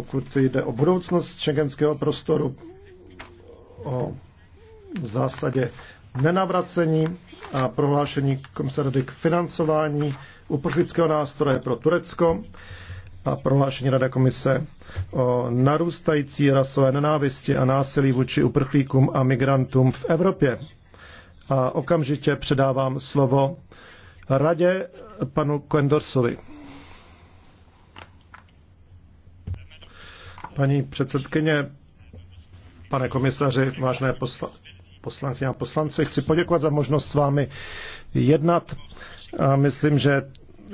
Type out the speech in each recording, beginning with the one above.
pokud jde o budoucnost šengenského prostoru, o zásadě nenavracení a prohlášení komisarady k financování uprchlického nástroje pro Turecko a prohlášení Rada komise o narůstající rasové nenávisti a násilí vůči uprchlíkům a migrantům v Evropě. A okamžitě předávám slovo Radě panu Kendorsovi. Paní předsedkyně, pane komisaři, vážné posla, poslankyně a poslanci, chci poděkovat za možnost s vámi jednat. A myslím, že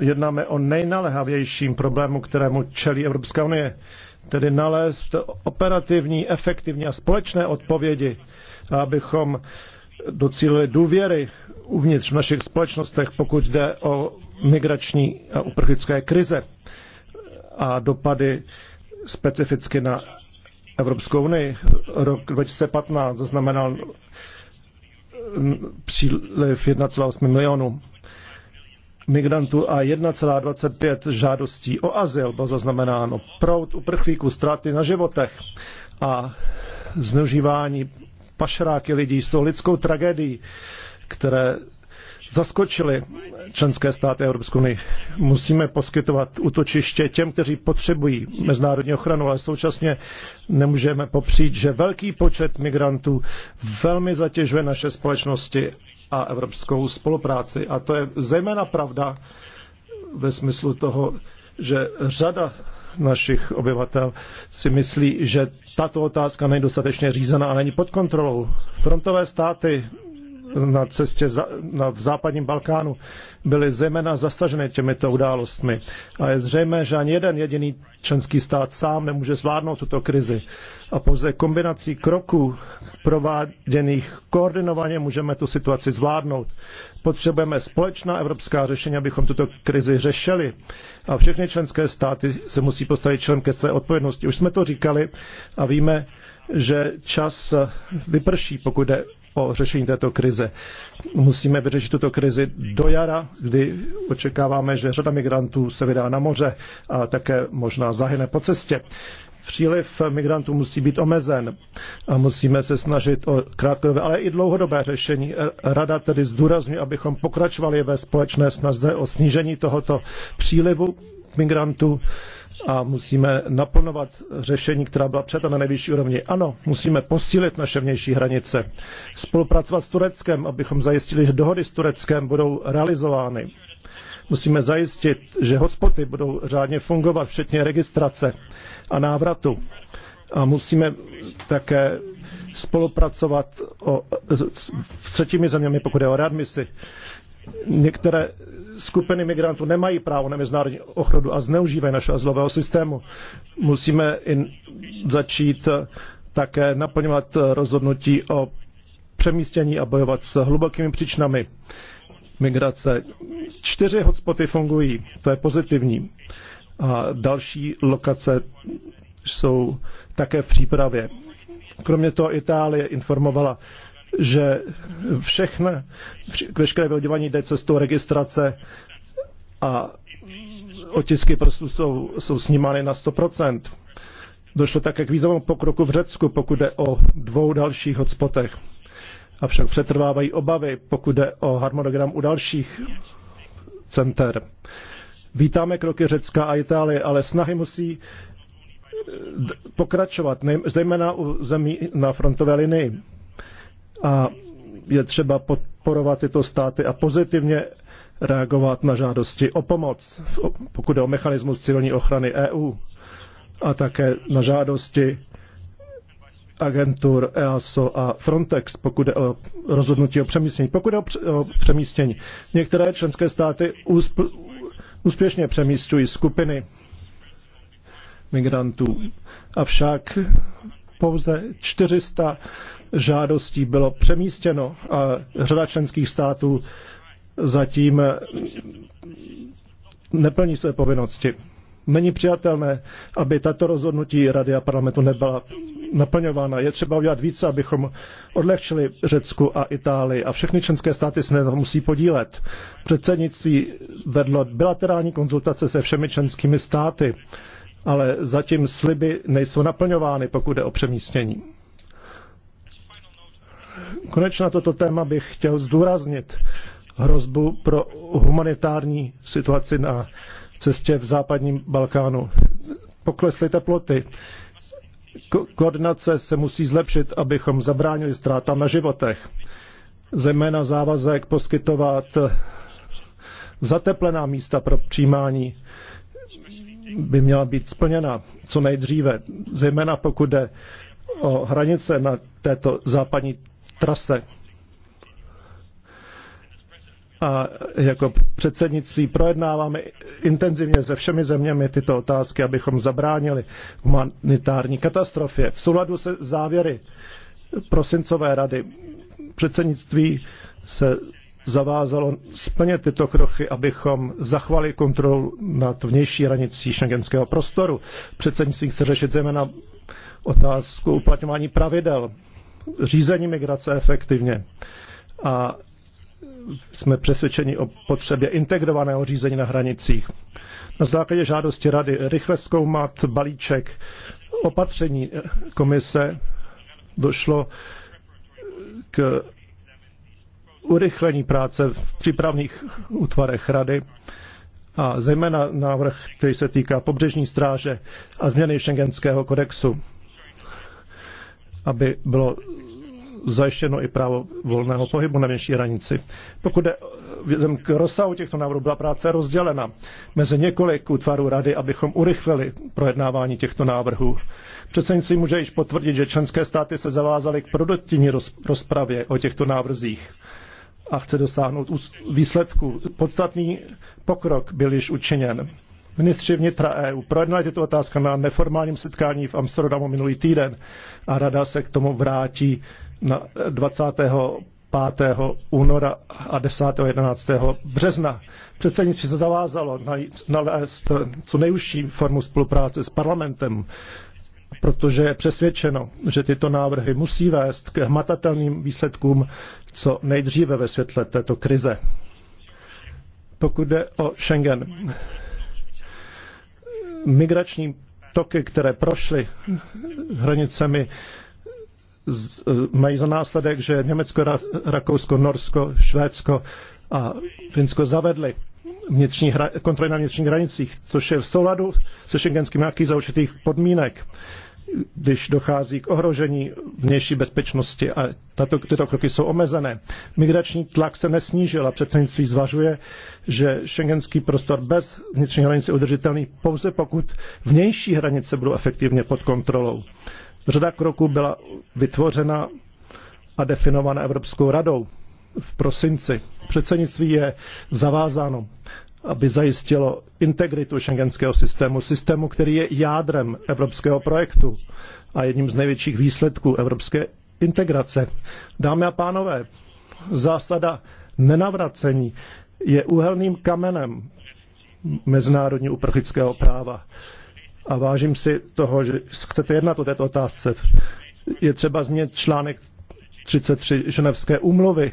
jednáme o nejnalehavějším problému, kterému čelí Evropská unie, tedy nalézt operativní, efektivní a společné odpovědi, abychom docílili důvěry uvnitř v našich společnostech, pokud jde o migrační a uprchlické krize a dopady specificky na Evropskou unii. Rok 2015 zaznamenal příliv 1,8 milionů migrantů a 1,25 žádostí o azyl bylo zaznamenáno. Prout uprchlíků, ztráty na životech a zneužívání pašeráky lidí jsou lidskou tragédií, které zaskočili členské státy Evropské unii. Musíme poskytovat útočiště těm, kteří potřebují mezinárodní ochranu, ale současně nemůžeme popřít, že velký počet migrantů velmi zatěžuje naše společnosti a evropskou spolupráci. A to je zejména pravda ve smyslu toho, že řada našich obyvatel si myslí, že tato otázka není dostatečně řízena a není pod kontrolou. Frontové státy na cestě za, na, v západním Balkánu byly zejména zastaženy těmito událostmi. A je zřejmé, že ani jeden jediný členský stát sám nemůže zvládnout tuto krizi. A pouze kombinací kroků prováděných koordinovaně můžeme tu situaci zvládnout. Potřebujeme společná evropská řešení, abychom tuto krizi řešili. A všechny členské státy se musí postavit člen ke své odpovědnosti. Už jsme to říkali a víme, že čas vyprší, pokud jde o řešení této krize. Musíme vyřešit tuto krizi do jara, kdy očekáváme, že řada migrantů se vydá na moře a také možná zahyne po cestě. Příliv migrantů musí být omezen a musíme se snažit o krátkodobé, ale i dlouhodobé řešení. Rada tedy zdůrazňuje, abychom pokračovali ve společné snaze o snížení tohoto přílivu migrantů a musíme naplnovat řešení, která byla přijata na nejvyšší úrovni. Ano, musíme posílit naše vnější hranice, spolupracovat s Tureckem, abychom zajistili, že dohody s Tureckem budou realizovány. Musíme zajistit, že hotspoty budou řádně fungovat, včetně registrace a návratu. A musíme také spolupracovat o, s třetími zeměmi, pokud je o readmisi. Některé skupiny migrantů nemají právo na mezinárodní ochranu a zneužívají našeho azylového systému. Musíme i začít také naplňovat rozhodnutí o přemístění a bojovat s hlubokými příčinami migrace. Čtyři hotspoty fungují, to je pozitivní. A další lokace jsou také v přípravě. Kromě toho Itálie informovala že všechno, veškeré vyhodování jde cestou registrace a otisky prstů jsou, jsou snímány na 100%. Došlo také k významu pokroku v Řecku, pokud jde o dvou dalších hotspotech. Avšak přetrvávají obavy, pokud jde o harmonogram u dalších center. Vítáme kroky Řecka a Itálie, ale snahy musí eh, pokračovat, zejména u zemí na frontové linii a je třeba podporovat tyto státy a pozitivně reagovat na žádosti o pomoc, pokud je o mechanismus civilní ochrany EU a také na žádosti agentur EASO a Frontex, pokud je o rozhodnutí o přemístění. Pokud je o přemístění, některé členské státy úsp... úspěšně přemístují skupiny migrantů. Avšak pouze 400 žádostí bylo přemístěno a řada členských států zatím neplní své povinnosti. Není přijatelné, aby tato rozhodnutí Rady a parlamentu nebyla naplňována. Je třeba udělat více, abychom odlehčili Řecku a Itálii a všechny členské státy se na musí podílet. Předsednictví vedlo bilaterální konzultace se všemi členskými státy ale zatím sliby nejsou naplňovány, pokud jde o přemístění. Konečně na toto téma bych chtěl zdůraznit hrozbu pro humanitární situaci na cestě v západním Balkánu. Poklesly teploty. Ko- koordinace se musí zlepšit, abychom zabránili ztrátám na životech. Zejména závazek poskytovat zateplená místa pro přijímání by měla být splněna co nejdříve, zejména pokud jde o hranice na této západní trase. A jako předsednictví projednáváme intenzivně se všemi zeměmi tyto otázky, abychom zabránili humanitární katastrofě. V souladu se závěry prosincové rady předsednictví se zavázalo splnit tyto krochy, abychom zachovali kontrolu nad vnější hranicí šengenského prostoru. Předsednictví chce řešit zejména otázku uplatňování pravidel, řízení migrace efektivně. A jsme přesvědčeni o potřebě integrovaného řízení na hranicích. Na základě žádosti rady rychle zkoumat balíček opatření komise došlo k urychlení práce v přípravných útvarech rady a zejména návrh, který se týká pobřežní stráže a změny šengenského kodexu, aby bylo zajištěno i právo volného pohybu na vnější hranici. Pokud je k rozsahu těchto návrhů byla práce rozdělena mezi několik útvarů rady, abychom urychlili projednávání těchto návrhů. Předsednictví může již potvrdit, že členské státy se zavázaly k produktivní rozpravě o těchto návrzích a chce dosáhnout výsledku. Podstatný pokrok byl již učiněn. Ministři vnitra EU projednali tyto otázky na neformálním setkání v Amsterdamu minulý týden a rada se k tomu vrátí na 25. února a 10. 11. března. Předsednictví se zavázalo nalézt co nejužší formu spolupráce s parlamentem protože je přesvědčeno, že tyto návrhy musí vést k hmatatelným výsledkům co nejdříve ve světle této krize. Pokud jde o Schengen, migrační toky, které prošly hranicemi, e, mají za následek, že Německo, Rakousko, Norsko, Švédsko a Finsko zavedly vnitřní hra, kontroly na vnitřních hranicích, což je v souladu se šengenským aký za určitých podmínek, když dochází k ohrožení vnější bezpečnosti a tato, tyto kroky jsou omezené. Migrační tlak se nesnížil a předsednictví zvažuje, že šengenský prostor bez vnitřní hranice je udržitelný pouze pokud vnější hranice budou efektivně pod kontrolou. Řada kroků byla vytvořena a definovaná Evropskou radou v prosinci. Předsednictví je zavázáno, aby zajistilo integritu šengenského systému, systému, který je jádrem evropského projektu a jedním z největších výsledků evropské integrace. Dámy a pánové, zásada nenavracení je úhelným kamenem mezinárodní uprchlického práva. A vážím si toho, že chcete jednat o této otázce. Je třeba změnit článek 33 ženevské úmluvy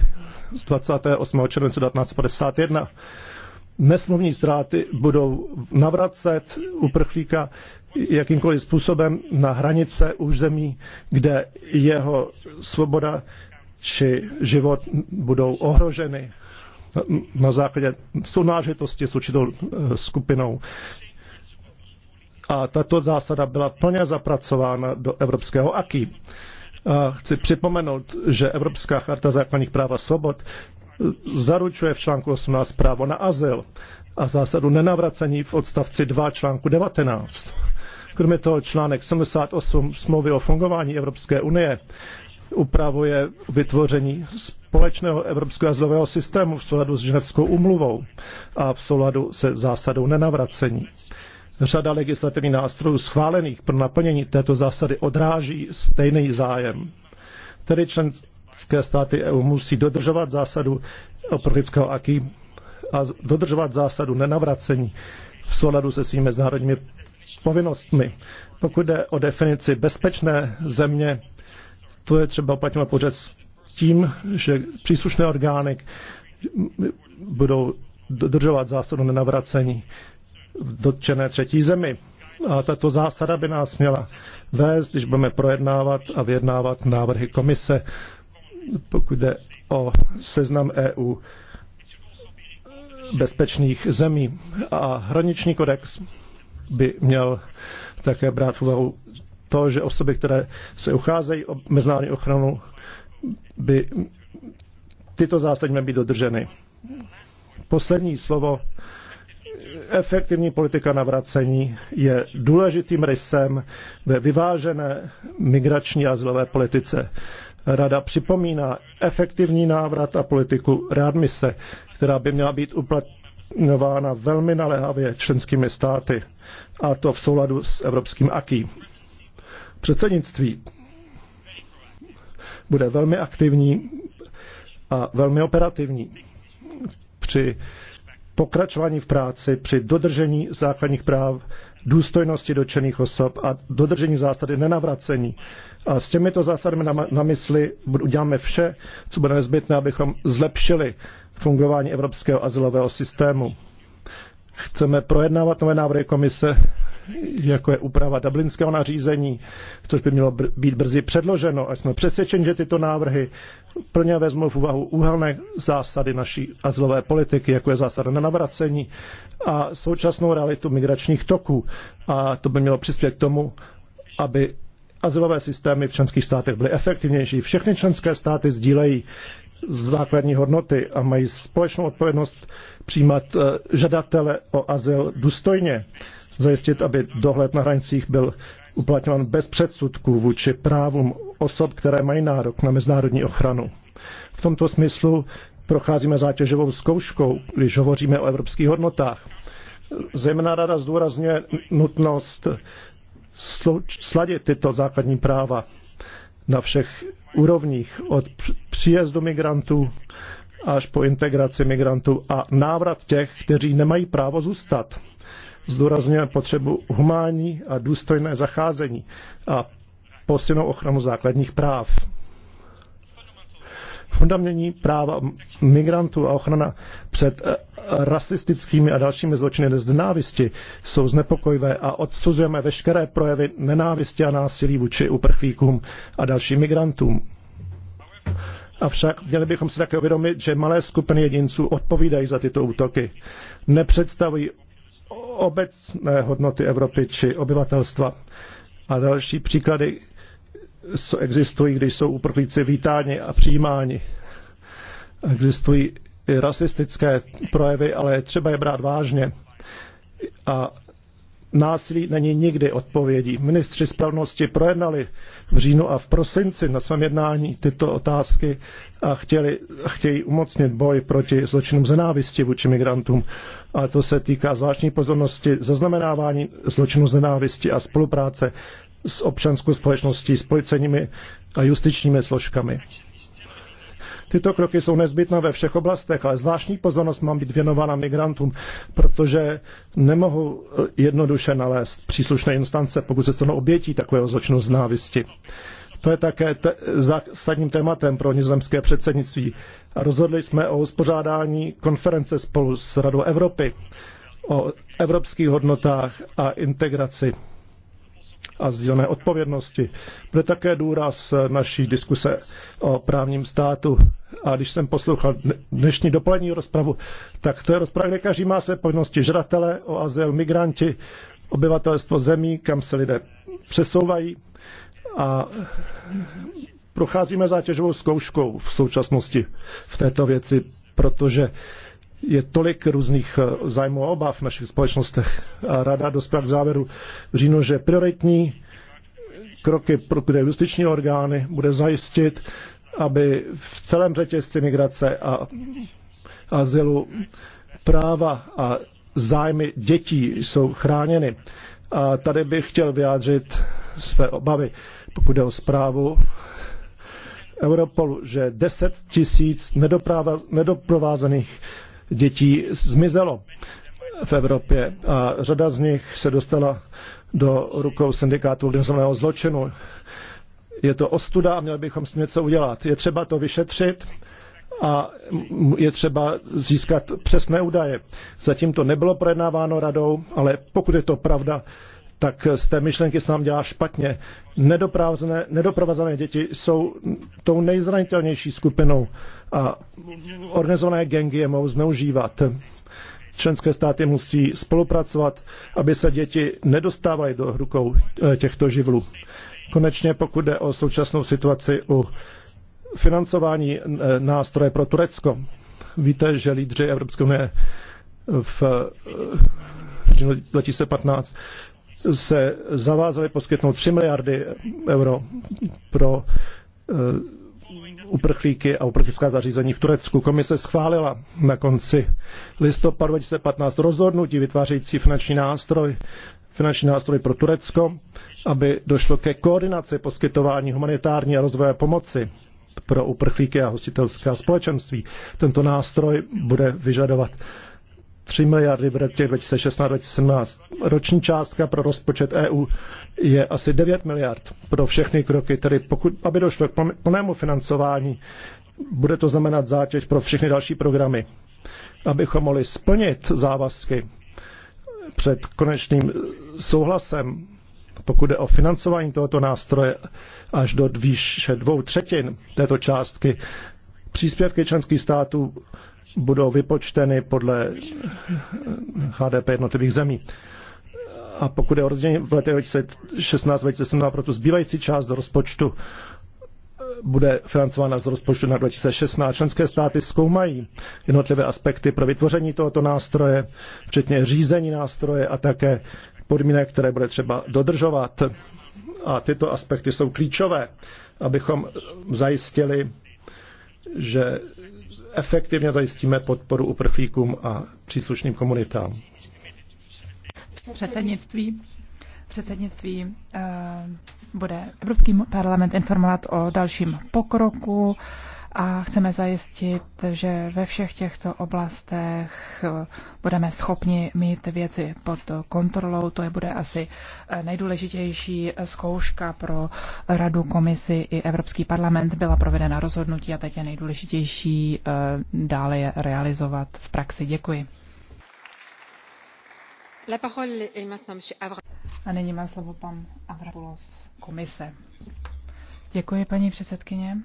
z 28. července 1951. Nesmluvní ztráty budou navracet uprchlíka jakýmkoliv způsobem na hranice už zemí, kde jeho svoboda či život budou ohroženy na základě sounážitosti s určitou eh, skupinou. A tato zásada byla plně zapracována do evropského AKI. A chci připomenout, že Evropská charta základních práv a svobod eh, zaručuje v článku 18 právo na azyl a zásadu nenavracení v odstavci 2 článku 19. Kromě toho článek 78 smlouvy o fungování Evropské unie upravuje vytvoření společného evropského azylového systému v souladu s ženevskou umluvou a v souladu se zásadou nenavracení řada legislativních nástrojů schválených pro naplnění této zásady odráží stejný zájem. Tedy členské státy EU musí dodržovat zásadu oprchlického aký a dodržovat zásadu nenavracení v souladu se svými mezinárodními povinnostmi. Pokud jde o definici bezpečné země, to je třeba uplatňovat pořád s tím, že příslušné orgány budou dodržovat zásadu nenavracení v dotčené třetí zemi. A tato zásada by nás měla vést, když budeme projednávat a vyjednávat návrhy komise, pokud jde o seznam EU bezpečných zemí. A hraniční kodex by měl také brát v úvahu to, že osoby, které se ucházejí o mezinárodní ochranu, by tyto zásady měly být dodrženy. Poslední slovo efektivní politika navracení je důležitým rysem ve vyvážené migrační a zlové politice. Rada připomíná efektivní návrat a politiku readmise, která by měla být uplatňována velmi naléhavě členskými státy, a to v souladu s evropským aký. Předsednictví bude velmi aktivní a velmi operativní při pokračování v práci při dodržení základních práv, důstojnosti dočených osob a dodržení zásady nenavracení. A s těmito zásadami na, na mysli uděláme vše, co bude nezbytné, abychom zlepšili fungování evropského azylového systému. Chceme projednávat nové návrhy komise jako je úprava dublinského nařízení, což by mělo být brzy předloženo. A jsme přesvědčeni, že tyto návrhy plně vezmou v úvahu úhelné zásady naší azylové politiky, jako je zásada na navracení a současnou realitu migračních toků. A to by mělo přispět k tomu, aby azylové systémy v členských státech byly efektivnější. Všechny členské státy sdílejí základní hodnoty a mají společnou odpovědnost přijímat eh, žadatele o azyl důstojně zajistit, aby dohled na hranicích byl uplatňován bez předsudků vůči právům osob, které mají nárok na mezinárodní ochranu. V tomto smyslu procházíme zátěžovou zkouškou, když hovoříme o evropských hodnotách. Zejména rada zdůrazňuje nutnost sladit tyto základní práva na všech úrovních, od příjezdu migrantů až po integraci migrantů a návrat těch, kteří nemají právo zůstat zdůrazňuje potřebu humánní a důstojné zacházení a posilnou ochranu základních práv. Fundamentální práva migrantů a ochrana před eh, rasistickými a dalšími zločiny z nenávisti jsou znepokojivé a odsuzujeme veškeré projevy nenávisti a násilí vůči uprchlíkům a dalším migrantům. Avšak měli bychom si také uvědomit, že malé skupiny jedinců odpovídají za tyto útoky. Nepředstavují obecné hodnoty Evropy či obyvatelstva. A další příklady co existují, když jsou uprchlíci vítáni a přijímáni. Existují i rasistické projevy, ale třeba je brát vážně. A násilí není nikdy odpovědí. Ministři spravnosti projednali v říjnu a v prosinci na svém jednání tyto otázky a chtěli, chtějí umocnit boj proti zločinům zenávisti vůči migrantům. A to se týká zvláštní pozornosti zaznamenávání zločinů zenávisti a spolupráce s občanskou společností, s policejními a justičními složkami. Tyto kroky jsou nezbytné ve všech oblastech, ale zvláštní pozornost mám být věnována migrantům, protože nemohu eh, jednoduše nalézt příslušné instance, pokud se stanou obětí takového zločinu z návisti. To je také te- zásadním tématem pro nizozemské předsednictví. Rozhodli jsme o uspořádání konference spolu s Radou Evropy o evropských hodnotách a integraci a sdílené odpovědnosti. Bude také důraz naší diskuse o právním státu. A když jsem poslouchal dnešní dopolední rozpravu, tak to je rozprava, kde každý má své povinnosti. Žratele o azyl, migranti, obyvatelstvo zemí, kam se lidé přesouvají. A procházíme zátěžovou zkouškou v současnosti v této věci, protože je tolik různých eh, zájmů a obav v našich společnostech. A rada dospěla k závěru v říjnu, že prioritní kroky pro justiční orgány bude zajistit, aby v celém řetězci migrace a azylu práva a zájmy dětí jsou chráněny. A tady bych chtěl vyjádřit své obavy, pokud jde o zprávu Europolu, že 10 tisíc nedoprovázených dětí zmizelo v Evropě a řada z nich se dostala do rukou syndikátu organizovaného zločinu. Je to ostuda a měli bychom s tím něco udělat. Je třeba to vyšetřit a je třeba získat přesné údaje. Zatím to nebylo projednáváno radou, ale pokud je to pravda, tak z té myšlenky se nám dělá špatně. Nedoprovázené, děti jsou tou nejzranitelnější skupinou a organizované gengy je mohou zneužívat. Členské státy musí spolupracovat, aby se děti nedostávaly do rukou e, těchto živlů. Konečně pokud jde o současnou situaci u financování e, nástroje pro Turecko. Víte, že lídři Evropské unie v 2015 e, se zavázali poskytnout 3 miliardy euro pro eh, uprchlíky a uprchlická zařízení v Turecku. Komise schválila na konci listopadu 2015 rozhodnutí vytvářející finanční nástroj, finanční nástroj pro Turecko, aby došlo ke koordinaci poskytování humanitární a rozvojové pomoci pro uprchlíky a hostitelská společenství. Tento nástroj bude vyžadovat 3 miliardy v letech 2016-2017. Roční částka pro rozpočet EU je asi 9 miliard pro všechny kroky, tedy pokud, aby došlo k plnému financování, bude to znamenat zátěž pro všechny další programy. Abychom mohli splnit závazky před konečným souhlasem, pokud jde o financování tohoto nástroje až do výše dvou třetin této částky, příspěvky členských států budou vypočteny podle HDP jednotlivých zemí. A pokud je o rozdělení v letech 2016-2017 pro tu zbývající část rozpočtu, bude financována z rozpočtu na 2016. Členské státy zkoumají jednotlivé aspekty pro vytvoření tohoto nástroje, včetně řízení nástroje a také podmínek, které bude třeba dodržovat. A tyto aspekty jsou klíčové, abychom zajistili že efektivně zajistíme podporu uprchlíkům a příslušným komunitám. Předsednictví předsednictví eh, bude Evropský parlament informovat o dalším pokroku a chceme zajistit, že ve všech těchto oblastech eh, budeme schopni mít věci pod kontrolou. To je bude asi eh, nejdůležitější zkouška pro Radu, Komisi i Evropský parlament. Byla provedena rozhodnutí a teď je nejdůležitější eh, dále je realizovat v praxi. Děkuji. A nyní má slovo pan Avrapulos, komise. Děkuji, paní předsedkyně.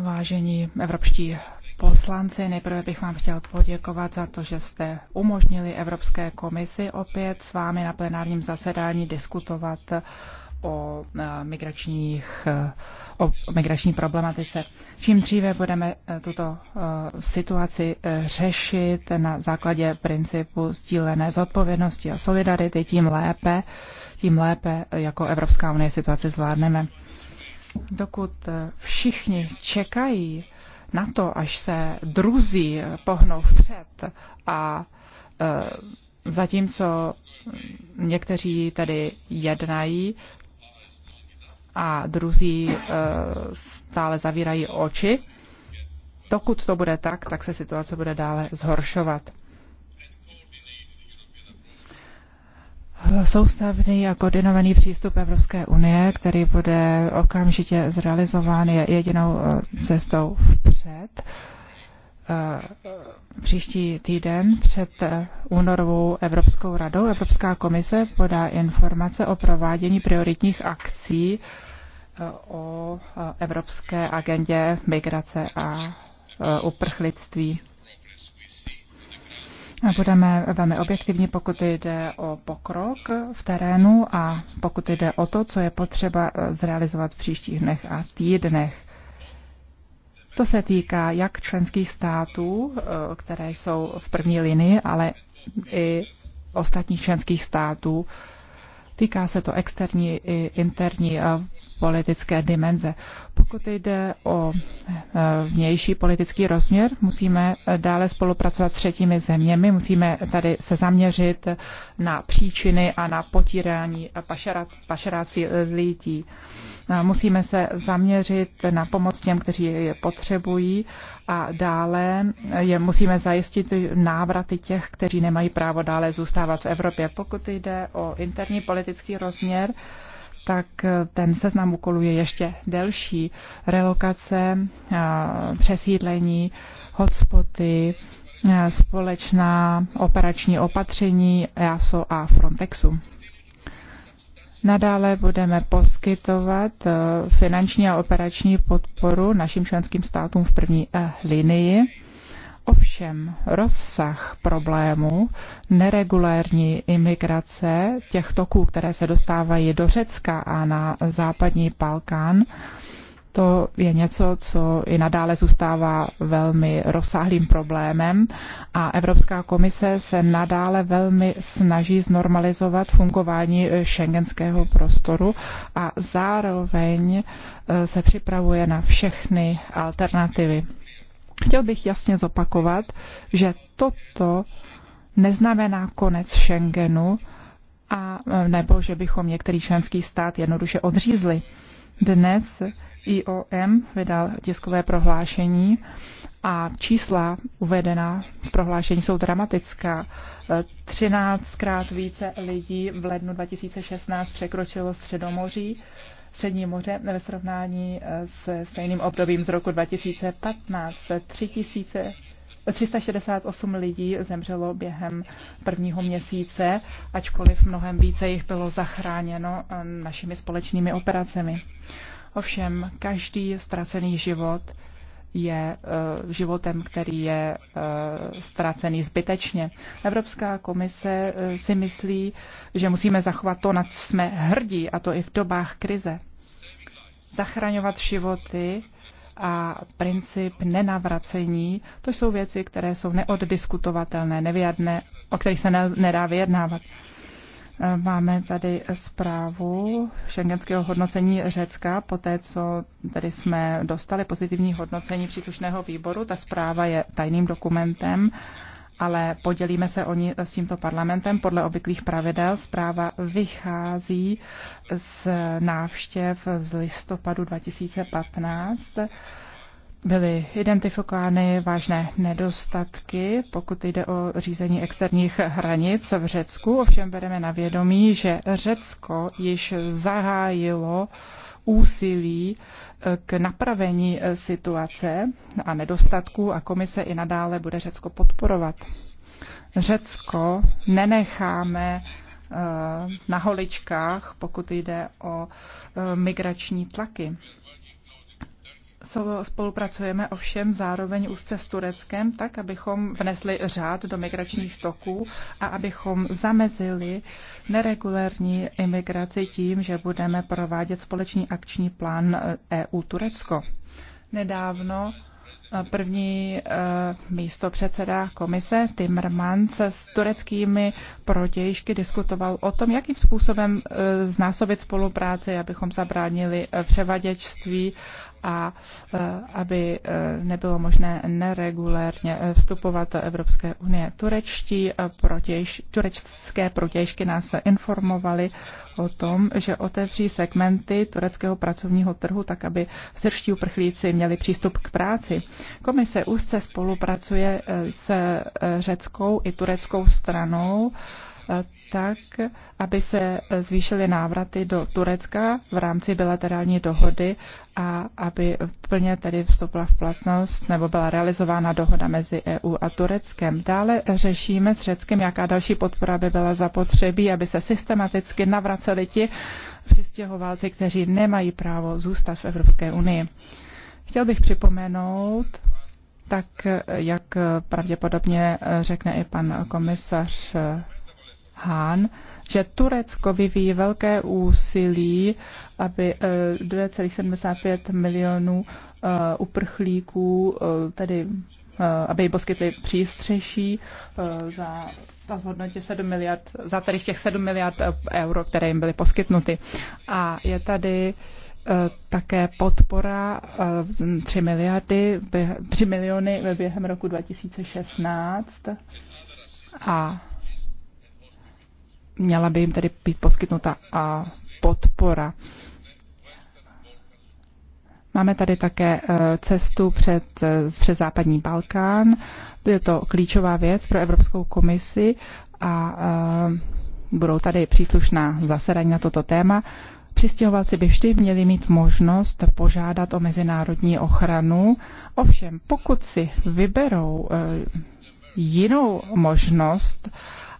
Vážení evropští poslanci, nejprve bych vám chtěl poděkovat za to, že jste umožnili Evropské komisi opět s vámi na plenárním zasedání diskutovat o, e, migračních, e, o migrační problematice. Čím dříve budeme e, tuto situaci řešit na základě principu sdílené zodpovědnosti a solidarity, tím lépe, tím lépe jako Evropská unie situaci zvládneme. Dokud eh, všichni čekají na to, až se druzí eh, pohnou vpřed a e, zatímco někteří tady jednají a druzí e, stále zavírají oči, dokud to bude tak, tak se situace bude dále zhoršovat. Soustavný a koordinovaný přístup Evropské unie, který bude okamžitě zrealizován, je jedinou eh, cestou vpřed. Eh, příští týden před eh, únorovou Evropskou radou Evropská komise podá informace o provádění prioritních akcí o Evropské agendě migrace a uprchlictví. Budeme velmi objektivní, pokud jde o pokrok v terénu a pokud jde o to, co je potřeba eh, zrealizovat v příštích dnech a týdnech. To se týká jak členských států, eh, které jsou v první linii, ale i ostatních členských států. Týká se to externí i interní eh, politické dimenze. Pokud jde o eh, vnější politický rozměr, musíme eh, dále spolupracovat s třetími zeměmi, musíme tady se zaměřit eh, na příčiny a na potírání pašeráctví lidí. Musíme se zaměřit na pomoc těm, kteří je potřebují a dále je musíme zajistit návraty těch, kteří nemají právo dále zůstávat v Evropě. Pokud jde o interní politický rozměr, tak eh, ten seznam úkolů je ještě delší. Relokace, eh, přesídlení, hotspoty, eh, společná operační opatření EASO a Frontexu. Nadále budeme poskytovat finanční a operační podporu našim členským státům v první linii Ovšem rozsah problému neregulérní imigrace těch toků, které se dostávají do Řecka a na západní Balkán, to je něco, co i nadále zůstává velmi rozsáhlým problémem a Evropská komise se nadále velmi snaží znormalizovat fungování šengenského eh, prostoru a zároveň eh, se připravuje na všechny alternativy. Chtěl bych jasně zopakovat, že toto neznamená konec Schengenu a nebo že bychom některý členský stát jednoduše odřízli. Dnes IOM vydal tiskové prohlášení a čísla uvedená v prohlášení jsou dramatická. 13krát více lidí v lednu 2016 překročilo Středomoří Střední moře ve srovnání eh, se stejným obdobím z roku 2015. 3 368 lidí zemřelo během prvního měsíce, ačkoliv mnohem více jich bylo zachráněno eh, našimi společnými operacemi. Ovšem, každý ztracený život je eh, životem, který je eh, ztracený zbytečně. Evropská komise eh, si myslí, že musíme zachovat to, na co jsme hrdí, a to i v dobách krize. Zachraňovat životy a princip nenavracení, to jsou věci, které jsou neoddiskutovatelné, nevyjadné, o kterých se nedá vyjednávat. Máme tady zprávu šengenského hodnocení Řecka, po té, co tady jsme dostali pozitivní hodnocení příslušného výboru. Ta zpráva je tajným dokumentem, ale podělíme se o ní s tímto parlamentem podle obvyklých pravidel. Zpráva vychází z návštěv z listopadu 2015 byly identifikovány vážné nedostatky, pokud jde o řízení externích hranic v Řecku. Ovšem bereme na vědomí, že Řecko již zahájilo úsilí eh, k napravení eh, situace a nedostatků a komise i nadále bude Řecko podporovat. Řecko nenecháme eh, na holičkách, pokud jde o migrační tlaky. Spolupracujeme ovšem zároveň úzce s Tureckem, tak abychom vnesli řád do migračních toků a abychom zamezili neregulární imigraci tím, že budeme provádět společný akční plán EU-Turecko. Eh, e Nedávno eh, první eh, místo předseda komise Timmermans s tureckými protějšky diskutoval o tom, jakým způsobem znásobit spolupráci, abychom zabránili převaděčství a e, aby e, nebylo možné neregulérně e, vstupovat do Evropské unie. Turečtí protěž, turečské protěžky nás informovali o tom, že otevří segmenty tureckého pracovního trhu tak, aby srští uprchlíci měli přístup k práci. Komise úzce spolupracuje s řeckou i tureckou stranou tak, aby se zvýšily návraty do Turecka v rámci bilaterální dohody a aby plně tedy vstoupila v platnost nebo byla realizována dohoda mezi EU a Tureckem. Dále řešíme s Řeckem, jaká další podpora by byla zapotřebí, aby se systematicky navraceli ti přistěhovalci, kteří nemají právo zůstat v Evropské unii. Chtěl bych připomenout tak jak pravděpodobně řekne i pan komisař Hahn, že Turecko vyvíjí velké úsilí, aby 2,75 eh, milionů eh, uprchlíků, eh, tedy aby jim poskytli přístřeší za ta v hodnotě 7 miliard, za tady těch 7 miliard euro, které jim byly poskytnuty. A je tady také podpora 3 miliardy, 3 miliony během roku 2016 a měla by jim tedy být poskytnuta a podpora. Máme tady také eh, cestu před, eh, před západní Balkán. Je to klíčová věc pro Evropskou komisi a eh, budou tady příslušná zasedání na toto téma. Přistěhovalci by vždy měli mít možnost požádat o mezinárodní ochranu. Ovšem, pokud si vyberou jinou možnost,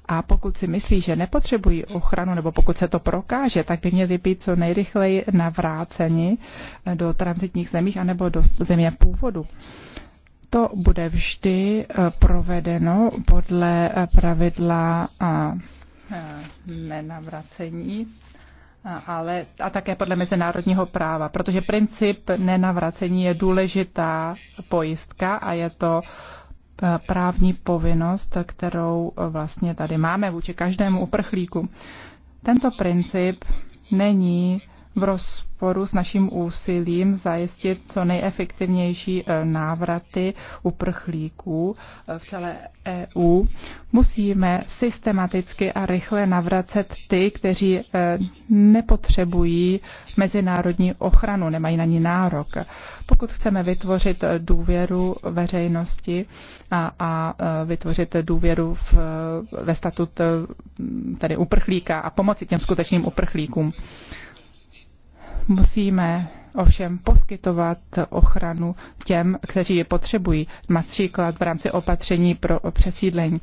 a pokud si myslí, že nepotřebují ochranu, nebo pokud se to prokáže, tak by měli být co nejrychleji navráceni eh, do transitních zemích anebo do země původu to bude vždy eh, provedeno podle eh, pravidla a nenavracení, ale a také podle mezinárodního práva, protože princip nenavracení je důležitá pojistka a je to právní povinnost, kterou vlastně tady máme vůči každému uprchlíku. Tento princip není v rozporu s naším úsilím zajistit co nejefektivnější e, návraty uprchlíků e, v celé EU. Musíme systematicky a rychle navracet ty, kteří e, nepotřebují mezinárodní ochranu, nemají na ní nárok. Pokud chceme vytvořit důvěru veřejnosti a, a vytvořit důvěru v, ve statut tedy uprchlíka a pomoci těm skutečným uprchlíkům, Musíme ovšem poskytovat ochranu těm, kteří je potřebují, například v rámci opatření pro přesídlení.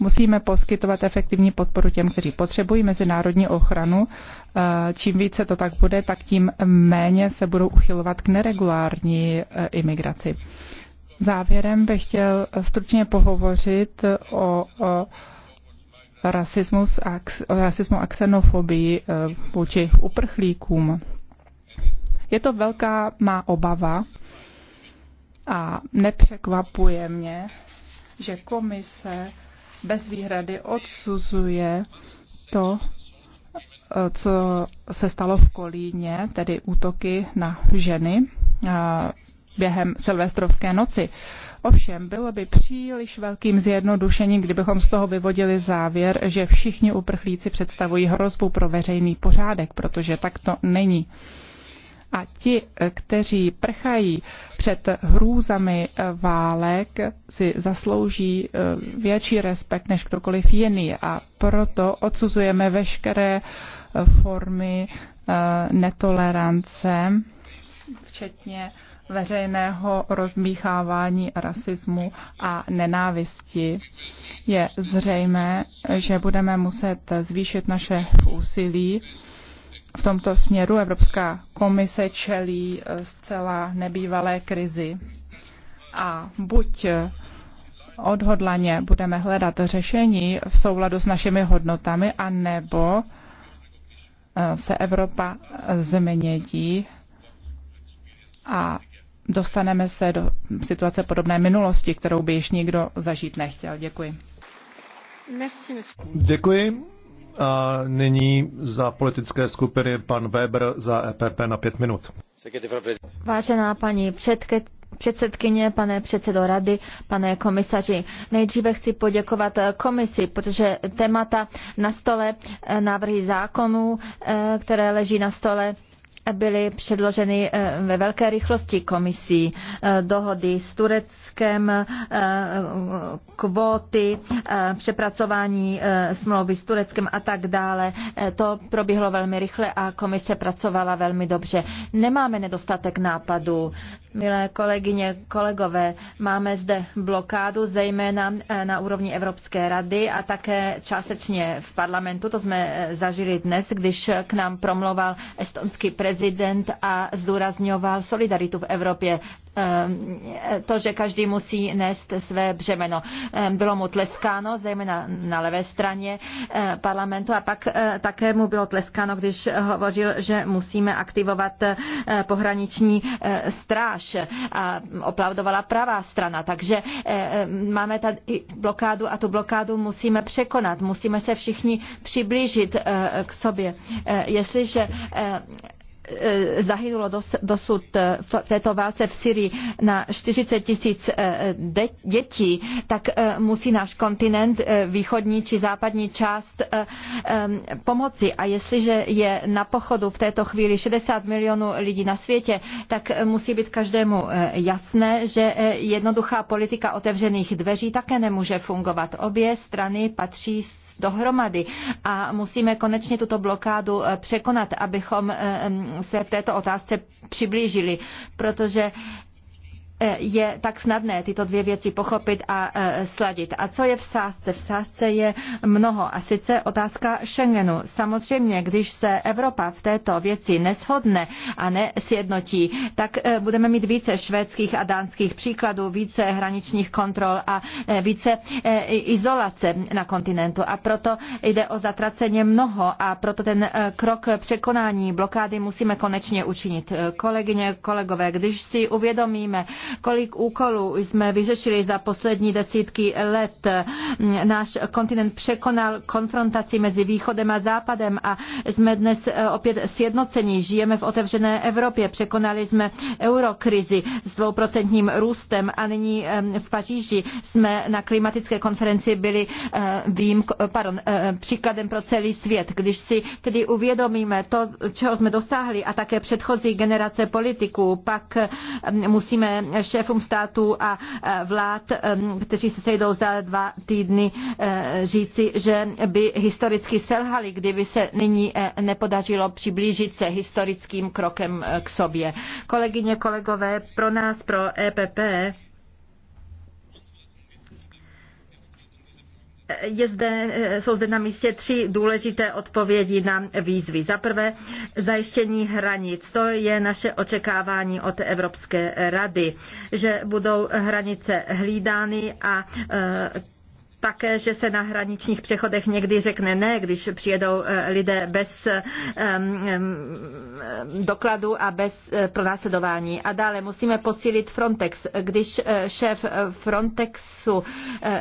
Musíme poskytovat efektivní podporu těm, kteří potřebují mezinárodní ochranu. Eh, čím více to tak bude, tak tím méně se budou uchylovat k neregulární eh, imigraci. Závěrem bych chtěl stručně pohovořit o, o rasismus a, rasismu a xenofobii eh, vůči uprchlíkům. Je to velká má obava a nepřekvapuje mě, že komise bez výhrady odsuzuje to, eh, co se stalo v Kolíně, tedy útoky na ženy během silvestrovské noci. Ovšem, bylo by příliš velkým zjednodušením, kdybychom z toho vyvodili závěr, že všichni uprchlíci představují hrozbu pro veřejný pořádek, protože tak to není. A ti, kteří prchají před hrůzami eh, válek, si zaslouží eh, větší respekt než kdokoliv jiný. A proto odsuzujeme veškeré eh, formy netolerance, včetně veřejného rozmíchávání rasismu a nenávisti. Je zřejmé, že budeme muset zvýšit naše úsilí. V tomto směru Evropská komise čelí eh, zcela nebývalé krizi. A buď eh, odhodlaně budeme hledat řešení v souladu s našimi hodnotami, anebo eh, se Evropa změní a dostaneme se do situace podobné minulosti, kterou by již nikdo zažít nechtěl. Děkuji. Děkuji. A nyní za politické skupiny pan Weber za EPP na pět minut. Vážená paní předke, předsedkyně, pane předsedo rady, pane komisaři. Nejdříve chci poděkovat eh, komisi, protože témata na stole, eh, návrhy zákonů, eh, které leží na stole, byly předloženy eh, ve velké rychlosti komisí. Eh, dohody s Tureckem, eh, kvóty, přepracování smlouvy s Tureckem a tak dále. To proběhlo velmi rychle a komise pracovala velmi dobře. Nemáme nedostatek nápadů. Milé kolegyně, kolegové, máme zde blokádu zejména eh, na úrovni Evropské rady a také částečně v parlamentu. To jsme eh, zažili dnes, když k nám promloval estonský prezident a zdůrazňoval solidaritu v Evropě. Ehm, to, že každý musí nést své břemeno. Ehm, bylo mu tleskáno, zejména na levé straně eh, parlamentu a pak eh, také mu bylo tleskáno, když hovořil, že musíme aktivovat eh, pohraniční stráž a oplaudovala pravá strana. Takže ehm, máme tady blokádu a tu blokádu musíme překonat. Musíme se všichni přiblížit k sobě. Jestliže Eh, zahynulo dos, dosud eh, v této válce v Syrii na 40 tisíc eh, dětí, tak musí náš kontinent, východní či západní část pomoci. A jestliže je na pochodu v této chvíli 60 milionů lidí na světě, tak musí být každému jasné, že jednoduchá politika otevřených dveří také nemůže fungovat. Obě strany patří dohromady a musíme konečně tuto blokádu eh, překonat, abychom eh, se v této otázce přiblížili, protože E, je tak snadné tyto dvě věci pochopit a e, sladit. A co je v sázce? V sázce je mnoho a sice otázka Schengenu. Samozřejmě, když se Evropa v této věci neshodne a nesjednotí, tak e, budeme mít více švédských a dánských příkladů, více hraničních kontrol a více izolace na kontinentu. A proto jde o zatraceně mnoho a proto ten krok překonání blokády musíme konečně učinit. Kolegyně, kolegové, když si uvědomíme kolik úkolů jsme vyřešili za poslední desítky let. Náš kontinent překonal konfrontaci mezi východem a západem a jsme dnes eh, opět sjednoceni. Žijeme v otevřené Evropě. Překonali jsme eurokrizi s dvouprocentním růstem a nyní v Paříži jsme na klimatické konferenci byli eh, výjim, eh, pardon, příkladem pro celý svět. Když si tedy uvědomíme to, čeho jsme dosáhli a také předchozí generace politiků, pak musíme šéfům států a e, vlád, e, kteří se sejdou za dva týdny, e, říci, že by historicky selhali, kdyby se nyní nepodařilo přiblížit se historickým krokem k sobě. Kolegyně, kolegové, pro nás, pro EPP, Je zde, jsou zde na místě tři důležité odpovědi na výzvy. Za prvé, zajištění hranic. To je naše očekávání od Evropské rady, že budou hranice hlídány a také, že se na hraničních přechodech někdy řekne ne, když přijedou eh, lidé bez eh, eh, dokladu a bez pronásledování. A dále musíme posílit Frontex. Když šéf Frontexu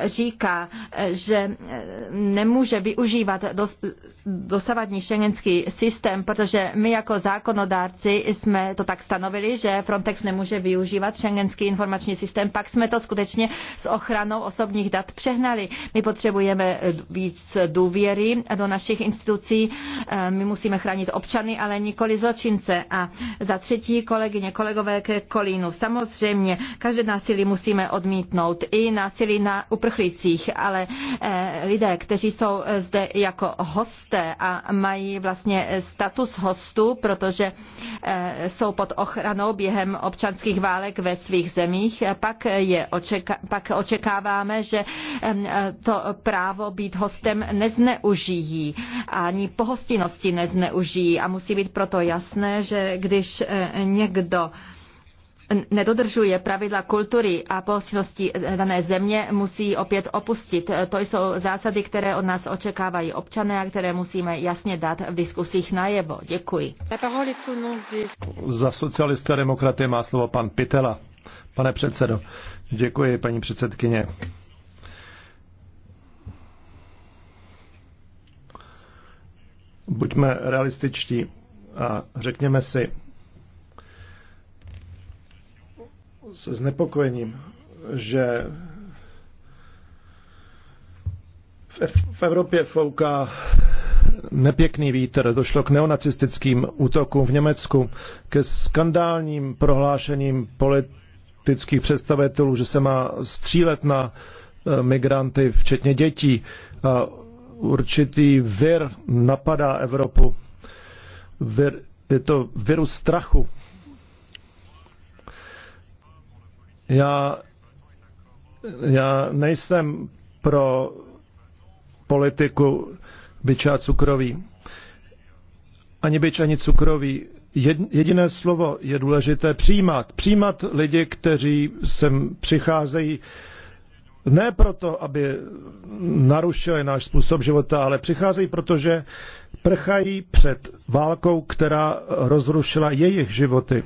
říká, že nemůže využívat dosavadní šengenský systém, protože my jako zákonodárci jsme to tak stanovili, že Frontex nemůže využívat šengenský informační systém, pak jsme to skutečně s ochranou osobních dat přehnali. My potřebujeme víc důvěry do našich institucí, eh, my musíme chránit občany, ale nikoli zločince. A za třetí, kolegyně, kolegové ke kolínu. Samozřejmě, každé násilí musíme odmítnout, i násilí na uprchlících, ale eh, lidé, kteří jsou eh, zde jako hosté a mají vlastně status hostů, protože jsou pod ochranou během občanských válek ve svých zemích, pak, je očeka- pak očekáváme, že to právo být hostem nezneužijí, ani pohostinnosti nezneužijí a musí být proto jasné, že když eh, někdo nedodržuje pravidla kultury a pohostinnosti dané země, musí opět opustit. To jsou zásady, které od nás očekávají občané a které musíme jasně dát v diskusích najevo. Děkuji. Za socialisté demokraty má slovo pan Pitela. Pane předsedo, děkuji paní předsedkyně. Buďme realističtí a řekněme si se znepokojením, že v Evropě fouká nepěkný vítr. Došlo k neonacistickým útokům v Německu, ke skandálním prohlášením politických představitelů, že se má střílet na eh, migranty, včetně dětí. A určitý vir napadá Evropu. Vir, je to virus strachu. Já, já nejsem pro politiku byča cukroví. Ani byč, ani cukroví. Jediné slovo je důležité přijímat. Přijímat lidi, kteří sem přicházejí ne proto, aby narušili náš způsob života, ale přicházejí, protože prchají před válkou, která rozrušila jejich životy.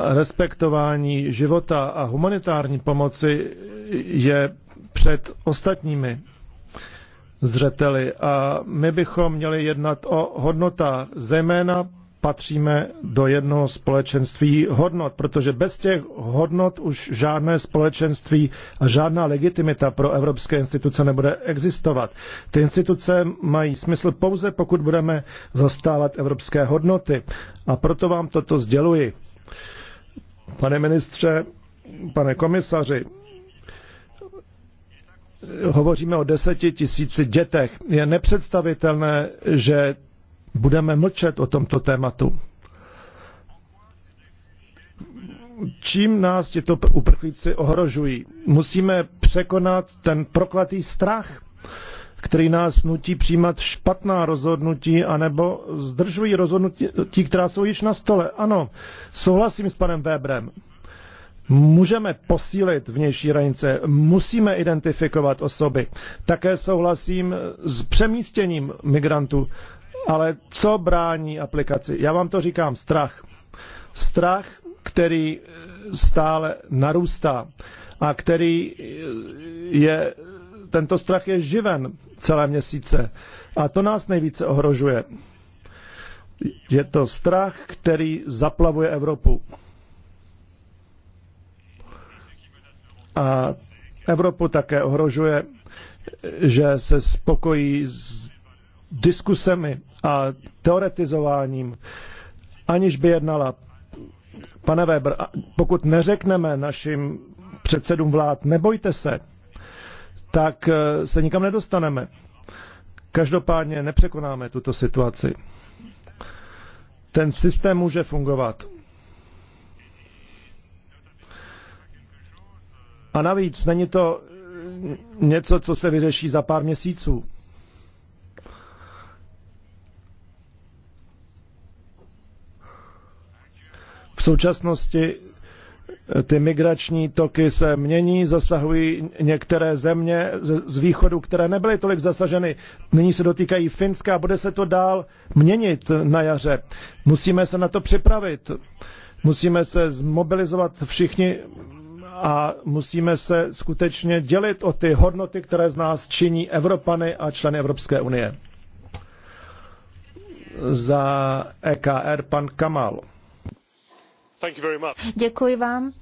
Respektování života a humanitární pomoci je před ostatními zřeteli a my bychom měli jednat o hodnotách, zejména patříme do jednoho společenství hodnot, protože bez těch hodnot už žádné společenství a žádná legitimita pro evropské instituce nebude existovat. Ty instituce mají smysl pouze, pokud budeme zastávat evropské hodnoty. A proto vám toto sděluji. Pane ministře, pane komisaři, hovoříme o deseti tisíci dětech. Je nepředstavitelné, že budeme mlčet o tomto tématu. Čím nás tyto uprchlíci ohrožují? Musíme překonat ten proklatý strach, který nás nutí přijímat špatná rozhodnutí, anebo zdržují rozhodnutí, která jsou již na stole. Ano, souhlasím s panem Webrem. Můžeme posílit vnější hranice, musíme identifikovat osoby. Také souhlasím s přemístěním migrantů. Ale co brání aplikaci? Já vám to říkám, strach. Strach, který eh, stále narůstá a který eh, je, tento strach je živen celé měsíce. A to nás nejvíce ohrožuje. Je to strach, který zaplavuje Evropu. A Evropu také ohrožuje, že se spokojí s diskusemi a teoretizováním, aniž by jednala. Pane Weber, pokud neřekneme našim předsedům vlád, nebojte se, tak eh, se nikam nedostaneme. Každopádně nepřekonáme tuto situaci. Ten systém může fungovat. A navíc není to eh, něco, co se vyřeší za pár měsíců. současnosti eh, ty migrační toky se mění, zasahují některé země z východu, které nebyly tolik zasaženy. Nyní se dotýkají Finska a bude se to dál měnit na jaře. Musíme se na to připravit. Musíme se zmobilizovat všichni a musíme se skutečně dělit o ty hodnoty, které z nás činí Evropany a členy Evropské unie. Za EKR pan Kamal. Děkuji vám.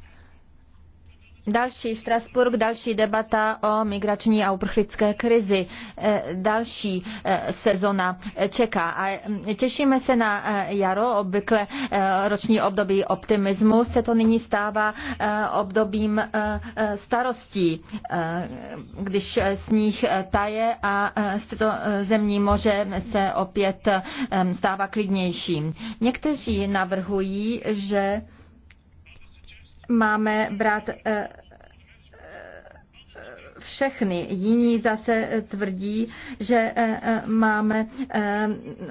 Další Štrasburg, další debata o migrační a uprchlické krizi. E, další e, sezona čeká a těšíme se na e, jaro, obvykle roční období optimismu se to nyní stává obdobím starostí, když sníh taje a zemní moře se opět stává klidnějším. Někteří navrhují, že máme brát eh, eh, všechny. Jiní zase tvrdí, že eh, máme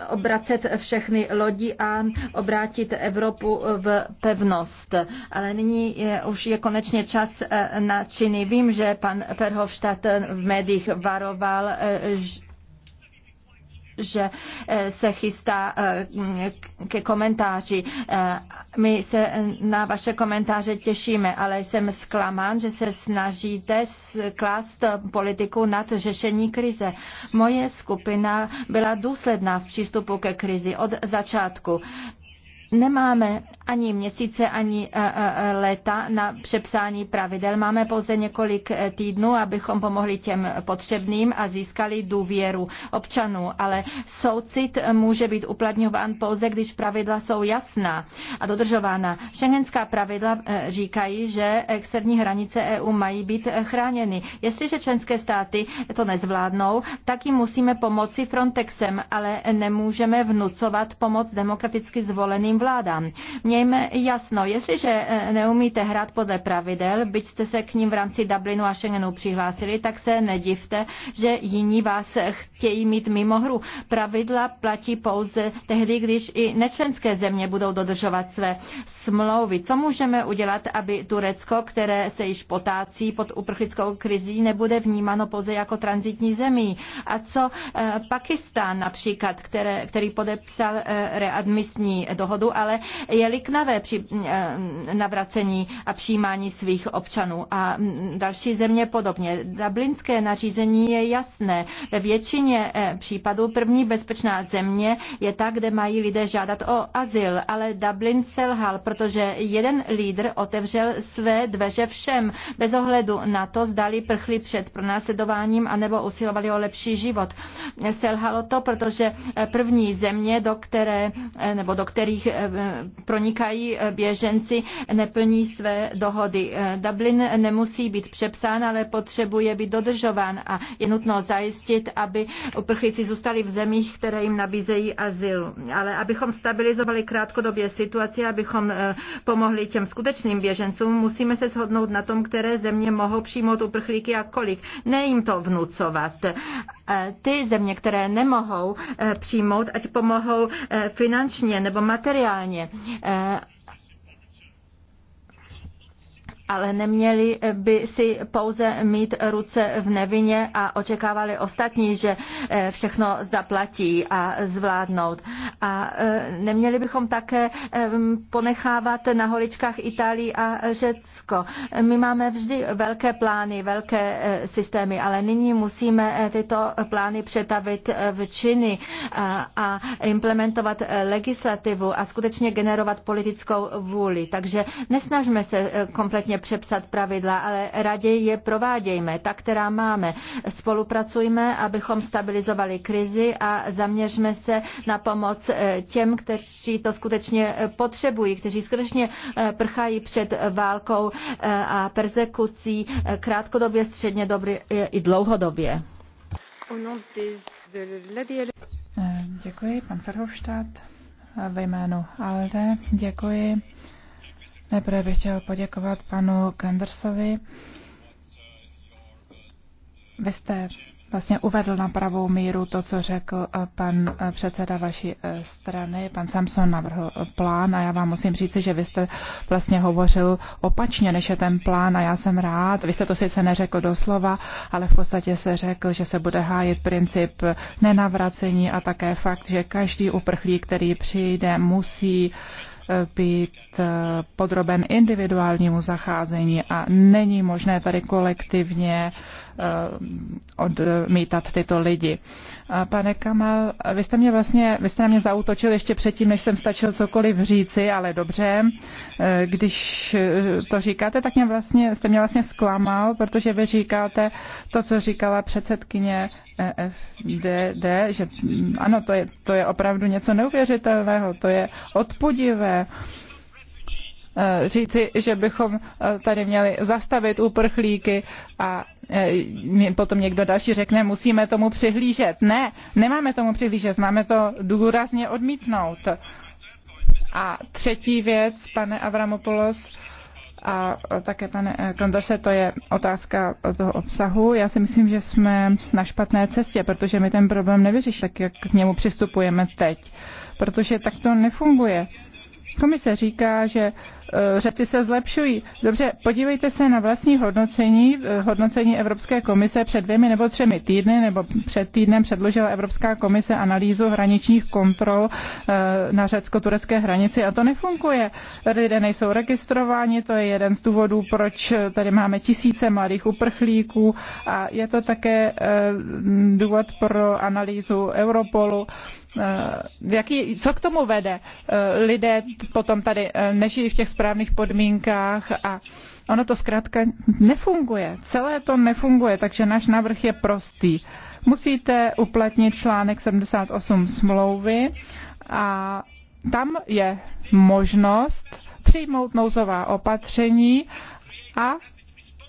obracet všechny lodi a obrátit Evropu v pevnost. Ale nyní je, už je konečně čas na činy. Vím, že pan Perhovštát v médiích varoval, že že eh, se chystá eh, ke komentáři. Eh, my se na vaše komentáře těšíme, ale jsem zklamán, že se snažíte klást politiku nad řešení krize. Moje skupina byla důsledná v přístupu ke krizi od začátku. Nemáme ani měsíce, ani eh, eh, léta na přepsání pravidel. Máme pouze několik eh, týdnů, abychom pomohli těm potřebným a získali důvěru občanů. Ale soucit může být uplatňován pouze, když pravidla jsou jasná a dodržována. Schengenská pravidla říkají, že externí hranice EU mají být chráněny. Jestliže členské státy to nezvládnou, tak jim musíme pomoci Frontexem, ale nemůžeme vnucovat pomoc demokraticky zvoleným vládám. Mějme jasno, jestliže eh, neumíte hrát podle pravidel, byť jste se k ním v rámci Dublinu a Schengenu přihlásili, tak se nedivte, že jiní vás chtějí mít mimo hru. Pravidla platí pouze tehdy, když i nečlenské země budou dodržovat své smlouvy. Co můžeme udělat, aby Turecko, které se již potácí pod uprchlickou krizí, nebude vnímáno pouze jako transitní zemí? A co eh, Pakistán například, které, který podepsal eh, readmisní dohodu ale je liknavé při eh, navracení a přijímání svých občanů. A mm, další země podobně. Dublinské nařízení je jasné. Ve většině eh, případů první bezpečná země je ta, kde mají lidé žádat o azyl, ale Dublin selhal, protože jeden lídr otevřel své dveře všem, bez ohledu na to, zdali prchli před pronásledováním anebo usilovali o lepší život. Selhalo to, protože eh, první země, do které nebo do kterých Eh, pronikají eh, běženci, neplní své dohody. Eh, Dublin nemusí být přepsán, ale potřebuje být dodržován a je nutno zajistit, aby uprchlíci zůstali v zemích, které jim nabízejí azyl. Ale abychom stabilizovali krátkodobě situaci, abychom pomohli těm skutečným běžencům, musíme se shodnout na tom, které země mohou přijmout uprchlíky a kolik. Ne jim to vnucovat. Ty země, které nemohou přijmout, ať pomohou finančně nebo materiálně sociálně eh, ale neměli by si pouze mít ruce v nevině a očekávali ostatní, že eh, všechno zaplatí a zvládnou. A eh, neměli bychom také eh, ponechávat na holičkách Itálii a Řecko. My máme vždy velké plány, velké systémy, ale nyní musíme tyto plány přetavit v činy a implementovat legislativu a skutečně generovat politickou vůli. Takže nesnažme se kompletně přepsat pravidla, ale raději je provádějme, ta, která máme. Spolupracujme, abychom stabilizovali krizi a zaměřme se na pomoc eh, těm, kteří to skutečně eh, potřebují, kteří skutečně eh, prchají před válkou a persekucí krátkodobě, středně dobře i dlouhodobě. E. Děkuji, pan Ferhofstadt. Ve jménu ALDE děkuji. Nejprve bych chtěl poděkovat panu Gandersovi. Vy jste vlastně uvedl na pravou míru to, co řekl eh, pan eh, předseda vaší eh, strany. Pan Samson navrhl plán a já vám musím říct, že vy jste vlastně hovořil opačně, než je ten plán a já jsem rád. Vy jste to sice neřekl doslova, ale v podstatě se řekl, že se bude hájit princip nenavracení a také fakt, že každý uprchlík, který přijde, musí být eh, podroben individuálnímu zacházení a není možné tady kolektivně Eh, odmítat tyto lidi. pane Kamal, vy jste mě vlastně, vy jste na mě zautočil ještě předtím, než jsem stačil cokoliv říci, ale dobře, eh, když to říkáte, tak mě vlastně, jste mě vlastně zklamal, protože vy říkáte to, co říkala předsedkyně EFDD, že ano, to je, to je opravdu něco neuvěřitelného, to je odpudivé eh, říci, že bychom tady měli zastavit uprchlíky a Eh, potom někdo další řekne, musíme tomu přihlížet. Ne, nemáme tomu přihlížet, máme to důrazně odmítnout. A třetí věc, pane Avramopoulos, a také, pane eh, Kondase, to je otázka toho obsahu. Já si myslím, že jsme na špatné cestě, protože my ten problém nevyřešíme, jak k němu přistupujeme teď. Protože tak to nefunguje. Komise říká, že e, řeci se zlepšují. Dobře, podívejte se na vlastní hodnocení, e, hodnocení Evropské komise před dvěmi nebo třemi týdny, nebo před týdnem předložila Evropská komise analýzu hraničních kontrol e, na řecko-turecké hranici a to nefunguje. Lidé nejsou registrováni, to je jeden z důvodů, proč tady máme tisíce mladých uprchlíků a je to také důvod pro analýzu Europolu. Eh, jaký, co k tomu vede? Eh, lidé potom tady eh, nežijí v těch správných podmínkách a ono to zkrátka nefunguje. Celé to nefunguje, takže náš návrh je prostý. Musíte uplatnit článek 78 smlouvy a tam je možnost přijmout nouzová opatření a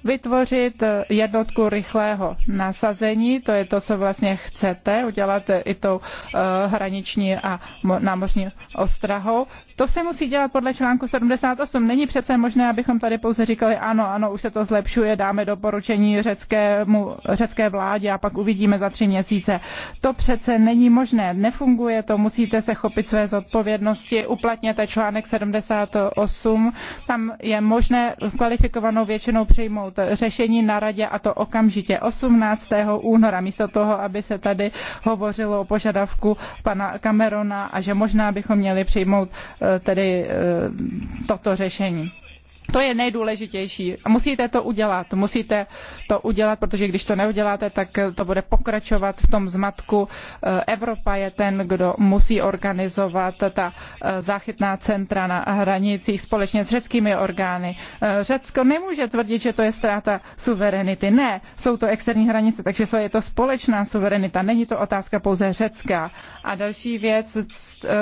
vytvořit eh, jednotku rychlého nasazení, to je to, co vlastně chcete udělat i tou eh, hraniční a námořní ostrahou. To se musí dělat podle článku 78. Není přece možné, abychom tady pouze říkali, ano, ano, už se to zlepšuje, dáme doporučení řeckému, řecké vládě a pak uvidíme za tři měsíce. To přece není možné, nefunguje to, musíte se chopit své zodpovědnosti, uplatněte článek 78, tam je možné kvalifikovanou většinou přijmout navrhnout řešení na radě a to okamžitě 18. února, místo toho, aby se tady hovořilo o požadavku pana Camerona a že možná bychom měli přijmout eh, tedy eh, toto řešení. To je nejdůležitější. Musíte to udělat. Musíte to udělat, protože když to neuděláte, tak eh, to bude pokračovat v tom zmatku. Eh, Evropa je ten, kdo musí organizovat ta eh, záchytná centra na hranicích společně s řeckými orgány. Řecko nemůže tvrdit, že to je ztráta suverenity. Ne, jsou to externí hranice, takže je to společná suverenita. Není to otázka pouze řecká. A další věc,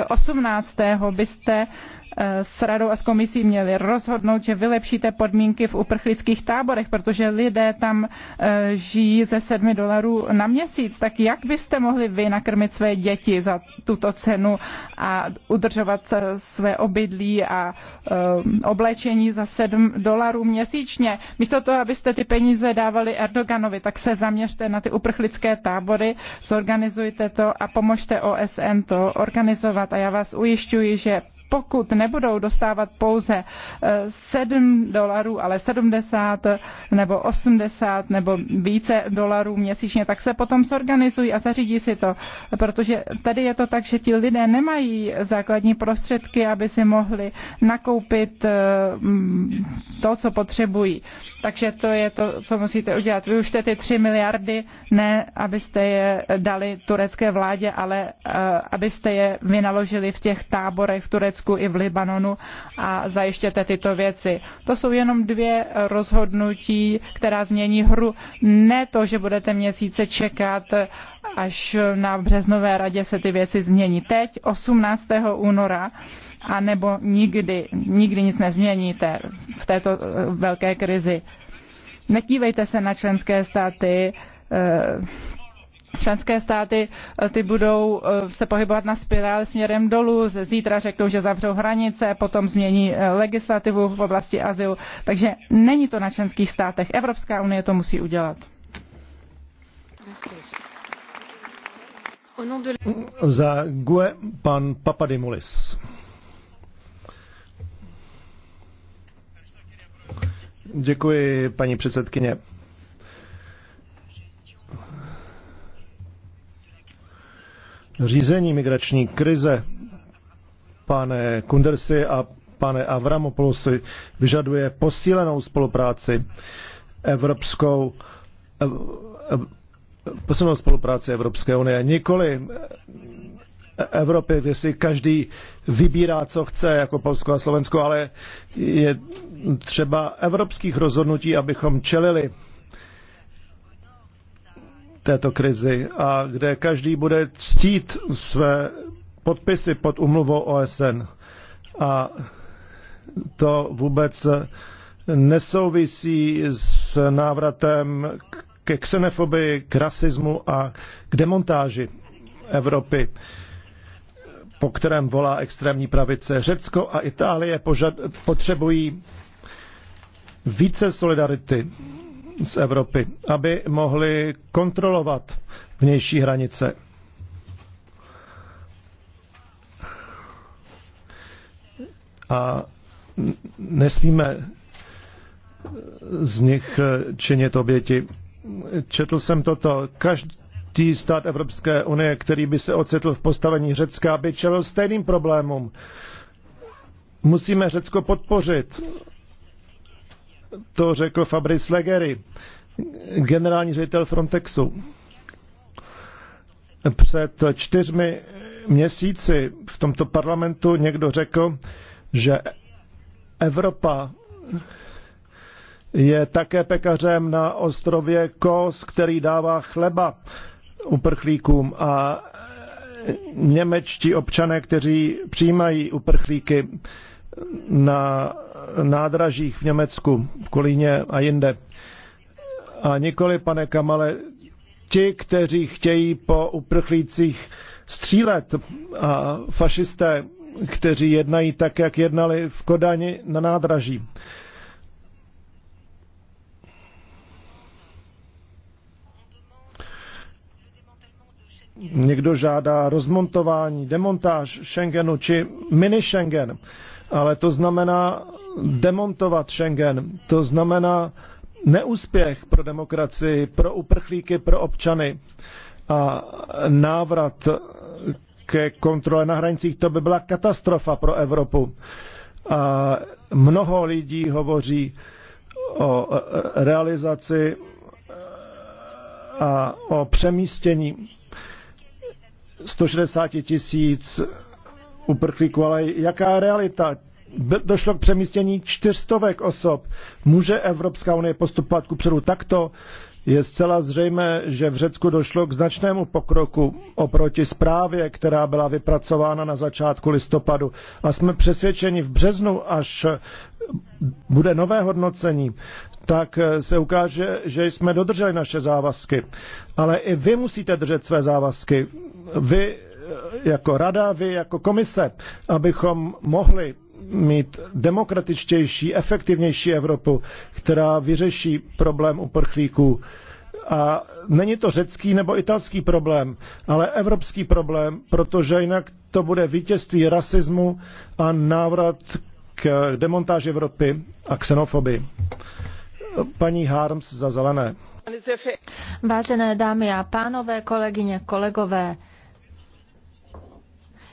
18. byste Eh, s radou a s komisí měli rozhodnout, že vylepšíte podmínky v uprchlických táborech, protože lidé tam eh, žijí ze 7 dolarů na měsíc. Tak jak byste mohli vy nakrmit své děti za tuto cenu a udržovat eh, své obydlí a oblečení za 7 dolarů měsíčně? Místo toho, abyste ty peníze dávali Erdoganovi, tak se zaměřte na ty uprchlické tábory, zorganizujte to a pomožte OSN to organizovat. A já vás ujišťuji, že pokud nebudou dostávat pouze 7 eh, dolarů, ale 70 nebo 80 nebo více dolarů měsíčně, tak se potom zorganizují a zařídí si to. Protože tady je to tak, že ti lidé nemají základní prostředky, aby si mohli nakoupit eh, mm, to, co potřebují. Takže to je to, co musíte udělat. Vy už ty 3 miliardy, ne abyste je dali turecké vládě, ale eh, abyste je vynaložili v těch táborech v Turecku Turecku i v Libanonu a zajištěte tyto věci. To jsou jenom dvě rozhodnutí, která změní hru. Ne to, že budete měsíce čekat, až na březnové radě se ty věci změní. Teď, 18. února, a nebo nikdy, nikdy nic nezměníte v této eh, velké krizi. Nekívejte se na členské státy, eh, členské státy eh, ty budou eh, se pohybovat na spirále směrem dolů. Zítra řeknou, že zavřou hranice, potom změní eh, legislativu v oblasti azylu. Takže není to na členských státech. Evropská unie to musí udělat. Za GUE pan Papadimulis. Děkuji, paní předsedkyně. řízení migrační krize, pane Kundersi a pane Avramopoulosi, vyžaduje posílenou spolupráci evropskou, posílenou spolupráci Evropské unie, nikoli Evropy, kde si každý vybírá, co chce, jako Polsko a Slovensko, ale je třeba evropských rozhodnutí, abychom čelili této krizi a kde každý bude ctít své podpisy pod umluvou OSN. A to vůbec nesouvisí s návratem ke xenofobii, k rasismu a k demontáži Evropy, po kterém volá extrémní pravice. Řecko a Itálie požad- potřebují více solidarity z Evropy, aby mohli kontrolovat vnější hranice. A nesmíme z nich činit oběti. Četl jsem toto. Každý stát Evropské unie, který by se ocitl v postavení Řecka, by čelil stejným problémům. Musíme Řecko podpořit to řekl Fabrice Legery, generální ředitel Frontexu. Před čtyřmi měsíci v tomto parlamentu někdo řekl, že Evropa je také pekařem na ostrově Kos, který dává chleba uprchlíkům a němečtí občané, kteří přijímají uprchlíky na nádražích v Německu, v Kolíně a jinde. A nikoli, pane Kamale, ti, kteří chtějí po uprchlících střílet a fašisté, kteří jednají tak, jak jednali v Kodani na nádraží. Někdo žádá rozmontování, demontáž Schengenu či mini Schengen ale to znamená demontovat Schengen, to znamená neúspěch pro demokracii, pro uprchlíky, pro občany a návrat ke kontrole na hranicích, to by byla katastrofa pro Evropu. A mnoho lidí hovoří o realizaci a o přemístění 160 tisíc uprchlíků, ale jaká realita? Došlo k přemístění čtyřstovek osob. Může Evropská unie postupovat ku předu takto? Je zcela zřejmé, že v Řecku došlo k značnému pokroku oproti zprávě, která byla vypracována na začátku listopadu. A jsme přesvědčeni v březnu, až bude nové hodnocení, tak se ukáže, že jsme dodrželi naše závazky. Ale i vy musíte držet své závazky. Vy jako rada, vy jako komise, abychom mohli mít demokratičtější, efektivnější Evropu, která vyřeší problém uprchlíků. A není to řecký nebo italský problém, ale evropský problém, protože jinak to bude vítězství rasismu a návrat k demontáži Evropy a xenofobii. Paní Harms za zelené. Vážené dámy a pánové, kolegyně, kolegové,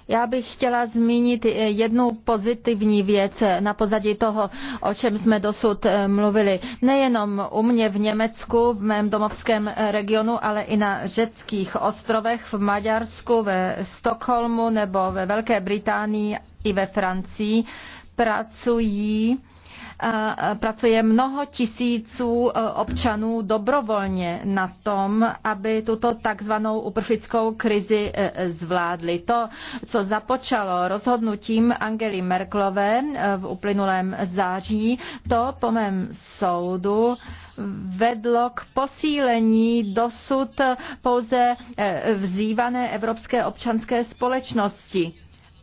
já bych chtěla zmínit eh, jednu pozitivní věc eh, na pozadí toho, o čem jsme dosud eh, mluvili. Nejenom u mě v Německu, v mém domovském regionu, ale i na řeckých ostrovech, v Maďarsku, ve Stockholmu nebo ve Velké Británii i ve Francii pracují pracuje mnoho tisíců e, občanů dobrovolně na tom, aby tuto takzvanou uprchlickou krizi e, zvládli. To, co započalo rozhodnutím Angely Merklové e, v uplynulém září, to po mém soudu vedlo k posílení dosud pouze vzývané evropské občanské společnosti.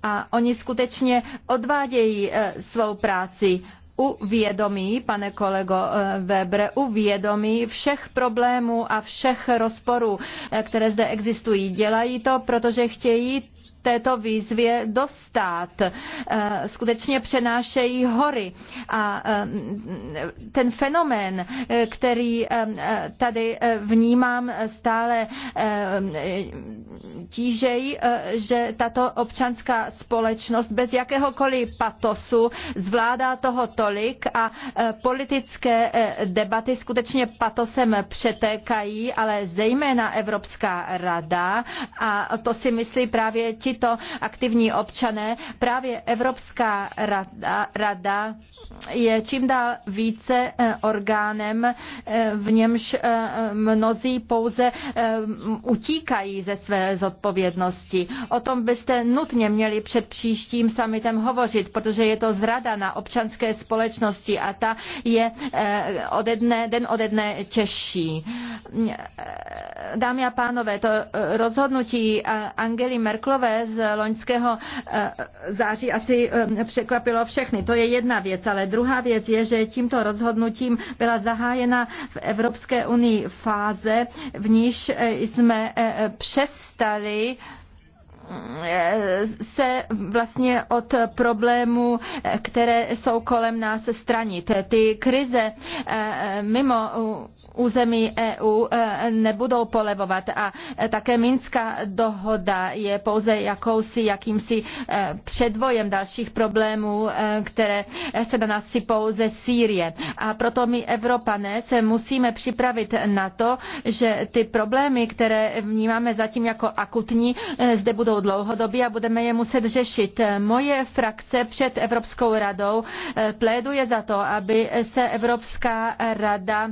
A oni skutečně odvádějí svou práci uvědomí, pane kolego eh, Webre, uvědomí všech problémů a všech rozporů, eh, které zde existují. Dělají to, protože chtějí této výzvě dostat. Eh, skutečně přenášejí hory. A eh, ten fenomén, eh, který tady vnímám stále tížej, že tato občanská společnost bez jakéhokoliv patosu zvládá toho tolik a politické debaty skutečně patosem přetékají, ale zejména Evropská rada a to si myslí právě ti tito aktivní občané, právě Evropská rada, rada je čím dál více eh, orgánem, eh, v němž eh, mnozí pouze utíkají ze své zodpovědnosti. O tom byste nutně měli před příštím summitem hovořit, protože je to zrada na občanské společnosti a ta je ode dne, den ode dne těžší. Dámy a pánové, to rozhodnutí Angely Merklové z loňského eh, září asi eh, překvapilo všechny. To je jedna věc, ale druhá věc je, že tímto rozhodnutím byla zahájena v Evropské unii fáze, v níž eh, jsme přestali se vlastně od problémů, které jsou kolem nás stranit. Ty krize mimo území EU e, nebudou polevovat a e, také Minská dohoda je pouze jakousi, jakýmsi e, předvojem dalších problémů, které se na nás sypou ze Sýrie. A proto my Evropané se musíme připravit na to, že ty problémy, které vnímáme zatím jako akutní, zde budou dlouhodobí a budeme je muset řešit. Moje frakce před Evropskou radou pléduje za to, aby se Evropská rada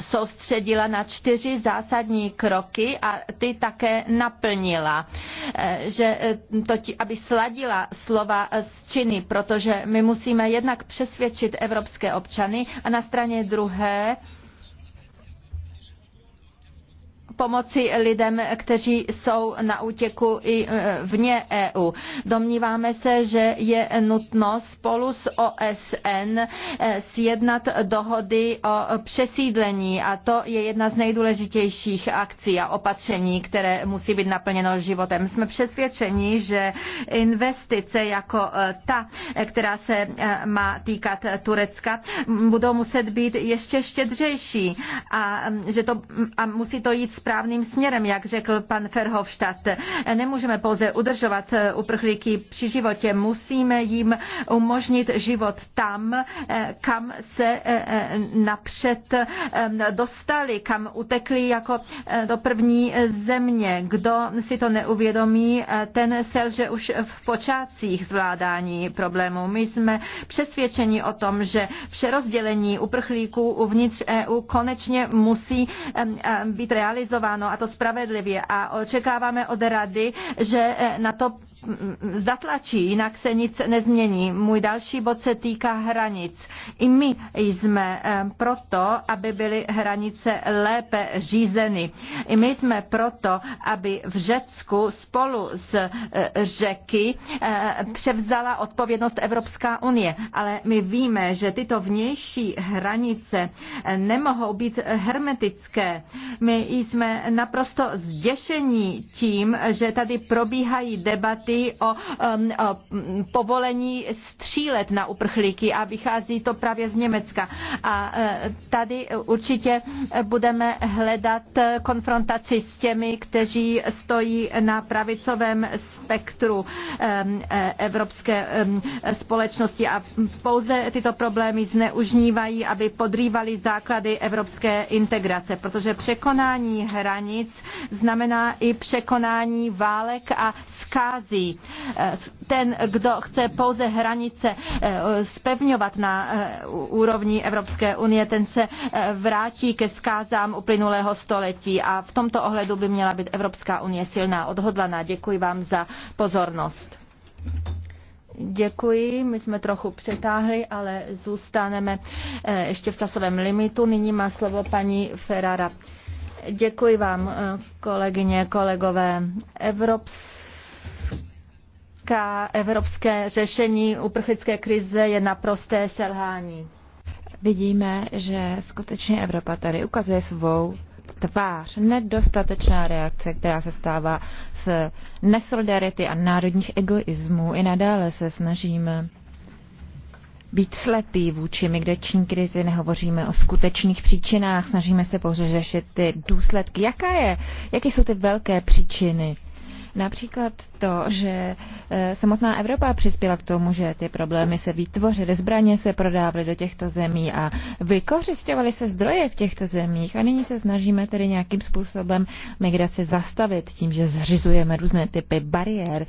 soustředila na čtyři zásadní kroky a ty také naplnila, eh, že eh, to, aby sladila slova s činy, protože my musíme jednak přesvědčit evropské občany a na straně druhé pomoci lidem, kteří jsou na útěku i e, vně EU. Domníváme se, že je nutno spolu s OSN e, sjednat dohody o přesídlení a to je jedna z nejdůležitějších akcí a opatření, které musí být naplněno životem. Jsme přesvědčeni, že investice jako e, ta, která se má týkat Turecka, budou muset být ještě štědřejší a, že to, a musí to jít správným směrem, jak řekl pan Ferhofstadt. Nemůžeme pouze udržovat uprchlíky při životě, musíme jim umožnit život tam, kam se napřed dostali, kam utekli jako do první země. Kdo si to neuvědomí, ten selže už v počátcích zvládání problému. My jsme přesvědčeni o tom, že přerozdělení uprchlíků uvnitř EU konečně musí být realizováno realizováno a to spravedlivě a očekáváme od rady, že eh, na to zatlačí, jinak se nic nezmění. Můj další bod se týká hranic. I my jsme eh, proto, aby byly hranice lépe řízeny. I my jsme proto, aby v Řecku spolu s eh, řeky eh, převzala odpovědnost Evropská unie. Ale my víme, že tyto vnější hranice nemohou být hermetické. My jsme naprosto zděšení tím, že tady probíhají debaty Libii o um, mm, povolení střílet na uprchlíky a vychází to právě z Německa. A e, tady určitě budeme hledat konfrontaci s těmi, kteří stojí na pravicovém spektru um, e, evropské um, společnosti a pouze tyto problémy zneužívají, aby podrývali základy evropské integrace, protože překonání hranic znamená i překonání válek a kází. Eh, ten, kdo chce pouze hranice eh, spevňovat na eh, úrovni Evropské unie, ten se vrátí ke skázám uplynulého století a v tomto ohledu by měla být Evropská unie silná, odhodlaná. Děkuji vám za pozornost. Děkuji, my jsme trochu přetáhli, ale zůstaneme ještě v časovém limitu. Nyní má slovo paní Ferrara. Děkuji vám, kolegyně, kolegové. Evropská jaká evropské řešení uprchlické krize je naprosté selhání. Vidíme, že skutečně Evropa tady ukazuje svou tvář, nedostatečná reakce, která se stává z nesolidarity a národních egoismů. I nadále se snažíme být slepý vůči migrační krizi, nehovoříme o skutečných příčinách, snažíme se pouze řešit ty důsledky. Jaká je, jaké jsou ty velké příčiny Například to, že eh, samotná Evropa přispěla k tomu, že ty problémy se vytvořily, zbraně se prodávaly do těchto zemí a vykořišťovaly se zdroje v těchto zemích. A nyní se snažíme tedy nějakým způsobem migraci zastavit tím, že zřizujeme různé typy bariér.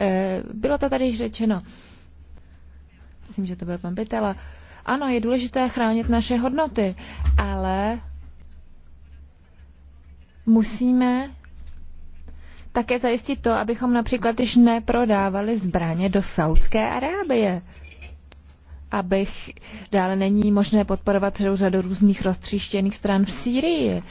Eh, bylo to tady již řečeno. Myslím, že to byl pan Pitela. Ano, je důležité chránit naše hodnoty, ale musíme také zajistit to, abychom například již neprodávali zbraně do Saudské Arábie. Abych dále není možné podporovat celou řadu různých roztříštěných stran v Sýrii.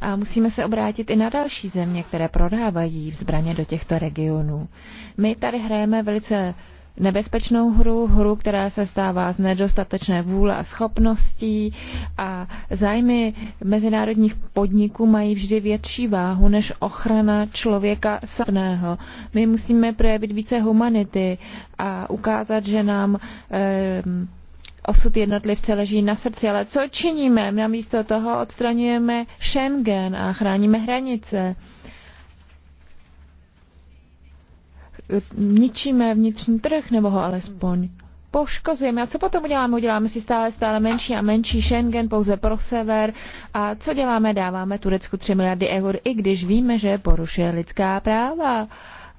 A musíme se obrátit i na další země, které prodávají zbraně do těchto regionů. My tady hrajeme velice nebezpečnou hru, hru, která se stává z nedostatečné vůle a schopností a zájmy mezinárodních podniků mají vždy větší váhu než ochrana člověka samotného. My musíme projevit více humanity a ukázat, že nám eh, osud jednotlivce leží na srdci. Ale co činíme? Namísto toho odstraňujeme Schengen a chráníme hranice. ničíme vnitřní trh, nebo ho alespoň poškozujeme. A co potom uděláme? Uděláme si stále, stále menší a menší Schengen pouze pro sever. A co děláme? Dáváme Turecku 3 miliardy eur, i když víme, že porušuje lidská práva.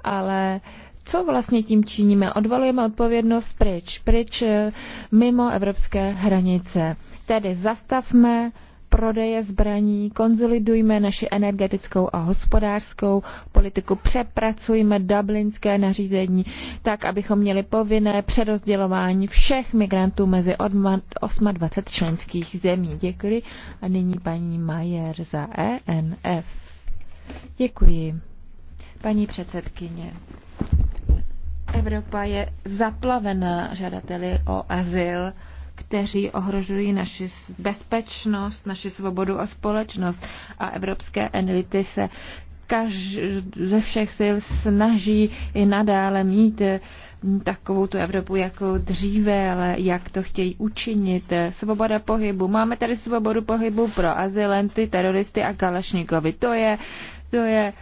Ale co vlastně tím činíme? Odvalujeme odpovědnost pryč, pryč eh, mimo evropské hranice. Tedy zastavme prodeje zbraní, konzolidujme naši energetickou a hospodářskou politiku, přepracujme dublinské nařízení tak, abychom měli povinné přerozdělování všech migrantů mezi 28 členských zemí. Děkuji. A nyní paní Majer za ENF. Děkuji. Paní předsedkyně. Evropa je zaplavená žadateli o azyl kteří ohrožují naši bezpečnost, naši svobodu a společnost. A evropské elity se kaž, ze všech sil snaží i nadále mít eh, takovou tu Evropu jako dříve, ale jak to chtějí učinit. Svoboda pohybu. Máme tady svobodu pohybu pro azylenty, teroristy a kalašníkovi. To je, to je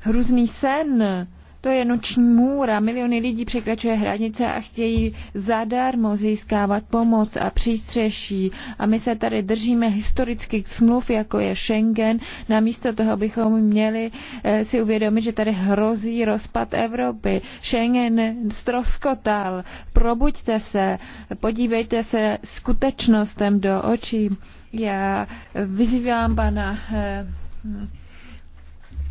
hrůzný sen. To je noční můra. Miliony lidí překračuje hranice a chtějí zadarmo získávat pomoc a přístřeší. A my se tady držíme historických smluv, jako je Schengen. Namísto toho bychom měli eh, si uvědomit, že tady hrozí rozpad Evropy. Schengen stroskotal. Probuďte se, podívejte se skutečnostem do očí. Já vyzývám pana eh,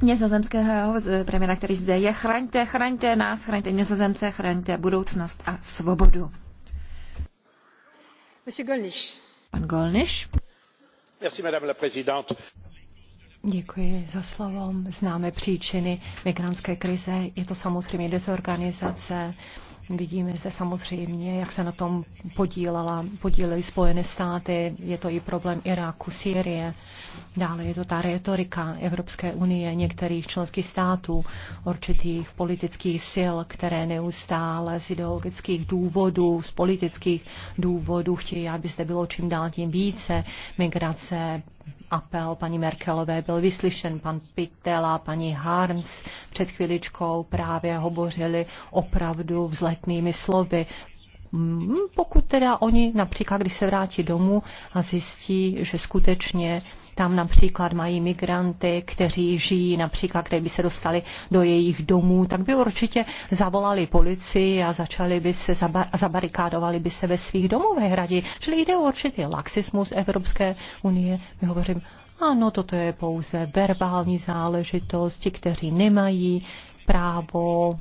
nizozemského premiéra, který zde je. Chraňte, chraňte nás, chraňte nizozemce, chraňte budoucnost a svobodu. Pan Golniš. Merci, madame la présidente. Děkuji za slovo. Známe příčiny migrantské krize. Je to samozřejmě dezorganizace, Vidíme zde samozřejmě, jak se na tom podílela, podílely Spojené státy, je to i problém Iráku, Sýrie, dále je to ta retorika Evropské unie, některých členských států, určitých politických sil, které neustále z ideologických důvodů, z politických důvodů chtějí, aby zde bylo čím dál tím více migrace, apel paní Merkelové byl vyslyšen. Pan Pitela, paní Harms před chviličkou právě hovořili opravdu vzletnými slovy. Hmm, pokud teda oni například, když se vrátí domů a zjistí, že skutečně tam například mají migranty, kteří žijí například, kde by se dostali do jejich domů, tak by určitě zavolali policii a začali by se zaba- zabarikádovali by se ve svých domovech hradi. Čili jde o určitý laxismus Evropské unie. My hovořím, ano, toto je pouze verbální záležitost, ti, kteří nemají právo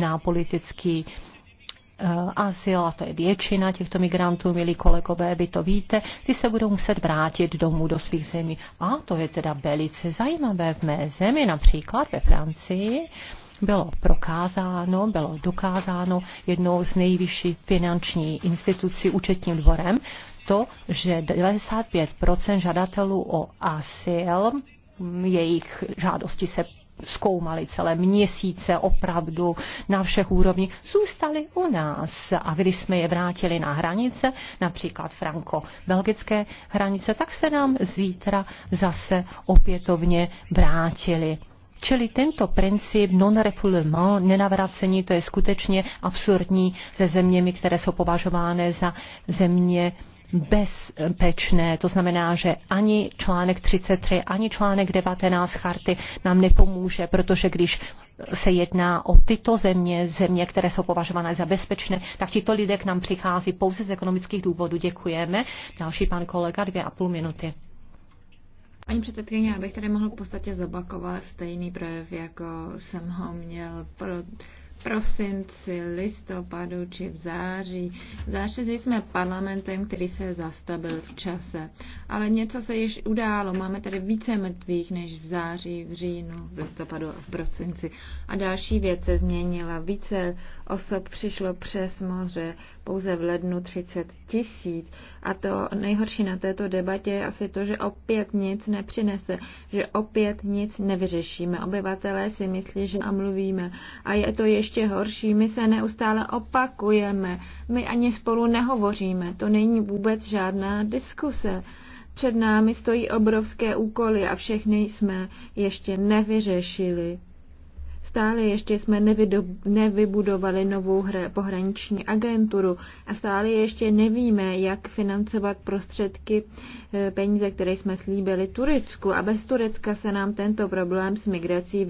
na politický Eh, azyl, a to je většina těchto migrantů, milí kolegové, vy to víte, ty se budou muset vrátit domů do svých zemí. A to je teda velice zajímavé. V mé zemi, například ve Francii, bylo prokázáno, bylo dokázáno jednou z nejvyšší finanční institucí, účetním dvorem, to, že 95% žadatelů o asyl, jejich žádosti se zkoumali celé měsíce opravdu na všech úrovních, zůstali u nás. A když jsme je vrátili na hranice, například franko-belgické hranice, tak se nám zítra zase opětovně vrátili. Čili tento princip non-refoulement, nenavracení, to je skutečně absurdní se zeměmi, které jsou považovány za země bezpečné. To znamená, že ani článek 33, ani článek 19 charty nám nepomůže, protože když se jedná o tyto země, země, které jsou považované za bezpečné, tak tito lidé k nám přichází pouze z ekonomických důvodů. Děkujeme. Další pan kolega, dvě a půl minuty. Paní předsedkyně, abych tady mohl v podstatě zabakovat stejný projev, jako jsem ho měl pro prosinci, listopadu či v září. Zášli jsme parlamentem, který se zastabil v čase. Ale něco se již událo. Máme tady více mrtvých než v září, v říjnu, v listopadu a v prosinci. A další věc se změnila. Více osob přišlo přes moře. Pouze v lednu 30 tisíc. A to nejhorší na této debatě je asi to, že opět nic nepřinese, že opět nic nevyřešíme. Obyvatelé si myslí, že a mluvíme. A je to ještě horší, my se neustále opakujeme, my ani spolu nehovoříme, to není vůbec žádná diskuse. Před námi stojí obrovské úkoly a všechny jsme ještě nevyřešili. Stále ještě jsme nevybudovali novou hra, pohraniční agenturu a stále ještě nevíme, jak financovat prostředky e, peníze, které jsme slíbili Turecku. A bez Turecka se nám tento problém s migrací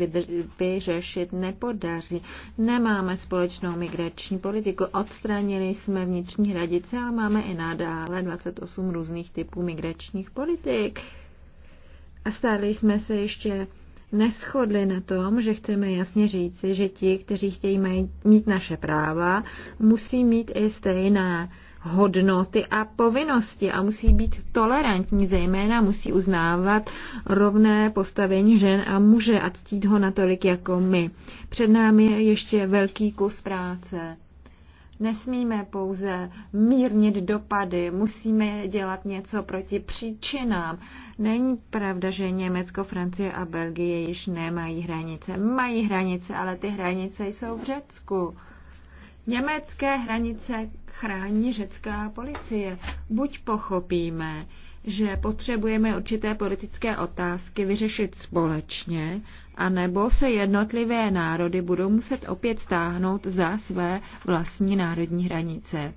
vyřešit nepodaří. Nemáme společnou migrační politiku. Odstranili jsme vnitřní hradice a máme i nadále 28 různých typů migračních politik. A stále jsme se ještě neschodli na tom, že chceme jasně říci, že ti, kteří chtějí mít naše práva, musí mít i stejné hodnoty a povinnosti a musí být tolerantní, zejména musí uznávat rovné postavení žen a muže a ctít ho natolik jako my. Před námi je ještě velký kus práce. Nesmíme pouze mírnit dopady, musíme dělat něco proti příčinám. Není pravda, že Německo, Francie a Belgie již nemají hranice. Mají hranice, ale ty hranice jsou v Řecku. Německé hranice chrání řecká policie. Buď pochopíme, že potřebujeme určité politické otázky vyřešit společně, a nebo se jednotlivé národy budou muset opět stáhnout za své vlastní národní hranice.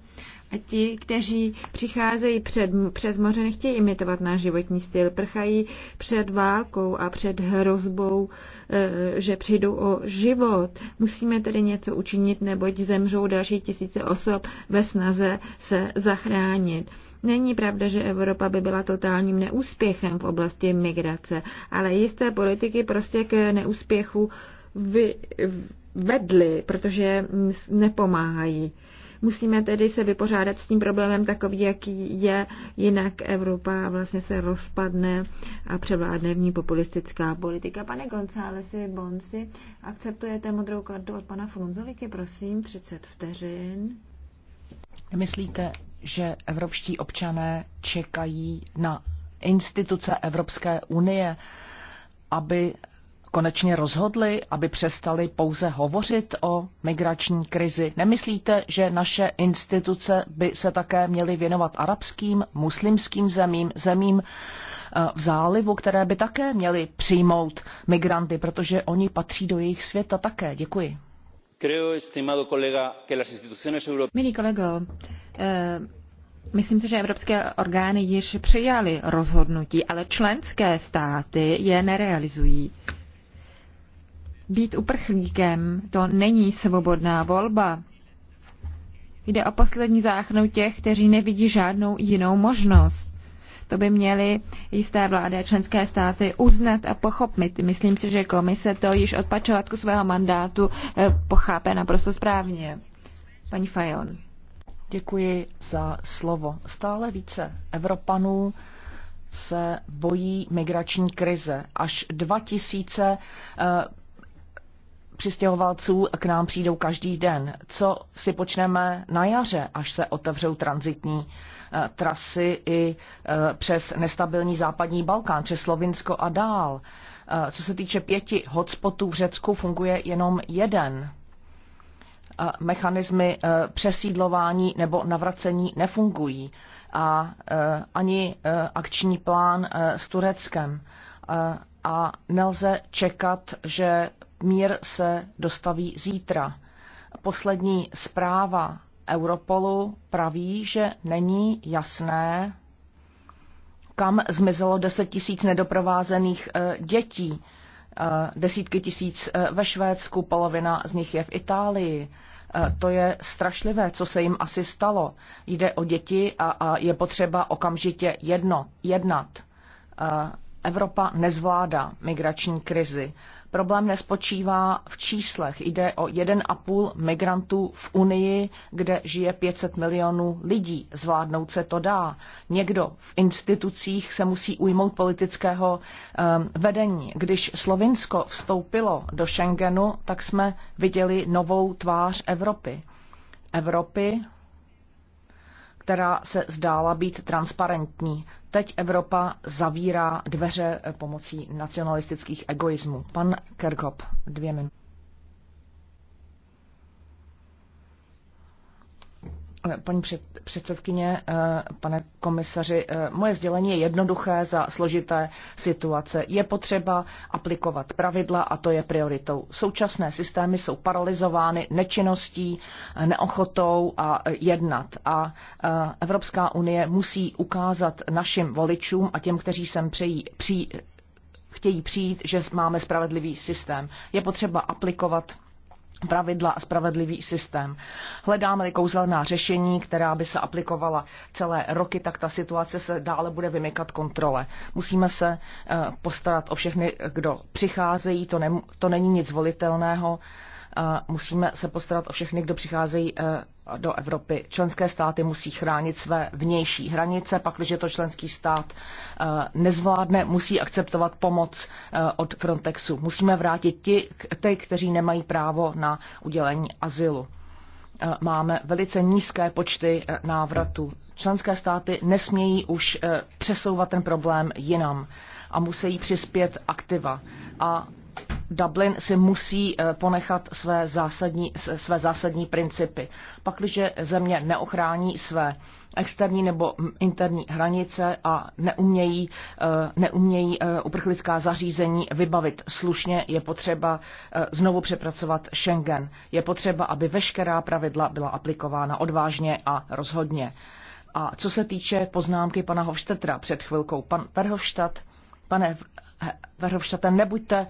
A ti, kteří přicházejí před, přes moře, nechtějí imitovat náš životní styl, prchají před válkou a před hrozbou, e, že přijdou o život. Musíme tedy něco učinit, neboť zemřou další tisíce osob ve snaze se zachránit. Není pravda, že Evropa by byla totálním neúspěchem v oblasti migrace, ale jisté politiky prostě k neúspěchu vy, vedly, protože nepomáhají. Musíme tedy se vypořádat s tím problémem takový, jaký je, jinak Evropa vlastně se rozpadne a převládne v ní populistická politika. Pane Gonzálesi Bonsi, akceptujete modrou kartu od pana Frunzoliky, prosím, 30 vteřin. Myslíte že evropští občané čekají na instituce Evropské unie, aby konečně rozhodli, aby přestali pouze hovořit o migrační krizi. Nemyslíte, že naše instituce by se také měly věnovat arabským, muslimským zemím, zemím eh, v zálivu, které by také měly přijmout migranty, protože oni patří do jejich světa také. Děkuji. Milý kolego, Eh, myslím si, že evropské orgány již přijaly rozhodnutí, ale členské státy je nerealizují. Být uprchlíkem to není svobodná volba. Jde o poslední záchnu těch, kteří nevidí žádnou jinou možnost. To by měly jisté vlády a členské státy uznat a pochopit. Myslím si, že komise to již od pačovatku svého mandátu eh, pochápe naprosto správně. Paní Fajon. Děkuji za slovo. Stále více Evropanů se bojí migrační krize. Až 2000 eh, přistěhovalců k nám přijdou každý den. Co si počneme na jaře, až se otevřou transitní eh, trasy i eh, přes nestabilní západní Balkán, přes Slovinsko a dál. Co se týče pěti hotspotů v Řecku, funguje jenom jeden mechanismy eh, přesídlování nebo navracení nefungují a eh, ani eh, akční plán s Tureckem. A nelze čekat, že mír se dostaví zítra. Poslední zpráva Europolu praví, že není jasné, kam zmizelo 10 tisíc nedoprovázených dětí, desítky tisíc ve Švédsku, polovina z nich je v Itálii. Eh, to je strašlivé, co se jim asi stalo. Jde o děti a, a je potřeba okamžitě jedno, jednat. Eh, Evropa nezvládá migrační krizi. Problém nespočívá v číslech. Jde o 1,5 migrantů v Unii, kde žije 500 milionů lidí. Zvládnout se to dá. Někdo v institucích se musí ujmout politického um, vedení. Když Slovinsko vstoupilo do Schengenu, tak jsme viděli novou tvář Evropy. Evropy, která se zdála být transparentní. Teď Evropa zavírá dveře pomocí nacionalistických egoismů. Pan Kerkop, dvě minuty. Eh, paní předsedkyně, eh, pane komisaři, eh, moje sdělení je jednoduché za složité situace. Je potřeba aplikovat pravidla a to je prioritou. Současné systémy jsou paralizovány nečinností, neochotou a jednat. A Evropská unie musí ukázat našim voličům a těm, kteří sem přejí, při, chtějí přijít, že máme spravedlivý systém. Je potřeba aplikovat pravidla a spravedlivý systém. Hledáme-li kouzelná řešení, která by se aplikovala celé roky, tak ta situace se dále bude vymykat kontrole. Musíme se eh, postarat o všechny, kdo přicházejí, to, ne, to není nic volitelného musíme se postarat o všechny, kdo přicházejí eh, do Evropy. Členské státy musí chránit své vnější hranice, pak, když to členský stát eh, nezvládne, musí akceptovat pomoc eh, od Frontexu. Musíme vrátit ti, ty, kteří nemají právo na udělení azylu. Máme velice nízké počty návratu. Členské státy nesmějí už přesouvat ten problém jinam a musí přispět aktiva. A Dublin si musí eh, ponechat své zásadní, své zásadní principy. Pakliže země neochrání své externí nebo interní hranice a neumějí, eh, neumějí eh, uprchlická zařízení vybavit slušně, je potřeba znovu přepracovat Schengen. Je potřeba, aby veškerá pravidla byla aplikována odvážně a rozhodně. A co se týče poznámky pana Hofstetra před chvilkou, pan Verhofstadt, pane Verhofstadt, nebuďte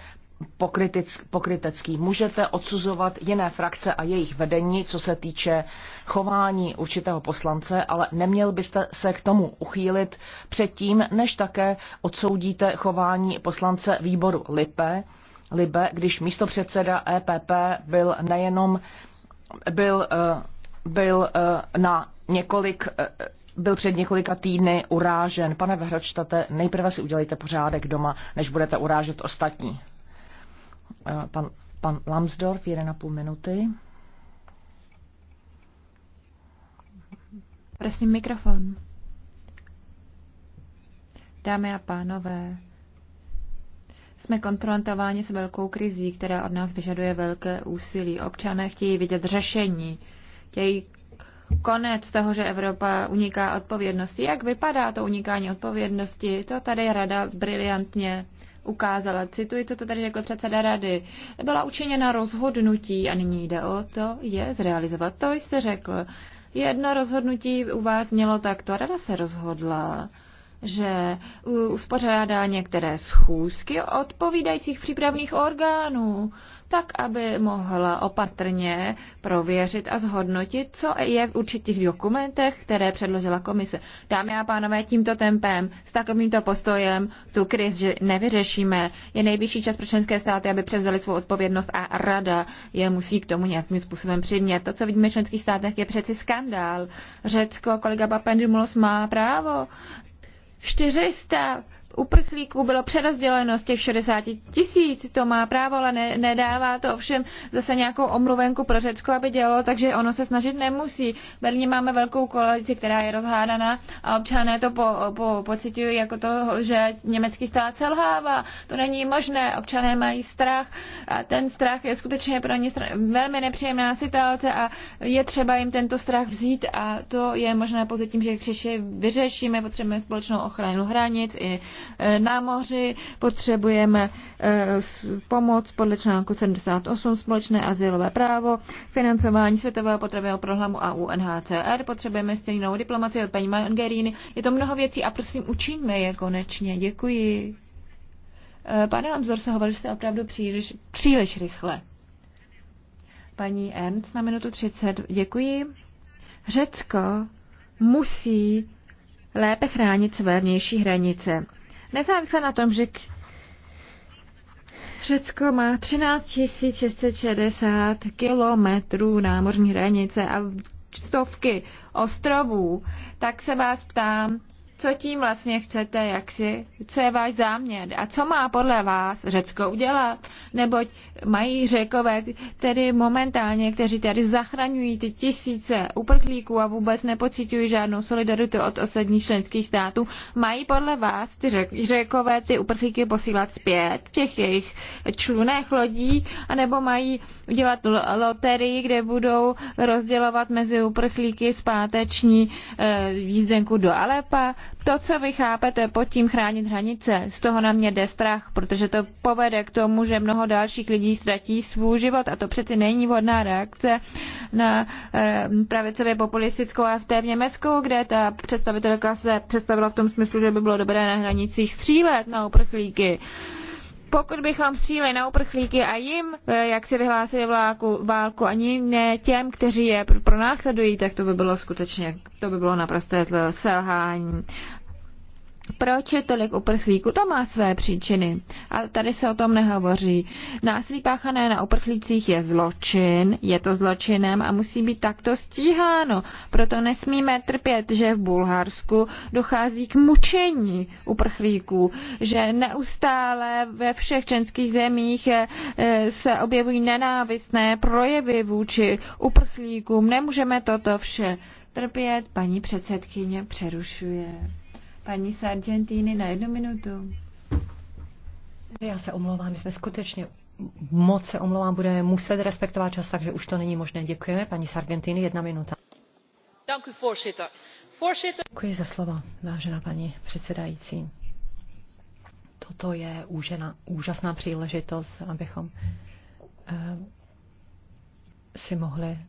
pokrytecký. Můžete odsuzovat jiné frakce a jejich vedení, co se týče chování určitého poslance, ale neměl byste se k tomu uchýlit předtím, než také odsoudíte chování poslance výboru Lipe, Libe, když místo předseda EPP byl nejenom byl, eh, byl eh, na několik eh, byl před několika týdny urážen. Pane Vehročtate, nejprve si udělejte pořádek doma, než budete urážet ostatní. Eh, pan, pan Lambsdorff, 1,5 minuty. Prosím mikrofon. Dámy a pánové, jsme konfrontováni s velkou krizí, která od nás vyžaduje velké úsilí. Občané chtějí vidět řešení, chtějí konec toho, že Evropa uniká odpovědnosti. Jak vypadá to unikání odpovědnosti? To tady rada briliantně ukázala, cituji, co to tady řekl předseda rady, byla učiněna rozhodnutí a nyní jde o to je zrealizovat. To jste řekl. Jedno rozhodnutí u vás mělo takto, rada se rozhodla že uspořádá některé schůzky odpovídajících přípravných orgánů, tak aby mohla opatrně prověřit a zhodnotit, co je v určitých dokumentech, které předložila komise. Dámy a pánové, tímto tempem, s takovýmto postojem tu kriz že nevyřešíme. Je nejvyšší čas pro členské státy, aby převzali svou odpovědnost a rada je musí k tomu nějakým způsobem přimět. To, co vidíme v členských státech, je přeci skandál. Řecko, kolega Papendimulos má právo 400 uprchlíků bylo přerozděleno z těch 60 tisíc, to má právo, ale ne, nedává to ovšem zase nějakou omluvenku pro Řecko, aby dělalo, takže ono se snažit nemusí. V Berlíně máme velkou koalici, která je rozhádaná a občané to po, po, pocitují jako to, že německý stát selhává. To není možné, občané mají strach a ten strach je skutečně pro ně velmi nepříjemná situace a je třeba jim tento strach vzít a to je možné pouze tím, že když vyřešíme, potřebujeme společnou ochranu hranic i Eh, na moři, potřebujeme eh, pomoc podle článku 78 společné asilové právo, financování Světového potravého programu a UNHCR, potřebujeme stejnou diplomaci od paní Mangerini. Je to mnoho věcí a prosím, učiňme je konečně. Děkuji. Eh, pane Lambsdorse, sehovali jste opravdu příliš, příliš rychle. Paní Ernst na minutu 30. Děkuji. Řecko musí lépe chránit své vnější hranice. Nezávisle na tom, že Řecko má 13 660 kilometrů námořní hranice a stovky ostrovů, tak se vás ptám, co tím vlastně chcete, jak si, co je váš záměr a co má podle vás Řecko udělat, neboť mají Řekové, tedy momentálně, kteří tady zachraňují ty tisíce uprchlíků a vůbec nepocitují žádnou solidaritu od ostatních členských států, mají podle vás ty Řekové ty uprchlíky posílat zpět v těch jejich člunech lodí, anebo mají udělat loterii, kde budou rozdělovat mezi uprchlíky zpáteční e, jízdenku do Alepa, to, co vy chápete pod tím chránit hranice, z toho na mě jde strach, protože to povede k tomu, že mnoho dalších lidí ztratí svůj život a to přeci není vhodná reakce na e, pravicově populistickou AFT v Německu, kde ta představitelka se představila v tom smyslu, že by bylo dobré na hranicích střílet na uprchlíky. E, pokud bychom stříleli na uprchlíky a jim, eh, jak si vyhlásili vláku, válku, ani ne těm, kteří je pronásledují, tak to by bylo skutečně, to by bylo naprosté selhání. Proč je tolik uprchlíků? To má své příčiny. A tady se o tom nehovoří. Násilí páchané na uprchlících je zločin, je to zločinem a musí být takto stíháno. Proto nesmíme trpět, že v Bulharsku dochází k mučení uprchlíků, že neustále ve všech členských zemích eh, se objevují nenávistné projevy vůči uprchlíkům. Nemůžeme toto vše trpět, paní předsedkyně přerušuje. Paní z Argentíny na jednu minutu. Já se omlouvám, my jsme skutečně moc se omlouvám, budeme muset respektovat čas, takže už to není možné. Děkujeme, paní z Argentíny, jedna minuta. Děkuji za slova, vážená paní předsedající. Toto je úžena, úžasná příležitost, abychom eh, si mohli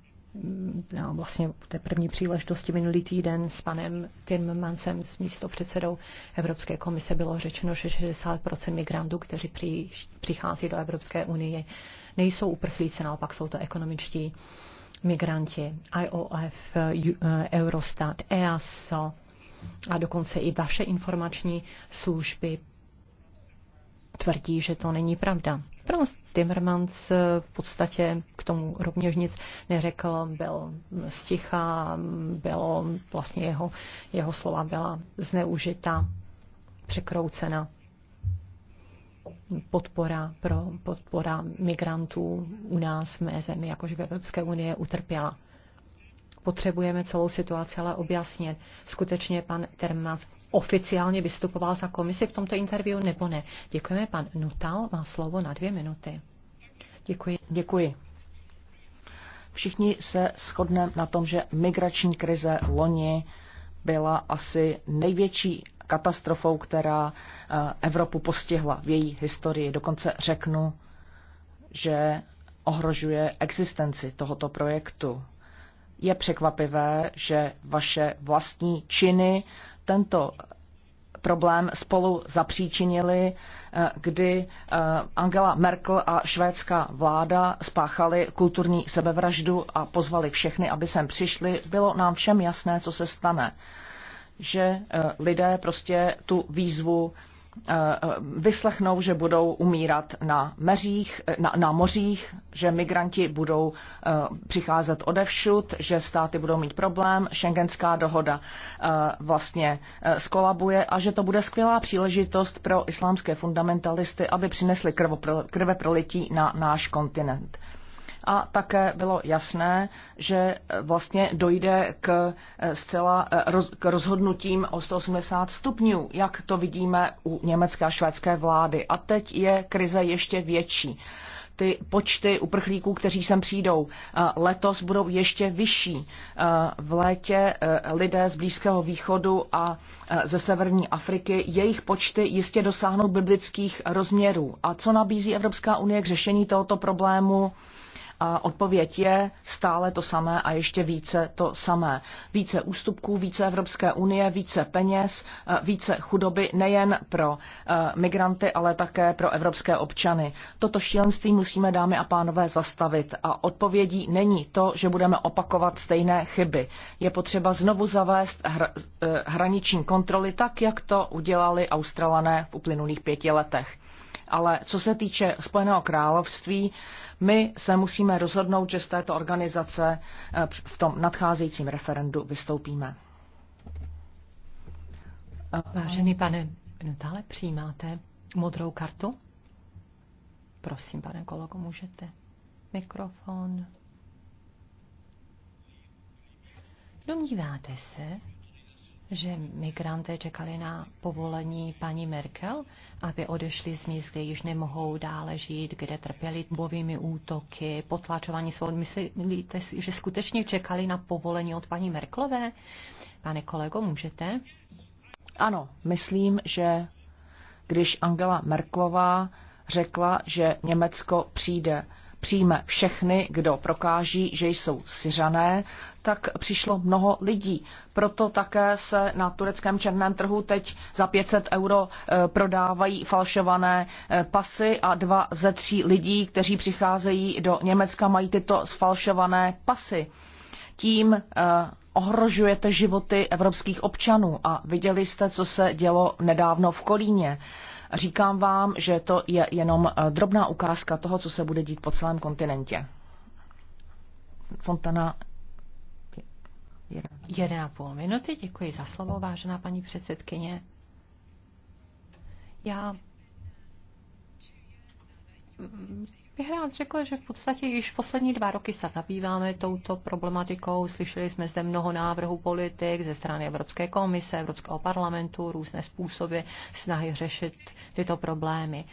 no, vlastně té první příležitosti minulý týden s panem Mansem, s místo předsedou Evropské komise, bylo řečeno, že 60% migrantů, kteří při, přichází do Evropské unie, nejsou uprchlíci, naopak jsou to ekonomičtí migranti. IOF, eh, Eurostat, EASO a dokonce i vaše informační služby tvrdí, že to není pravda. Franz Timmermans v podstatě k tomu rovněž nic neřekl, byl sticha, bylo vlastně jeho, jeho slova byla zneužita, překroucena podpora pro podpora migrantů u nás v mé zemi, jakož v Evropské unie, utrpěla potřebujeme celou situaci ale objasnit. Skutečně pan Termas oficiálně vystupoval za komisi v tomto interview nebo ne. Děkujeme, pan Nutal má slovo na dvě minuty. Děkuji. Děkuji. Všichni se shodneme na tom, že migrační krize loni byla asi největší katastrofou, která eh, Evropu postihla v její historii. Dokonce řeknu, že ohrožuje existenci tohoto projektu. Je překvapivé, že vaše vlastní činy tento problém spolu zapříčinili, eh, kdy eh, Angela Merkel a švédská vláda spáchali kulturní sebevraždu a pozvali všechny, aby sem přišli. Bylo nám všem jasné, co se stane že eh, lidé prostě tu výzvu Eh, vyslechnou, že budou umírat na, meřích, eh, na, na mořích, že migranti budou eh, přicházet odevšud, že státy budou mít problém, šengenská dohoda vlastně skolabuje a že to bude skvělá příležitost pro islámské fundamentalisty, aby přinesli prolití na náš kontinent a také bylo jasné, že eh, vlastně dojde k eh, zcela eh, roz, k rozhodnutím o 180 stupňů, jak to vidíme u německé a švédské vlády. A teď je krize ještě větší. Ty počty uprchlíků, kteří sem přijdou letos, budou ještě vyšší. V létě lidé z Blízkého východu a ze severní Afriky, jejich počty jistě dosáhnou biblických rozměrů. A co nabízí Evropská unie k řešení tohoto problému? a odpověď je stále to samé a ještě více to samé. Více ústupků, více Evropské unie, více peněz, eh, více chudoby nejen pro eh, migranty, ale také pro evropské občany. Toto šílenství musíme, dámy a pánové, zastavit a odpovědí není to, že budeme opakovat stejné chyby. Je potřeba znovu zavést hr- eh, hraniční kontroly tak, jak to udělali Australané v uplynulých pěti letech ale co se týče Spojeného království, my se musíme rozhodnout, že z této organizace eh, v tom nadcházejícím referendu vystoupíme. Eh, Vážený pane Benutale, přijímáte modrou kartu? Prosím, pane kolego, můžete. Mikrofon. Domníváte se, že migranté čekali na povolení paní Merkel, aby odešli z míst, kde již nemohou dále žít, kde trpěli bovými útoky, potlačování svou. Myslíte si, že skutečně čekali na povolení od paní Merklové? Pane kolego, můžete? Ano, myslím, že když Angela Merklová řekla, že Německo přijde přijme všechny, kdo prokáží, že jsou syřané, tak přišlo mnoho lidí. Proto také se na tureckém černém trhu teď za 500 euro eh, prodávají falšované eh, pasy a dva ze tří lidí, kteří přicházejí do Německa, mají tyto sfalšované pasy. Tím eh, ohrožujete životy evropských občanů a viděli jste, co se dělo nedávno v Kolíně. Říkám vám, že to je jenom eh, drobná ukázka toho, co se bude dít po celém kontinentě. Fontana půl minuty. Děkuji za slovo, vážená paní předsedkyně. Já bych rád řekl, že v podstatě již poslední dva roky se zabýváme touto problematikou. Slyšeli jsme zde mnoho návrhů politik ze strany Evropské komise, Evropského parlamentu, různé způsoby snahy řešit tyto problémy.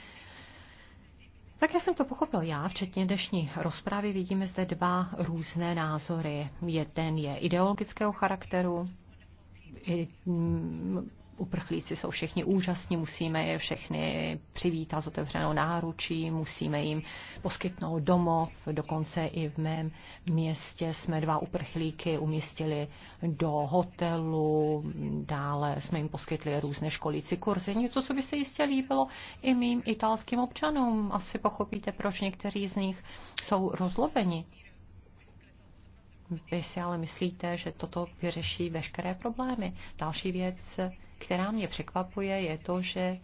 Tak já jsem to pochopil já, včetně dnešní rozpravy, vidíme zde dva různé názory. Jeden je ideologického charakteru, mm, uprchlíci jsou všichni úžasní, musíme je všechny přivítat s otevřenou náručí, musíme jim poskytnout domov, dokonce i v mém městě jsme dva uprchlíky umístili do hotelu, dále jsme jim poskytli různé školící kurzy, něco, co by se jistě líbilo i mým italským občanům. Asi pochopíte, proč někteří z nich jsou rozlobeni. Vy si ale myslíte, že toto vyřeší veškeré problémy. Další věc která mě překvapuje, je to, že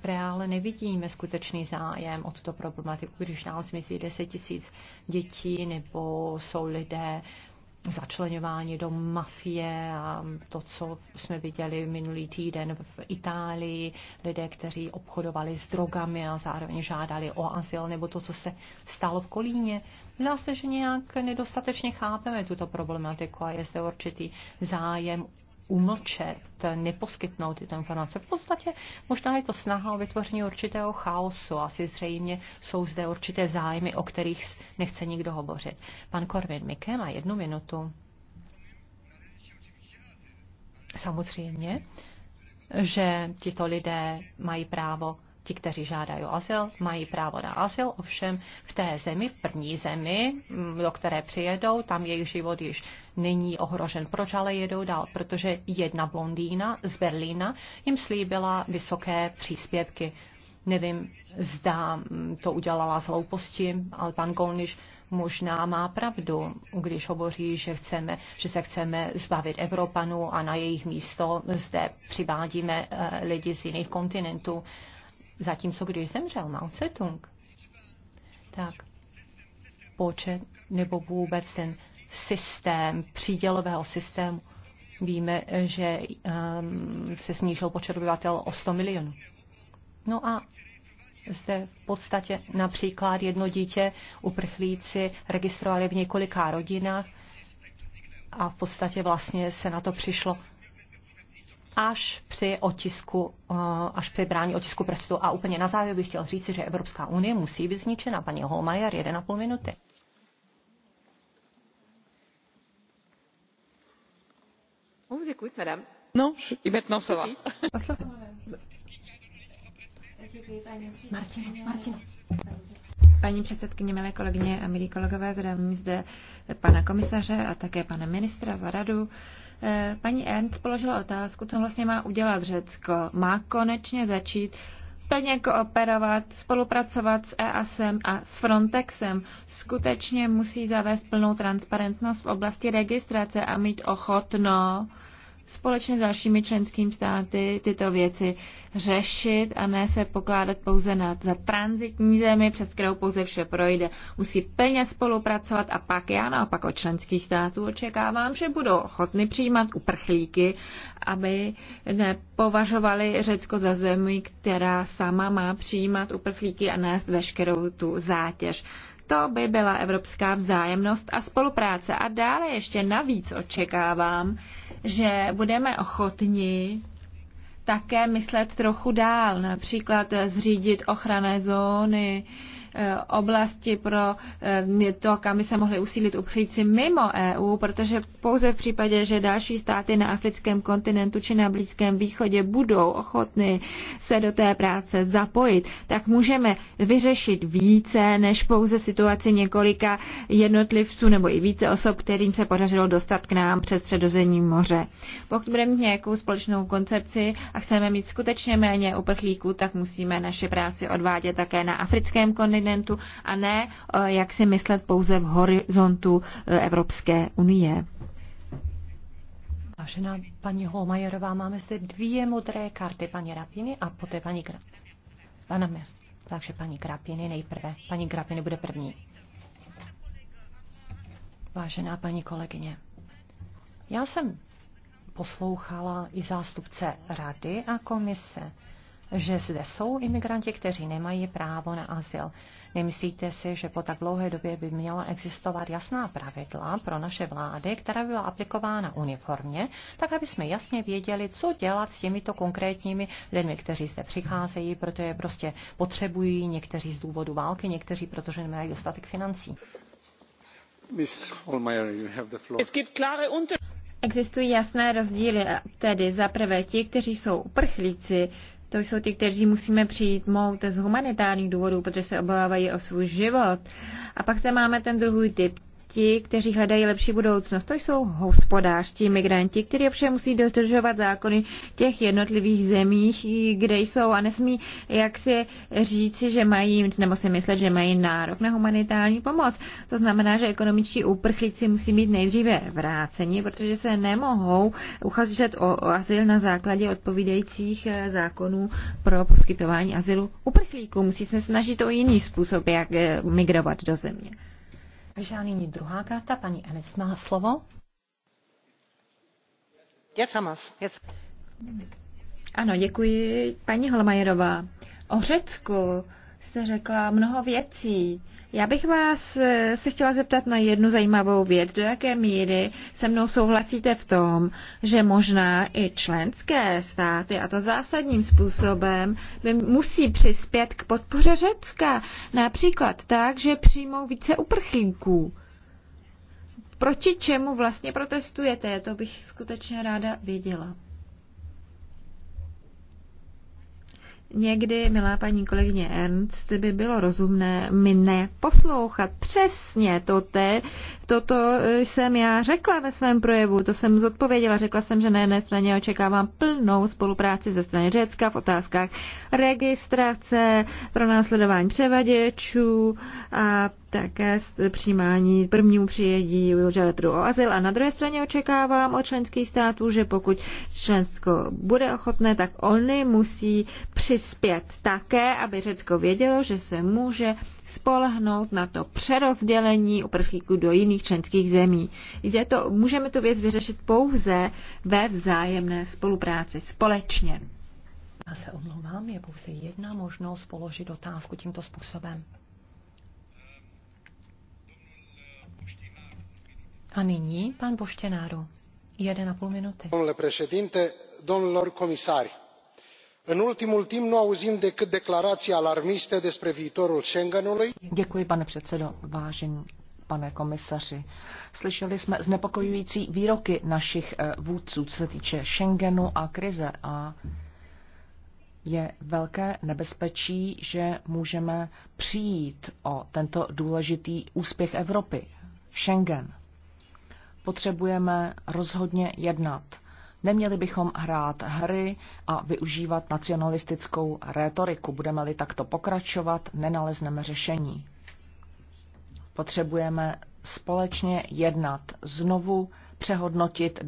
v reále nevidíme skutečný zájem o tuto problematiku, když nás myslí 10 tisíc dětí nebo jsou lidé začlenování do mafie a to, co jsme viděli minulý týden v Itálii, lidé, kteří obchodovali s drogami a zároveň žádali o azyl, nebo to, co se stalo v Kolíně. Zdá se, že nějak nedostatečně chápeme tuto problematiku a je zde určitý zájem umlčet, neposkytnout tyto informace. V podstatě možná je to snaha o vytvoření určitého chaosu. Asi zřejmě jsou zde určité zájmy, o kterých nechce nikdo hovořit. Pan Korvin Mike má jednu minutu. Samozřejmě, že tito lidé mají právo ti, kteří žádají azyl, mají právo na azyl, ovšem v té zemi, v první zemi, mm, do které přijedou, tam jejich život již není ohrožen. Proč ale jedou dál? Protože jedna blondýna z Berlína jim slíbila vysoké příspěvky. Nevím, zda mm, to udělala z hlouposti, ale pan Golniš možná má pravdu, když hovoří, že, chceme, že se chceme zbavit Evropanů a na jejich místo zde přivádíme eh, lidi z jiných kontinentů. Zatímco když zemřel Mao Tse-tung, tak počet nebo vůbec ten systém, přídělového systému, víme, že um, se snížil počet obyvatel o 100 milionů. No a zde v podstatě například jedno dítě uprchlíci registrovali v několika rodinách a v podstatě vlastně se na to přišlo až při otisku, eh, až při brání otisku prstu. A úplně na závěr bych chtěl říci, že Evropská unie musí být zničena. Paní Holmajer, půl minuty. No, i maintenant ça va. Martina, Martina. Paní předsedkyně, milé kolegyně a milí kolegové, zdravím zde pana komisaře a také pana ministra za radu. Eh, paní Ernst položila otázku, co vlastně má udělat Řecko. Má konečně začít plně kooperovat, spolupracovat s EASem a s Frontexem. Skutečně musí zavést plnou transparentnost v oblasti registrace a mít ochotno společně s dalšími členskými státy tyto věci řešit a ne se pokládat pouze na, za transitní zemi, přes kterou pouze vše projde. Musí plně spolupracovat a pak já naopak od členských států očekávám, že budou ochotny přijímat uprchlíky, aby nepovažovali Řecko za zemi, která sama má přijímat uprchlíky a nést veškerou tu zátěž. To by byla evropská vzájemnost a spolupráce. A dále ještě navíc očekávám, že budeme ochotni také myslet trochu dál, například zřídit ochranné zóny, Eh, oblasti pro eh, to, kam by se mohli usílit uprchlíci mimo EU, protože pouze v případě, že další státy na africkém kontinentu či na Blízkém východě budou ochotny se do té práce zapojit, tak můžeme vyřešit více než pouze situaci několika jednotlivců nebo i více osob, kterým se podařilo dostat k nám přes středozemní moře. Pokud budeme mít nějakou společnou koncepci a chceme mít skutečně méně uprchlíků, tak musíme naše práci odvádět také na africkém kontinentu kontinentu a ne eh, jak si myslet pouze v horizontu eh, Evropské unie. Vážená paní Holmajerová, máme zde dvě modré karty, paní Rapiny a poté paní Gra... Pana Takže paní Grapiny nejprve. Paní Grapiny bude první. Vážená paní kolegyně, já jsem poslouchala i zástupce rady a komise že zde jsou imigranti, kteří nemají právo na azyl. Nemyslíte si, že po tak dlouhé době by měla existovat jasná pravidla pro naše vlády, která byla aplikována uniformně, tak aby jsme jasně věděli, co dělat s těmito konkrétními lidmi, kteří zde přicházejí, protože prostě potřebují někteří z důvodu války, někteří protože nemají dostatek financí. Existují jasné rozdíly, tedy za prvé ti, kteří jsou uprchlíci, to jsou ti, kteří musíme přijít mout z humanitárních důvodů, protože se obávají o svůj život. A pak tam máme ten druhý typ, ti, kteří hledají lepší budoucnost. To jsou hospodářští migranti, kteří ovšem musí dodržovat zákony těch jednotlivých zemích, kde jsou a nesmí jak si říci, že mají, nebo si myslet, že mají nárok na humanitární pomoc. To znamená, že ekonomičtí uprchlíci musí být nejdříve vráceni, protože se nemohou uchazovat o, o azyl na základě odpovídajících eh, zákonů pro poskytování azylu uprchlíků. Musí se snažit o jiný způsob, jak eh, migrovat do země. Takže já nyní druhá karta, paní Enes má slovo. Ano, děkuji. Paní Holmajerová, o Řecku jste řekla mnoho věcí. Já bych vás eh, se chtěla zeptat na jednu zajímavou věc. Do jaké míry se mnou souhlasíte v tom, že možná i členské státy, a to zásadním způsobem, by musí přispět k podpoře Řecka. Například tak, že přijmou více uprchlíků. Proti čemu vlastně protestujete? To bych skutečně ráda věděla. Někdy, milá paní kolegyně Ernst, by bylo rozumné mi neposlouchat. Přesně to te, toto jsem já řekla ve svém projevu, to jsem zodpověděla. Řekla jsem, že na jedné straně očekávám plnou spolupráci ze strany Řecka v otázkách registrace, pro následování převaděčů a také přijímání prvnímu přijetí žadatelů o azyl. A na druhé straně očekávám od členských států, že pokud člensko bude ochotné, tak oni musí přispět také, aby Řecko vědělo, že se může spolehnout na to přerozdělení uprchlíků do jiných členských zemí. Jde to, můžeme tu věc vyřešit pouze ve vzájemné spolupráci společně. Já se omlouvám, je pouze jedna možnost položit otázku tímto způsobem. A nyní pan Boštěnáru. Jeden a půl minuty. Domnule președinte, domnilor comisari, în ultimul timp nu auzim decât declarații alarmiste despre viitorul Schengenului. Děkuji, pane předsedo, vážení pane komisaři. Slyšeli jsme znepokojující výroky našich eh, vůdců, co se týče Schengenu a krize a je velké nebezpečí, že můžeme přijít o tento důležitý úspěch Evropy, Schengen potřebujeme rozhodně jednat. Neměli bychom hrát hry a využívat nacionalistickou rétoriku. Budeme-li takto pokračovat, nenalezneme řešení. Potřebujeme společně jednat znovu přehodnotit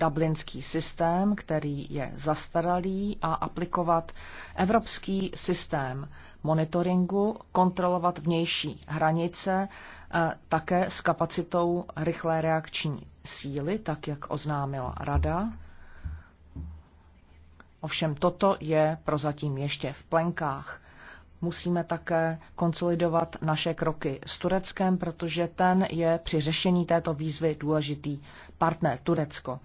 dublinský systém, který je zastaralý, a aplikovat evropský systém monitoringu, kontrolovat vnější hranice e, také s kapacitou rychlé reakční síly, tak jak oznámila Rada. Ovšem toto je prozatím ještě v plenkách musíme také konsolidovat naše kroky s Tureckem, protože ten je při řešení této výzvy důležitý partner Turecko.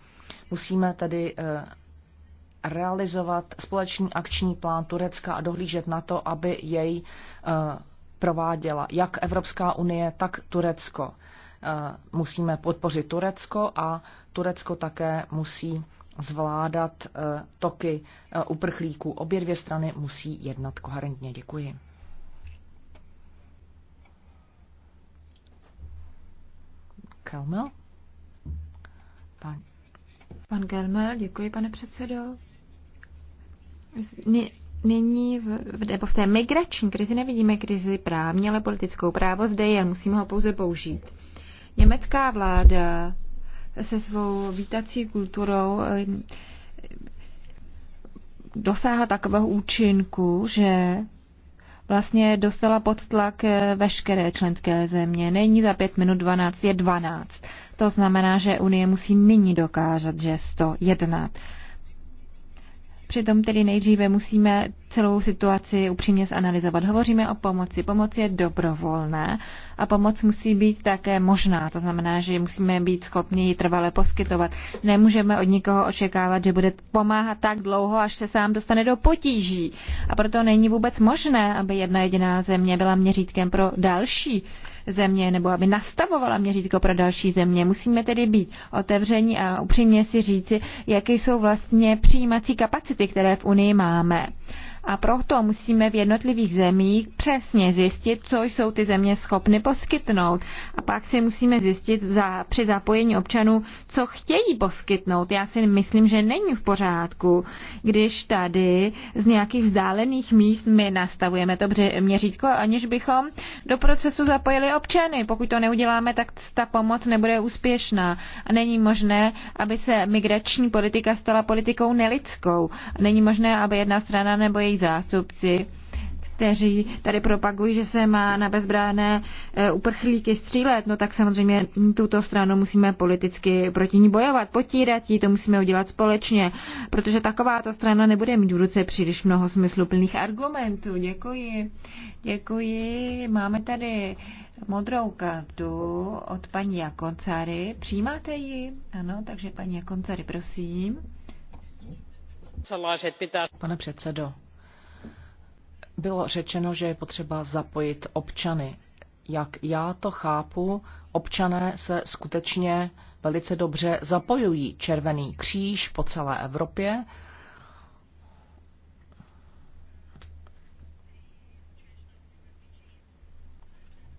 Musíme tedy eh, realizovat společný akční plán Turecka a dohlížet na to, aby jej eh, prováděla jak Evropská unie, tak Turecko. Eh, musíme podpořit Turecko a Turecko také musí zvládat eh, toky eh, uprchlíků. Obě dvě strany musí jednat koherentně. Děkuji. Kelmel? Pan, pan Kelmel, děkuji, pane předsedo. Nyní v, v, nebo v té migrační krizi nevidíme krizi právně, ale politickou právo zde je, musíme ho pouze použít. Německá vláda se svou vítací kulturou eh, dosáhla takového účinku, že vlastně dostala pod tlak eh, veškeré členské země. Není za pět minut 12, je 12. To znamená, že Unie musí nyní dokázat, že 101. jednat. Přitom tedy nejdříve musíme celou situaci upřímně zanalizovat. Hovoříme o pomoci. Pomoc je dobrovolná a pomoc musí být také možná. To znamená, že musíme být schopni ji trvale poskytovat. Nemůžeme od nikoho očekávat, že bude pomáhat tak dlouho, až se sám dostane do potíží. A proto není vůbec možné, aby jedna jediná země byla měřítkem pro další země nebo aby nastavovala měřítko pro další země. Musíme tedy být otevření a upřímně si říci, jaké jsou vlastně přijímací kapacity, které v Unii máme. A proto musíme v jednotlivých zemích přesně zjistit, co jsou ty země schopny poskytnout. A pak si musíme zjistit za, při zapojení občanů, co chtějí poskytnout. Já si myslím, že není v pořádku, když tady z nějakých vzdálených míst my nastavujeme to měřítko, aniž bychom do procesu zapojili občany. Pokud to neuděláme, tak ta pomoc nebude úspěšná. A není možné, aby se migrační politika stala politikou nelidskou. Není možné, aby jedna strana nebo její jejich zástupci, kteří tady propagují, že se má na bezbráné e, uprchlíky střílet, no tak samozřejmě tuto stranu musíme politicky proti ní bojovat, potírat ji, to musíme udělat společně, protože takováto strana nebude mít v ruce příliš mnoho smysluplných argumentů. Děkuji. Děkuji. Máme tady modrou kartu od paní Jakoncary. Přijímáte ji? Ano, takže paní Jakoncary, prosím. Pane předsedo, bylo řečeno, že je potřeba zapojit občany. Jak já to chápu, občané se skutečně velice dobře zapojují. Červený kříž po celé Evropě.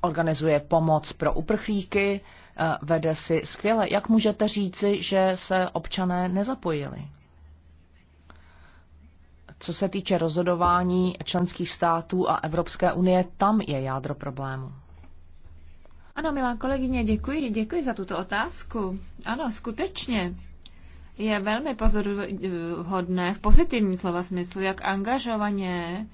Organizuje pomoc pro uprchlíky, eh, vede si skvěle. Jak můžete říci, že se občané nezapojili? co se týče rozhodování členských států a Evropské unie, tam je jádro problému. Ano, milá kolegyně, děkuji, děkuji za tuto otázku. Ano, skutečně je velmi pozoruhodné v pozitivním slova smyslu, jak angažovaně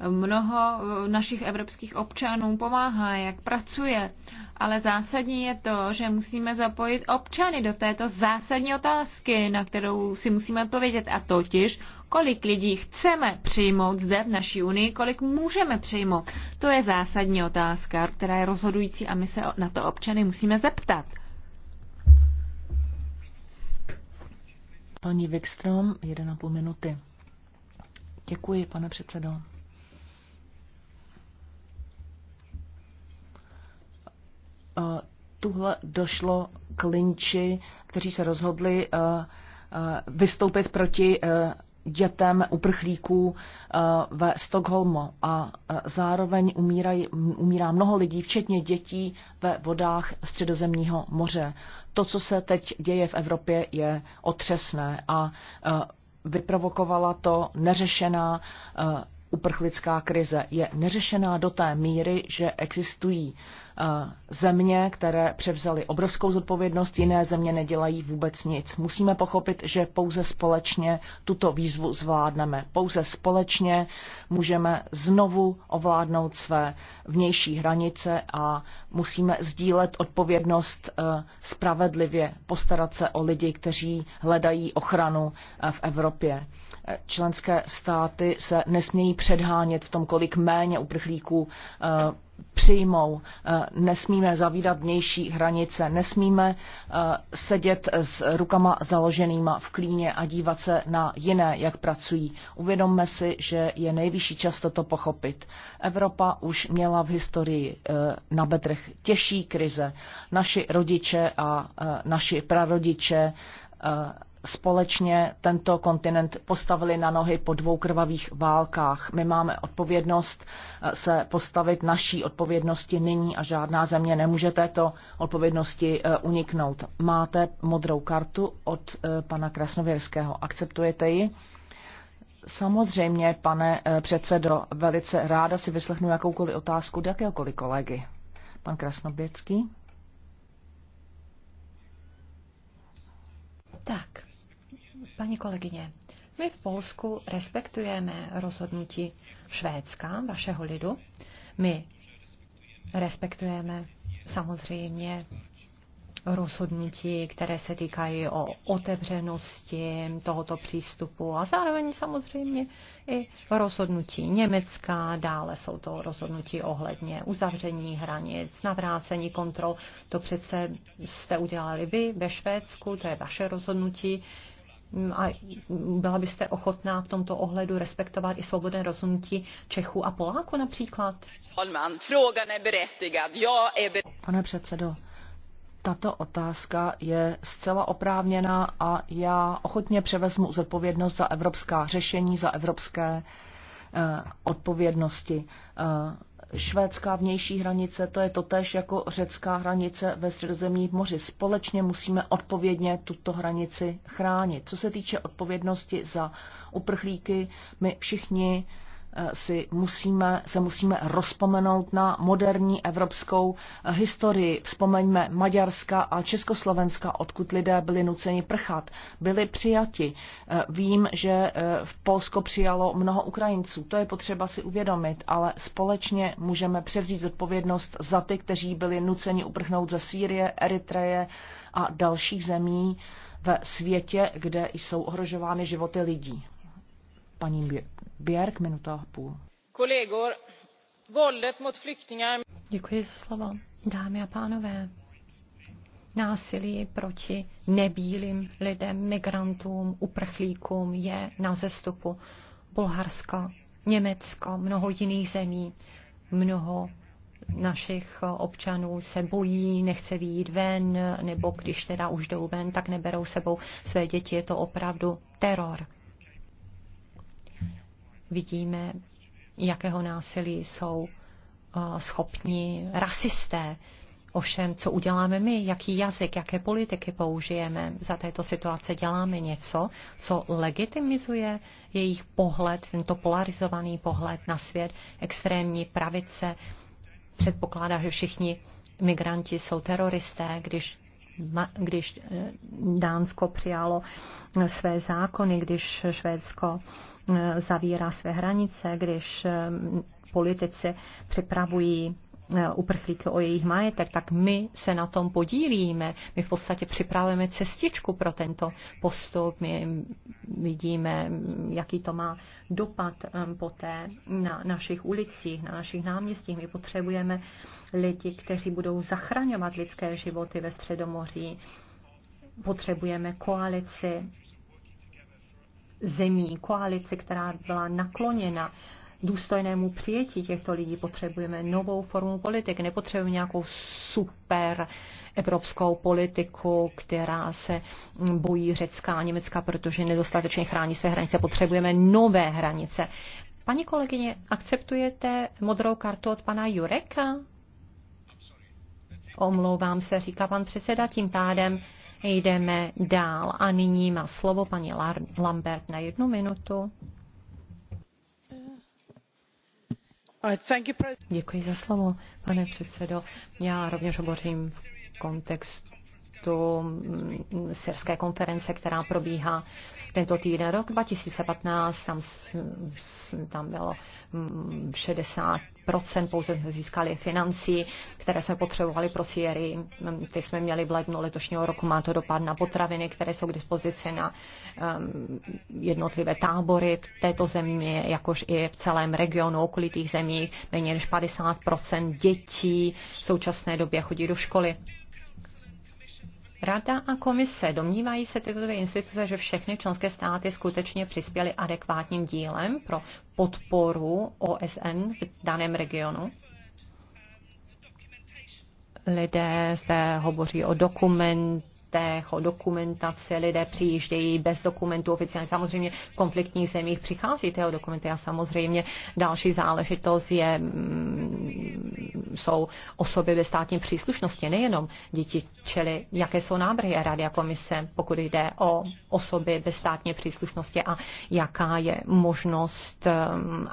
Mnoho eh, našich evropských občanů pomáhá, jak pracuje, ale zásadní je to, že musíme zapojit občany do této zásadní otázky, na kterou si musíme odpovědět, a totiž, kolik lidí chceme přijmout zde v naší unii, kolik můžeme přijmout. To je zásadní otázka, která je rozhodující a my se na to občany musíme zeptat. Paní Wikström, 1,5 minuty. Děkuji, pane předsedo. Eh, tuhle došlo k linči, kteří se rozhodli eh, eh, vystoupit proti dětem uprchlíků ve Stockholmu a zároveň umíraj, umírá mnoho lidí, včetně dětí ve vodách Středozemního moře. To, co se teď děje v Evropě, je otřesné a vyprovokovala to neřešená uprchlická krize je neřešená do té míry, že existují eh, země, které převzaly obrovskou zodpovědnost, jiné země nedělají vůbec nic. Musíme pochopit, že pouze společně tuto výzvu zvládneme. Pouze společně můžeme znovu ovládnout své vnější hranice a musíme sdílet odpovědnost eh, spravedlivě, postarat se o lidi, kteří hledají ochranu eh, v Evropě členské státy se nesmějí předhánět v tom, kolik méně uprchlíků eh, přijmou. Eh, nesmíme zavídat vnější hranice, nesmíme eh, sedět s rukama založenýma v klíně a dívat se na jiné, jak pracují. Uvědomme si, že je nejvyšší čas toto pochopit. Evropa už měla v historii na betrech těžší krize. Naši rodiče a naši prarodiče společně tento kontinent postavili na nohy po dvou krvavých válkách. My máme odpovědnost eh, se postavit naší odpovědnosti nyní a žádná země nemůže této odpovědnosti eh, uniknout. Máte modrou kartu od eh, pana Krasnověrského. Akceptujete ji? Samozřejmě, pane předsedo, velice ráda si vyslechnu jakoukoliv otázku od jakéhokoliv kolegy. Pan Krasnoběcký. Tak, Paní kolegyně, my v Polsku respektujeme rozhodnutí Švédska, vašeho lidu. My respektujeme samozřejmě rozhodnutí, které se týkají o otevřenosti tohoto přístupu a zároveň samozřejmě i rozhodnutí Německa, dále jsou to rozhodnutí ohledně uzavření hranic, navrácení kontrol. To přece jste udělali vy ve Švédsku, to je vaše rozhodnutí. Mm, a byla byste ochotná v tomto ohledu respektovat i svobodné rozhodnutí Čechů a Poláků například? Pane předsedo, tato otázka je zcela oprávněná a já ochotně převezmu zodpovědnost za evropská řešení, za evropské eh, odpovědnosti. Eh, švédská vnější hranice, to je totéž jako řecká hranice ve středozemním moři. Společně musíme odpovědně tuto hranici chránit. Co se týče odpovědnosti za uprchlíky, my všichni si musíme, se musíme rozpomenout na moderní evropskou eh, historii. Vzpomeňme Maďarska a Československa, odkud lidé byli nuceni prchat, byli přijati. Eh, vím, že eh, v Polsko přijalo mnoho Ukrajinců, to je potřeba si uvědomit, ale společně můžeme převzít odpovědnost za ty, kteří byli nuceni uprchnout ze Sýrie, Eritreje a dalších zemí ve světě, kde jsou ohrožovány životy lidí. Paní Björk, minuta a půl. Kolegor, mot flyktingar... Děkuji za slovo. Dámy a pánové, násilí proti nebílým lidem, migrantům, uprchlíkům je na zestupu. Bulharsko, Německo, mnoho jiných zemí, mnoho našich občanů se bojí, nechce výjít ven, nebo když teda už jdou ven, tak neberou sebou své děti. Je to opravdu teror vidíme, jakého násilí jsou eh, schopni rasisté. Ovšem, co uděláme my, jaký jazyk, jaké politiky použijeme za této situace, děláme něco, co legitimizuje jejich pohled, tento polarizovaný pohled na svět, extrémní pravice, předpokládá, že všichni migranti jsou teroristé, když když eh, Dánsko přijalo eh, své zákony, když Švédsko eh, zavírá své hranice, když politici připravují Eh, uprchlíky o jejich majetek, tak my se na tom podílíme. My v podstatě připravujeme cestičku pro tento postup. My vidíme, jaký to má dopad eh, poté na našich ulicích, na našich náměstích. My potřebujeme lidi, kteří budou zachraňovat lidské životy ve Středomoří. Potřebujeme koalici zemí, koalici, která byla nakloněna důstojnému přijetí těchto lidí. Potřebujeme novou formu politik, nepotřebujeme nějakou super evropskou politiku, která se bojí Řecka a Německa, protože nedostatečně chrání své hranice. Potřebujeme nové hranice. Paní kolegyně, akceptujete modrou kartu od pana Jureka? Omlouvám se, říká pan předseda, tím pádem jdeme dál. A nyní má slovo paní Lambert na jednu minutu. Děkuji za slovo, pane předsedo. Já rovněž hovořím v kontextu mm, syrské konference, která probíhá tento týden, rok 2015, tam, tam bylo 60 mm, pouze získali financí, které jsme potřebovali pro Sierry. Ty jsme měli v lednu letošního roku. Má to dopad na potraviny, které jsou k dispozici na um, jednotlivé tábory v této zemi, jakož i v celém regionu, okolitých zemích. Méně než 50 dětí v současné době chodí do školy. Rada a komise domnívají se tyto dvě instituce, že všechny členské státy skutečně přispěly adekvátním dílem pro podporu OSN v daném regionu? Lidé zde hovoří o dokument listech, o dokumentaci, lidé přijíždějí bez dokumentů oficiálně. Samozřejmě v konfliktních zemích přichází o dokumenty a samozřejmě další záležitost je, mm, jsou osoby ve státní příslušnosti, nejenom děti, čili jaké jsou návrhy Rady a komise, pokud jde o osoby ve státní příslušnosti a jaká je možnost mm,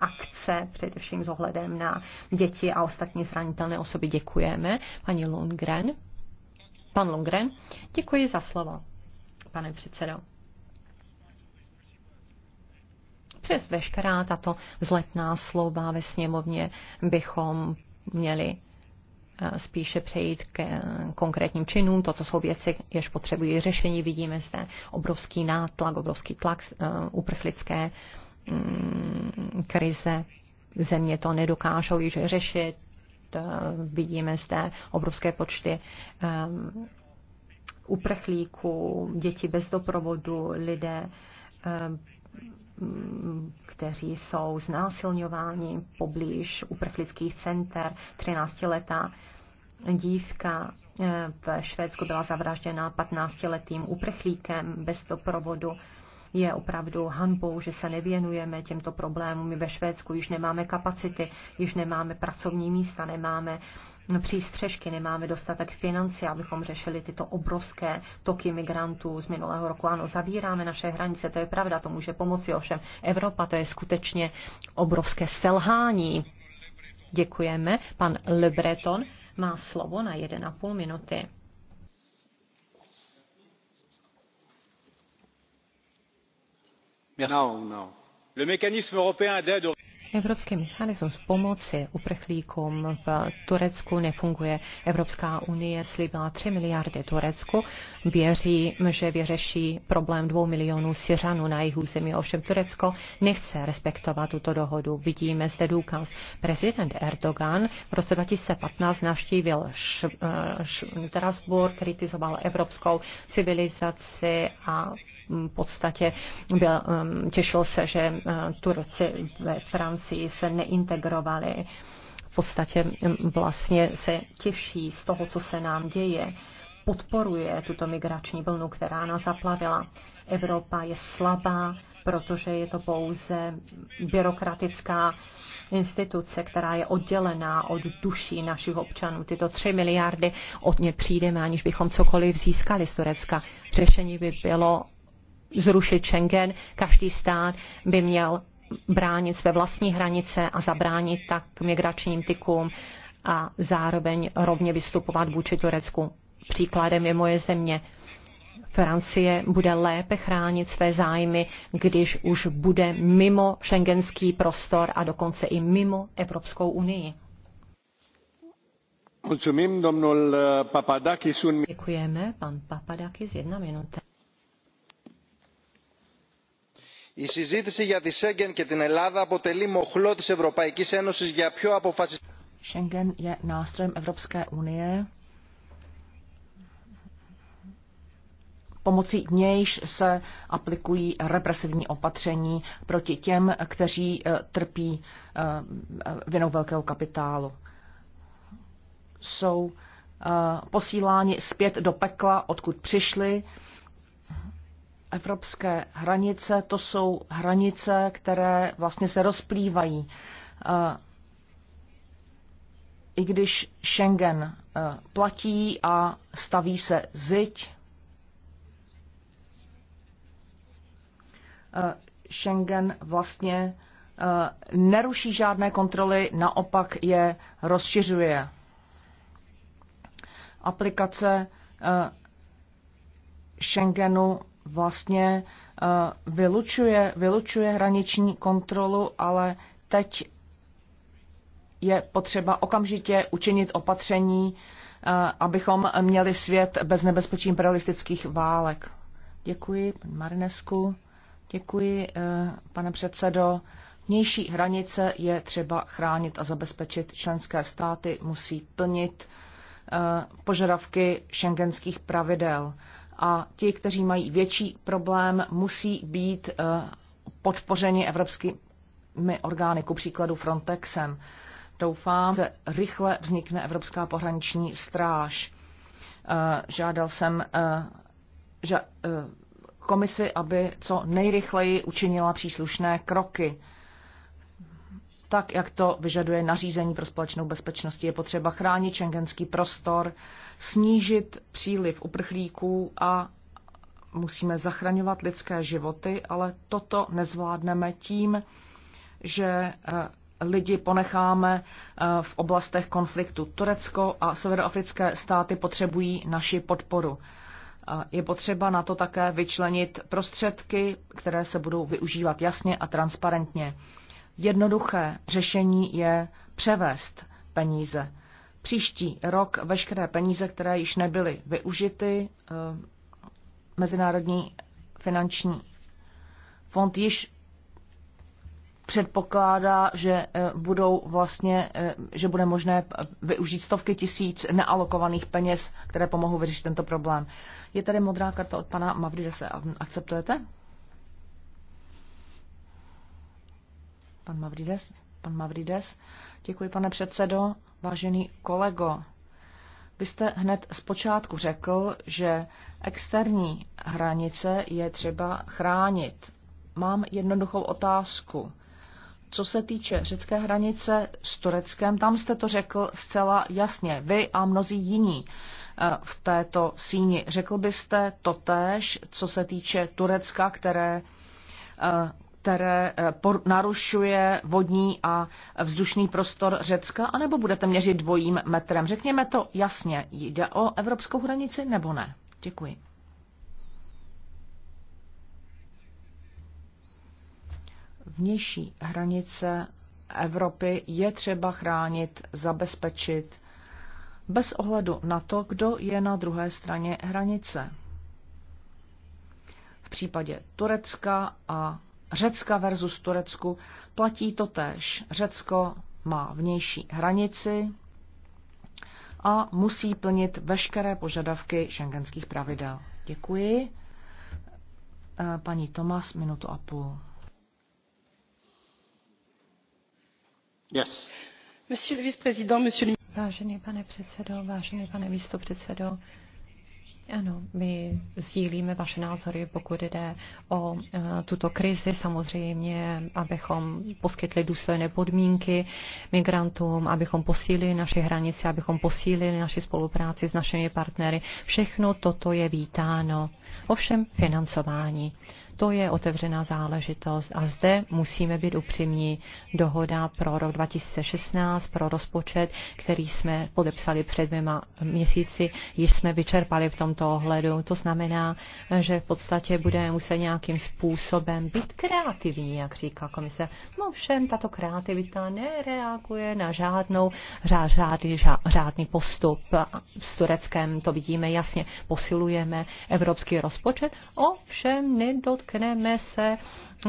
akce, především s ohledem na děti a ostatní zranitelné osoby. Děkujeme. Paní Lundgren. Pan Lundgren, děkuji za slovo, pane předsedo. Přes veškerá tato vzletná slova ve sněmovně bychom měli eh, spíše přejít k konkrétním činům. Toto jsou věci, jež potřebují řešení. Vidíme zde obrovský nátlak, obrovský tlak eh, uprchlické mm, krize. Země to nedokážou již řešit, Eh, vidíme zde obrovské počty eh, uprchlíků, děti bez doprovodu, lidé, eh, kteří jsou znásilňováni poblíž uprchlických center, 13-letá dívka v Švédsku byla zavražděna 15-letým uprchlíkem bez doprovodu. Je opravdu hanbou, že se nevěnujeme těmto problémům. My ve Švédsku již nemáme kapacity, již nemáme pracovní místa, nemáme přístřežky, nemáme dostatek financí, abychom řešili tyto obrovské toky migrantů z minulého roku. Ano, zavíráme naše hranice, to je pravda, to může pomoci, ovšem Evropa, to je skutečně obrovské selhání. Děkujeme. Pan Lebreton má slovo na 1,5 minuty. No, no. Evropský mechanismus pomoci uprchlíkům v Turecku nefunguje. Evropská unie slíbila 3 miliardy Turecku. Věří, že vyřeší problém dvou milionů Syřanů na jejich území. Ovšem Turecko nechce respektovat tuto dohodu. Vidíme zde důkaz. Prezident Erdogan v roce 2015 navštívil eh, strasbourg kritizoval evropskou civilizaci a v podstatě byl, um, těšil se, že uh, Turci ve Francii se neintegrovali. V podstatě um, vlastně se těší z toho, co se nám děje, podporuje tuto migrační vlnu, která nás zaplavila. Evropa je slabá, protože je to pouze byrokratická instituce, která je oddělená od duší našich občanů. Tyto tři miliardy od ně přijdeme, aniž bychom cokoliv získali z Turecka. Řešení by bylo zrušit Schengen, každý stát by měl bránit své vlastní hranice a zabránit tak migračním tykům a zároveň rovně vystupovat vůči Turecku. Příkladem je moje země. Francie bude lépe chránit své zájmy, když už bude mimo šengenský prostor a dokonce i mimo Evropskou unii. Děkujeme, pan Papadakis, jedna minuta. η συζήτηση για τη Σέγγεν και την Ελλάδα αποτελεί μοχλό της Ευρωπαϊκής Ένωσης για πιο αποφασιστικό... je Evropské unie, Pomocí nějž se aplikují represivní opatření proti těm, kteří eh, trpí eh, vinou velkého kapitálu. Jsou eh, posíláni zpět do pekla, odkud přišli, evropské hranice, to jsou hranice, které vlastně se rozplývají. Eh, I když Schengen eh, platí a staví se ziď, eh, Schengen vlastně neruší žádné kontroly, naopak je rozšiřuje. Aplikace Schengenu vlastně eh, vylučuje, vylučuje hraniční kontrolu, ale teď je potřeba okamžitě učinit opatření, eh, abychom měli svět bez nebezpečí imperialistických válek. Děkuji, pan Marinesku. Děkuji, eh, pane předsedo. Vnější hranice je třeba chránit a zabezpečit. Členské státy musí plnit požadavky šengenských pravidel a ti, kteří mají větší problém, musí být eh, podpořeni evropskými orgány, ku příkladu Frontexem. Doufám, že rychle vznikne Evropská pohraniční stráž. Eh, žádal jsem eh, že komisi, aby co nejrychleji učinila příslušné kroky tak, jak to vyžaduje nařízení pro společnou bezpečnost. Je potřeba chránit šengenský prostor, snížit příliv uprchlíků a musíme zachraňovat lidské životy, ale toto nezvládneme tím, že eh, lidi ponecháme eh, v oblastech konfliktu. Turecko a severoafrické státy potřebují naši podporu. Eh, je potřeba na to také vyčlenit prostředky, které se budou využívat jasně a transparentně. Jednoduché řešení je převést peníze. Příští rok veškeré peníze, které již nebyly využity, eh, Mezinárodní finanční fond již předpokládá, že eh, budou vlastně, eh, že bude možné využít stovky tisíc nealokovaných peněz, které pomohou vyřešit tento problém. Je tady modrá karta od pana se Akceptujete? Pan Mavrides, pan Mavrides. Děkuji, pane předsedo. Vážený kolego, vy jste hned počátku řekl, že externí hranice je třeba chránit. Mám jednoduchou otázku. Co se týče řecké hranice s Tureckem, tam jste to řekl zcela jasně, vy a mnozí jiní eh, v této síni. Řekl byste totéž, co se týče Turecka, které eh, které eh, narušuje vodní a vzdušný prostor Řecka, anebo budete měřit dvojím metrem? Řekněme to jasně, jde o evropskou hranici nebo ne? Děkuji. Vnější hranice Evropy je třeba chránit, zabezpečit, bez ohledu na to, kdo je na druhé straně hranice. V případě Turecka a Řecka versus Turecku platí to tež. Řecko má vnější hranici a musí plnit veškeré požadavky šengenských pravidel. Děkuji. Eh, paní Tomas, minutu a půl. Yes. Vážený pane předsedo, vážený pane místopředsedo, ano, my sdílíme vaše názory, pokud jde o uh, tuto krizi, samozřejmě, abychom poskytli důstojné podmínky migrantům, abychom posílili naše hranice, abychom posílili naši spolupráci s našimi partnery. Všechno toto je vítáno. Ovšem financování. To je otevřená záležitost a zde musíme být upřímní. Dohoda pro rok 2016, pro rozpočet, který jsme podepsali před dvěma měsíci, již jsme vyčerpali v tomto ohledu. To znamená, že v podstatě budeme muset nějakým způsobem být kreativní, jak říká komise. No všem tato kreativita nereaguje na žádnou, řád, žádný, žád, postup s Tureckem, to vidíme jasně, posilujeme evropský rozpočet, ovšem nedot dotkneme se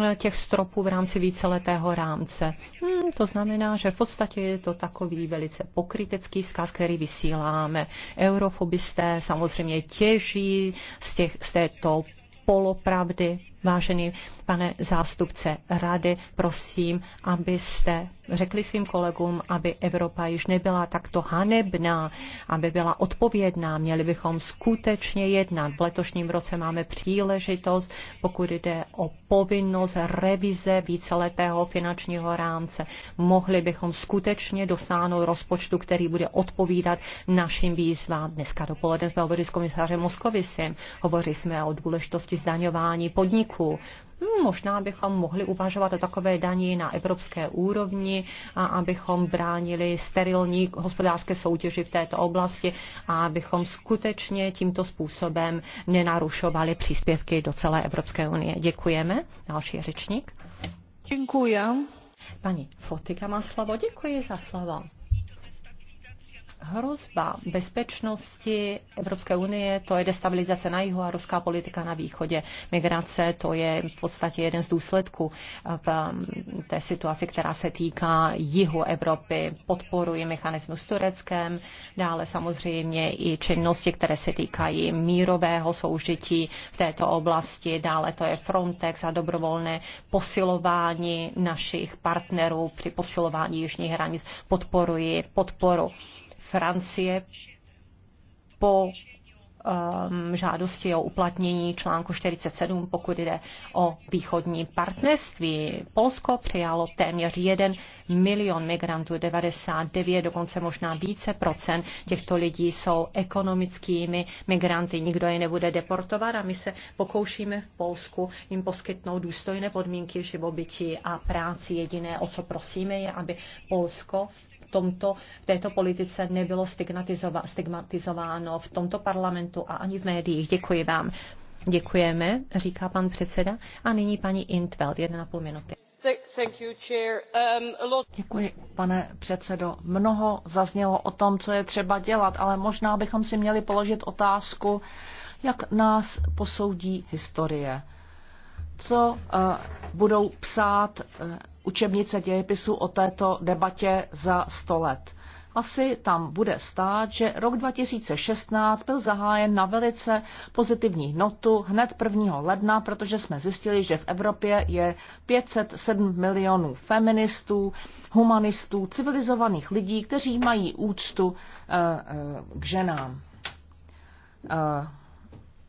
eh, těch stropů v rámci víceletého rámce. Hmm, to znamená, že v podstatě je to takový velice pokrytecký vzkaz, který vysíláme. Eurofobisté samozřejmě těží z, těch, z této polopravdy, Vážený pane zástupce rady, prosím, abyste řekli svým kolegům, aby Evropa již nebyla takto hanebná, aby byla odpovědná. Měli bychom skutečně jednat. V letošním roce máme příležitost, pokud jde o povinnost revize víceletého finančního rámce. Mohli bychom skutečně dosáhnout rozpočtu, který bude odpovídat našim výzvám. Dneska dopoledne jsme hovořili s komisářem Moskovisem. Hovořili jsme o důležitosti zdaňování podniků podniků. Hmm, možná bychom mohli uvažovat o takové daní na evropské úrovni, a abychom bránili sterilní hospodářské soutěži v této oblasti a abychom skutečně tímto způsobem nenarušovali příspěvky do celé Evropské unie. Děkujeme. Další řečník. Děkuji. Paní Fotika má slovo. Děkuji za slovo. Hrozba bezpečnosti Evropské unie, to je destabilizace na jihu a ruská politika na východě. Migrace, to je v podstatě jeden z důsledků eh, v eh, té situaci, která se týká jihu Evropy. Podporuji mechanismus tureckém, Tureckem, dále samozřejmě i činnosti, které se týkají mírového soužití v této oblasti, dále to je Frontex a dobrovolné posilování našich partnerů při posilování jižních hranic. Podporuji podporu Francie po um, žádosti o uplatnění článku 47, pokud jde o východní partnerství. Polsko přijalo téměř 1 milion migrantů, 99, dokonce možná více procent těchto lidí jsou ekonomickými migranty. Nikdo je nebude deportovat a my se pokoušíme v Polsku jim poskytnout důstojné podmínky živobytí a práci. Jediné, o co prosíme, je, aby Polsko tomto, v této politice nebylo stigmatizováno v tomto parlamentu a ani v médiích. Děkuji vám. Děkujeme, říká pan předseda. A nyní paní Intveld, jedna půl minuty. Um, Děkuji, pane předsedo. Mnoho zaznělo o tom, co je třeba dělat, ale možná bychom si měli položit otázku, jak nás posoudí historie. Co uh, budou psát uh, učebnice dějepisu o této debatě za 100 let. Asi tam bude stát, že rok 2016 byl zahájen na velice pozitivní notu hned 1. ledna, protože jsme zjistili, že v Evropě je 507 milionů feministů, humanistů, civilizovaných lidí, kteří mají úctu eh, eh, k ženám. Eh,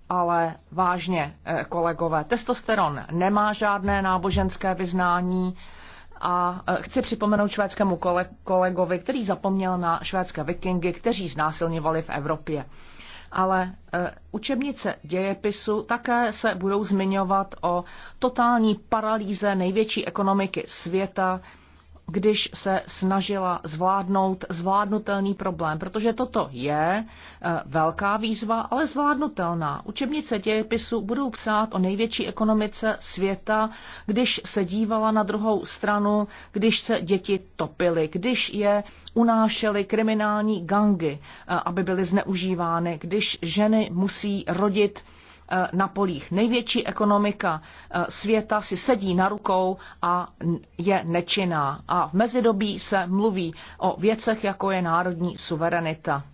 ale vážně, kolegové, testosteron nemá žádné náboženské vyznání, a e, chci připomenout švédskému kolegovi, který zapomněl na švédské vikingy, kteří znásilňovali v Evropě. Ale e, učebnice dějepisu také se budou zmiňovat o totální paralýze největší ekonomiky světa, když se snažila zvládnout zvládnutelný problém, protože toto je eh, velká výzva, ale zvládnutelná. Učebnice dějepisu budou psát o největší ekonomice světa, když se dívala na druhou stranu, když se děti topily, když je unášely kriminální gangy, eh, aby byly zneužívány, když ženy musí rodit na polích. Největší ekonomika eh, světa si sedí na rukou a je nečinná. A v mezidobí se mluví o věcech, jako je národní suverenita.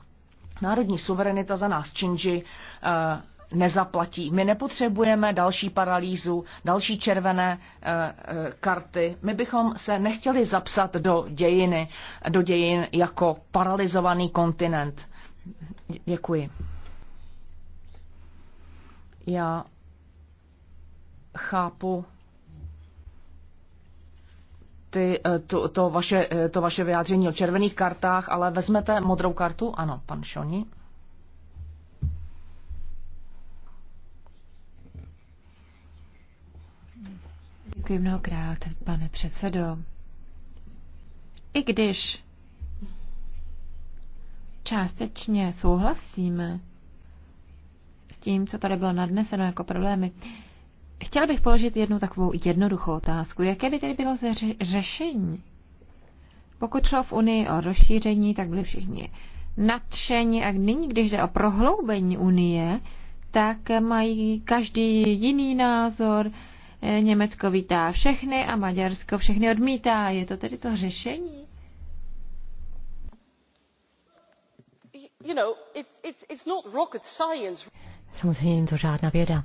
Národní suverenita za nás činži eh, nezaplatí. My nepotřebujeme další paralýzu, další červené e, e, karty. My bychom se nechtěli zapsat do dějiny, do dějin jako paralizovaný kontinent. Děkuji. Já chápu ty, eh, to, to, vaše, eh, to vaše vyjádření o červených kartách, ale vezmete modrou kartu? Ano, pan Šoni. Děkuji mnohokrát, pane předsedo. I když částečně souhlasíme tím, co tady bylo nadneseno jako problémy. Chtěla bych položit jednu takovou jednoduchou otázku. Jaké by tedy bylo řešení? Pokud šlo v Unii o rozšíření, tak byli všichni nadšení a nyní, když jde o prohloubení Unie, tak mají každý jiný názor. Německo vítá všechny a Maďarsko všechny odmítá. Je to tedy to řešení? You know, it, it's, it's not rocket science. Samozřejmě není to žádná věda.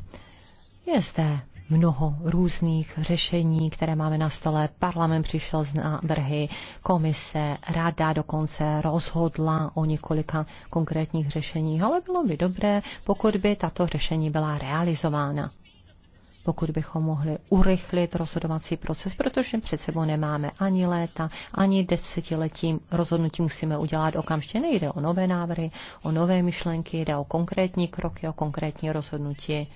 Je zde mnoho různých řešení, které máme na stole. Parlament přišel z návrhy, komise, rada dokonce rozhodla o několika konkrétních řešeních, ale bylo by dobré, pokud by tato řešení byla realizována pokud bychom mohli urychlit rozhodovací proces, protože před sebou nemáme ani léta, ani desetiletí rozhodnutí musíme udělat okamžitě. Nejde o nové návrhy, o nové myšlenky, jde o konkrétní kroky, o konkrétní rozhodnutí,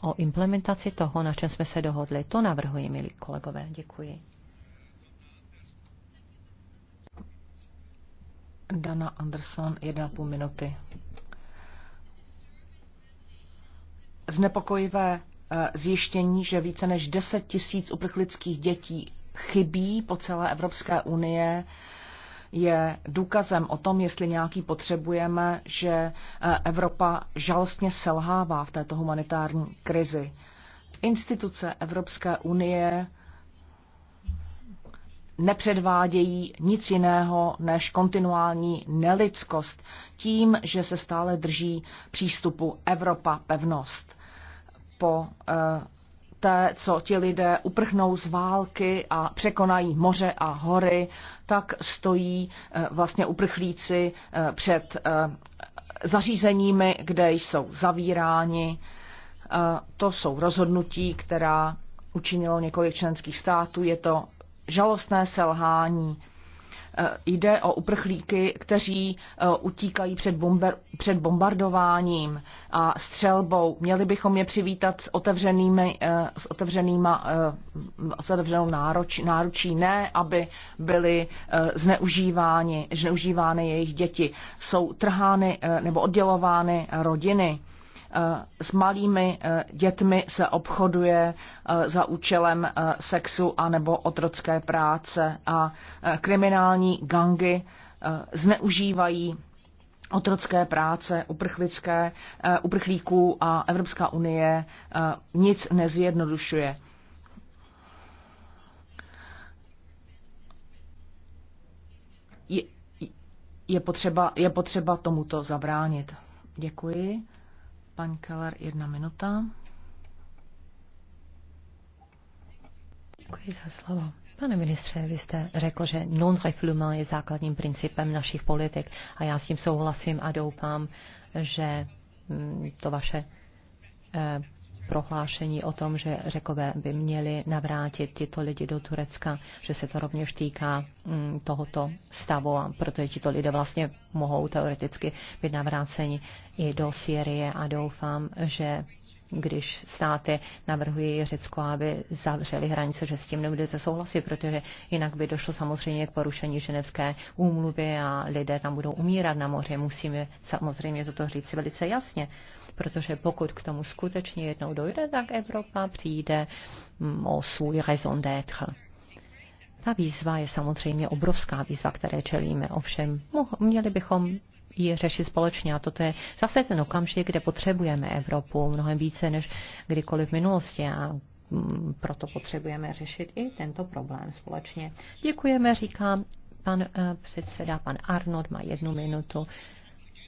o implementaci toho, na čem jsme se dohodli. To navrhuji, milí kolegové. Děkuji. Dana Anderson, půl minuty. Znepokojivé zjištění, že více než 10 tisíc uprchlických dětí chybí po celé Evropské unie, je důkazem o tom, jestli nějaký potřebujeme, že eh, Evropa žalostně selhává v této humanitární krizi. Instituce Evropské unie nepředvádějí nic jiného než kontinuální nelidskost tím, že se stále drží přístupu Evropa pevnost po eh, té, co ti lidé uprchnou z války a překonají moře a hory, tak stojí eh, vlastně uprchlíci eh, před zařízeními, kde jsou zavíráni. To jsou rozhodnutí, která učinilo několik členských států. Je to žalostné selhání Eh, jde o uprchlíky, kteří eh, utíkají před, bomber, před bombardováním a střelbou. Měli bychom je přivítat s, otevřenými, eh, s, otevřenýma, s otevřenou náruč, náručí, ne aby byly zneužívány jejich děti. Jsou trhány nebo oddělovány rodiny Eh, s malými eh, dětmi se obchoduje eh, za účelem sexu anebo otrocké práce a kriminální gangy zneužívají otrocké práce uprchlické, uprchlíků a Evropská unie nic nezjednodušuje. Je, je, potřeba, je potřeba tomuto zabránit. Děkuji. Pan Keller, jedna minuta. Děkuji za slovo. Pane ministře, vy jste řekl, že non-refoulement je základním principem našich politik a já s tím souhlasím a doufám, že mm, to vaše eh, prohlášení o tom, že řekové by měli navrátit tyto lidi do Turecka, že se to rovněž týká mm, tohoto stavu, a protože tito lidé vlastně mohou teoreticky být navráceni i do Syrie a doufám, že když státy navrhují Řecko, aby zavřeli hranice, že s tím nebudete souhlasit, protože jinak by došlo samozřejmě k porušení ženevské úmluvy a lidé tam budou umírat na moře. Musíme samozřejmě toto říct velice jasně protože pokud k tomu skutečně jednou dojde, tak Evropa přijde mm, o svůj raison d'être. Ta výzva je samozřejmě obrovská výzva, které čelíme. Ovšem, měli bychom ji řešit společně. A toto je zase ten okamžik, kde potřebujeme Evropu mnohem více než kdykoliv v minulosti. A mm, proto potřebujeme řešit i tento problém společně. Děkujeme, říká pan eh, předseda, pan Arnold má jednu minutu.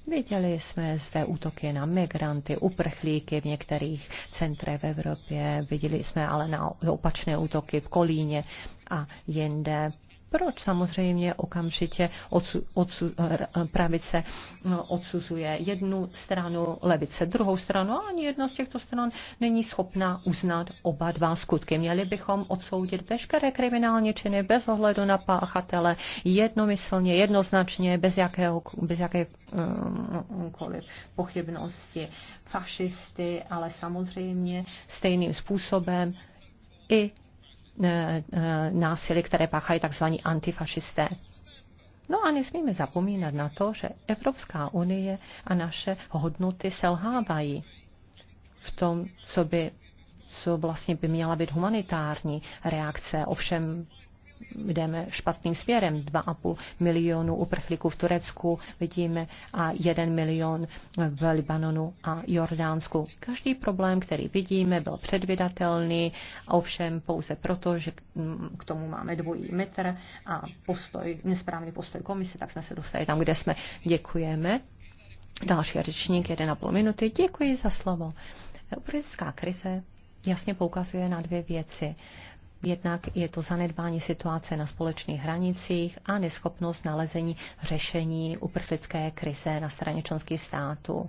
Viděli jsme zde útoky na migranty, uprchlíky v některých centrech v Evropě, viděli jsme ale na opačné útoky v Kolíně a jinde proč samozřejmě okamžitě odsu, odsu, eh, pravice eh, odsuzuje jednu stranu, levice druhou stranu a ani jedna z těchto stran není schopná uznat oba dva skutky. Měli bychom odsoudit veškeré kriminální činy bez ohledu na páchatele jednomyslně, jednoznačně, bez, jakého, bez jakékoliv pochybnosti fašisty, ale samozřejmě stejným způsobem i Eh, eh, násilí, které páchají tzv. antifašisté. No a nesmíme zapomínat na to, že Evropská unie a naše hodnoty selhávají v tom, co by co vlastně by měla být humanitární reakce. Ovšem jdeme špatným směrem. 2,5 milionu uprchlíků v Turecku vidíme a 1 milion v Libanonu a Jordánsku. Každý problém, který vidíme, byl předvydatelný, ovšem pouze proto, že mm, k tomu máme dvojí metr a postoj, nesprávný postoj komise, tak jsme se dostali tam, kde jsme. Děkujeme. Další řečník, 1,5 minuty. Děkuji za slovo. Uprchlická krize jasně poukazuje na dvě věci. Jednak je to zanedbání situace na společných hranicích a neschopnost nalezení řešení uprchlické krize na straně členských států.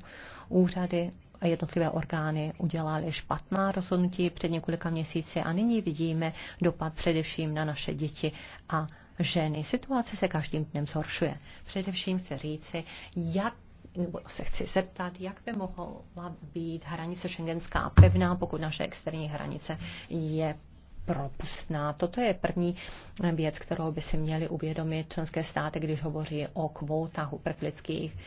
Úřady a jednotlivé orgány udělaly špatná rozhodnutí před několika měsíci a nyní vidíme dopad především na naše děti a ženy. Situace se každým dnem zhoršuje. Především chci říci, jak nebo se chci zeptat, jak by mohla být hranice šengenská pevná, pokud naše externí hranice je propustná. Toto je první věc, kterou by si měli uvědomit členské státy, když hovoří o kvótách uprchlických.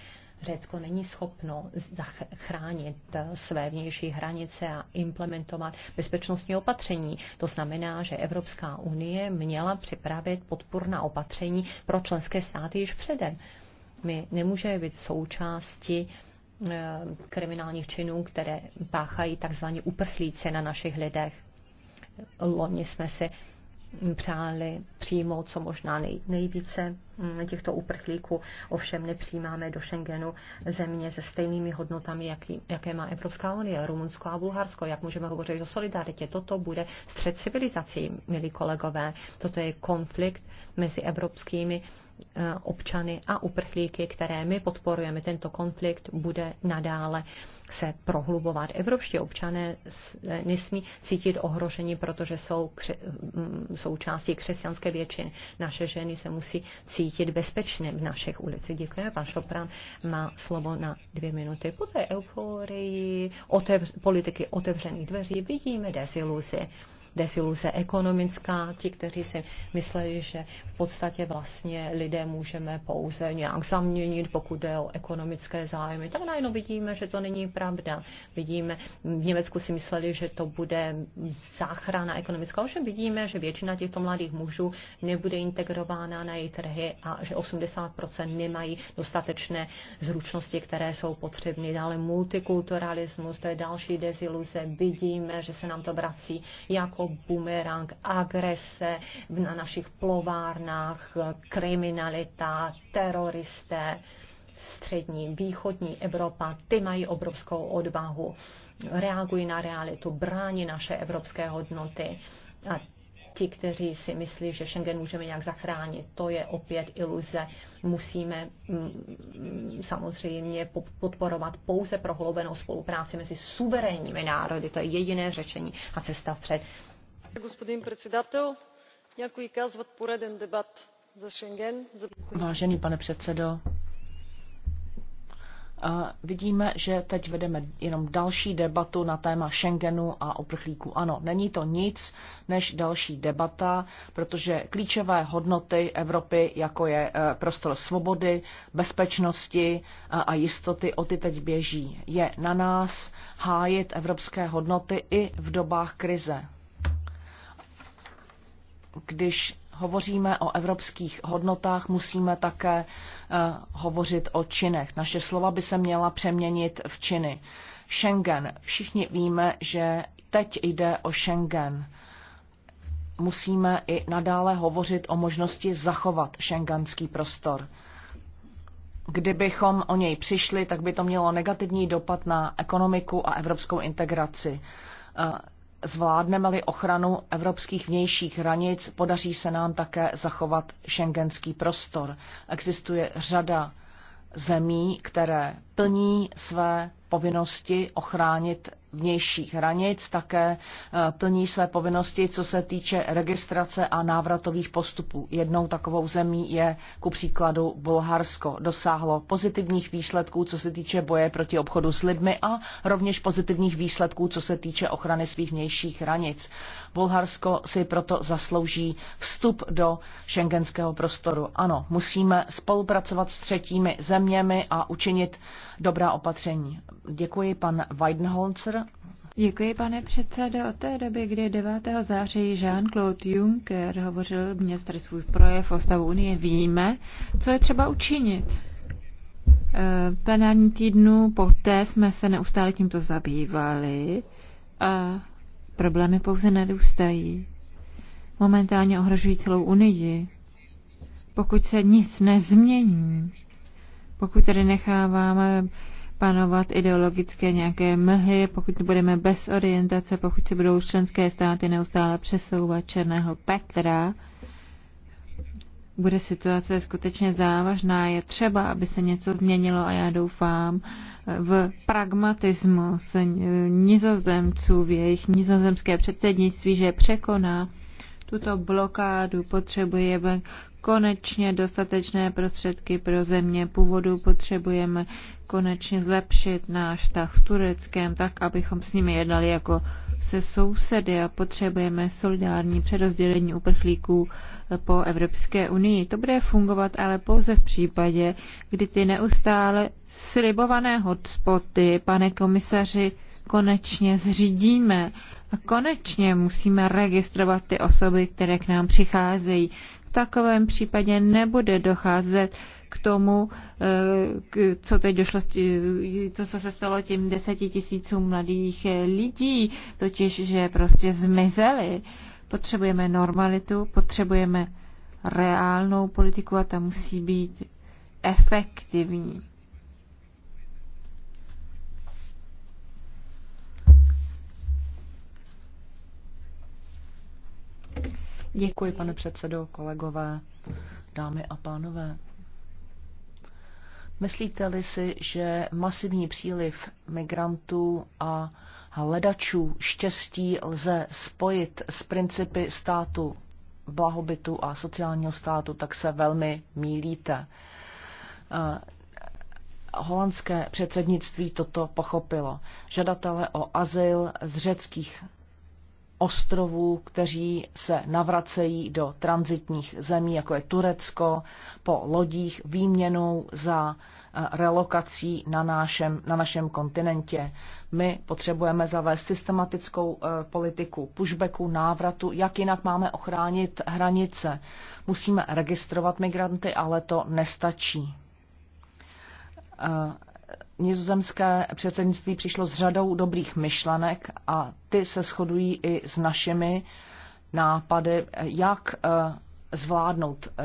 Řecko není schopno zachránit své vnější hranice a implementovat bezpečnostní opatření. To znamená, že Evropská unie měla připravit podpůrná opatření pro členské státy již předem. My nemůžeme být součástí eh, kriminálních činů, které páchají tzv. uprchlíci na našich lidech. Loni jsme si přáli přijmout co možná nej, nejvíce mm, těchto uprchlíků. Ovšem nepřijímáme do Schengenu země se stejnými hodnotami, jaký, jaké má Evropská unie, Rumunsko a Bulharsko. Jak můžeme hovořit o solidaritě? Toto bude střed civilizací, milí kolegové. Toto je konflikt mezi evropskými Eh, občany a uprchlíky, které my podporujeme. Tento konflikt bude nadále se prohlubovat. Evropští občané nesmí cítit ohrožení, protože jsou kři- mm, součástí křesťanské většiny. Naše ženy se musí cítit bezpečně v našich ulicích. Děkuji. Pan Šopran má slovo na dvě minuty. Po té euforii otevř- politiky otevřených dveří vidíme desiluzi desiluze ekonomická, ti, kteří si mysleli, že v podstatě vlastně lidé můžeme pouze nějak zaměnit, pokud jde o ekonomické zájmy, tak najednou vidíme, že to není pravda. Vidíme, v Německu si mysleli, že to bude záchrana ekonomická, ovšem vidíme, že většina těchto mladých mužů nebude integrována na její trhy a že 80% nemají dostatečné zručnosti, které jsou potřebné. Dále multikulturalismus, to je další deziluze. Vidíme, že se nám to vrací jako bumerang, agrese na našich plovárnách, kriminalita, teroristé střední, východní Evropa, ty mají obrovskou odvahu, reagují na realitu, brání naše evropské hodnoty. A ti, kteří si myslí, že Schengen můžeme nějak zachránit, to je opět iluze. Musíme mm, mm, samozřejmě podporovat pouze prohloubenou spolupráci mezi suverénními národy. To je jediné řečení a cesta vpřed господин председател. Някои казват пореден дебат za Schengen. Vážený pane předsedo, vidíme, že teď vedeme jenom další debatu na téma Schengenu a uprchlíků. Ano, není to nic než další debata, protože klíčové hodnoty Evropy, jako je e, prostor svobody, bezpečnosti e, a jistoty, o ty teď běží. Je na nás hájit evropské hodnoty i v dobách krize když hovoříme o evropských hodnotách, musíme také eh, hovořit o činech. Naše slova by se měla přeměnit v činy. Schengen. Všichni víme, že teď jde o Schengen. Musíme i nadále hovořit o možnosti zachovat šengenský prostor. Kdybychom o něj přišli, tak by to mělo negativní dopad na ekonomiku a evropskou integraci eh, zvládneme-li ochranu evropských vnějších hranic, podaří se nám také zachovat šengenský prostor. Existuje řada zemí, které plní své povinnosti ochránit vnějších hranic, také eh, plní své povinnosti, co se týče registrace a návratových postupů. Jednou takovou zemí je ku příkladu Bulharsko. Dosáhlo pozitivních výsledků, co se týče boje proti obchodu s lidmi a rovněž pozitivních výsledků, co se týče ochrany svých vnějších hranic. Bulharsko si proto zaslouží vstup do šengenského prostoru. Ano, musíme spolupracovat s třetími zeměmi a učinit dobrá opatření. Děkuji pan Weidenholzer Děkuji, pane předsedo. Od té doby, kdy 9. září Jean-Claude Juncker hovořil dnes tady svůj projev o stavu Unie, víme, co je třeba učinit. Eh, Penální týdnu poté jsme se neustále tímto zabývali a problémy pouze nedůstají. Momentálně ohrožují celou Unii. Pokud se nic nezmění, pokud tady necháváme panovat ideologické nějaké mlhy, pokud budeme bez orientace, pokud se budou členské státy neustále přesouvat černého Petra, bude situace skutečně závažná. Je třeba, aby se něco změnilo a já doufám v pragmatismus nizozemců, v jejich nizozemské předsednictví, že překoná tuto blokádu, potřebuje konečně dostatečné prostředky pro země původu. Potřebujeme konečně zlepšit náš vztah s Tureckem, tak abychom s nimi jednali jako se sousedy a potřebujeme solidární přerozdělení uprchlíků po Evropské unii. To bude fungovat ale pouze v případě, kdy ty neustále slibované hotspoty, pane komisaři, konečně zřídíme a konečně musíme registrovat ty osoby, které k nám přicházejí takovém případě nebude docházet k tomu, eh, co teď došlo, to, co se stalo těm deseti tisícům mladých eh, lidí, totiž, že prostě zmizeli. Potřebujeme normalitu, potřebujeme reálnou politiku a ta musí být efektivní. Děkuji, pane předsedo, kolegové, dámy a pánové. Myslíte-li si, že masivní příliv migrantů a hledačů štěstí lze spojit s principy státu blahobytu a sociálního státu, tak se velmi mílíte. Eh, holandské předsednictví toto pochopilo. Žadatele o azyl z řeckých ostrovů, kteří se navracejí do transitních zemí, jako je Turecko, po lodích výměnou za eh, relokací na našem, na našem kontinentě. My potřebujeme zavést systematickou eh, politiku pushbacku, návratu, jak jinak máme ochránit hranice. Musíme registrovat migranty, ale to nestačí eh, nizozemské předsednictví přišlo s řadou dobrých myšlenek a ty se shodují i s našimi nápady, jak eh, zvládnout eh,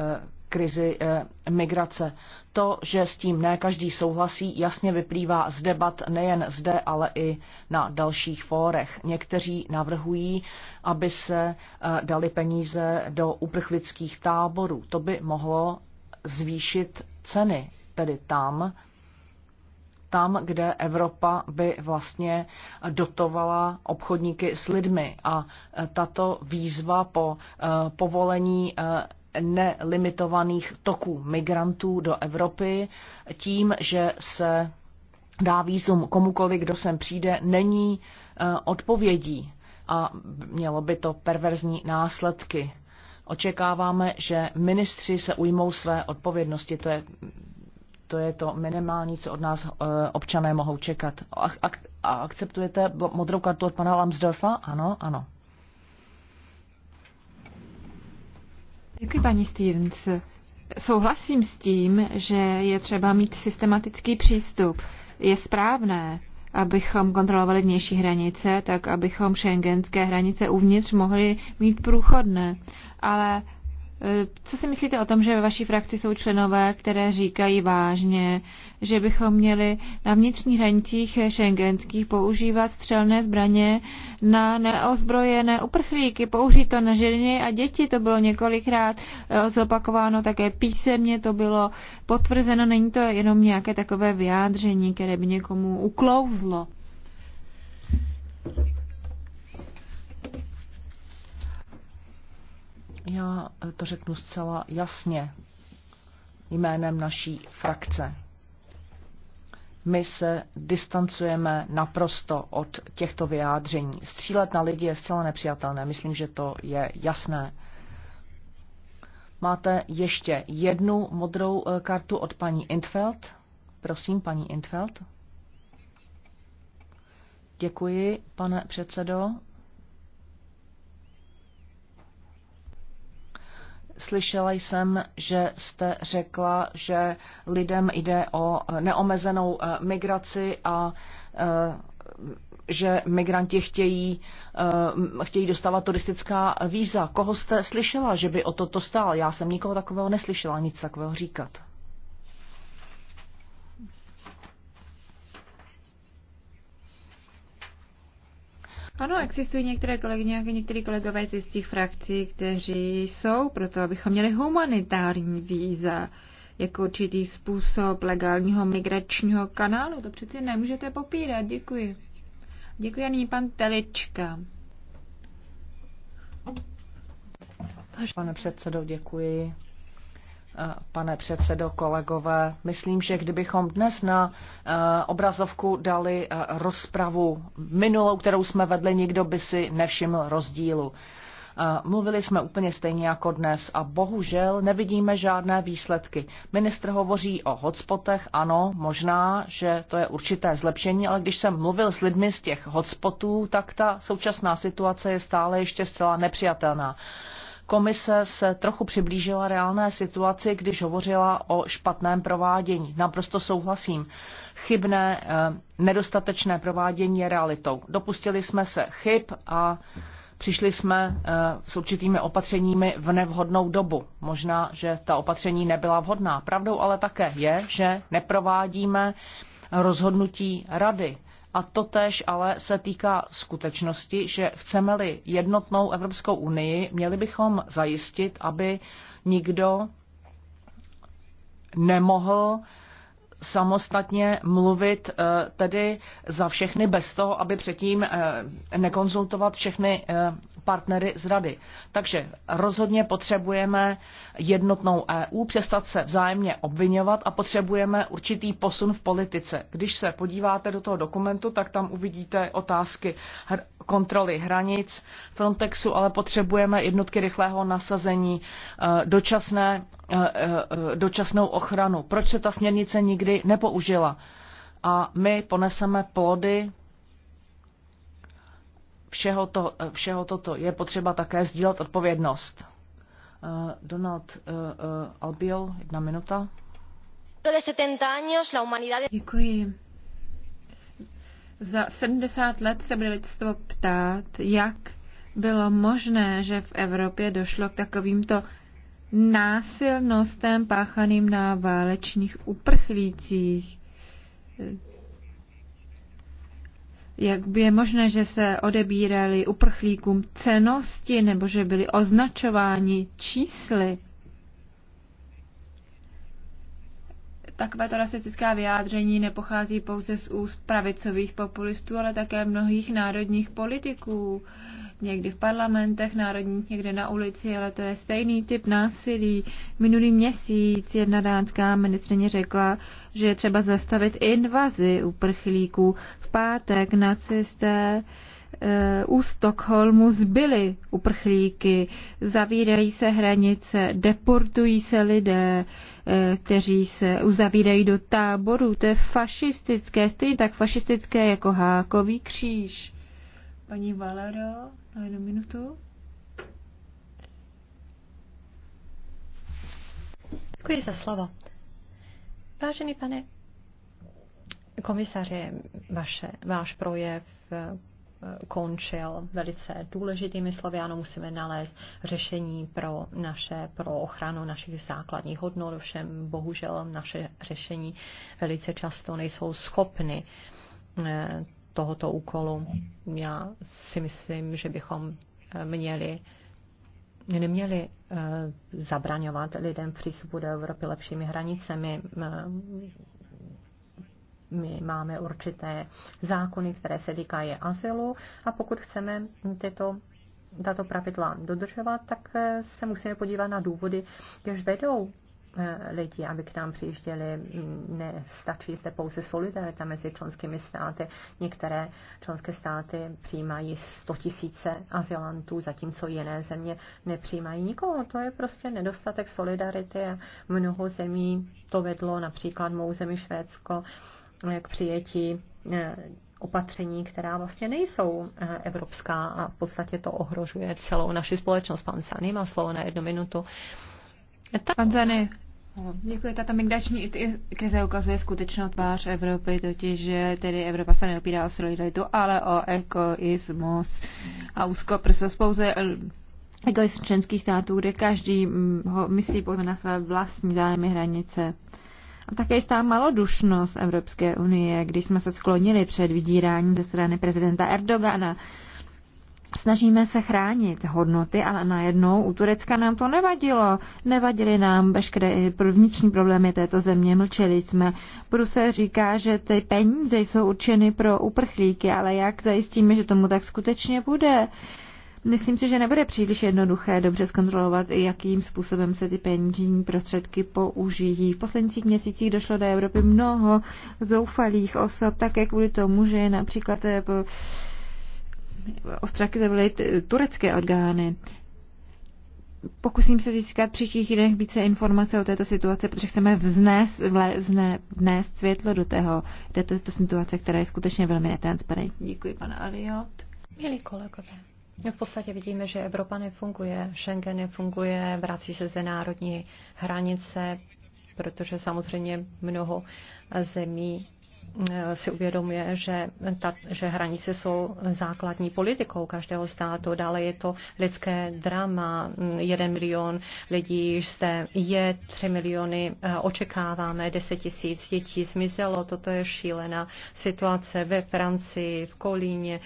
krizi eh, migrace. To, že s tím ne každý souhlasí, jasně vyplývá z debat nejen zde, ale i na dalších fórech. Někteří navrhují, aby se dali peníze do uprchlických táborů. To by mohlo zvýšit ceny, tedy tam, tam, kde Evropa by vlastně dotovala obchodníky s lidmi. A e, tato výzva po e, povolení e, nelimitovaných toků migrantů do Evropy tím, že se dá výzum komukoliv, kdo sem přijde, není odpovědí a mělo by to perverzní následky. Očekáváme, že ministři se ujmou své odpovědnosti. To je to je to minimální, co od nás eh, občané mohou čekat. A, a, a akceptujete modrou kartu od pana Lambsdorfa? Ano, ano. Děkuji, paní Stevens. Souhlasím s tím, že je třeba mít systematický přístup. Je správné, abychom kontrolovali vnější hranice, tak abychom šengenské hranice uvnitř mohli mít průchodné. Ale co si myslíte o tom, že ve vaší frakci jsou členové, které říkají vážně, že bychom měli na vnitřních hranicích šengenských používat střelné zbraně na neozbrojené uprchlíky, použít to na ženy a děti, to bylo několikrát e, zopakováno také písemně, to bylo potvrzeno, není to jenom nějaké takové vyjádření, které by někomu uklouzlo. Já to řeknu zcela jasně jménem naší frakce. My se distancujeme naprosto od těchto vyjádření. Střílet na lidi je zcela nepřijatelné, myslím, že to je jasné. Máte ještě jednu modrou eh, kartu od paní Intfeld. Prosím, paní Intfeld. Děkuji, pane předsedo. Slyšela jsem, že jste řekla, že lidem jde o eh, neomezenou eh, migraci a eh, že migranti chtějí, chtějí dostávat turistická víza. Koho jste slyšela, že by o toto stál? Já jsem nikoho takového neslyšela nic takového říkat. Ano, existují některé kolegyně a některé kolegové z jistých frakcí, kteří jsou pro to, abychom měli humanitární víza jako určitý způsob legálního migračního kanálu. To přeci nemůžete popírat. Děkuji. Děkuji a nyní pan Telička. Pane předsedo, děkuji pane předsedo, kolegové. Myslím, že kdybychom dnes na eh, obrazovku dali eh, rozpravu minulou, kterou jsme vedli, nikdo by si nevšiml rozdílu. Eh, mluvili jsme úplně stejně jako dnes a bohužel nevidíme žádné výsledky. Ministr hovoří o hotspotech, ano, možná, že to je určité zlepšení, ale když jsem mluvil s lidmi z těch hotspotů, tak ta současná situace je stále ještě zcela nepřijatelná komise se trochu přiblížila reálné situaci, když hovořila o špatném provádění. Naprosto souhlasím. Chybné, eh, nedostatečné provádění je realitou. Dopustili jsme se chyb a přišli jsme eh, s určitými opatřeními v nevhodnou dobu. Možná, že ta opatření nebyla vhodná. Pravdou ale také je, že neprovádíme rozhodnutí rady a totež ale se týká skutečnosti, že chceme-li jednotnou Evropskou unii, měli bychom zajistit, aby nikdo nemohl samostatně mluvit eh, tedy za všechny bez toho, aby předtím eh, nekonzultovat všechny eh, partnery z Rady. Takže rozhodně potřebujeme jednotnou EU, přestat se vzájemně obvinovat a potřebujeme určitý posun v politice. Když se podíváte do toho dokumentu, tak tam uvidíte otázky kontroly hranic Frontexu, ale potřebujeme jednotky rychlého nasazení, e, dočasné, e, e, dočasnou ochranu. Proč se ta směrnice nikdy nepoužila? A my poneseme plody všeho, to, eh, všeho toto je potřeba také sdílet odpovědnost. Eh, Donald eh, Albiol, jedna minuta. Děkuji. Za 70 let se bude lidstvo ptát, jak bylo možné, že v Evropě došlo k takovýmto násilnostem páchaným na válečných uprchlících jak by je možné, že se odebírali uprchlíkům cenosti nebo že byly označováni čísly. Takovéto rasistická vyjádření nepochází pouze z úst pravicových populistů, ale také mnohých národních politiků. Uh, někdy v parlamentech národních, někde na ulici, ale to je stejný typ násilí. Minulý měsíc jedna dánská ministrině řekla, že je třeba zastavit invazi uprchlíků. V pátek nacisté eh, u Stockholmu zbyly uprchlíky, zavírají se hranice, deportují se lidé, eh, kteří se uzavírají do táborů. To je fašistické, stejně tak fašistické jako Hákový kříž. Paní Valero, na jednu minutu. Děkuji za slovo. Vážený pane komisaře, vaše, váš projev eh, končil velice důležitými slovy. Ano, musíme nalézt řešení pro naše, pro ochranu našich základních hodnot, ovšem bohužel naše řešení velice často nejsou schopny eh, tohoto úkolu. Já si myslím, že bychom eh, měli neměli eh, zabraňovat lidem přístupu do Evropy lepšími hranicemi. Eh, my máme určité zákony, které se týkají azylu a pokud chceme tyto tato pravidla dodržovat, tak se musíme podívat na důvody, jež vedou Eh, lidi, aby k nám přijížděli. Mm, Nestačí zde pouze solidarita mezi členskými státy. Některé členské státy přijímají 100 tisíce azylantů, zatímco jiné země nepřijímají nikoho. To je prostě nedostatek solidarity a mnoho zemí to vedlo, například mou zemi Švédsko, eh, k přijetí eh, opatření, která vlastně nejsou evropská a v podstatě to ohrožuje celou naši společnost. Pan Sany má slovo na jednu minutu. Pan Zany, Děkuji. Tato migrační krize ukazuje skutečnou tvář Evropy, totiž, že tedy Evropa se neopírá o solidaritu, ale o egoismus a úzko prsos pouze eh, egoismus členských států, kde každý mm, ho myslí pouze na své vlastní zájmy hranice. A také jistá malodušnost Evropské unie, když jsme se sklonili před vydíráním ze strany prezidenta Erdogana. Snažíme se chránit hodnoty, ale najednou u Turecka nám to nevadilo. Nevadily nám veškeré vnitřní problémy této země, mlčeli jsme. Brusel říká, že ty peníze jsou určeny pro uprchlíky, ale jak zajistíme, že tomu tak skutečně bude? Myslím si, že nebude příliš jednoduché dobře zkontrolovat, jakým způsobem se ty peněžní prostředky použijí. V posledních měsících došlo do Evropy mnoho zoufalých osob, také kvůli tomu, že například eh, ostraky zavily turecké orgány. Pokusím se získat příštích týdnech více informace o této situaci, protože chceme vznést, vle, vzne, vnést světlo do, tého, do této situace, která je skutečně velmi netransparentní. Děkuji, pan Aliot. Milí kolegové, v podstatě vidíme, že Evropa nefunguje, Schengen nefunguje, vrací se zde národní hranice, protože samozřejmě mnoho zemí Eh, si uvědomuje, že, ta, že hranice jsou základní politikou každého státu. Dále je to lidské drama. Jeden milion lidí již zde je, tři miliony eh, očekáváme, deset tisíc dětí zmizelo. Toto je šílená situace ve Francii, v Kolíně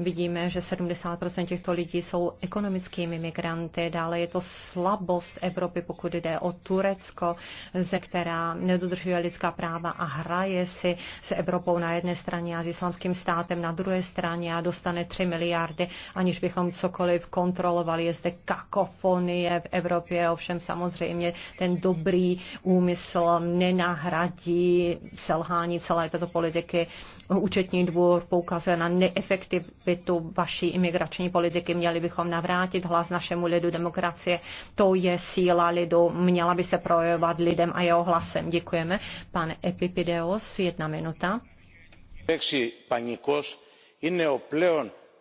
Vidíme, že 70% těchto lidí jsou ekonomickými migranty. Dále je to slabost Evropy, pokud jde o Turecko, ze která nedodržuje lidská práva a hraje si s Evropou na jedné straně a s islamským státem na druhé straně a dostane 3 miliardy, aniž bychom cokoliv kontrolovali. Je zde kakofonie v Evropě, ovšem samozřejmě ten dobrý úmysl nenahradí selhání celé této politiky. Účetní dvůr poukazuje na neefektivní bytu vaší imigrační politiky. Měli bychom navrátit hlas našemu lidu demokracie. To je síla lidu. Měla by se projevovat lidem a jeho hlasem. Děkujeme. Pan Epipideos, jedna minuta.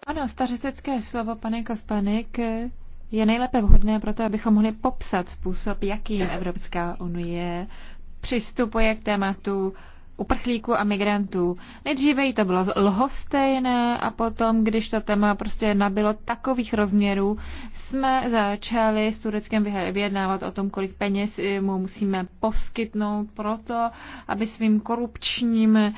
Ano, stařecké slovo pane panik je nejlépe vhodné proto, abychom mohli popsat způsob, jakým Evropská unie přistupuje k tématu uprchlíků a migrantů. Nejdříve to bylo lhostejné a potom, když to téma prostě nabilo takových rozměrů, jsme začali s Tureckem vyjednávat o tom, kolik peněz eh, mu musíme poskytnout proto, aby svým korupčním eh,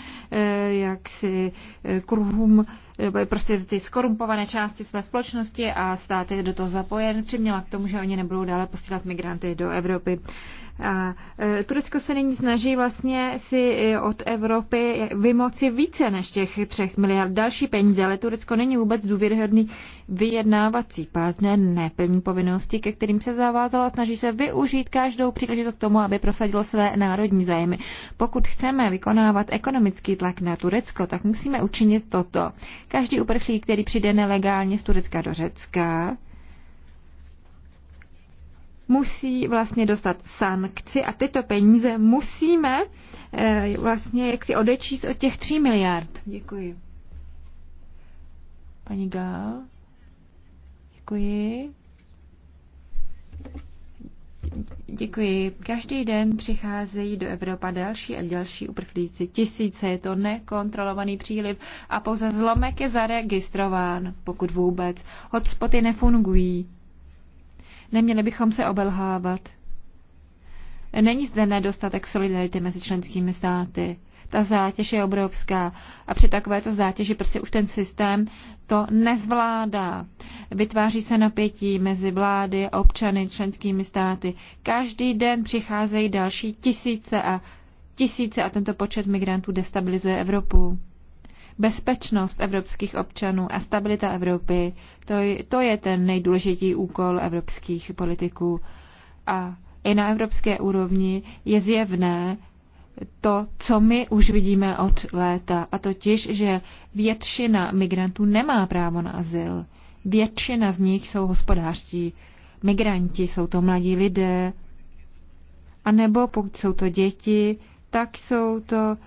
jaksi eh, kruhům Eh, prostě ty skorumpované části své společnosti a je do toho zapojen, přiměla k tomu, že oni nebudou dále posílat migranty do Evropy. A eh, Turecko se nyní snaží vlastně si eh, od Evropy vymoci více než těch třech miliard další peníze, ale Turecko není vůbec důvěryhodný vyjednávací partner, neplní povinnosti, ke kterým se zavázalo a snaží se využít každou příležitost k tomu, aby prosadilo své národní zájmy. Pokud chceme vykonávat ekonomický tlak na Turecko, tak musíme učinit toto. Každý uprchlík, který přijde nelegálně z Turecka do Řecka, musí vlastně dostat sankci a tyto peníze musíme eh, vlastně jak si odečíst od těch 3 miliard. Děkuji. Paní Gal. Děkuji. Děkuji. Každý den přicházejí do Evropa další a další uprchlíci. Tisíce je to nekontrolovaný příliv a pouze zlomek je zaregistrován, pokud vůbec. Hotspoty nefungují. Neměli bychom se obelhávat. Není zde nedostatek solidarity mezi členskými státy ta zátěž je obrovská. A při takovéto zátěži prostě už ten systém to nezvládá. Vytváří se napětí mezi vlády, občany, členskými státy. Každý den přicházejí další tisíce a tisíce a tento počet migrantů destabilizuje Evropu. Bezpečnost evropských občanů a stabilita Evropy, to je, to je ten nejdůležitější úkol evropských politiků. A i na evropské úrovni je zjevné, to, co my už vidíme od léta, a totiž, že většina migrantů nemá právo na azyl. Většina z nich jsou hospodářští migranti, jsou to mladí lidé, a nebo pokud jsou to děti, tak jsou to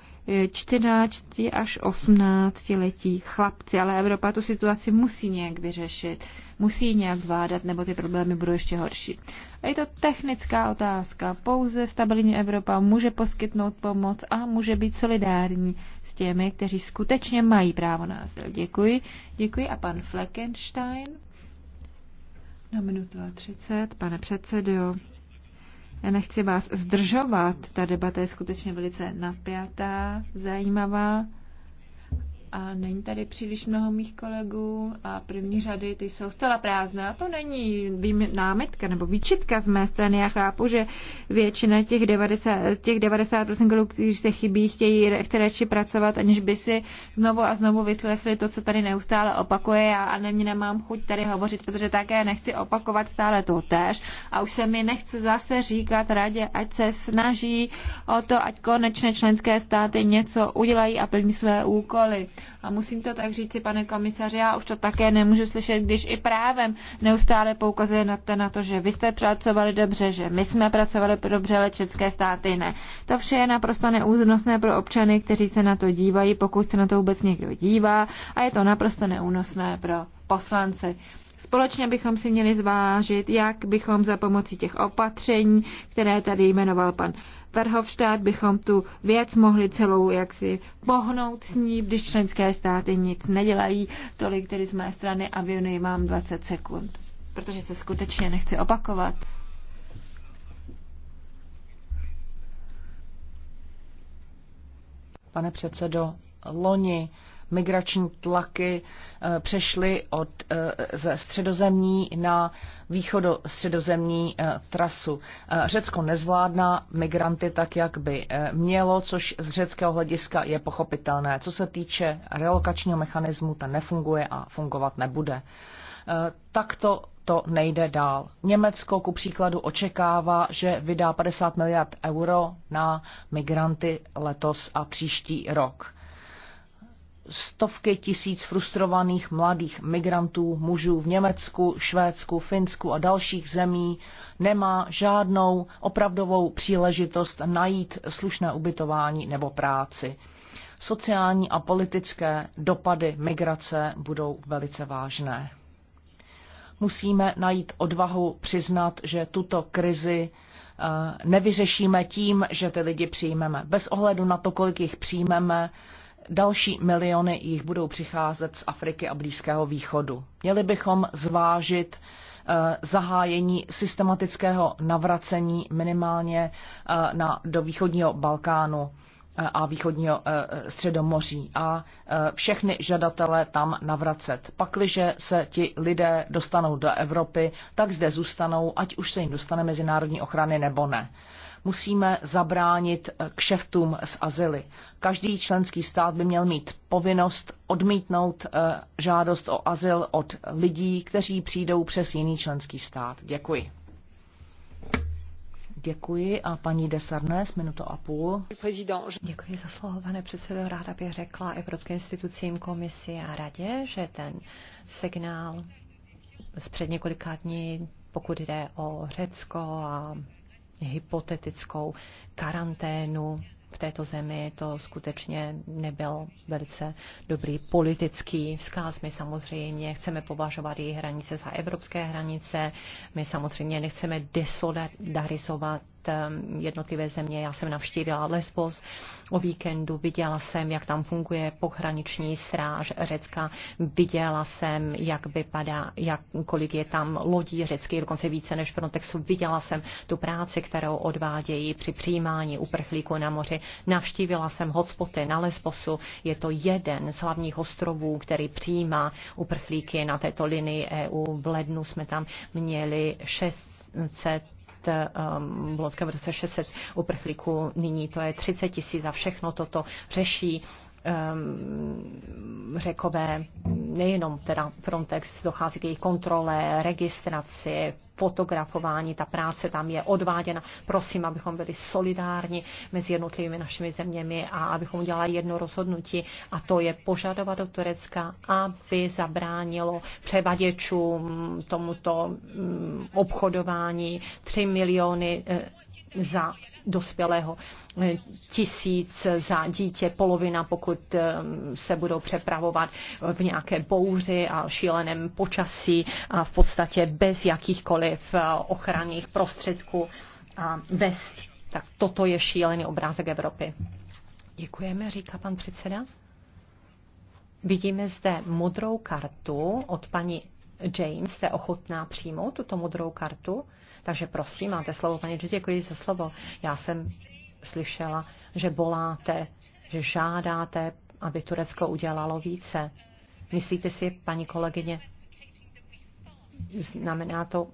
14 až 18 letí chlapci, ale Evropa tu situaci musí nějak vyřešit, musí nějak vládat, nebo ty problémy budou ještě horší. A je to technická otázka. Pouze stabilní Evropa může poskytnout pomoc a může být solidární s těmi, kteří skutečně mají právo na azyl. Děkuji. Děkuji. A pan Fleckenstein? Na minutu a 30, pane předsedo. Já nechci vás zdržovat, ta debata je skutečně velice napjatá, zajímavá a není tady příliš mnoho mých kolegů a první řady ty jsou zcela prázdné. A to není vím, námitka nebo výčitka z mé strany. Já chápu, že většina těch 90, těch 90% kolegů, kteří se chybí, chtějí radši pracovat, aniž by si znovu a znovu vyslechli to, co tady neustále opakuje. Já a nemě nemám chuť tady hovořit, protože také nechci opakovat stále to též. A už se mi nechce zase říkat radě, ať se snaží o to, ať konečně členské státy něco udělají a plní své úkoly. A musím to tak říct si, pane komisaři, já už to také nemůžu slyšet, když i právem neustále poukazuje na to, na to že vy jste pracovali dobře, že my jsme pracovali dobře, ale české státy ne. To vše je naprosto neúnosné pro občany, kteří se na to dívají, pokud se na to vůbec někdo dívá, a je to naprosto neúnosné pro poslance. Společně bychom si měli zvážit, jak bychom za pomocí těch opatření, které tady jmenoval pan Verhofstadt bychom tu věc mohli celou jaksi pohnout s ní, když členské státy nic nedělají. Tolik tedy z mé strany a věnuji vám 20 sekund, protože se skutečně nechci opakovat. Pane předsedo, loni migrační tlaky eh, přešly od, eh, ze středozemní na východo-středozemní eh, trasu. Řecko nezvládná migranty tak, jak by mělo, což z řeckého hlediska je pochopitelné. Co se týče relokačního mechanismu, ten nefunguje a fungovat nebude. Takto to nejde dál. Německo ku příkladu očekává, že vydá 50 miliard euro na migranty letos a příští rok stovky tisíc frustrovaných mladých migrantů, mužů v Německu, Švédsku, Finsku a dalších zemí nemá žádnou opravdovou příležitost najít slušné ubytování nebo práci. Sociální a politické dopady migrace budou velice vážné. Musíme najít odvahu přiznat, že tuto krizi eh, nevyřešíme tím, že ty lidi přijmeme. Bez ohledu na to, kolik jich přijmeme, Další miliony jich budou přicházet z Afriky a Blízkého východu. Měli bychom zvážit eh, zahájení systematického navracení minimálně eh, na, do východního Balkánu eh, a východního středomoří a všechny žadatele tam navracet. Pakliže se ti lidé dostanou do Evropy, tak zde zůstanou, ať už se jim dostane mezinárodní ochrany nebo ne. Musíme zabránit eh, kšeftům s azyly. Každý členský stát by měl mít povinnost odmítnout eh, žádost o azyl od lidí, kteří přijdou přes jiný členský stát. Děkuji. Děkuji a paní Desarnes, minuto a půl. Děkuji za slovo, pane předsedo. Ráda bych řekla Evropským institucím, komisi a radě, že ten signál z před několika dní, pokud jde o Řecko a vlastně hypotetickou karanténu v této zemi. To skutečně nebyl velice dobrý politický vzkaz. My samozřejmě chceme považovat její hranice za evropské hranice. My samozřejmě nechceme desolidarizovat Ehm, jednotlivé země. Já jsem navštívila Lesbos o víkendu, viděla jsem, jak tam funguje pohraniční stráž Řecka, viděla jsem, jak vypadá, jak, kolik je tam lodí řeckých, dokonce více než Frontexu. Viděla jsem tu práci, kterou odvádějí při přijímání uprchlíků na moři. Navštívila jsem hotspoty na Lesbosu. Je to jeden z hlavních ostrovů, který přijímá uprchlíky na této linii EU. V lednu jsme tam měli 600 Um, v loňském roce 600 uprchlíků, nyní to je 30 tisíc a všechno toto řeší um, řekové, nejenom teda Frontex, dochází k jejich kontrole, registraci, fotografování, ta práce tam je odváděna. Prosím, abychom byli solidární mezi jednotlivými našimi zeměmi a abychom dělali jedno rozhodnutí a to je požadovat do Turecka, aby zabránilo převaděčům tomuto mm, obchodování 3 miliony eh, za dospělého, eh, tisíc za dítě, polovina, pokud eh, se budou přepravovat v nějaké bouři a šíleném počasí a v podstatě bez jakýchkoliv eh, ochranných prostředků a vest. Tak toto je šílený obrázek Evropy. Děkujeme, říká pan předseda. Vidíme zde modrou kartu od paní James. Jste ochotná přijmout tuto modrou kartu? Takže prosím, máte slovo, paní, děkuji za slovo. Já jsem slyšela, že voláte, že žádáte, aby Turecko udělalo více. Myslíte si, paní kolegyně, znamená to,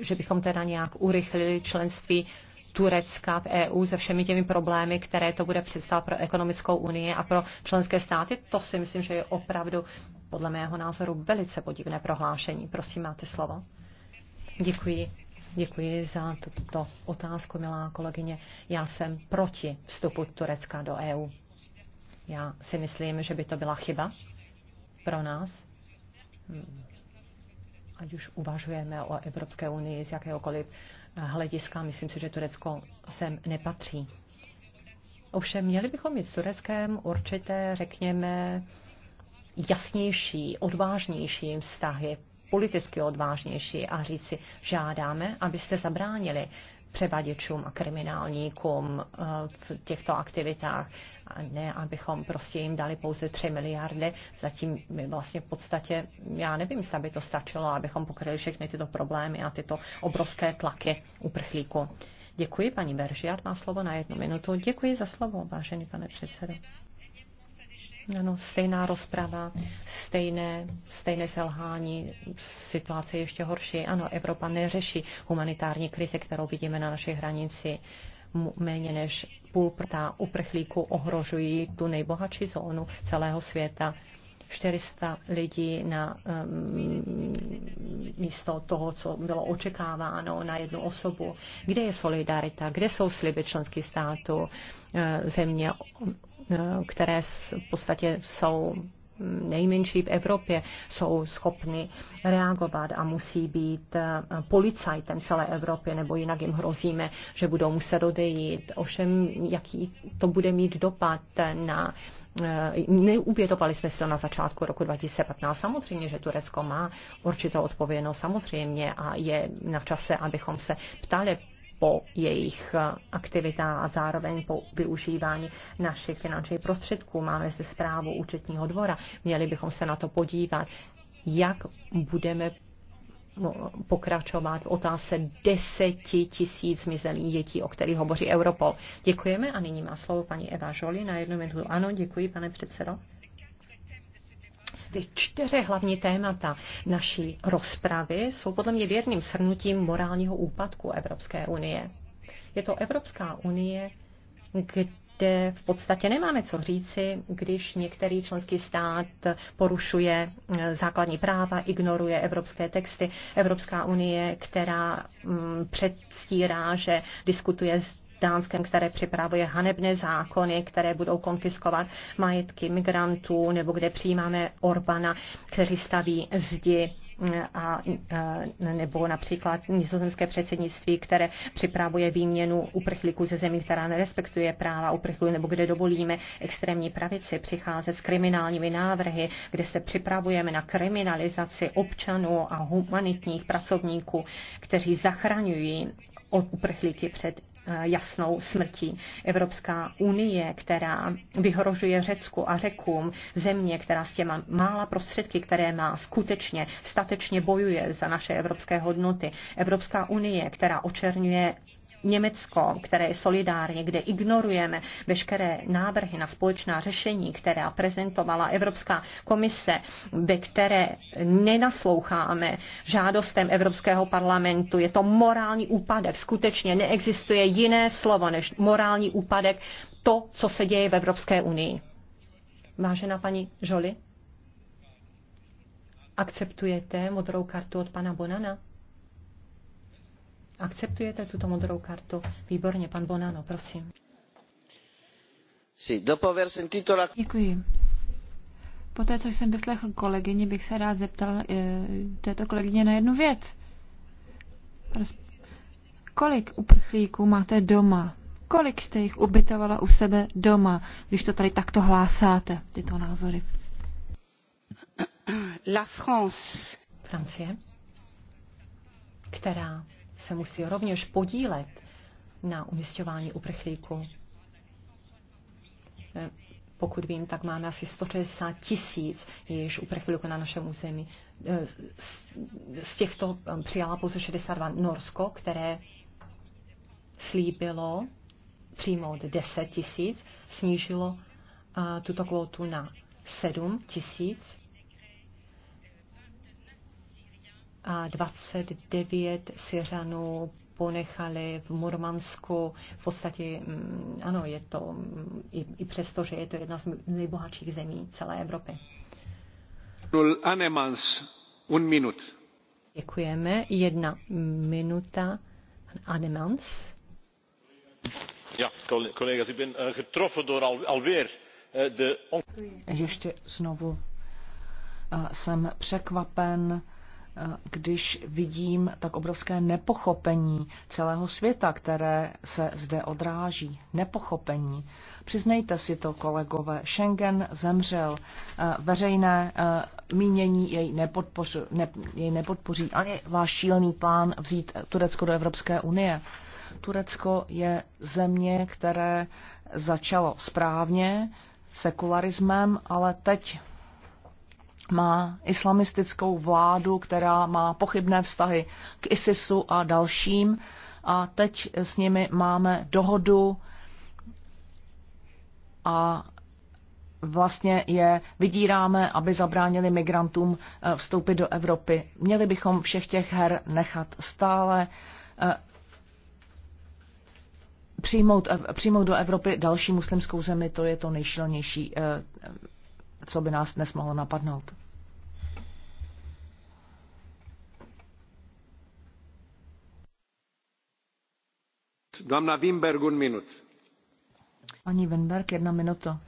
že bychom teda nějak urychlili členství Turecka v EU se všemi těmi problémy, které to bude představovat pro ekonomickou unii a pro členské státy, to si myslím, že je opravdu podle mého názoru velice podivné prohlášení. Prosím, máte slovo. Děkuji. Děkuji za tuto otázku, milá kolegyně. Já jsem proti vstupu Turecka do EU. Já si myslím, že by to byla chyba pro nás. Hmm. Ať už uvažujeme o Evropské unii z jakéhokoliv hlediska, myslím si, že Turecko sem nepatří. Ovšem, měli bychom mít s Tureckem určité, řekněme, jasnější, odvážnější vztahy politicky odvážnější a říci, žádáme, abyste zabránili převaděčům a kriminálníkům eh, v těchto aktivitách. A ne, abychom prostě jim dali pouze 3 miliardy. Zatím my vlastně v podstatě, já nevím, zda by to stačilo, abychom pokryli všechny tyto problémy a tyto obrovské tlaky uprchlíků. Děkuji, paní Beržiat má slovo na jednu minutu. Děkuji za slovo, vážený pane předsedo. Ano, no, stejná rozprava, stejné, stejné selhání, situace ještě horší. Ano, Evropa neřeší humanitární krizi, kterou vidíme na naší hranici. Méně než půl prta uprchlíků ohrožují tu nejbohatší zónu celého světa. 400 lidí na um, místo toho, co bylo očekáváno na jednu osobu. Kde je solidarita? Kde jsou sliby členských států? E, země Eh, které v podstatě jsou nejmenší v Evropě, jsou schopny reagovat a musí být eh, policajtem celé Evropy, nebo jinak jim hrozíme, že budou muset odejít. Ovšem, jaký to bude mít dopad na eh, Neuvědovali jsme si to na začátku roku 2015. Samozřejmě, že Turecko má určitou odpovědnost, samozřejmě, a je na čase, abychom se ptali po jejich eh, aktivitách a zároveň po využívání našich finančních prostředků. Máme zde zprávu účetního dvora, měli bychom se na to podívat, jak budeme no, pokračovat v otázce deseti tisíc zmizelých dětí, o kterých hovoří Europol. Děkujeme a nyní má slovo paní Eva Žoli na jednu minutu. Ano, děkuji, pane předsedo. Ty čtyři hlavní témata naší rozpravy jsou podle mě věrným shrnutím morálního úpadku Evropské unie. Je to Evropská unie, kde v podstatě nemáme co říci, když některý členský stát porušuje eh, základní práva, ignoruje evropské texty. Evropská unie, která mm, předstírá, že diskutuje s Dánskem, které připravuje hanebné zákony, které budou konfiskovat majetky migrantů, nebo kde přijímáme Orbana, který staví zdi a, nebo například nizozemské předsednictví, které připravuje výměnu uprchlíků ze zemí, která nerespektuje práva uprchlíků, nebo kde dovolíme extrémní pravici přicházet s kriminálními návrhy, kde se připravujeme na kriminalizaci občanů a humanitních pracovníků, kteří zachraňují uprchlíky před Eh, jasnou smrtí. Evropská unie, která vyhrožuje Řecku a Řekům, země, která s těma mála prostředky, které má, skutečně statečně bojuje za naše evropské hodnoty. Evropská unie, která očerňuje Německo, které je solidárně, kde ignorujeme veškeré návrhy na společná řešení, která prezentovala Evropská komise, ve které nenasloucháme žádostem Evropského parlamentu. Je to morální úpadek. Skutečně neexistuje jiné slovo než morální úpadek to, co se děje v Evropské unii. Vážená paní Žoli, akceptujete modrou kartu od pana Bonana? Akceptujete tuto modrou kartu? Výborně, pan Bonano, prosím. Děkuji. Poté, co jsem vyslechl kolegyni, bych se rád zeptal e, této kolegyně na jednu věc. Kolik uprchlíků máte doma? Kolik jste jich ubytovala u sebe doma, když to tady takto hlásáte, tyto názory? La France. Francie, která se musí rovněž podílet na umistování uprchlíků. Eh, pokud vím, tak máme asi 160 tisíc již uprchlíků na našem území. Eh, z těchto eh, přijala pouze 62 Norsko, které slíbilo přijmout 10 tisíc, snížilo tuto kvotu na 7 tisíc a 29 Syřanů ponechali v Murmansku. V podstatě, mm, ano, je to, mm, i, i přesto, že je to jedna z nejbohatších zemí celé Evropy. minut. Děkujeme. Jedna minuta. Anemans. Ja, collega's, ik ben eh, getroffen door alweer eh, de... Ještě znovu eh, jsem překvapen když vidím tak obrovské nepochopení celého světa, které se zde odráží. Nepochopení. Přiznejte si to, kolegové. Schengen zemřel. Eh, veřejné eh, mínění jej, nepodpoří, ne, jej nepodpoří ani váš šílený plán vzít Turecko do Evropské unie. Turecko je země, které začalo správně, sekularismem, ale teď má islamistickou vládu, která má pochybné vztahy k ISISu a dalším. A teď s nimi máme dohodu a vlastně je vydíráme, aby zabránili migrantům eh, vstoupit do Evropy. Měli bychom všech těch her nechat stále eh, přijmout, eh, přijmout do Evropy další muslimskou zemi, to je to nejšilnější co by nás dnes mohlo napadnout. Dámna Wimberg, un minut. Paní Wimberg, jedna minuta.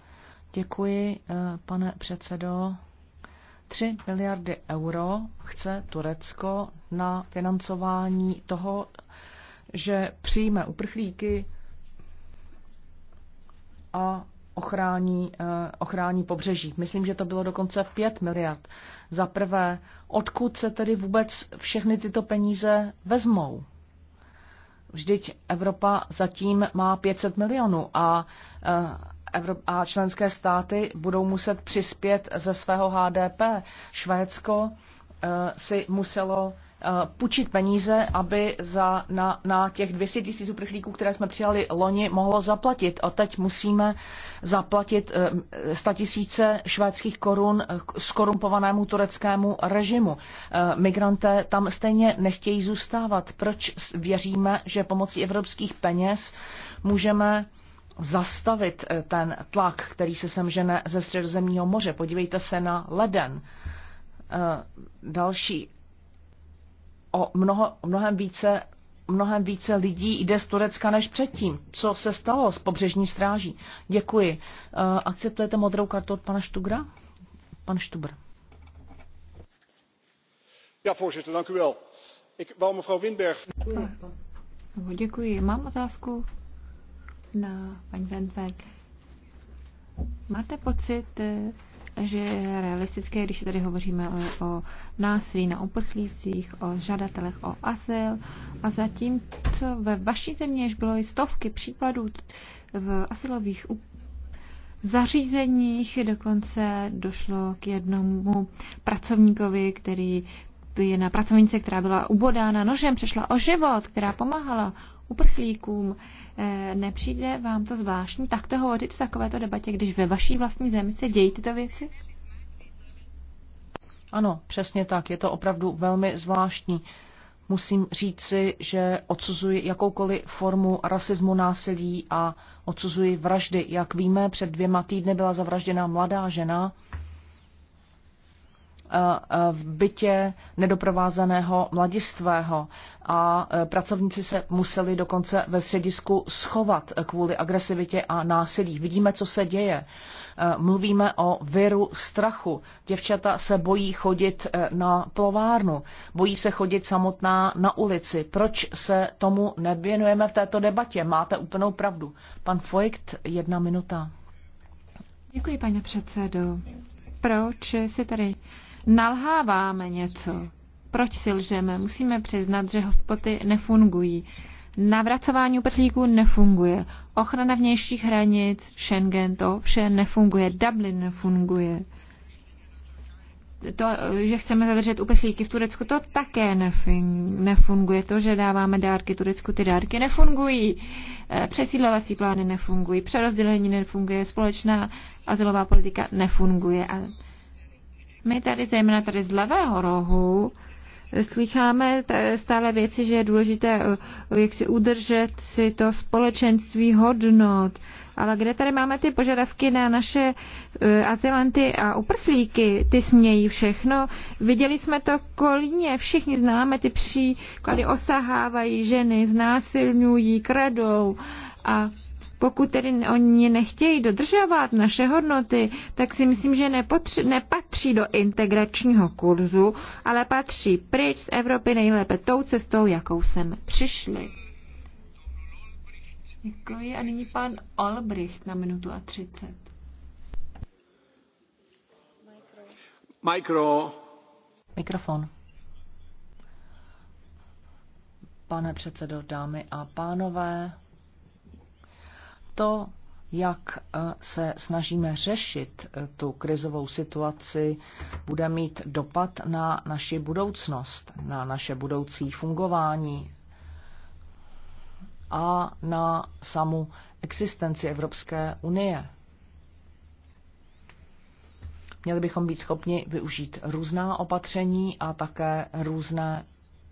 Děkuji, eh, pane předsedo. 3 miliardy euro chce Turecko na financování toho, že přijme uprchlíky a ochrání, eh, ochrání pobřeží. Myslím, že to bylo dokonce 5 miliard. Za prvé, odkud se tedy vůbec všechny tyto peníze vezmou? Vždyť Evropa zatím má 500 milionů a, eh, Evrop- a členské státy budou muset přispět ze svého HDP. Švédsko eh, si muselo Eh, půjčit peníze, aby za, na, na těch 200 tisíc uprchlíků, které jsme přijali loni, mohlo zaplatit. A teď musíme zaplatit 100 eh, tisíce švédských korun eh, skorumpovanému tureckému režimu. Migranté tam stejně nechtějí zůstávat. Proč věříme, že pomocí evropských peněz můžeme zastavit ten tlak, který se sem žene ze středozemního moře. Podívejte se na leden. Další o mnoho, mnohem více mnohem více lidí jde z Turecka než předtím. Co se stalo s pobřežní stráží? Děkuji. Eh, akceptujete modrou kartu od pana Štugra? Pan Štubr. Já, voorzitter, dank u wel. Ik wou mevrouw Děkuji. Mám otázku na paní Winberg. Máte pocit, eh, že je realistické, když tady hovoříme o, o násilí na uprchlících, o žadatelech o azyl a co ve vaší země již bylo i stovky případů v asilových zařízeních, dokonce došlo k jednomu pracovníkovi, který je na pracovnice, která byla ubodána nožem, přešla o život, která pomáhala uprchlíkům. Eh, nepřijde vám to zvláštní takto hovořit v takovéto debatě, když ve vaší vlastní zemi se dějí tyto věci? Ano, přesně tak. Je to opravdu velmi zvláštní. Musím říci, že odsuzuji jakoukoliv formu rasismu, násilí a odsuzuji vraždy. Jak víme, před dvěma týdny byla zavražděna mladá žena, Eh, eh, v bytě nedoprovázeného mladistvého a eh, pracovníci se museli dokonce ve středisku schovat kvůli agresivitě a násilí. Vidíme, co se děje. Mluvíme o viru strachu. Děvčata se bojí chodit na plovárnu, bojí se chodit samotná na ulici. Proč se tomu nevěnujeme v této debatě? Máte úplnou pravdu. Pan Foykt, jedna minuta. Děkuji, pane předsedo. Proč si tady nalháváme něco. Proč si lžeme? Musíme přiznat, že hospody nefungují. Navracování uprchlíků nefunguje. Ochrana vnějších hranic, Schengen, to vše nefunguje. Dublin nefunguje. To, že chceme zadržet uprchlíky v Turecku, to také nefunguje. To, že dáváme dárky Turecku, ty dárky nefungují. Eh, přesídlovací plány nefungují, přerozdělení nefunguje, společná azylová politika nefunguje. A my tady, zejména tady z levého rohu, slycháme stále věci, že je důležité eh, jak si udržet si to společenství hodnot, ale kde tady máme ty požadavky na naše uh, azylanty a uprchlíky, ty smějí všechno. Viděli jsme to kolíně, všichni známe ty příklady, osahávají ženy, znásilňují, kradou a pokud tedy oni nechtějí dodržovat naše hodnoty, tak si myslím, že nepotři- nepatří do integračního kurzu, ale patří pryč z Evropy nejlépe tou cestou, jakou sem přišli. Děkuji a nyní pan Olbricht na minutu a třicet. Mikro. Mikrofon. Pane předsedo, dámy a pánové, to, jak eh, se snažíme řešit eh, tu krizovou situaci, bude mít dopad na naši budoucnost, na naše budoucí fungování a na samu existenci Evropské unie. Měli bychom být schopni využít různá opatření a také různé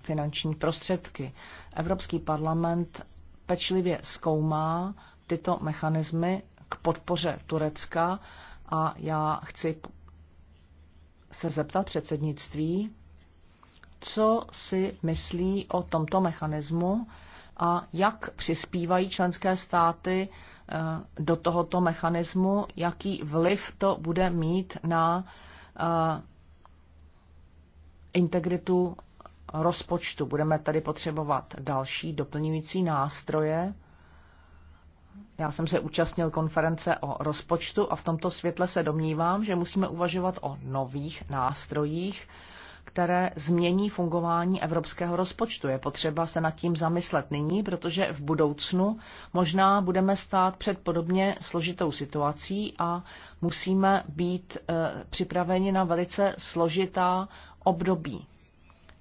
finanční prostředky. Evropský parlament pečlivě zkoumá, tyto mechanismy k podpoře Turecka a já chci se zeptat předsednictví, co si myslí o tomto mechanismu a jak přispívají členské státy eh, do tohoto mechanismu, jaký vliv to bude mít na eh, integritu rozpočtu. Budeme tady potřebovat další doplňující nástroje já jsem se účastnil konference o rozpočtu a v tomto světle se domnívám, že musíme uvažovat o nových nástrojích, které změní fungování evropského rozpočtu. Je potřeba se nad tím zamyslet nyní, protože v budoucnu možná budeme stát před podobně složitou situací a musíme být e, připraveni na velice složitá období.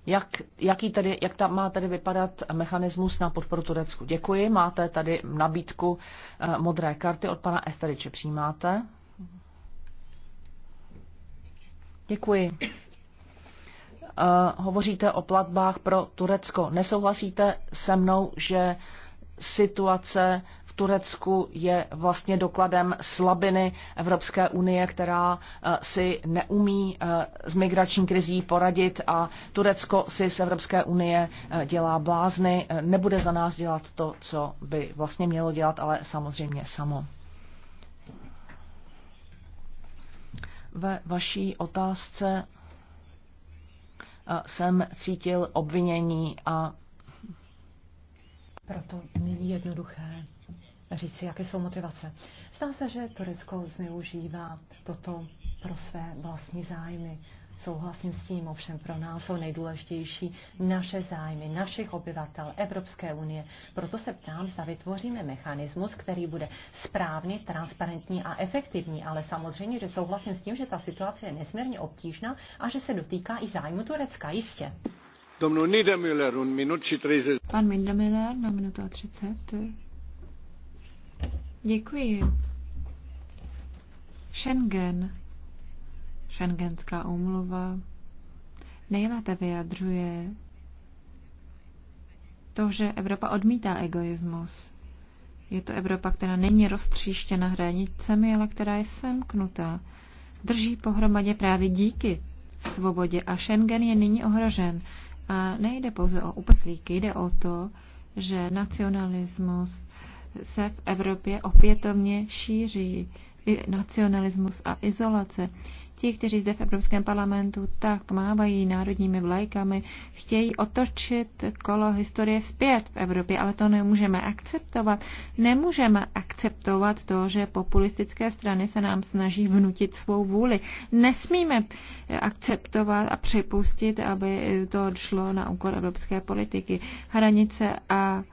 Jak, jaký tedy, jak ta, má tedy vypadat mechanismus na podporu Turecku? Děkuji, máte tady nabídku eh, modré karty od pana Esteriče. Přijímáte? Děkuji. Uh, hovoříte o platbách pro Turecko. Nesouhlasíte se mnou, že situace Turecku je vlastně dokladem slabiny Evropské unie, která eh, si neumí eh, s migrační krizí poradit a Turecko si z Evropské unie eh, dělá blázny, nebude za nás dělat to, co by vlastně mělo dělat, ale samozřejmě samo. Ve vaší otázce jsem cítil obvinění a proto není jednoduché říci, jaké jsou motivace. Zdá se, že Turecko zneužívá toto pro své vlastní zájmy. Souhlasím s tím, ovšem pro nás jsou nejdůležitější naše zájmy, našich obyvatel Evropské unie. Proto se ptám, zda vytvoříme mechanismus, který bude správný, transparentní a efektivní, ale samozřejmě, že souhlasím s tím, že ta situace je nesmírně obtížná a že se dotýká i zájmu Turecka, jistě. Pan Mindemiller, na minutu a 30. Děkuji. Schengen, Schengenská úmluva, nejlépe vyjadřuje to, že Evropa odmítá egoismus. Je to Evropa, která není roztříštěna hranicemi, ale která je semknutá. Drží pohromadě právě díky svobodě a Schengen je nyní ohrožen. A nejde pouze o uprchlíky, jde o to, že nacionalismus, se v Evropě opětovně šíří i nacionalismus a izolace. Ti, kteří zde v Evropském parlamentu tak mávají národními vlajkami, chtějí otočit kolo historie zpět v Evropě, ale to nemůžeme akceptovat. Nemůžeme akceptovat to, že populistické strany se nám snaží vnutit svou vůli. Nesmíme akceptovat a připustit, aby to šlo na úkor evropské politiky. Hranice a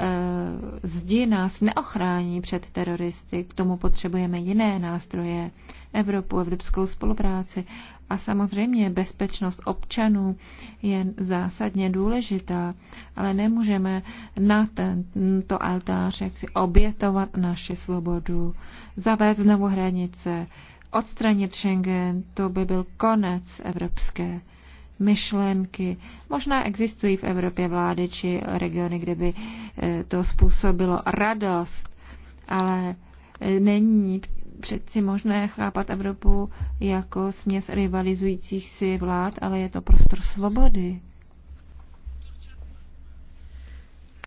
Eh, zdi nás neochrání před teroristy. K tomu potřebujeme jiné nástroje, Evropu, evropskou spolupráci. A samozřejmě bezpečnost občanů je zásadně důležitá, ale nemůžeme na tento altář jak si obětovat naši svobodu, zavést znovu hranice, odstranit Schengen, to by byl konec evropské myšlenky. Možná existují v Evropě vlády či regiony, kde by eh, to způsobilo radost, ale eh, není přeci možné chápat Evropu jako směs rivalizujících si vlád, ale je to prostor svobody.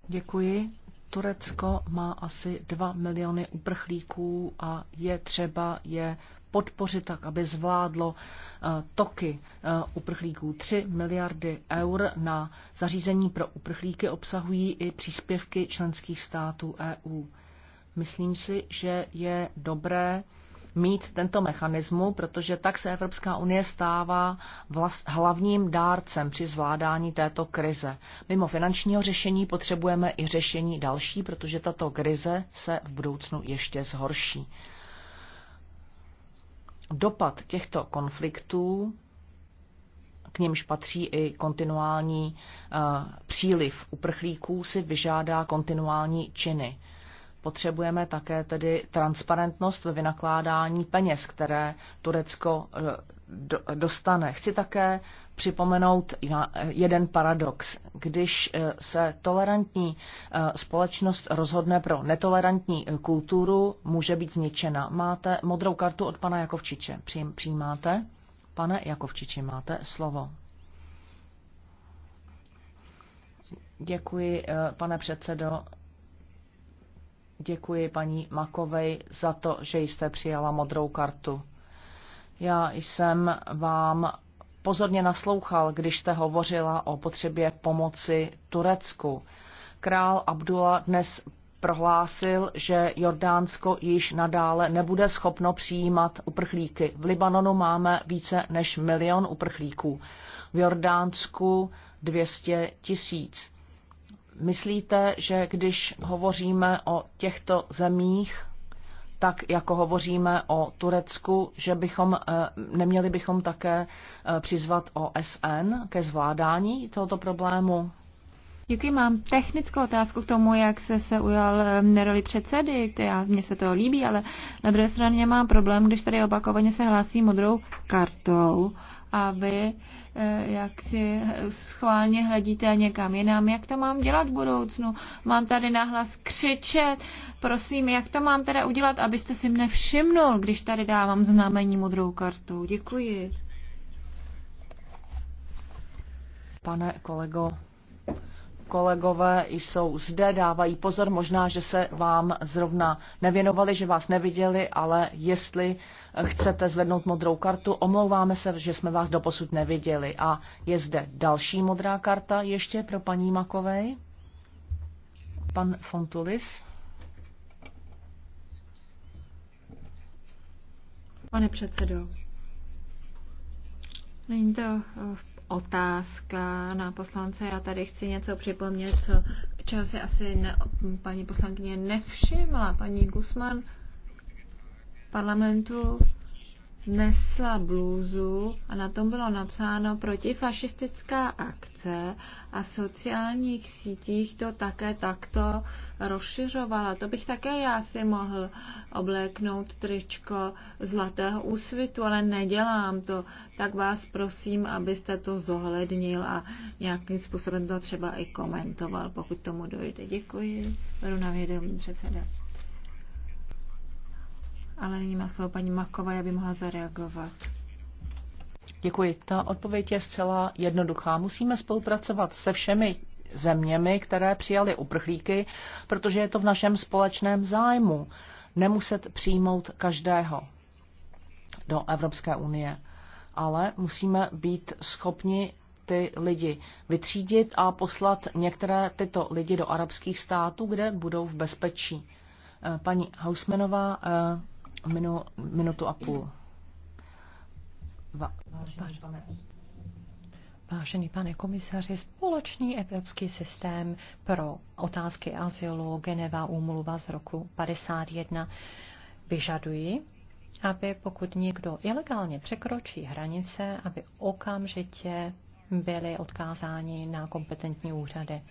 Děkuji. Turecko má asi 2 miliony uprchlíků a je třeba je podpořit tak, aby zvládlo eh, toky eh, uprchlíků. 3 miliardy eur na zařízení pro uprchlíky obsahují i příspěvky členských států EU. Myslím si, že je dobré mít tento mechanismus, protože tak se Evropská unie stává vlast, hlavním dárcem při zvládání této krize. Mimo finančního řešení potřebujeme i řešení další, protože tato krize se v budoucnu ještě zhorší. Dopad těchto konfliktů, k němž patří i kontinuální eh, příliv uprchlíků, si vyžádá kontinuální činy. Potřebujeme také tedy transparentnost ve vynakládání peněz, které Turecko eh, dostane. Chci také připomenout jeden paradox. Když eh, se tolerantní eh, společnost rozhodne pro netolerantní eh, kulturu, může být zničena. Máte modrou kartu od pana Jakovčiče. Přijímáte? Pane Jakovčiči, máte slovo. Děkuji, pane předsedo. Děkuji paní Makovej za to, že jste přijala modrou kartu. Já jsem vám pozorně naslouchal, když jste hovořila o potřebě pomoci Turecku. Král Abdullah dnes prohlásil, že Jordánsko již nadále nebude schopno přijímat uprchlíky. V Libanonu máme více než milion uprchlíků, v Jordánsku 200 tisíc. Myslíte, že když hovoříme o těchto zemích, tak jako hovoříme o Turecku, že bychom, eh, neměli bychom také eh, přizvat OSN ke zvládání tohoto problému? Díky, mám technickou otázku k tomu, jak se se ujal eh, neroli předsedy. Já, mně se to líbí, ale na druhé straně mám problém, když tady opakovaně se hlásí modrou kartou, aby Eh, jak si schválně hledíte někam jinam. Jak to mám dělat v budoucnu? Mám tady nahlas křičet? Prosím, jak to mám teda udělat, abyste si mne všimnul, když tady dávám znamení modrou kartu? Děkuji. Pane kolego, kolegové jsou zde, dávají pozor, možná, že se vám zrovna nevěnovali, že vás neviděli, ale jestli chcete zvednout modrou kartu, omlouváme se, že jsme vás doposud neviděli. A je zde další modrá karta ještě pro paní Makovej. Pan Fontulis. Pane předsedo, není to v eh, otázka na poslance. Já tady chci něco připomnět, co, čeho si asi ne, paní poslankyně nevšimla. Paní Gusman parlamentu nesla blůzu a na tom bylo napsáno protifašistická akce a v sociálních sítích to také takto rozšiřovala. To bych také já si mohl obléknout tričko zlatého úsvitu, ale nedělám to. Tak vás prosím, abyste to zohlednil a nějakým způsobem to třeba i komentoval, pokud tomu dojde. Děkuji. Beru na vědomí předseda ale nyní má slovo paní Makova, aby mohla zareagovat. Děkuji. Ta odpověď je zcela jednoduchá. Musíme spolupracovat se všemi zeměmi, které přijali uprchlíky, protože je to v našem společném zájmu nemuset přijmout každého do Evropské unie. Ale musíme být schopni ty lidi vytřídit a poslat některé tyto lidi do arabských států, kde budou v bezpečí. Eh, paní Hausmanová eh, Minu, minutu a půl. vážený, pane. komisaři, společný evropský systém pro otázky azylu Geneva úmluva z roku 51 vyžadují, aby pokud někdo ilegálně překročí hranice, aby okamžitě byly odkázáni na kompetentní úřady.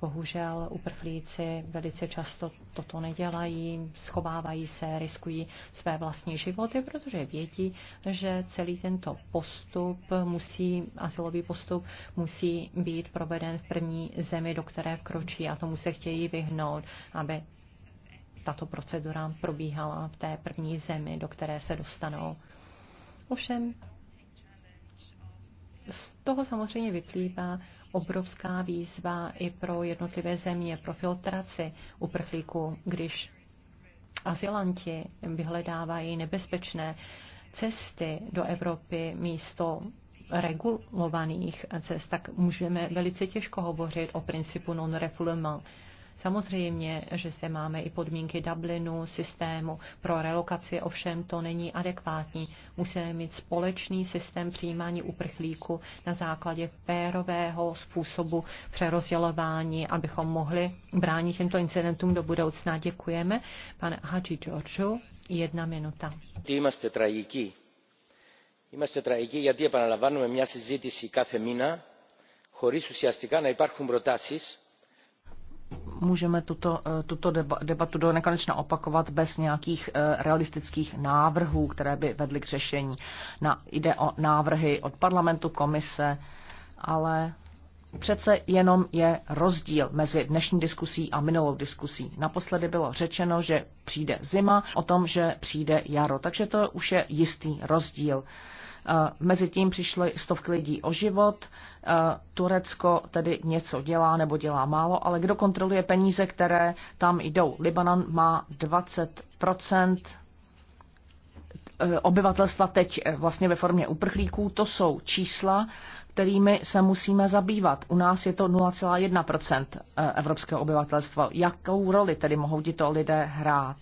Bohužel uprchlíci velice často toto nedělají, schovávají se, riskují své vlastní životy, protože vědí, že celý tento postup musí, asilový postup musí být proveden v první zemi, do které vkročí a tomu se chtějí vyhnout, aby tato procedura probíhala v té první zemi, do které se dostanou. Ovšem, z toho samozřejmě vyplývá, obrovská výzva i pro jednotlivé země, pro filtraci uprchlíků, když azylanti vyhledávají nebezpečné cesty do Evropy místo regulovaných cest, tak můžeme velice těžko hovořit o principu non-refoulement. Samozřejmě, že zde máme i podmínky Dublinu, systému pro relokaci, ovšem to není adekvátní. Musíme mít společný systém přijímání uprchlíků na základě férového způsobu přerozdělování, abychom mohli bránit těmto incidentům do budoucna. Děkujeme. Pane Hadži Georgiou, jedna minuta. Είμαστε τραγικοί. Είμαστε τραγικοί γιατί επαναλαμβάνουμε μια συζήτηση κάθε μήνα χωρίς ουσιαστικά να υπάρχουν προτάσεις můžeme tuto, eh, tuto debatu do nekonečna opakovat bez nějakých eh, realistických návrhů, které by vedly k řešení. Na, jde o návrhy od parlamentu, komise, ale Přece jenom je rozdíl mezi dnešní diskusí a minulou diskusí. Naposledy bylo řečeno, že přijde zima, o tom, že přijde jaro, takže to už je jistý rozdíl. Eh, Mezitím přišly stovky lidí o život, eh, Turecko tedy něco dělá nebo dělá málo, ale kdo kontroluje peníze, které tam jdou? Libanon má 20 eh, obyvatelstva teď vlastně ve formě uprchlíků, to jsou čísla, kterými se musíme zabývat. U nás je to 0,1 eh, evropského obyvatelstva. Jakou roli tedy mohou tito lidé hrát,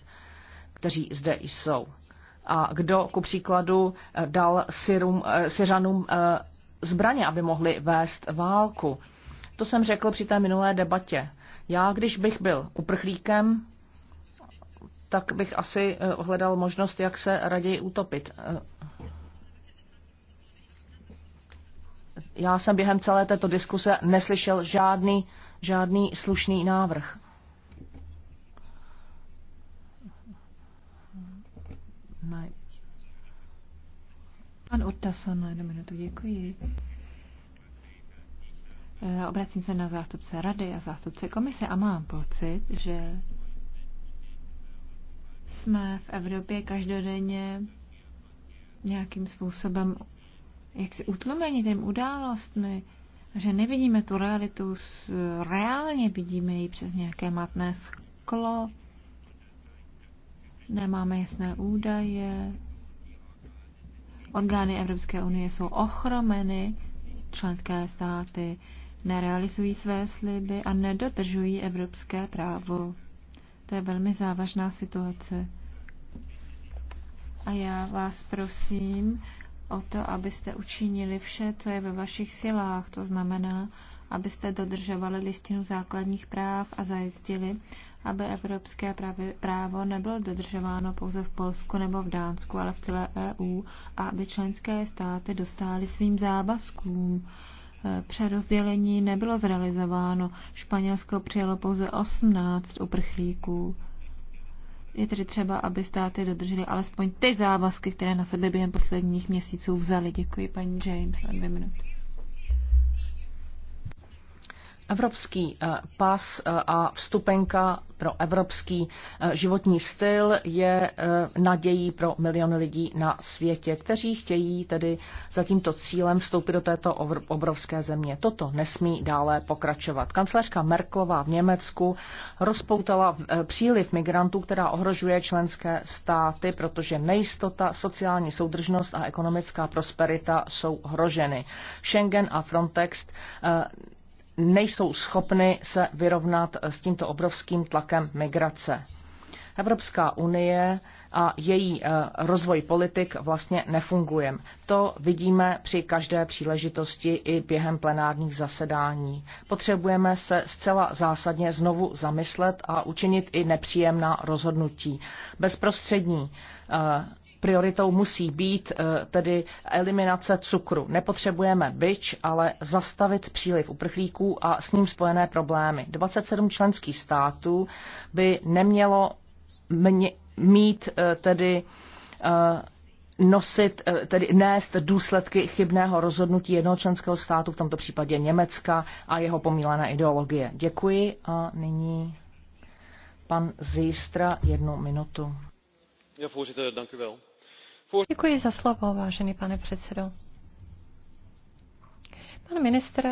kteří zde jsou? A kdo ku příkladu eh, dal Syrum, eh, Syřanům zbraně, aby mohli vést válku? To jsem řekl při té minulé debatě. Já, když bych byl uprchlíkem, tak bych asi hledal možnost, jak se raději utopit. já jsem během celé této diskuse neslyšel žádný, žádný slušný návrh. Ne. Pan Urtason, jednu minutu, děkuji. E, obracím se na zástupce rady a zástupce komise a mám pocit, že jsme v Evropě každodenně nějakým způsobem jaksi utlumeni těm událostmi, že nevidíme tu realitu, reálně vidíme ji přes nějaké matné sklo, nemáme jasné údaje, orgány Evropské unie jsou ochromeny, členské státy nerealizují své sliby a nedodržují evropské právo. To je velmi závažná situace. A já vás prosím, o to, abyste učinili vše, co je ve vašich silách. To znamená, abyste dodržovali listinu základních práv a zajistili, aby evropské právo nebylo dodržováno pouze v Polsku nebo v Dánsku, ale v celé EU a aby členské státy dostály svým závazkům. E, přerozdělení nebylo zrealizováno. Španělsko přijalo pouze 18 uprchlíků. Je tedy třeba, aby státy dodržely alespoň ty závazky, které na sebe během posledních měsíců vzali. Děkuji paní James na dvě minuty. Evropský eh, pas eh, a vstupenka pro evropský eh, životní styl je nadějí pro miliony lidí na světě, kteří chtějí tedy za tímto cílem vstoupit do této obrovské země. Toto nesmí dále pokračovat. Kancelářka Merklová v Německu rozpoutala příliv migrantů, která ohrožuje členské státy, protože nejistota, sociální soudržnost a ekonomická prosperita jsou hroženy. Schengen a Frontex nejsou schopny se vyrovnat s tímto obrovským tlakem migrace. Evropská unie a její eh, rozvoj politik vlastně nefunguje. To vidíme při každé příležitosti i během plenárních zasedání. Potřebujeme se zcela zásadně znovu zamyslet a učinit i nepříjemná rozhodnutí. Bezprostřední eh, prioritou musí být eh, tedy eliminace cukru. Nepotřebujeme byč, ale zastavit příliv uprchlíků a s ním spojené problémy. 27 členských států by nemělo mít eh, tedy eh, nosit, tedy nést důsledky chybného rozhodnutí jednoho členského státu, v tomto případě Německa a jeho pomílené ideologie. Děkuji a nyní pan Zístra jednu minutu. Děkuji za slovo, pane předsedo. Pan ministr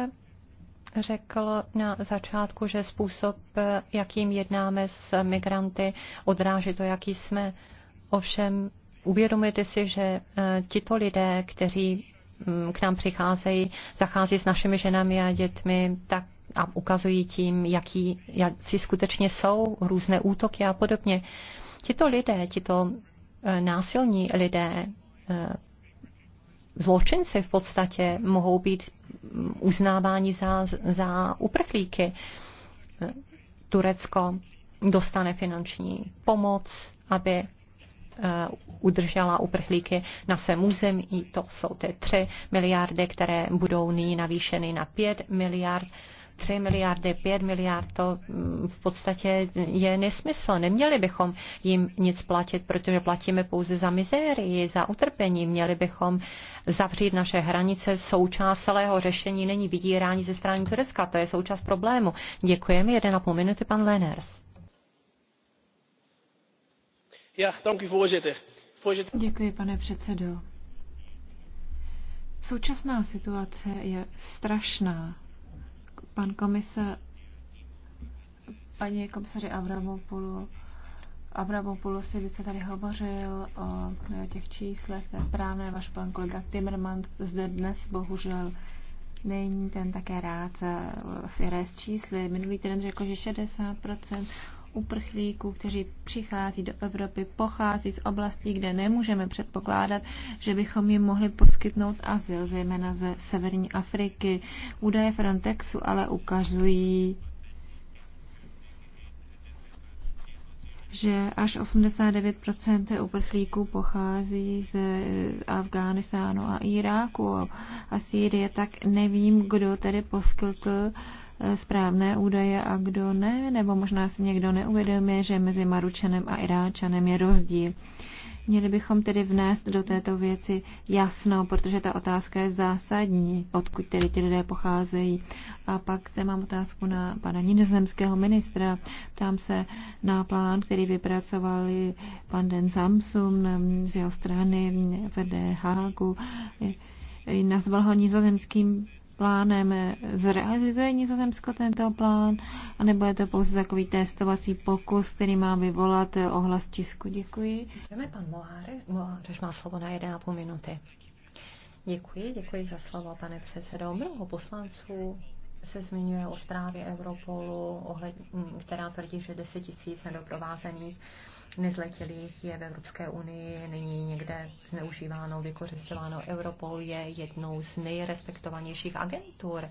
řekl na začátku, že způsob, jakým jednáme s migranty, odráží to, jaký jsme. Ovšem, uvědomujete si, že eh, tito lidé, kteří mm, k nám přicházejí, zachází s našimi ženami a dětmi, tak a ukazují tím, jaký, jak si skutečně jsou různé útoky a podobně. Tito lidé, tito eh, násilní lidé, eh, zločinci v podstatě mohou být mm, uznáváni za, za uprchlíky. Eh, Turecko dostane finanční pomoc, aby udržela uprchlíky na svém území. To jsou ty 3 miliardy, které budou nyní navýšeny na 5 miliard 3 miliardy, 5 miliard, to mm, v podstatě je nesmysl. Neměli bychom jim nic platit, protože platíme pouze za mizérii, za utrpení. Měli bychom zavřít naše hranice. Součást celého řešení není vydírání ze strany Turecka, to je součást problému. Děkujeme. 1,5 minuty, pan Leners. Ja, danke, u voorzitter. Děkuji, pane předsedo. Současná situace je strašná. Pan komise, paní komisaři Avramopulu, si, vy jste tady hovořil o těch číslech, to je správné, váš pan kolega Timmermans zde dnes bohužel není ten také rád eh, si hraje s čísly. Minulý týden řekl, že 60% uprchlíků, kteří přichází do Evropy, pochází z oblastí, kde nemůžeme předpokládat, že bychom jim mohli poskytnout azyl, zejména ze severní Afriky. Údaje Frontexu ale ukazují, že až 89% uprchlíků pochází z Afghánistánu a Iráku a Sýrie, tak nevím, kdo tedy poskytl správné údaje a kdo ne, nebo možná si někdo neuvědomuje, že mezi Maručanem a Iráčanem je rozdíl. Měli bychom tedy vnést do této věci jasno, protože ta otázka je zásadní, odkud tedy ti lidé pocházejí. A pak se mám otázku na pana nizozemského ministra. Ptám se na plán, který vypracovali pan Den Samsung z jeho strany v Nazval ho nizozemským plánem zrealizuje Nizozemsko tento plán, anebo je to pouze takový testovací pokus, který má vyvolat ohlas Česku. Děkuji. Děkujeme pan Mohář. Mohář má slovo na 1,5 minuty. Děkuji, děkuji za slovo, pane předsedo. Mnoho poslanců se zmiňuje o zprávě Europolu, ohled, která tvrdí, že 10 tisíc nedoprovázených nezletilých je v Evropské unii nyní někde zneužíváno, vykořisováno. Europol je jednou z nejrespektovanějších agentur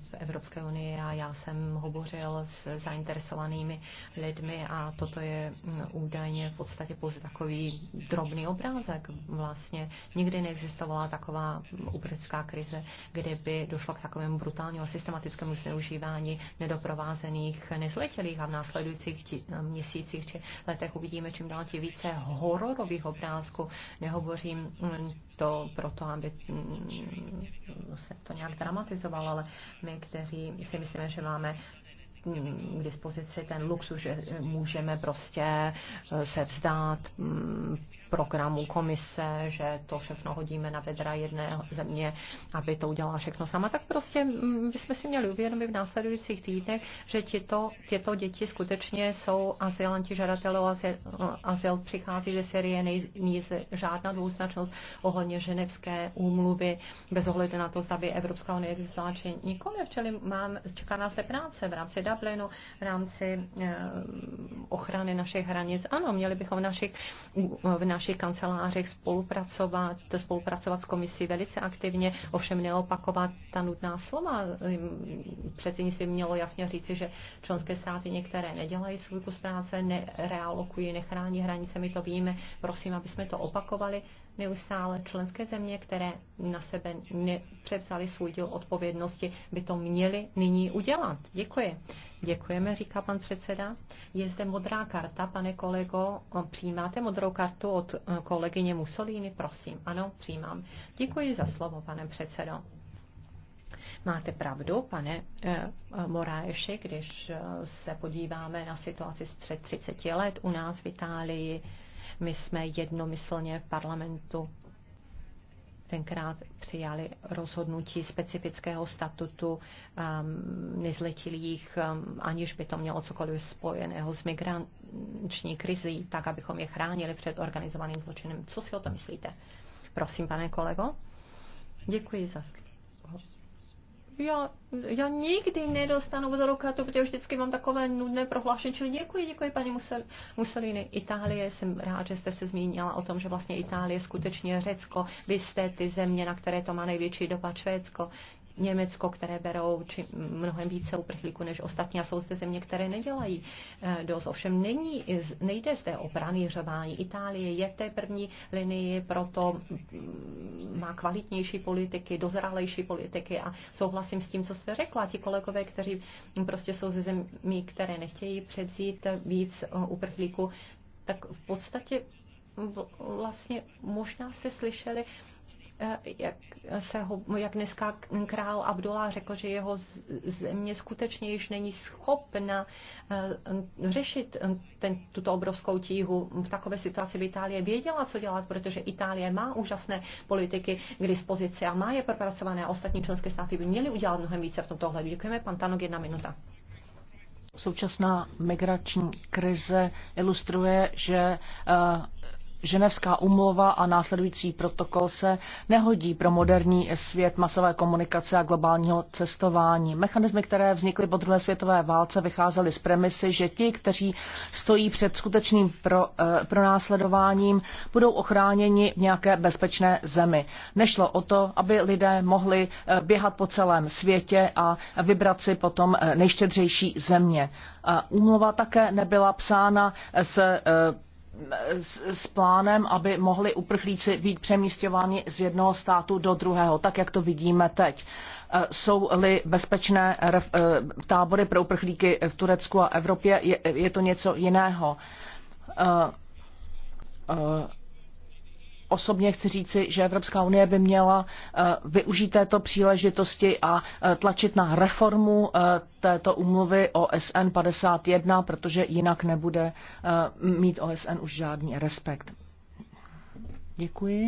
v Evropské unii a já jsem hovořil s zainteresovanými lidmi a toto je mm, údajně v podstatě pouze takový drobný obrázek. Vlastně nikdy neexistovala taková uprická krize, kde by došlo k takovému brutálnímu a systematickému zneužívání nedoprovázených nezletělých a v následujících tí, eh, měsících či letech uvidíme čím dál tím více hororových obrázků. Nehovořím mm, to proto, aby mm, se to nějak dramatizovalo, ale my, kteří si myslíme, že máme mm, k dispozici ten luxus, že můžeme prostě eh, se vzdát mm, programu komise, že to všechno hodíme na vedra jedné země, aby to udělala všechno sama, tak prostě mm, bychom si měli uvědomit v následujících týdnech, že tyto tyto děti skutečně jsou azylanti, žadatelé azyl, azyl přichází ze série, není žádná dvouznačnost ohledně ženevské úmluvy, bez ohledu na to, zda by Evropská unie existovala či nikoliv, včeli mám, čeká nás zde práce v rámci Dublinu, v rámci eh, ochrany našich hranic. Ano, měli bychom v našich, v našich našich kancelářích spolupracovat, spolupracovat s komisí velice aktivně, ovšem neopakovat ta nutná slova. Předsednictví mělo jasně říci, že členské státy některé nedělají svůj kus práce, nerealokují, nechrání hranice. My to víme. Prosím, aby jsme to opakovali neustále členské země, které na sebe nepřevzali svůj díl odpovědnosti, by to měly nyní udělat. Děkuji. Děkujeme, říká pan předseda. Je zde modrá karta, pane kolego. Přijímáte modrou kartu od eh, kolegyně Mussolini, prosím. Ano, přijímám. Děkuji za slovo, pane předsedo. Máte pravdu, pane eh, Moráši, když eh, se podíváme na situaci z před 30 let u nás v Itálii, my jsme jednomyslně v parlamentu tenkrát přijali rozhodnutí specifického statutu um, nezletilých, um, aniž by to mělo cokoliv spojeného s migranční krizí, tak abychom je chránili před organizovaným zločinem. Co si o to myslíte? Prosím, pane kolego. Děkuji za slyšení já, já nikdy nedostanu do rukátu, protože vždycky mám takové nudné prohlášení. Čili děkuji, děkuji paní Mussolini. Itálie, jsem rád, že jste se zmínila o tom, že vlastně Itálie skutečně Řecko. Vy jste ty země, na které to má největší dopad Švédsko. Německo, které berou či mnohem více uprchlíků než ostatní a jsou zde země, které nedělají eh, dost. Ovšem není, nejde zde o pranířování. Itálie je v té první linii, proto mm, má kvalitnější politiky, dozralejší politiky a souhlasím s tím, co jste řekla. Ti kolegové, kteří prostě jsou ze zemí, které nechtějí převzít víc eh, uprchlíků, tak v podstatě vlastně možná jste slyšeli jak, se ho, jak dneska král Abdullah řekl, že jeho země skutečně již není schopna eh, řešit eh, ten, tuto obrovskou tíhu. V takové situaci by Itálie věděla, co dělat, protože Itálie má úžasné politiky k dispozici a má je propracované a ostatní členské státy by měly udělat mnohem více v tomto ohledu. Děkujeme, pan Tanok, jedna minuta. Současná migrační krize ilustruje, že eh, Ženevská umluva a následující protokol se nehodí pro moderní svět masové komunikace a globálního cestování. Mechanismy, které vznikly po druhé světové válce, vycházely z premisy, že ti, kteří stojí před skutečným pro, e, pronásledováním, budou ochráněni v nějaké bezpečné zemi. Nešlo o to, aby lidé mohli eh, běhat po celém světě a vybrat si potom eh, nejštědřejší země. Úmluva také nebyla psána s s, s plánem, aby mohli uprchlíci být přemístěváni z jednoho státu do druhého, tak jak to vidíme teď. E, jsou-li bezpečné e, tábory pro uprchlíky v Turecku a Evropě, je, je to něco jiného. Uh, uh, osobně chci říci, že Evropská unie by měla eh, využít této příležitosti a eh, tlačit na reformu eh, této umluvy OSN 51, protože jinak nebude mít OSN už žádný respekt. Děkuji.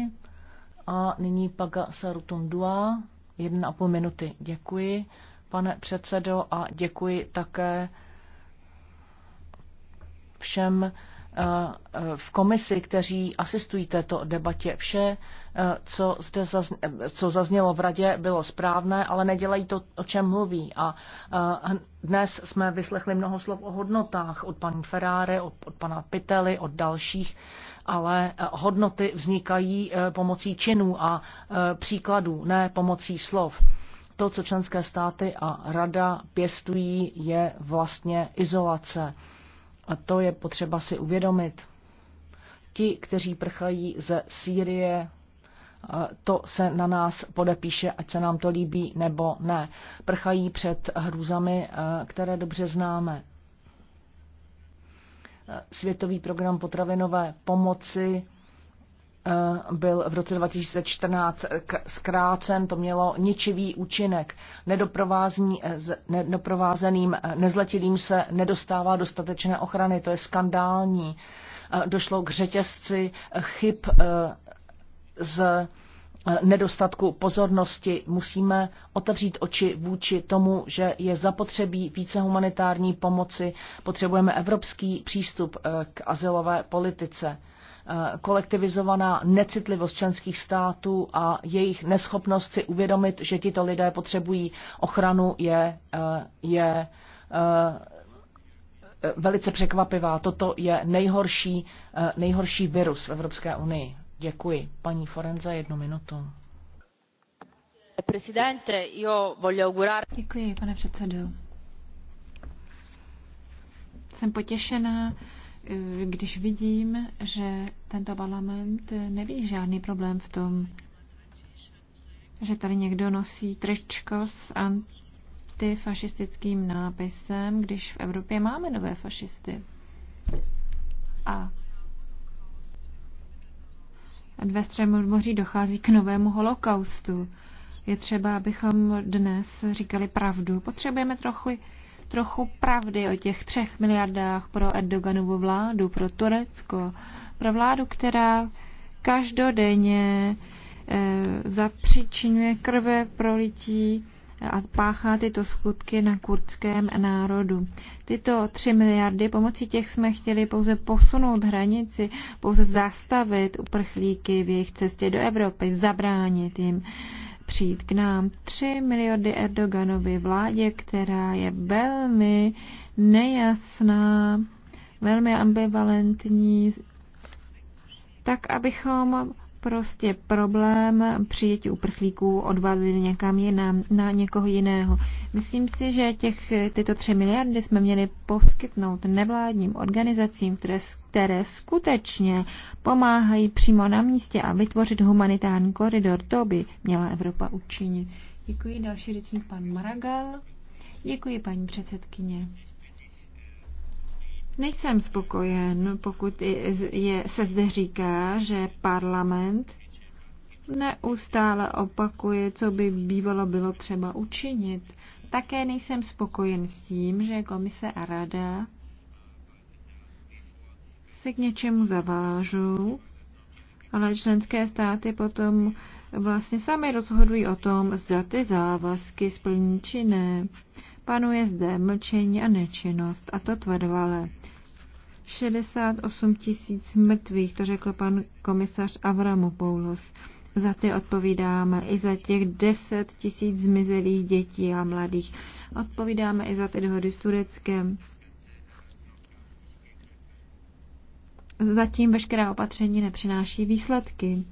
A nyní Paga Sarutundua, jeden a půl minuty. Děkuji, pane předsedo, a děkuji také všem v komisi, kteří asistují této debatě. Vše, eh, co, zde zazn- eh, co zaznělo v radě, bylo správné, ale nedělají to, o čem mluví. A eh, hm, dnes jsme vyslechli mnoho slov o hodnotách od paní Ferrari, od, od pana Pitely, od dalších, ale hodnoty vznikají pomocí činů a příkladů, ne pomocí slov to, co členské státy a rada pěstují, je vlastně izolace a to je potřeba si uvědomit. Ti, kteří prchají ze Sýrie, to se na nás podepíše, ať se nám to líbí nebo ne. Prchají před hrůzami, které dobře známe. Světový program potravinové pomoci Eh, byl v roce 2014 zkrácen, to mělo ničivý účinek. Nedoprovázeným eh, eh, nezletilým se nedostává dostatečné ochrany, to je skandální. Došlo k řetězci chyb z nedostatku pozornosti. Musíme otevřít oči vůči tomu, že je zapotřebí více humanitární pomoci. Potřebujeme evropský přístup k asilové politice kolektivizovaná necitlivost členských států a jejich neschopnost si uvědomit, že tito lidé potřebují ochranu, je, eh, je eh, velice překvapivá. Toto je nejhorší, eh, nejhorší virus v Evropské unii. Děkuji. Paní Forenza, jednu minutu. Děkuji, pane předsedo. Jsem potěšená, když vidím, že tento parlament neví žádný problém v tom, že tady někdo nosí tričko s antifašistickým nápisem, když v Evropě máme nové fašisty. A ve moří dochází k novému holokaustu. Je třeba, abychom dnes říkali pravdu. Potřebujeme trochu trochu pravdy o těch třech miliardách pro Erdoganovu vládu, pro Turecko, pro vládu, která každodenně eh, zapříčinuje krve prolití a páchá tyto skutky na kurdském národu. Tyto tři miliardy, pomocí těch jsme chtěli pouze posunout hranici, pouze zastavit uprchlíky v jejich cestě do Evropy, zabránit jim přijít k nám. 3 miliardy Erdoganovi vládě, která je velmi nejasná, velmi ambivalentní, tak abychom prostě problém přijetí uprchlíků odvalili někam jinam, na někoho jiného. Myslím si, že těch, tyto 3 miliardy jsme měli poskytnout nevládním organizacím, které, které skutečně pomáhají přímo na místě a vytvořit humanitární koridor. To by měla Evropa učinit. Děkuji další řečník pan Maragal. Děkuji paní předsedkyně. Nejsem spokojen, pokud je, se zde říká, že parlament neustále opakuje, co by bývalo bylo třeba učinit. Také nejsem spokojen s tím, že komise a rada se k něčemu zavážou, ale členské státy potom vlastně sami rozhodují o tom, zda ty závazky splní či ne. Panuje zde mlčení a nečinnost, a to tvrvale. 68 tisíc mrtvých, to řekl pan komisař Avramopoulos za ty odpovídáme, i za těch 10 tisíc zmizelých dětí a mladých. Odpovídáme i za ty dohody s Tureckem. Zatím veškerá opatření nepřináší výsledky.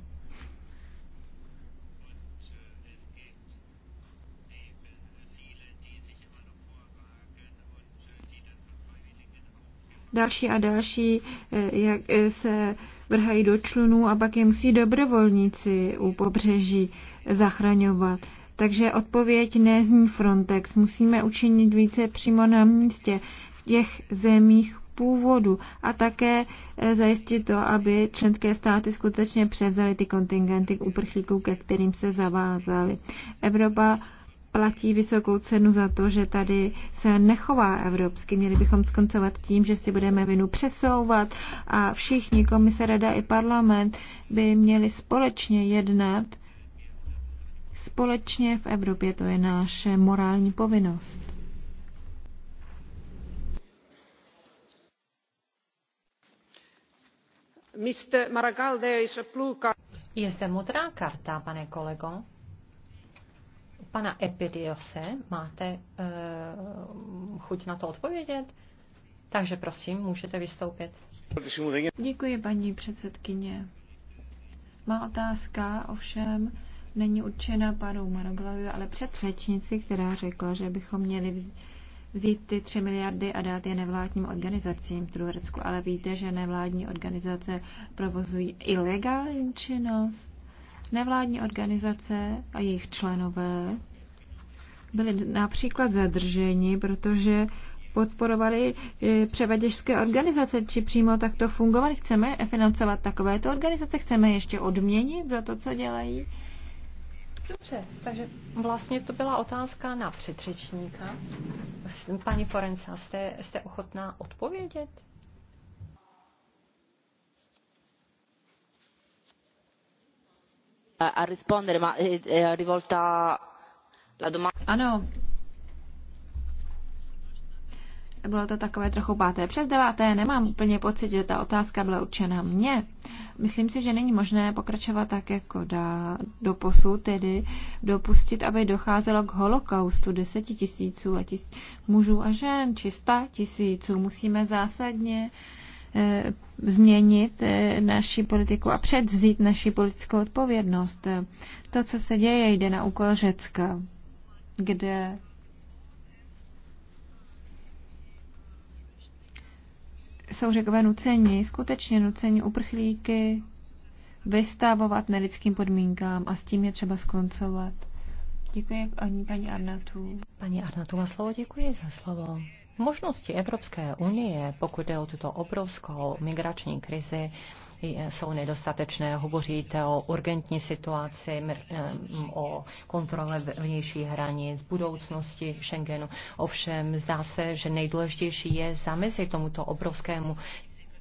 další a další, eh, jak eh, se vrhají do člunů a pak je musí dobrovolníci u pobřeží zachraňovat. Takže odpověď nezní Frontex. Musíme učinit více přímo na místě v těch zemích původu a také eh, zajistit to, aby členské státy skutečně převzaly ty kontingenty uprchlíků, ke kterým se zavázaly. Evropa platí vysokou cenu za to, že tady se nechová evropsky. Měli bychom skoncovat tím, že si budeme vinu přesouvat a všichni, komise, rada i parlament, by měli společně jednat. Společně v Evropě to je naše morální povinnost. Mr. Maragall, there is a Je zde modrá karta, pane kolego pana Epidiose. Máte uh, chuť na to odpovědět? Takže prosím, můžete vystoupit. Děkuji, paní předsedkyně. Má otázka ovšem není určena panu Maroblovi, ale před řečnici, která řekla, že bychom měli vz vzít ty 3 miliardy a dát je nevládním organizacím v Turecku. Ale víte, že nevládní organizace provozují ilegální činnost Nevládní organizace a jejich členové byli například zadrženi, protože podporovali eh, převaděžské organizace, či přímo takto fungovali. Chceme financovat takovéto organizace, chceme ještě odměnit za to, co dělají. Dobře, takže vlastně to byla otázka na předřečníka. Paní Forenca, jste, jste ochotná odpovědět? a eh, eh, Ano. Bylo to takové trochu páté. Přes deváté nemám úplně pocit, že ta otázka byla určena mně. Myslím si, že není možné pokračovat tak jako dá, do posu, tedy dopustit, aby docházelo k holokaustu deseti tisíců a tis, mužů a žen, či sta tisíců. Musíme zásadně uh, Eh, změnit eh, naši politiku a předvzít naši politickou odpovědnost. To, co se děje, jde na úkol Řecka, kde jsou řekové nuceni, skutečně nuceni uprchlíky vystavovat nelidským podmínkám a s tím je třeba skoncovat. Děkuji paní Arnatu. Paní Arnatu, slovo děkuji za slovo. Možnosti Evropské unie, pokud jde o tuto obrovskou migrační krizi, jsou nedostatečné. Hovoříte o urgentní situaci, o kontrole vnější hranic, budoucnosti Schengenu. Ovšem zdá se, že nejdůležitější je zamezit tomuto obrovskému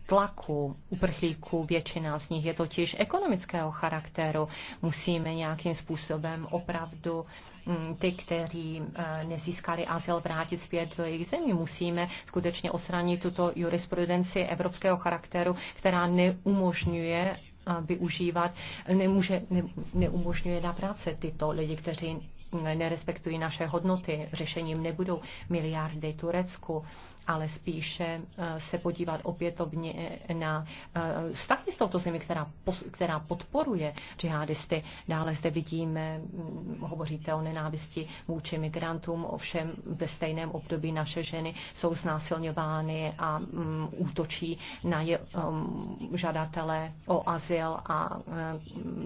tlaku uprchlíků, většina z nich je totiž ekonomického charakteru. Musíme nějakým způsobem opravdu Mm, ty, kteří eh, nezískali azyl, vrátit zpět do jejich zemí. Musíme skutečně osranit tuto jurisprudenci evropského charakteru, která neumožňuje eh, využívat, nemůže, ne, neumožňuje práce tyto lidi, kteří nerespektují naše hodnoty. Řešením nebudou miliardy Turecku, ale spíše eh, se podívat opětovně eh, na eh, vztahy s touto zemi, která, která podporuje džihadisty. Dále zde vidíme, hm, hovoříte o nenávisti vůči migrantům, ovšem ve stejném období naše ženy jsou znásilňovány a hm, útočí na je, um, žadatele o azyl a um,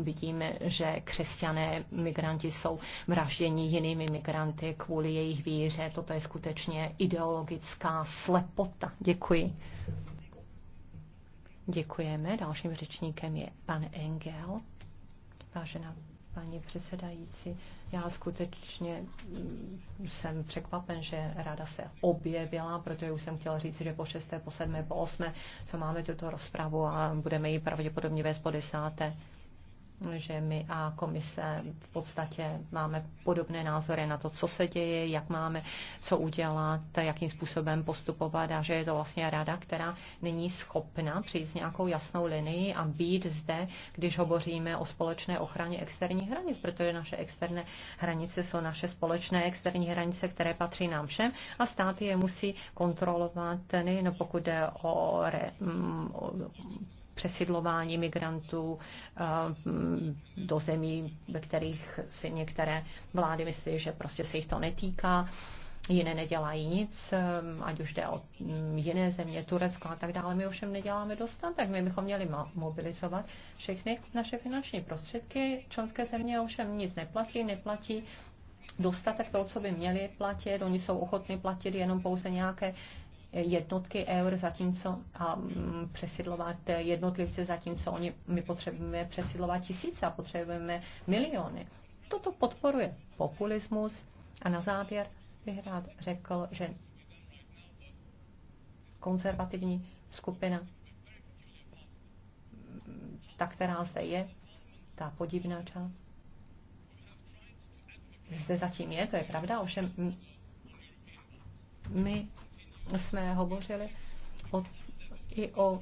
vidíme, že křesťané migranti jsou vražděni vražděni jinými migranty kvůli jejich víře. Toto je skutečně ideologická slepota. Děkuji. Děkujeme. Dalším řečníkem je pan Engel. Vážená paní předsedající, já skutečně mm, jsem překvapen, že rada se objevila, protože už jsem chtěla říct, že po šesté, po sedmé, po osmé, co máme tuto rozpravu a budeme ji pravděpodobně vést po desáté že my a komise v podstatě máme podobné názory na to, co se děje, jak máme co udělat, jakým způsobem postupovat a že je to vlastně rada, která není schopna přijít s nějakou jasnou linii a být zde, když hovoříme o společné ochraně externích hranic, protože naše externé hranice jsou naše společné externí hranice, které patří nám všem a státy je musí kontrolovat, nejen pokud jde o, re, o přesidlování migrantů eh, do zemí, ve kterých si některé vlády myslí, že prostě se jich to netýká jiné nedělají nic, eh, ať už jde o mm, jiné země, Turecko a tak dále. My ovšem neděláme dostatek. My bychom měli mobilizovat všechny naše finanční prostředky. Členské země ovšem nic neplatí, neplatí dostatek toho, co by měli platit. Oni jsou ochotni platit jenom pouze nějaké jednotky eur, zatímco a mm, přesidlovat jednotlivce, zatímco oni, my potřebujeme přesidlovat tisíce a potřebujeme miliony. Toto podporuje populismus a na závěr bych rád řekl, že konzervativní skupina, ta, která zde je, ta podivná část, zde zatím je, to je pravda, ovšem my jsme hovořili o, i o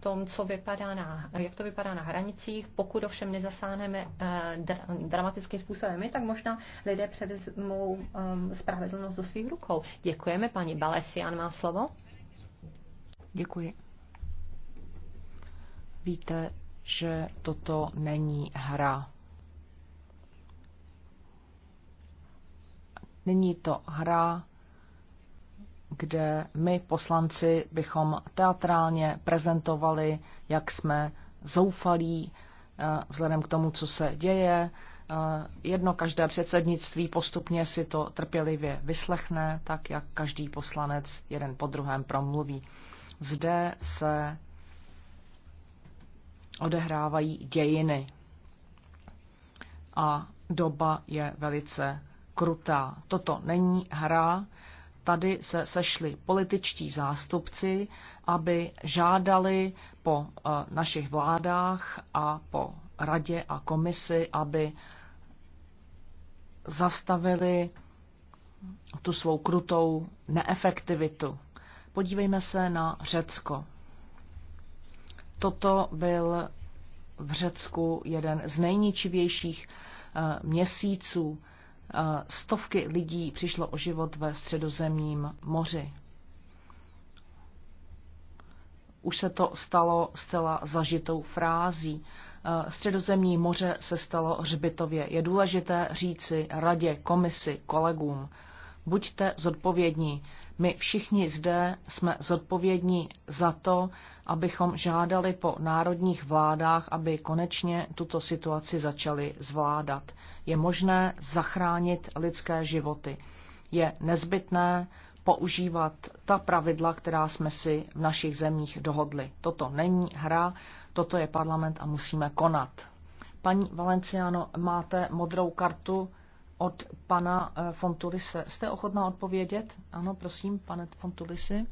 tom, co vypadá na, jak to vypadá na hranicích. Pokud ovšem nezasáhneme eh, dra, dramatickým způsobem, my, tak možná lidé převezmou um, spravedlnost do svých rukou. Děkujeme, paní Balesian má slovo. Děkuji. Víte, že toto není hra. Není to hra, kde my poslanci bychom teatrálně prezentovali, jak jsme zoufalí eh, vzhledem k tomu, co se děje. Eh, jedno každé předsednictví postupně si to trpělivě vyslechne, tak jak každý poslanec jeden po druhém promluví. Zde se odehrávají dějiny a doba je velice krutá. Toto není hra, Tady se sešli političtí zástupci, aby žádali po eh, našich vládách a po radě a komisi, aby zastavili tu svou krutou neefektivitu. Podívejme se na Řecko. Toto byl v Řecku jeden z nejničivějších eh, měsíců Eh, stovky lidí přišlo o život ve středozemním moři. Už se to stalo zcela zažitou frází. Eh, Středozemní moře se stalo hřbitově. Je důležité říci radě, komisi, kolegům. Buďte zodpovědní, my všichni zde jsme zodpovědní za to, abychom žádali po národních vládách, aby konečně tuto situaci začali zvládat. Je možné zachránit lidské životy. Je nezbytné používat ta pravidla, která jsme si v našich zemích dohodli. Toto není hra, toto je parlament a musíme konat. Paní Valenciano, máte modrou kartu od pana eh, Fontulise. Jste ochotná odpovědět? Ano, prosím, pane Fontulisi.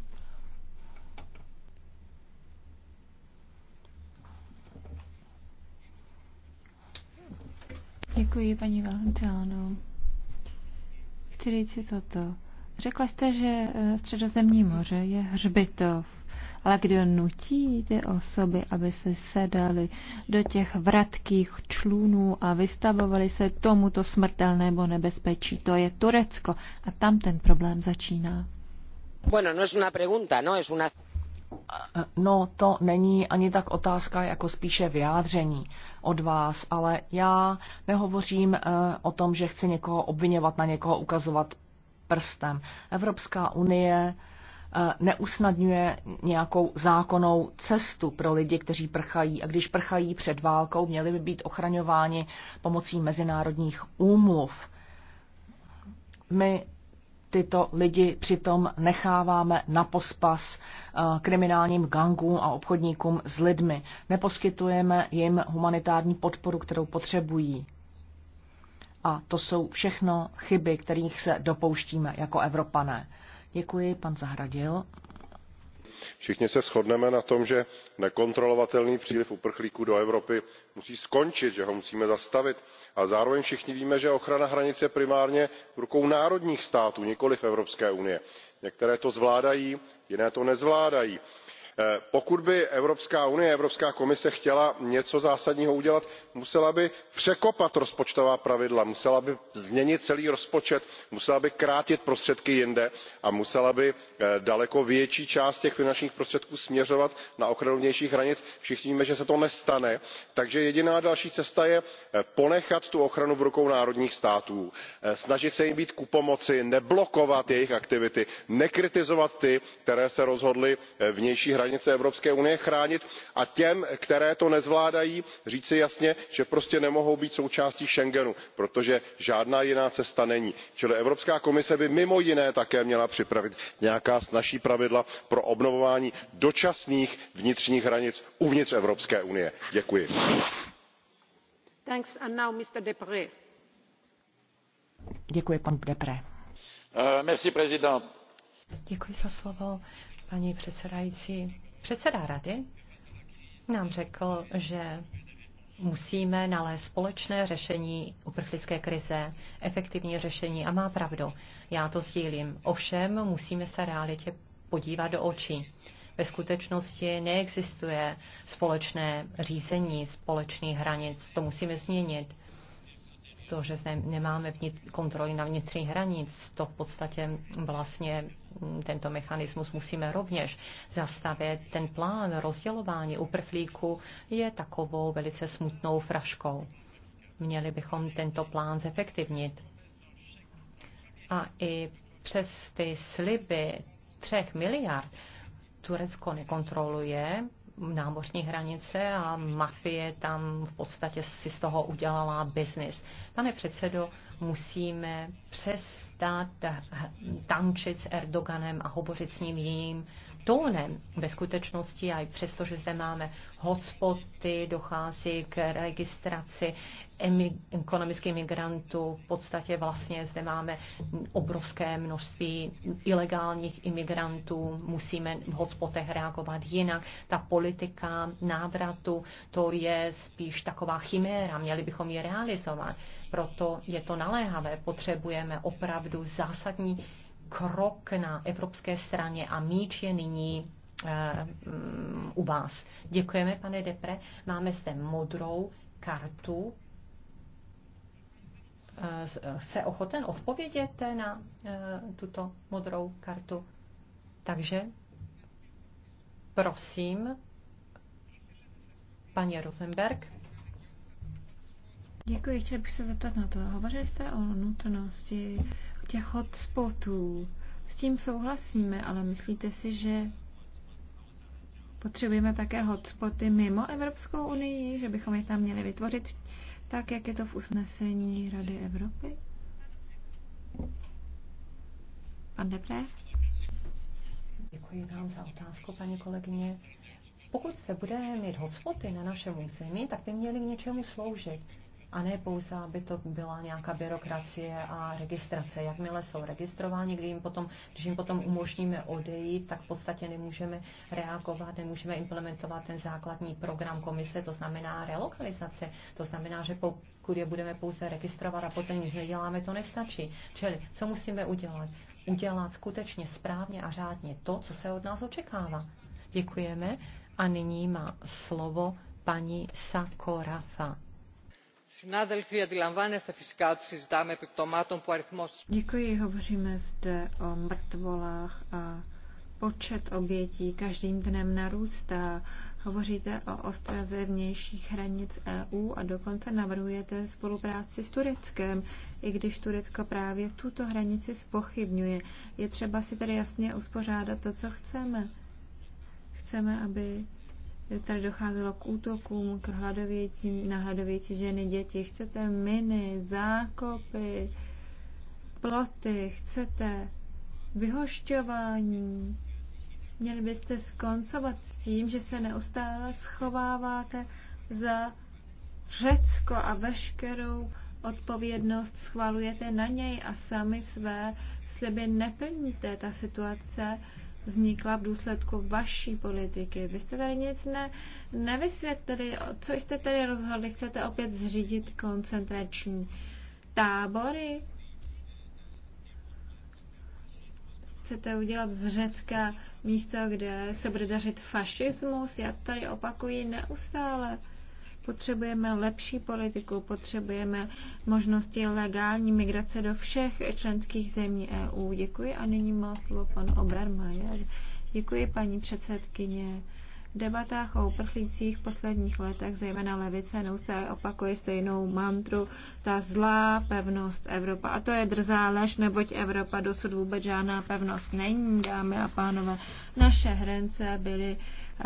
Děkuji, paní Valenciano. Chci říct si toto. Řekla jste, že eh, Středozemní moře je hřbitov ale kdo nutí ty osoby, aby se sedali do těch vratkých člunů a vystavovali se tomuto smrtelnému nebezpečí? To je Turecko a tam ten problém začíná. Bueno, no es una pregunta, no es una... Eh, no, to není ani tak otázka, jako spíše vyjádření od vás, ale já nehovořím eh, o tom, že chci někoho obvinovat, na někoho ukazovat prstem. Evropská unie Eh, neusnadňuje nějakou zákonnou cestu pro lidi, kteří prchají. A když prchají před válkou, měli by být ochraňováni pomocí mezinárodních úmluv. My tyto lidi přitom necháváme na pospas eh, kriminálním gangům a obchodníkům s lidmi. Neposkytujeme jim humanitární podporu, kterou potřebují. A to jsou všechno chyby, kterých se dopouštíme jako Evropané. Děkuji, pan Zahradil. Všichni se shodneme na tom, že nekontrolovatelný příliv uprchlíků do Evropy musí skončit, že ho musíme zastavit, a zároveň všichni víme, že ochrana hranic je primárně v rukou národních států, v Evropské unie. Některé to zvládají, jiné to nezvládají pokud by evropská unie evropská komise chtěla něco zásadního udělat musela by překopat rozpočtová pravidla musela by změnit celý rozpočet musela by krátit prostředky jinde a musela by eh, daleko větší část těch finančních prostředků směřovat na ochranu vnějších hranic. všichni víme že se to nestane takže jediná další cesta je eh, ponechat tu ochranu v rukou národních států eh, snažit se jim být ku pomoci neblokovat jejich aktivity nekritizovat ty které se rozhodly vnější hranice evropské unie chránit a těm které to nezvládají říci jasně že prostě nemohou být součástí schengenu protože žádná jiná cesta není. čili evropská komise by mimo jiné také měla připravit nějaká snazší pravidla pro obnovování dočasných vnitřních hranic uvnitř evropské unie. děkuji. Děkuji, eh, Děkuji za slovo paní předsedající. Předseda rady nám řekl, že musíme nalézt společné řešení uprchlické krize, efektivní řešení a má pravdu. Já to sdílím. Ovšem musíme se realitě podívat do očí. Ve skutečnosti neexistuje společné řízení společných hranic. To musíme změnit. To, že nemáme kontroly na vnitřní hranic, to v podstatě vlastně Mm, tento mechanismus musíme rovněž zastavit. Ten plán rozdělování uprchlíků je takovou velice smutnou fraškou. Měli bychom tento plán zefektivnit. A i přes ty sliby třech miliard Turecko nekontroluje námořní hranice a mafie tam v podstatě si z toho udělala biznis. Pane předsedo, musíme přes stát eh, tančit s Erdoganem a hovořit s ním jiným tónem. Ve skutečnosti, a i přesto, že zde máme hotspoty, dochází k registraci ekonomických migrantů, v podstatě vlastně zde máme obrovské množství ilegálních imigrantů, musíme v hotspotech reagovat jinak. Ta politika návratu, to je spíš taková chiméra, měli bychom ji realizovat. Proto je to naléhavé, potřebujeme opravdu zásadní krok na evropské straně a míč je nyní eh, mm, u vás. Děkujeme, pane Depre. Máme zde modrou kartu. Eh, se ochoten odpovědět na eh, tuto modrou kartu? Takže prosím, paní Rosenberg. Děkuji, chtěl bych se zeptat na to. Hovořili jste o nutnosti těch hotspotů. S tím souhlasíme, ale myslíte si, že potřebujeme také hotspoty mimo Evropskou unii, že bychom je tam měli vytvořit tak, jak je to v usnesení Rady Evropy? Pan Depré? Děkuji vám za otázku, paní kolegyně. Pokud se budeme mít hotspoty na našem území, tak by měly k něčemu sloužit a ne pouze, aby to byla nějaká byrokracie a registrace. Jakmile jsou registrováni, když jim potom, když jim potom umožníme odejít, tak v podstatě nemůžeme reagovat, nemůžeme implementovat ten základní program komise, to znamená relokalizace. To znamená, že pokud je budeme pouze registrovat a potom nic neděláme, to nestačí. Čili co musíme udělat? Udělat skutečně správně a řádně to, co se od nás očekává. Děkujeme a nyní má slovo paní Sakorafa. Děkuji, hovoříme zde o mrtvolách a počet obětí každým dnem narůstá. Hovoříte o ostraze vnějších hranic EU a dokonce navrhujete spolupráci s Tureckem, i když Turecko právě tuto hranici spochybňuje. Je třeba si tedy jasně uspořádat to, co chceme. Chceme, aby tady docházelo k útokům, k hladovějícím, na hladovějící ženy, děti. Chcete miny, zákopy, ploty, chcete vyhošťování. Měli byste skoncovat s tím, že se neustále schováváte za Řecko a veškerou odpovědnost schvalujete na něj a sami své sliby neplníte. Ta situace vznikla v důsledku vaší politiky. Vy jste tady nic ne, nevysvětlili, co jste tady rozhodli, chcete opět zřídit koncentrační tábory? Chcete udělat z Řecka místo, kde se bude dařit fašismus? Já tady opakuji neustále. Potřebujeme lepší politiku, potřebujeme možnosti legální migrace do všech členských zemí EU. Děkuji a nyní má slovo pan Obermajer. Děkuji paní předsedkyně debatách o uprchlících v posledních letech, zejména levice, neustále opakuje stejnou mantru, ta zlá pevnost Evropa. A to je drzá lež, neboť Evropa dosud vůbec žádná pevnost není, dámy a pánové. Naše hranice byly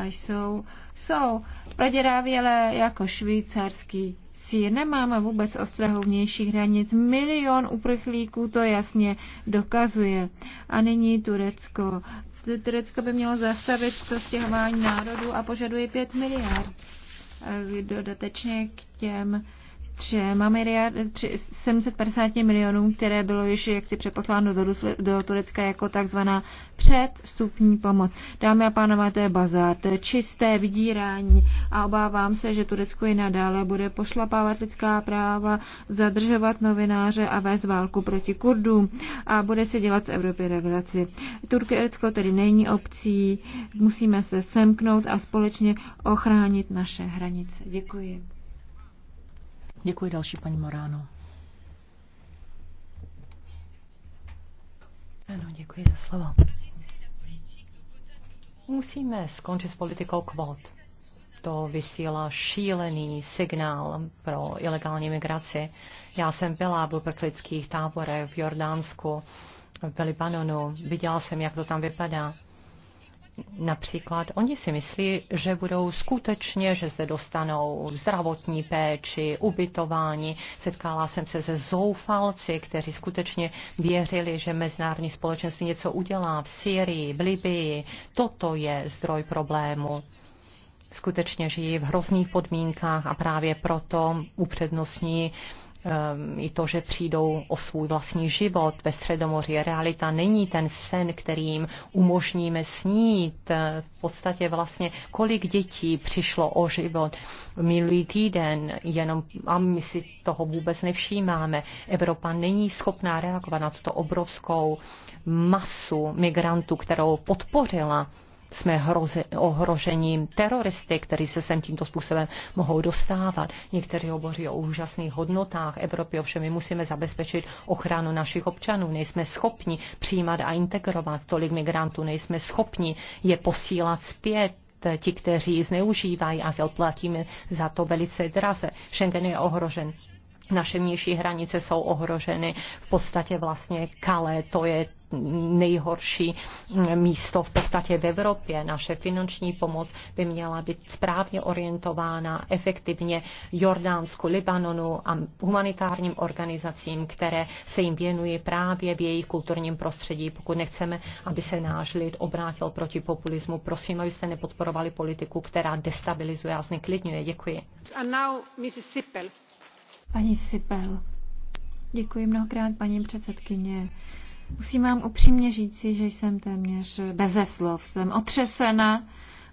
jsou, jsou praděrávělé jako švýcarský sír. Nemáme vůbec ostrahu vnějších hranic. Milion uprchlíků to jasně dokazuje. A nyní Turecko. Turecko by mělo zastavit to stěhování národů a požaduje 5 miliard eh, dodatečně k těm že máme 750 milionů, které bylo již jaksi přeposláno do, Rusle, do Turecka jako takzvaná předstupní pomoc. Dámy a pánové, to je bazár, to je čisté vydírání a obávám se, že Turecko i nadále bude pošlapávat lidská práva, zadržovat novináře a vést válku proti Kurdům a bude se dělat z Evropy regulaci. Turecko tedy není obcí, musíme se semknout a společně ochránit naše hranice. Děkuji. Děkuji další paní Moráno. Ano, děkuji za slovo. Musíme skončit s politikou kvot. To vysílá šílený signál pro ilegální migraci. Já jsem byla v uprchlických táborech v Jordánsku, v Libanonu. Viděla jsem, jak to tam vypadá. Například oni si myslí, že budou skutečně, že se dostanou zdravotní péči, ubytování. Setkala jsem se se zoufalci, kteří skutečně věřili, že mezinárodní společenství něco udělá v Syrii, v Libii. Toto je zdroj problému skutečně žijí v hrozných podmínkách a právě proto upřednostní Ehm, i to, že přijdou o svůj vlastní život ve Středomoří. Realita není ten sen, kterým umožníme snít. E, v podstatě vlastně kolik dětí přišlo o život minulý týden, jenom a my si toho vůbec nevšímáme. Evropa není schopná reagovat na tuto obrovskou masu migrantů, kterou podpořila jsme hroze, ohrožením teroristy, kteří se sem tímto způsobem mohou dostávat. Někteří hovoří o úžasných hodnotách Evropy, ovšem my musíme zabezpečit ochranu našich občanů. Nejsme schopni přijímat a integrovat tolik migrantů, nejsme schopni je posílat zpět ti, kteří zneužívají a platíme za to velice draze. Schengen je ohrožen naše vnější hranice jsou ohroženy. V podstatě vlastně Kale, to je nejhorší místo v podstatě v Evropě. Naše finanční pomoc by měla být správně orientována efektivně Jordánsku, Libanonu a humanitárním organizacím, které se jim věnují právě v jejich kulturním prostředí. Pokud nechceme, aby se náš lid obrátil proti populismu, prosím, abyste nepodporovali politiku, která destabilizuje a zneklidňuje. Děkuji. A now, Sipel. Paní Sipel. Děkuji mnohokrát, paní předsedkyně. Musím vám upřímně říci, že jsem téměř beze slov. Jsem otřesena,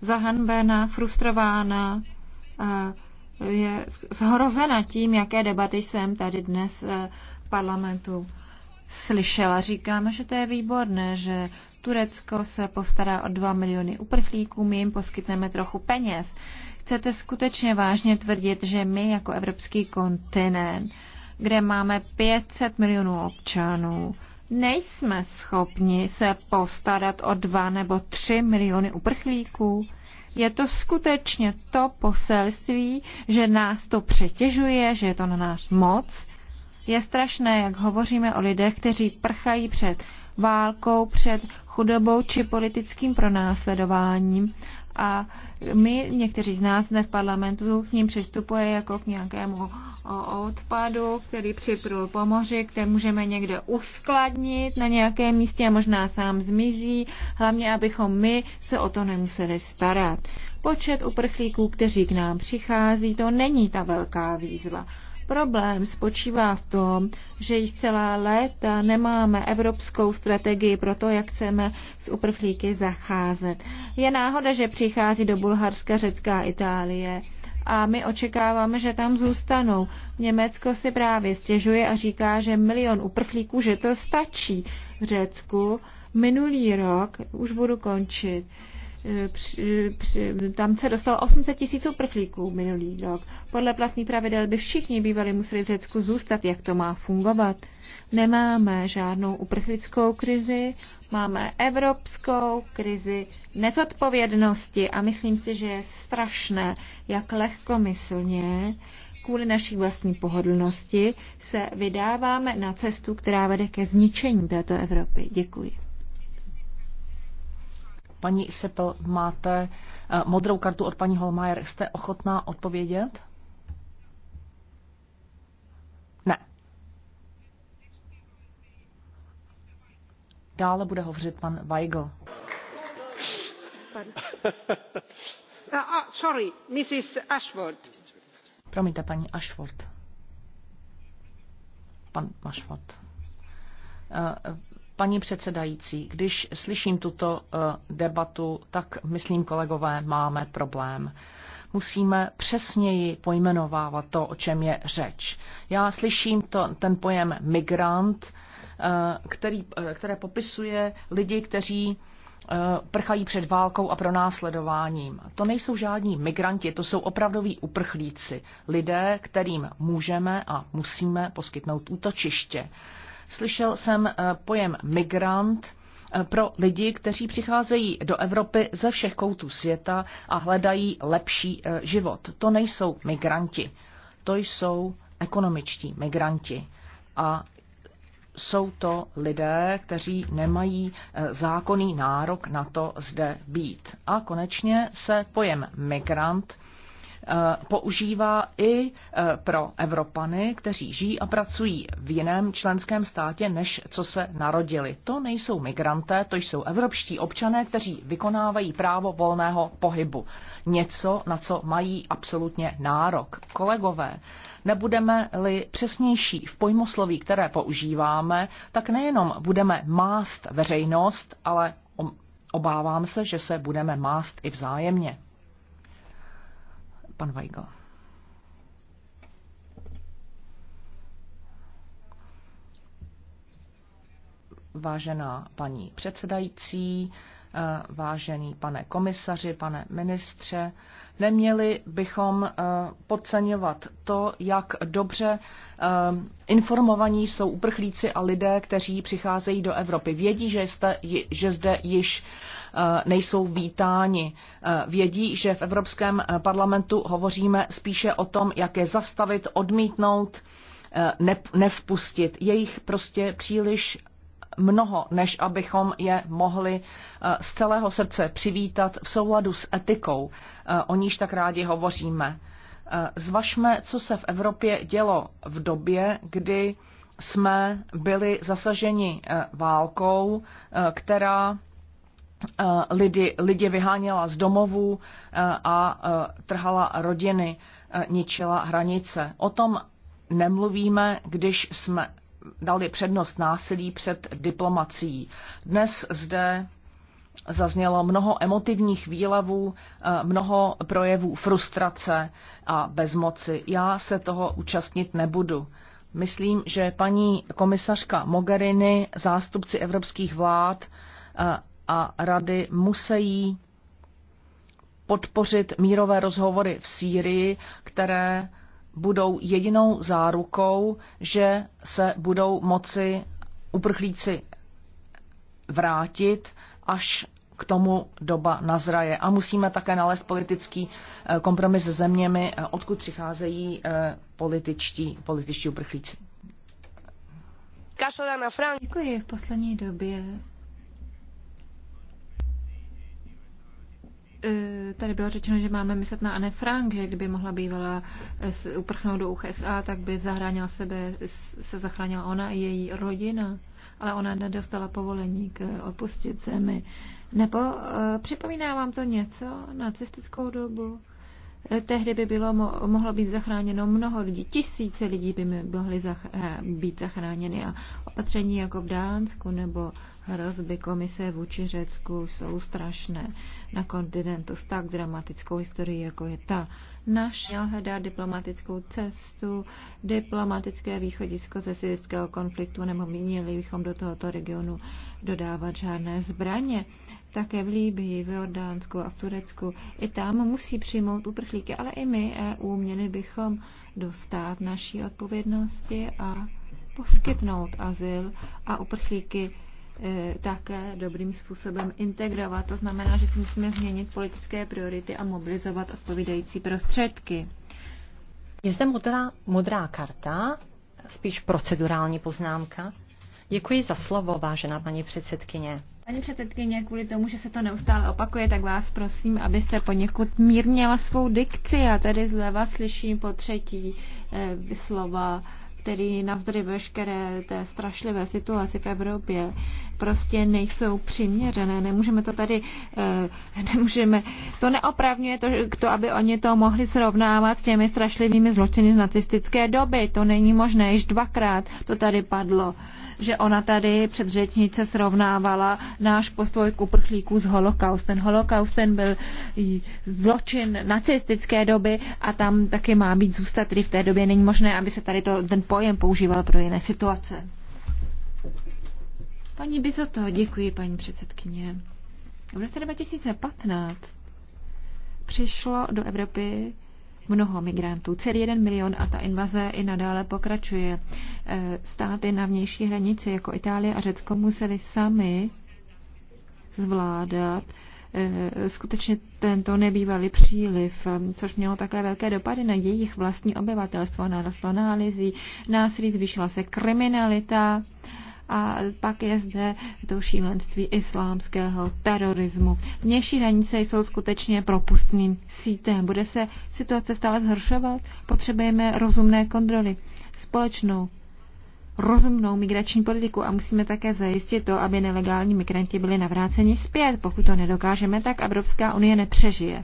zahanbena, frustrována, je zhrozena tím, jaké debaty jsem tady dnes eh, v parlamentu slyšela. Říkám, že to je výborné, že Turecko se postará o 2 miliony uprchlíků, my jim poskytneme trochu peněz. Chcete skutečně vážně tvrdit, že my jako evropský kontinent, kde máme 500 milionů občanů, nejsme schopni se postarat o dva nebo tři miliony uprchlíků. Je to skutečně to poselství, že nás to přetěžuje, že je to na nás moc. Je strašné, jak hovoříme o lidech, kteří prchají před válkou, před chudobou či politickým pronásledováním a my, někteří z nás zde v parlamentu, k ním přistupuje jako k nějakému odpadu, který připrul po moři, který můžeme někde uskladnit na nějakém místě a možná sám zmizí, hlavně abychom my se o to nemuseli starat. Počet uprchlíků, kteří k nám přichází, to není ta velká výzva. Problém spočívá v tom, že již celá léta nemáme evropskou strategii pro to, jak chceme s uprchlíky zacházet. Je náhoda, že přichází do Bulharska, Řecka a Itálie a my očekáváme, že tam zůstanou. Německo si právě stěžuje a říká, že milion uprchlíků, že to stačí. V Řecku minulý rok, už budu končit, při, při, tam se dostalo 800 tisíc uprchlíků minulý rok. Podle platných pravidel by všichni bývali museli v Řecku zůstat. Jak to má fungovat? Nemáme žádnou uprchlickou krizi, máme evropskou krizi nezodpovědnosti a myslím si, že je strašné, jak lehkomyslně kvůli naší vlastní pohodlnosti se vydáváme na cestu, která vede ke zničení této Evropy. Děkuji. Paní Sepel, máte eh, modrou kartu od paní Holmajer. Jste ochotná odpovědět? Ne. Dále bude hovořit pan Weigl. Ah, ah, sorry, Mrs. Ashford. Promiňte, paní Ashford. Pan Ashford eh, Paní předsedající, když slyším tuto eh, debatu, tak myslím, kolegové, máme problém. Musíme přesněji pojmenovávat to, o čem je řeč. Já slyším to, ten pojem migrant, eh, který, eh, které popisuje lidi, kteří prchají před válkou a pronásledováním. To nejsou žádní migranti, to jsou opravdoví uprchlíci, lidé, kterým můžeme a musíme poskytnout útočiště. Slyšel jsem eh, pojem migrant eh, pro lidi, kteří přicházejí do Evropy ze všech koutů světa a hledají lepší eh, život. To nejsou migranti, to jsou ekonomičtí migranti. A jsou to lidé, kteří nemají zákonný nárok na to zde být. A konečně se pojem migrant Eh, používá i eh, pro Evropany, kteří žijí a pracují v jiném členském státě, než co se narodili. To nejsou migranté, to jsou evropští občané, kteří vykonávají právo volného pohybu. Něco, na co mají absolutně nárok. Kolegové, nebudeme-li přesnější v pojmosloví, které používáme, tak nejenom budeme mást veřejnost, ale obávám se, že se budeme mást i vzájemně pan Weigl. Vážená paní předsedající, eh, vážený pane komisaři, pane ministře, neměli bychom eh, podceňovat to, jak dobře eh, informovaní jsou uprchlíci a lidé, kteří přicházejí do Evropy. Vědí, že, jste, že zde již Eh, nejsou vítáni. Eh, vědí, že v Evropském eh, parlamentu hovoříme spíše o tom, jak je zastavit, odmítnout, nevpustit. Je jich prostě příliš mnoho, než abychom je mohli z celého srdce přivítat v souladu s etikou, o níž tak rádi hovoříme. Zvažme, co se v Evropě dělo v době, kdy jsme byli zasaženi válkou, která Eh, lidi, lidi vyháněla z domovů eh, a eh, trhala rodiny, ničila hranice. O tom nemluvíme, když jsme dali přednost násilí před diplomací. Dnes zde zaznělo mnoho emotivních výlavů, mnoho projevů frustrace a bezmoci. Já se toho účastnit nebudu. Myslím, že paní komisařka Mogherini, zástupci evropských vlád a rady musí podpořit mírové rozhovory v Sýrii, které budou jedinou zárukou, že se budou moci uprchlíci vrátit, až k tomu doba nazraje. A musíme také nalézt politický eh, kompromis se zeměmi, eh, odkud přicházejí eh, političtí, političtí uprchlíci. Děkuji. V poslední době E, tady bylo řečeno, že máme myslet na Anne Frank, že kdyby mohla bývala e, uprchnout do USA, tak by zahránila sebe, se zachránila ona i její rodina. Ale ona nedostala povolení k e, opustit zemi. Nebo připomíná vám to něco? Nacistickou dobu? tehdy by bylo, mohlo být zachráněno mnoho lidí, tisíce lidí by mohly eh, být zachráněny a opatření jako v Dánsku nebo hrozby komise vůči Řecku jsou strašné na kontinentu s tak dramatickou historií, jako je ta našel hledat diplomatickou cestu, diplomatické východisko ze syrického konfliktu, nebo měli bychom do tohoto regionu dodávat žádné zbraně. Také v Líbii, v Jordánsku a v Turecku. I tam musí přijmout uprchlíky, ale i my EU měli bychom dostat naší odpovědnosti a poskytnout azyl a uprchlíky E, také dobrým způsobem integrovat. To znamená, že si musíme změnit politické priority a mobilizovat odpovídající prostředky. Je zde modrá, modrá karta, spíš procedurální poznámka. Děkuji za slovo, vážená paní předsedkyně. Paní předsedkyně, kvůli tomu, že se to neustále opakuje, tak vás prosím, abyste poněkud mírněla svou dikci. Já tady zleva slyším po třetí eh, slova, který navzdory veškeré té strašlivé situaci v Evropě prostě nejsou přiměřené. Nemůžeme to tady, eh, nemůžeme, to neopravňuje to, to, aby oni to mohli srovnávat s těmi strašlivými zločiny z nacistické doby. To není možné, již dvakrát to tady padlo že ona tady řečnice srovnávala náš postoj k uprchlíků s holokaustem. Holokausten byl zločin nacistické doby a tam taky má být zůstat, tedy v té době není možné, aby se tady to, ten pojem používal pro jiné situace. Paní Bizoto, děkuji, paní předsedkyně. V roce 2015 přišlo do Evropy mnoho migrantů. Celý jeden milion a ta invaze i nadále pokračuje. E, státy na vnější hranici, jako Itálie a Řecko, museli sami zvládat e, skutečně tento nebývalý příliv, e, což mělo také velké dopady na jejich vlastní obyvatelstvo. Narostlo nálizí, násilí, zvýšila se kriminalita a pak je zde to šílenství islámského terorismu. Vnější hranice jsou skutečně propustným sítem. Bude se situace stále zhoršovat? Potřebujeme rozumné kontroly, společnou rozumnou migrační politiku a musíme také zajistit to, aby nelegální migranti byli navráceni zpět. Pokud to nedokážeme, tak Evropská unie nepřežije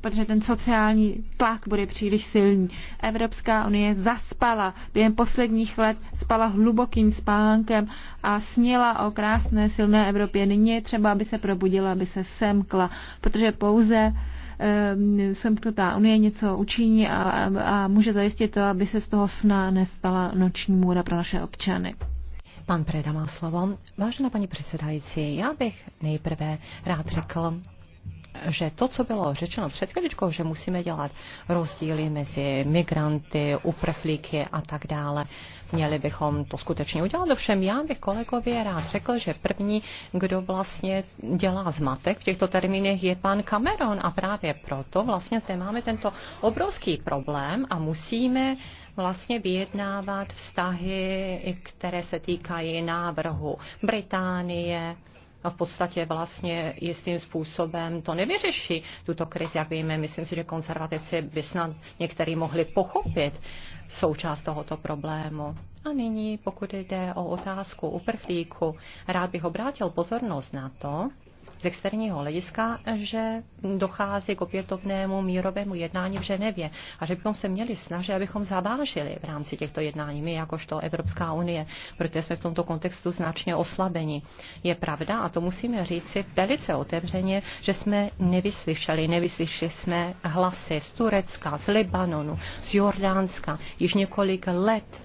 protože ten sociální tlak bude příliš silný. Evropská unie zaspala, během posledních let spala hlubokým spánkem a sněla o krásné silné Evropě. Nyní je třeba, aby se probudila, aby se semkla, protože pouze um, semknutá unie něco učiní a, a, a může zajistit to, aby se z toho sna nestala noční můra pro naše občany. Pan Preda má slovo. Vážená paní předsedající, já bych nejprve rád řekl, že to, co bylo řečeno před chvíličkou, že musíme dělat rozdíly mezi migranty, uprchlíky a tak dále, měli bychom to skutečně udělat. Ovšem já bych kolegově rád řekl, že první, kdo vlastně dělá zmatek v těchto termínech, je pan Cameron a právě proto vlastně zde máme tento obrovský problém a musíme vlastně vyjednávat vztahy, které se týkají návrhu Británie, a v podstatě vlastně jistým způsobem to nevyřeší tuto krizi, jak víme. Myslím si, že konzervativci by snad některý mohli pochopit součást tohoto problému. A nyní, pokud jde o otázku uprchlíku, rád bych obrátil pozornost na to, z externího hlediska, že dochází k opětovnému mírovému jednání v Ženevě a že bychom se měli snažit, abychom zavážili v rámci těchto jednání, my jakožto Evropská unie, protože jsme v tomto kontextu značně oslabeni. Je pravda, a to musíme říci velice otevřeně, že jsme nevyslyšeli, nevyslyšeli jsme hlasy z Turecka, z Libanonu, z Jordánska již několik let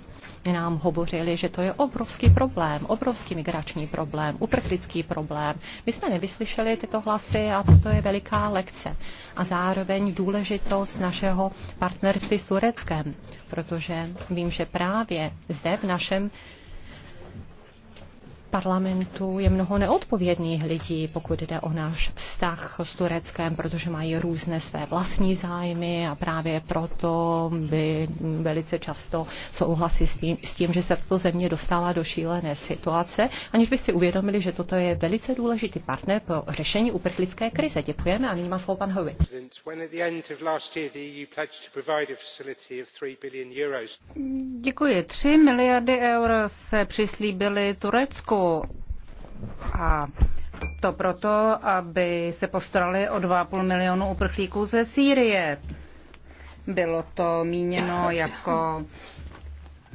nám hovořili, že to je obrovský problém, obrovský migrační problém, uprchlický problém. My jsme nevyslyšeli tyto hlasy a toto je veliká lekce. A zároveň důležitost našeho partnerství s Tureckem, protože vím, že právě zde v našem parlamentu je mnoho neodpovědných lidí, pokud jde o náš vztah s Tureckem, protože mají různé své vlastní zájmy a právě proto by velice často souhlasí s tím, s tím že se tato země dostává do šílené situace, aniž by si uvědomili, že toto je velice důležitý partner pro řešení uprchlické krize. Děkujeme a nyní má slovo pan Hovi. E Děkuji. 3 miliardy eur se přislíbily Turecku. A to proto, aby se postarali o 2,5 milionu uprchlíků ze Sýrie. Bylo to míněno jako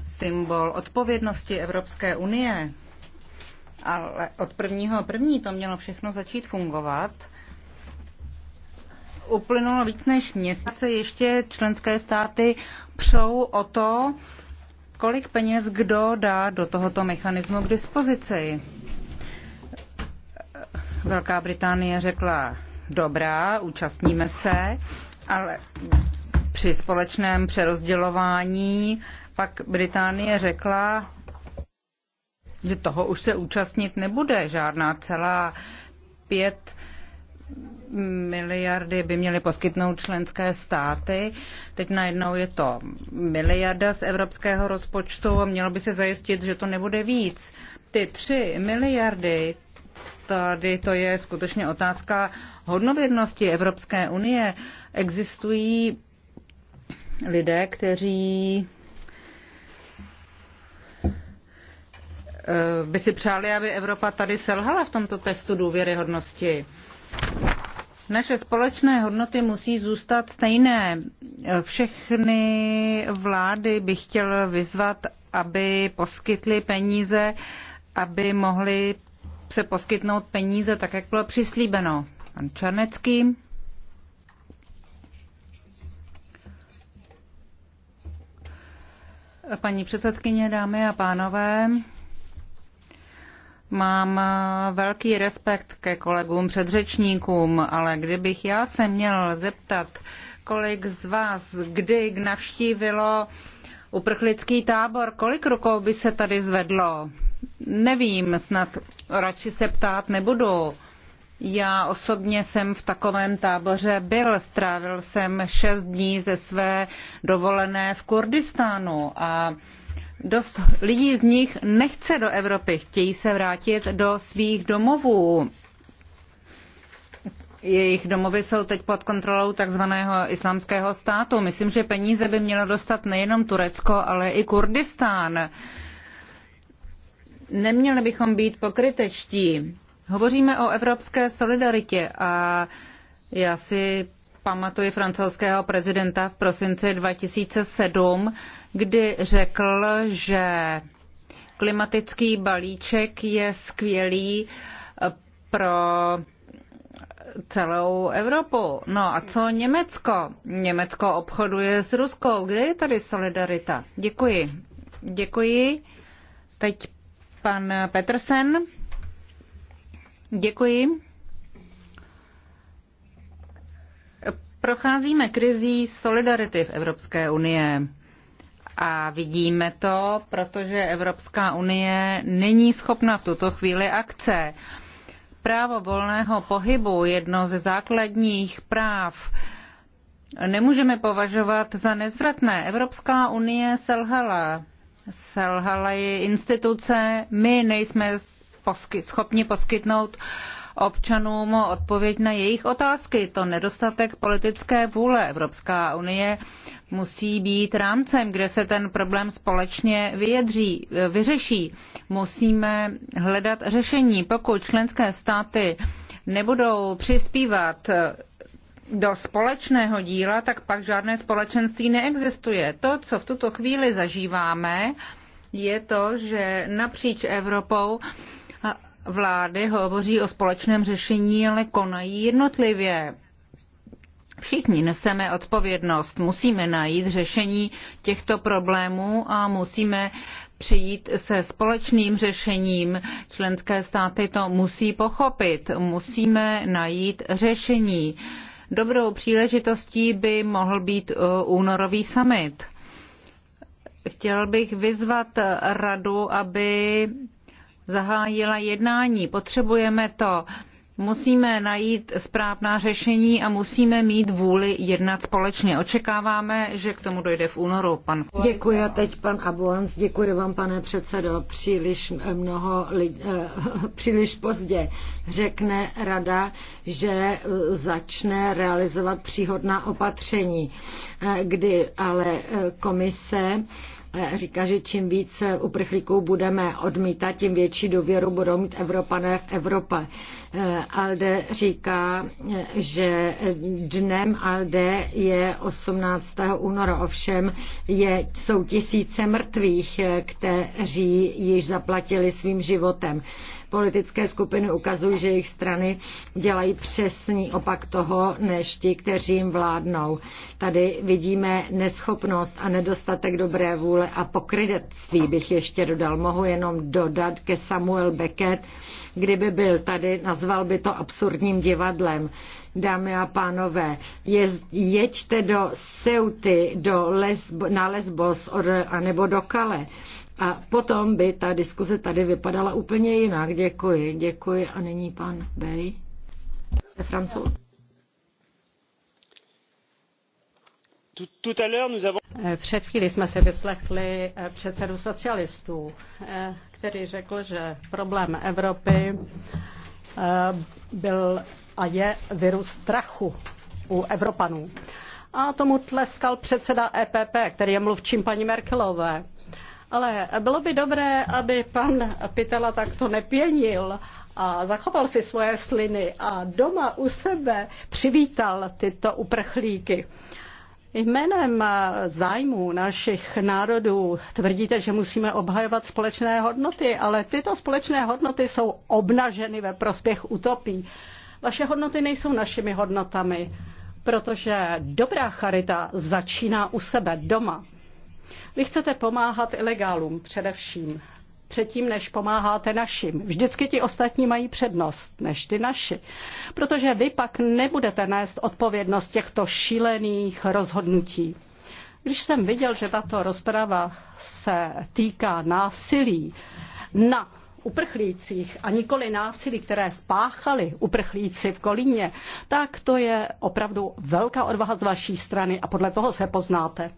symbol odpovědnosti Evropské unie. Ale od prvního první to mělo všechno začít fungovat. Uplynulo víc než měsíce, ještě členské státy přou o to, kolik peněz kdo dá do tohoto mechanismu k dispozici. Velká Británie řekla, dobrá, účastníme se, ale při společném přerozdělování pak Británie řekla, že toho už se účastnit nebude. Žádná celá pět miliardy by měly poskytnout členské státy. Teď najednou je to miliarda z evropského rozpočtu a mělo by se zajistit, že to nebude víc. Ty tři miliardy, tady to je skutečně otázka hodnovědnosti Evropské unie. Existují lidé, kteří eh, by si přáli, aby Evropa tady selhala v tomto testu důvěryhodnosti. Naše společné hodnoty musí zůstat stejné. Všechny vlády bych chtěl vyzvat, aby poskytly peníze, aby mohly se poskytnout peníze tak, jak bylo přislíbeno. Pan Černecký. Paní předsedkyně, dámy a pánové, Mám eh, velký respekt ke kolegům předřečníkům, ale kdybych já se měl zeptat, kolik z vás kdy navštívilo uprchlický tábor, kolik rukou by se tady zvedlo? Nevím, snad radši se ptát nebudu. Já osobně jsem v takovém táboře byl. Strávil jsem šest dní ze své dovolené v Kurdistánu a Dost lidí z nich nechce do Evropy, chtějí se vrátit do svých domovů. Jejich domovy jsou teď pod kontrolou takzvaného islámského státu. Myslím, že peníze by mělo dostat nejenom Turecko, ale i Kurdistán. Neměli bychom být pokrytečtí. Hovoříme o evropské solidaritě a já si pamatuji francouzského prezidenta v prosinci 2007, kdy řekl, že klimatický balíček je skvělý eh, pro celou Evropu. No a co Německo? Německo obchoduje s Ruskou. Kde je tady solidarita? Děkuji. Děkuji. Teď pan Petersen. Děkuji. Procházíme krizí solidarity v Evropské unie. A vidíme to, protože Evropská unie není schopna v tuto chvíli akce. Právo volného pohybu, jedno ze základních práv, nemůžeme považovat za nezvratné. Evropská unie selhala. Selhala je instituce, my nejsme posky, schopni poskytnout uh, občanům odpověď na jejich otázky. To nedostatek politické vůle. Evropská unie musí být rámcem, kde se ten problém společně vyjedří, vyřeší. Musíme hledat řešení. Pokud členské státy nebudou přispívat do společného díla, tak pak žádné společenství neexistuje. To, co v tuto chvíli zažíváme, je to, že napříč Evropou vlády hovoří o společném řešení, ale konají jednotlivě. Všichni neseme odpovědnost, musíme najít řešení těchto problémů a musíme přijít se společným řešením. Členské státy to musí pochopit, musíme najít řešení. Dobrou příležitostí by mohl být e, únorový summit. Chtěl bych vyzvat radu, aby zahájila jednání. Potřebujeme to. Musíme najít správná řešení a musíme mít vůli jednat společně. Očekáváme, že k tomu dojde v únoru. Pan Děkuji a teď pan Abuans. Děkuji vám, pane předsedo. Příliš mnoho lidí, eh, příliš pozdě řekne rada, že začne realizovat příhodná opatření, eh, kdy ale eh, komise říká, že čím více uprchlíků budeme odmítat, tím větší důvěru budou mít Evropané v Evropě. Eh, Alde říká, eh, že dnem Alde je 18. února, ovšem je, jsou tisíce mrtvých, eh, kteří již zaplatili svým životem. Politické skupiny ukazují, že jejich strany dělají přesný opak toho, než ti, kteří jim vládnou. Tady vidíme neschopnost a nedostatek dobré vůle a pokrytectví bych ještě dodal. Mohu jenom dodat ke Samuel Beckett, kdyby byl tady na nazval by to absurdním divadlem. Dámy a pánové, je, jeďte do Seuty, do Lesb, na Lesbos or, anebo do Kale. A potom by ta diskuze tady vypadala úplně jinak. Děkuji, děkuji. A nyní pan Bej. Je francouz. Eh, před chvíli jsme se vyslechli eh, předsedu socialistů, eh, který řekl, že problém Evropy Eh, byl a je virus strachu u Evropanů. A tomu tleskal předseda EPP, který je mluvčím paní Merkelové. Ale bylo by dobré, aby pan Pitela takto nepěnil a zachoval si svoje sliny a doma u sebe přivítal tyto uprchlíky. Jménem zájmu našich národů tvrdíte, že musíme obhajovat společné hodnoty, ale tyto společné hodnoty jsou obnaženy ve prospěch utopí. Vaše hodnoty nejsou našimi hodnotami, protože dobrá charita začíná u sebe doma. Vy chcete pomáhat ilegálům především předtím, než pomáháte našim. Vždycky ti ostatní mají přednost než ty naši, protože vy pak nebudete nést odpovědnost těchto šílených rozhodnutí. Když jsem viděl, že tato rozprava se týká násilí na uprchlících a nikoli násilí, které spáchali uprchlíci v Kolíně, tak to je opravdu velká odvaha z vaší strany a podle toho se poznáte.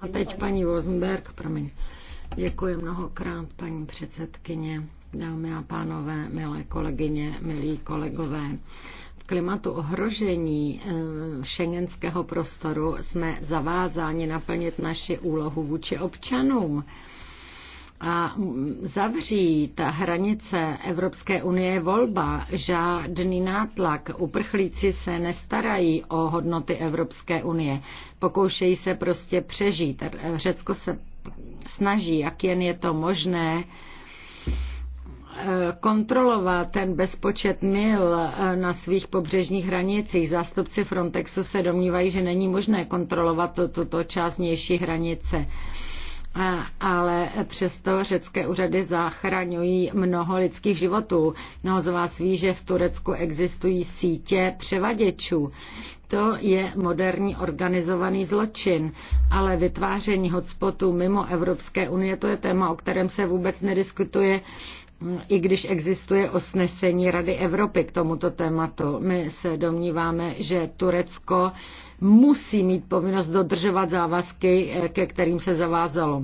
A teď paní Vozenberg, promiň. Děkuji mnohokrát, paní předsedkyně, dámy a pánové, milé kolegyně, milí kolegové V klimatu ohrožení šengenského eh, prostoru jsme zavázáni naplnit naši úlohu vůči občanům. A zavřít hranice Evropské unie je volba, žádný nátlak. Uprchlíci se nestarají o hodnoty Evropské unie, pokoušejí se prostě přežít. Řecko se snaží, jak jen je to možné, eh, kontrolovat ten bezpočet mil eh, na svých pobřežních hranicích. Zástupci Frontexu se domnívají, že není možné kontrolovat tuto část vnější hranice ale přesto řecké úřady zachraňují mnoho lidských životů. Mnoho z vás ví, že v Turecku existují sítě převaděčů. To je moderní organizovaný zločin, ale vytváření hotspotů mimo Evropské unie, to je téma, o kterém se vůbec nediskutuje i když existuje osnesení Rady Evropy k tomuto tématu. My se domníváme, že Turecko musí mít povinnost dodržovat závazky, eh, ke kterým se zavázalo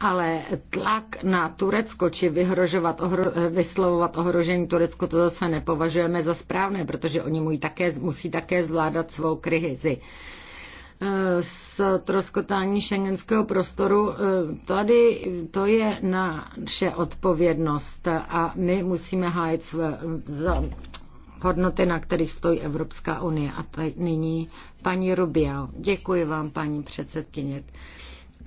ale tlak na Turecko či vyhrožovat, ohro, eh, vyslovovat ohrožení Turecko, to zase nepovažujeme za správné, protože oni mu také, musí také zvládat svou krizi. S eh, troskotání šengenského prostoru, tady to je naše odpovědnost a my musíme hájit své hodnoty, na kterých stojí Evropská unie. A tady nyní paní Rubial. Děkuji vám, paní předsedkyně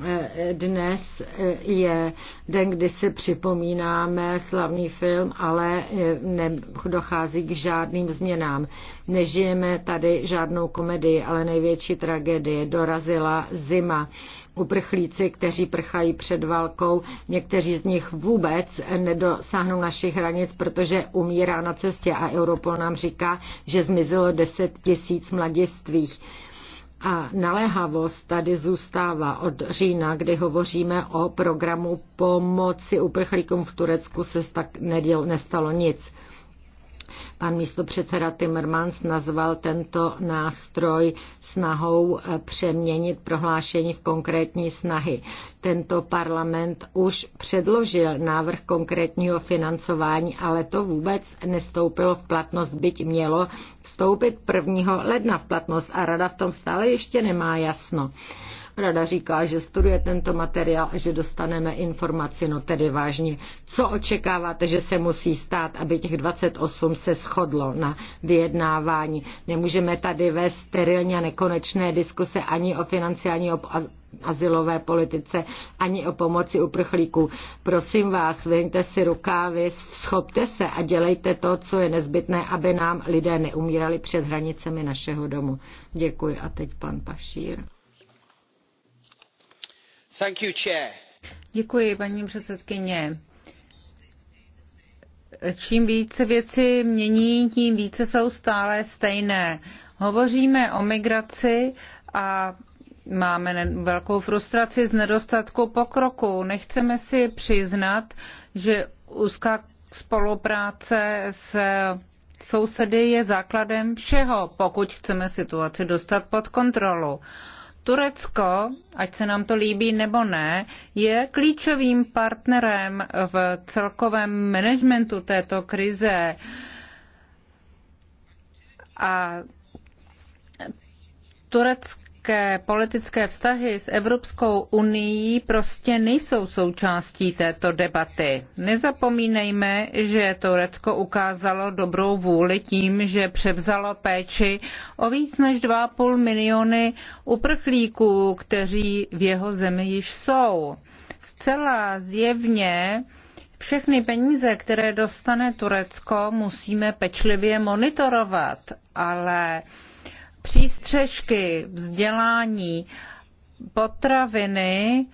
e, dnes e, je den, kdy si připomínáme slavný film, ale e, nedochází k žádným změnám. Nežijeme tady žádnou komedii, ale největší tragédie dorazila zima uprchlíci, kteří prchají před válkou. Někteří z nich vůbec nedosáhnou našich hranic, protože umírá na cestě a Europol nám říká, že zmizelo 10 tisíc mladistvých. A naléhavost tady zůstává od října, kdy hovoříme o programu pomoci uprchlíkům v Turecku, se tak nestalo nic. Pan místopředseda Timmermans nazval tento nástroj snahou eh, přeměnit prohlášení v konkrétní snahy. Tento parlament už předložil návrh konkrétního financování, ale to vůbec nestoupilo v platnost, byť mělo vstoupit 1. ledna v platnost a rada v tom stále ještě nemá jasno. Rada říká, že studuje tento materiál a že dostaneme informaci, no tedy vážně. Co očekáváte, že se musí stát, aby těch 28 se shodlo na vyjednávání? Nemůžeme tady vést sterilně nekonečné diskuse ani o financi, ani o azylové politice, ani o pomoci uprchlíků. Prosím vás, vyjďte si rukávy, schopte se a dělejte to, co je nezbytné, aby nám lidé neumírali před hranicemi našeho domu. Děkuji a teď pan Pašír. Děkuji, paní předsedkyně. Čím více věci mění, tím více jsou stále stejné. Hovoříme o migraci a máme velkou frustraci z nedostatku pokroku. Nechceme si přiznat, že úzká spolupráce s sousedy je základem všeho, pokud chceme situaci dostat pod kontrolu. Turecko, ať se nám to líbí nebo ne, je klíčovým partnerem v celkovém managementu této krize. A Turecko nějaké politické vztahy s Evropskou unii prostě nejsou součástí této debaty. Nezapomínejme, že Turecko ukázalo dobrou vůli tím, že převzalo péči o víc než 2,5 miliony uprchlíků, kteří v jeho zemi již jsou. Zcela zjevně všechny peníze, které dostane Turecko, musíme pečlivě monitorovat, ale přístřežky, vzdělání, potraviny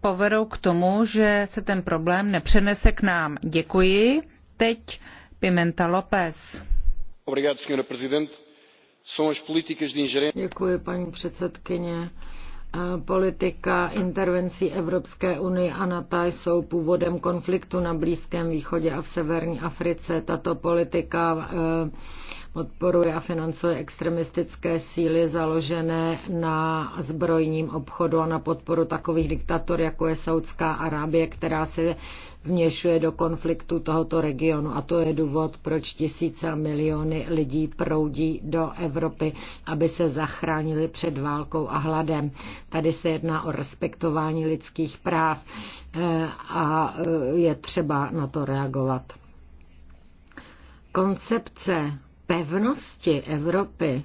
povedou k tomu, že se ten problém nepřenese k nám. Děkuji. Teď Pimenta López. Děkuji, paní předsedkyně politika intervencí Evropské unie a NATO jsou původem konfliktu na Blízkém východě a v severní Africe. Tato politika eh, podporuje a financuje extremistické síly založené na zbrojním obchodu a na podporu takových diktatur, jako je Saudská Arábie, která se vměšuje do konfliktu tohoto regionu a to je důvod, proč tisíce a miliony lidí proudí do Evropy, aby se zachránili před válkou a hladem. Tady se jedná o respektování lidských práv eh, a eh, je třeba na to reagovat. Koncepce pevnosti Evropy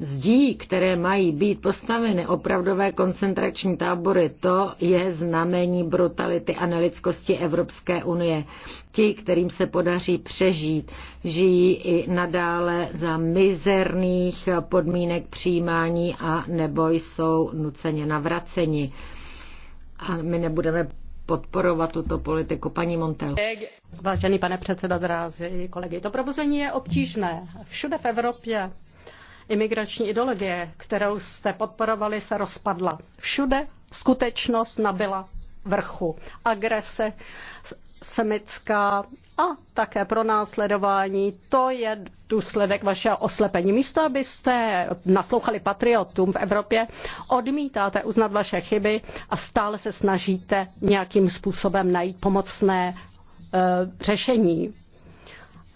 zdí, které mají být postaveny opravdové koncentrační tábory, to je znamení brutality a nelidskosti Evropské unie. Ti, kterým se podaří přežít, žijí i nadále za mizerných podmínek přijímání a nebo jsou nuceně navraceni. A my nebudeme podporovat tuto politiku. Paní Montel. Vážený pane předsedo, drázy kolegy, to probuzení je obtížné. Všude v Evropě imigrační ideologie, kterou jste podporovali, se rozpadla. Všude skutečnost nabyla vrchu. Agrese semická a také pro následování. To je důsledek vašeho oslepení. Místo, abyste naslouchali patriotům v Evropě, odmítáte uznat vaše chyby a stále se snažíte nějakým způsobem najít pomocné e, řešení.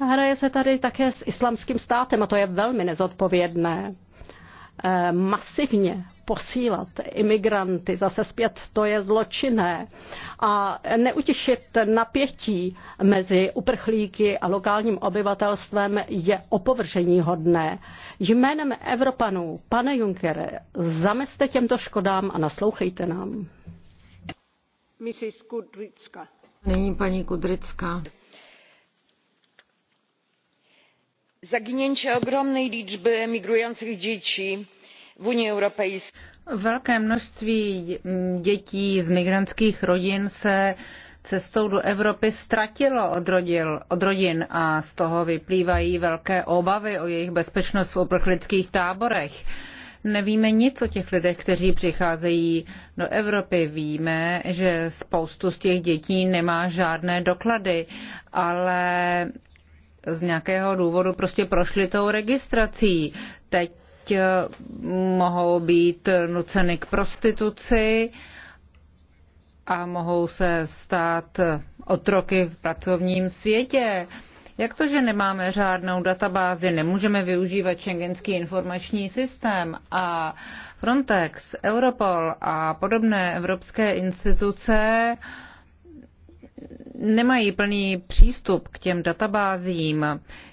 Hraje se tady také s islamským státem a to je velmi nezodpovědné. Eh, masivně posílat imigranty zase zpět, to je zločinné. A neutěšit napětí mezi uprchlíky a lokálním obyvatelstvem je opovržení hodné. Jménem Evropanů, pane Juncker, zameste těmto škodám a naslouchejte nám. Mrs. Kudrycka. Nyní paní Kudrická. zaginięcie ogromnej liczby emigrujących dzieci v unii europejskiej. velké množství dětí z migrantských rodin se cestou do Evropy ztratilo od, od rodin a z toho vyplývají velké obavy o jejich bezpečnost v uprchlických táborech. Nevíme nic o těch lidech, kteří přicházejí do Evropy. Víme, že spoustu z těch dětí nemá žádné doklady, ale z nějakého důvodu prostě prošli tou registrací. Teď eh, mohou být nuceny k prostituci a mohou se stát otroky v pracovním světě. Jak to, že nemáme žádnou databázi, nemůžeme využívat šengenský informační systém a Frontex, Europol a podobné evropské instituce uh, nemají plný přístup k těm databázím.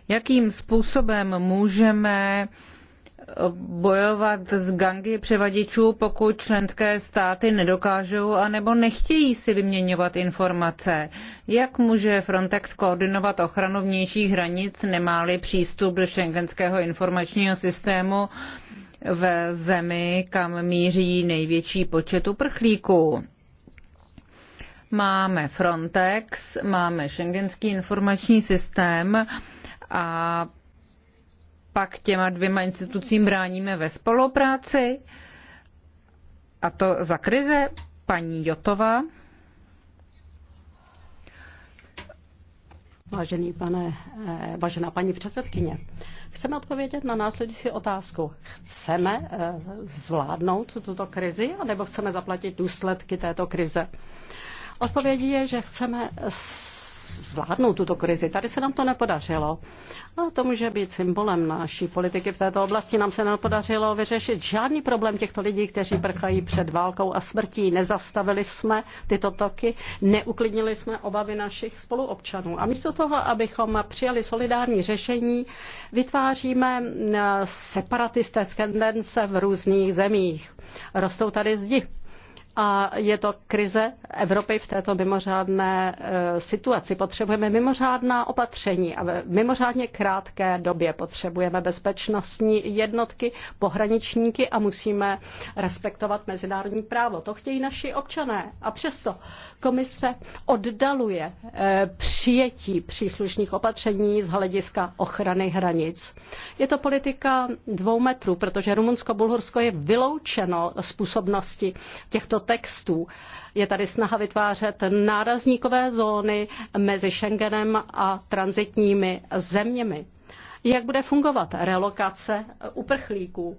Jakým způsobem můžeme eh, bojovat s gangy převaděčů, pokud členské státy nedokážou anebo nechtějí si vyměňovat informace. Jak může Frontex koordinovat ochranu vnějších hranic, nemá-li přístup do šengenského informačního systému v zemi, kam míří největší počet uprchlíků? Máme Frontex, máme Schengenský informační systém a pak těma dvěma institucím bráníme ve spolupráci. A to za krize paní Jotova. Vážený pane, eh, vážená paní předsedkyně, chceme odpovědět na následující otázku. Chceme eh, zvládnout tuto krizi, anebo chceme zaplatit důsledky této krize? Odpovědí je, že chceme zvládnout tuto krizi. Tady se nám to nepodařilo. A to může být symbolem naší politiky v této oblasti. Nám se nepodařilo vyřešit žádný problém těchto lidí, kteří prchají před válkou a smrtí. Nezastavili jsme tyto toky, neuklidnili jsme obavy našich spoluobčanů. A místo toho, abychom přijali solidární řešení, vytváříme eh, separatistické tendence v různých zemích. Rostou tady zdi a je to krize Evropy v této mimořádné eh, situaci. Potřebujeme mimořádná opatření a v mimořádně krátké době potřebujeme bezpečnostní jednotky, pohraničníky a musíme respektovat mezinárodní právo. To chtějí naši občané. A přesto komise oddaluje eh, přijetí příslušných opatření z hlediska ochrany hranic. Je to politika dvou metrů, protože Rumunsko-Bulhorsko je vyloučeno z působnosti těchto textů. Je tady snaha vytvářet nárazníkové zóny mezi Schengenem a transitními zeměmi. Jak bude fungovat relokace uprchlíků?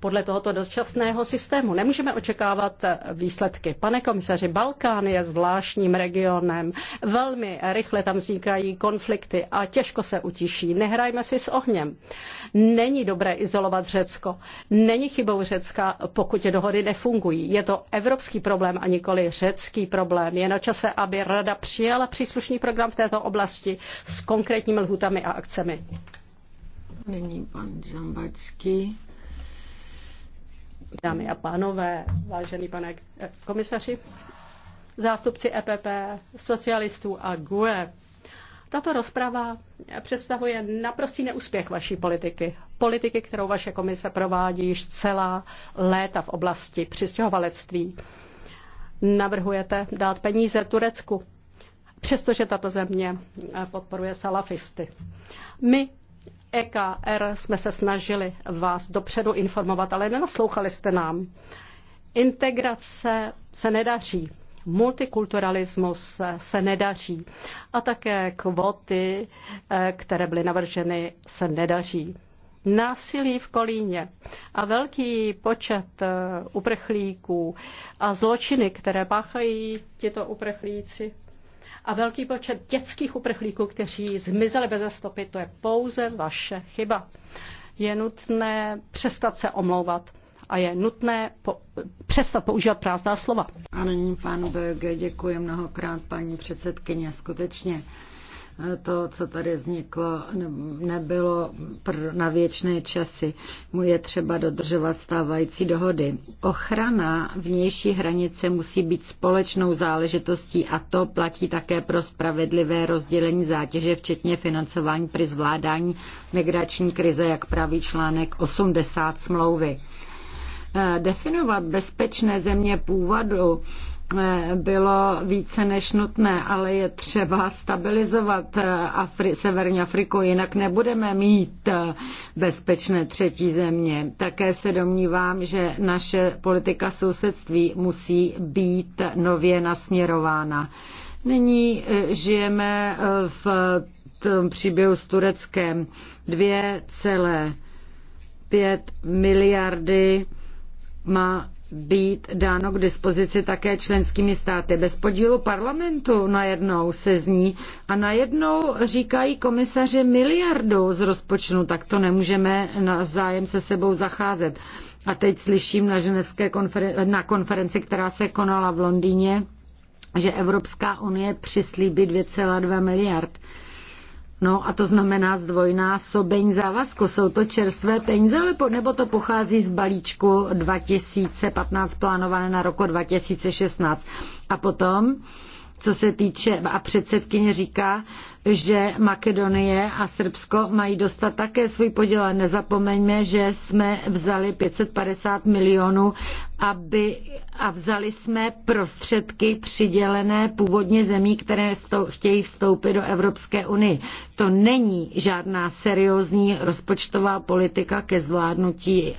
podle tohoto dočasného systému. Nemůžeme očekávat výsledky. Pane komisaři, Balkán je zvláštním regionem. Velmi rychle tam vznikají konflikty a těžko se utiší. Nehrajme si s ohněm. Není dobré izolovat Řecko. Není chybou Řecka, pokud dohody nefungují. Je to evropský problém a nikoli řecký problém. Je na čase, aby Rada přijala příslušný program v této oblasti s konkrétními lhutami a akcemi. Není pan Zambacký. Dámy a pánové, vážený pane komisaři, zástupci EPP, socialistů a GUE, tato rozprava představuje naprostý neúspěch vaší politiky. Politiky, kterou vaše komise provádí již celá léta v oblasti přistěhovalectví. Navrhujete dát peníze Turecku, přestože tato země podporuje salafisty. My EKR jsme se snažili vás dopředu informovat, ale nenaslouchali jste nám. Integrace se nedaří, multikulturalismus se nedaří a také kvoty, eh, které byly navrženy, se nedaří. Násilí v Kolíně a velký počet eh, uprchlíků a zločiny, které páchají tito uprchlíci, a velký počet dětských uprchlíků, kteří zmizeli bez stopy, to je pouze vaše chyba. Je nutné přestat se omlouvat a je nutné po, přestat používat prázdná slova. A nyní pan Böge, děkuji mnohokrát paní předsedkyně, skutečně to, co tady vzniklo, nebylo na věčné časy. Mu je třeba dodržovat stávající dohody. Ochrana vnější hranice musí být společnou záležitostí a to platí také pro spravedlivé rozdělení zátěže, včetně financování při zvládání migrační krize, jak praví článek 80 smlouvy. Eh, definovat bezpečné země původu Eh, bylo více než nutné, ale je třeba stabilizovat eh, Afri- Severní Afriku, jinak nebudeme mít eh, bezpečné třetí země. Také se domnívám, že naše politika sousedství musí být nově nasměrována. Nyní žijeme v tom příběhu s Tureckem 2,5 miliardy má být dáno k dispozici také členskými státy. Bez podílu parlamentu najednou se zní a najednou říkají komisaři miliardu z rozpočtu, tak to nemůžeme na zájem se sebou zacházet. A teď slyším na, ženevské konferenci, na konferenci, která se konala v Londýně, že Evropská unie přislíbí 2,2 miliard. No a to znamená zdvojnásobeň závazku. Jsou to čerstvé peníze, nebo to pochází z balíčku 2015 plánované na roku 2016. A potom co se týče, a předsedkyně říká, že Makedonie a Srbsko mají dostat také svůj podíl. A nezapomeňme, že jsme vzali 550 milionů aby, a vzali jsme prostředky přidělené původně zemí, které stou, chtějí vstoupit do Evropské unie. To není žádná seriózní rozpočtová politika ke zvládnutí eh,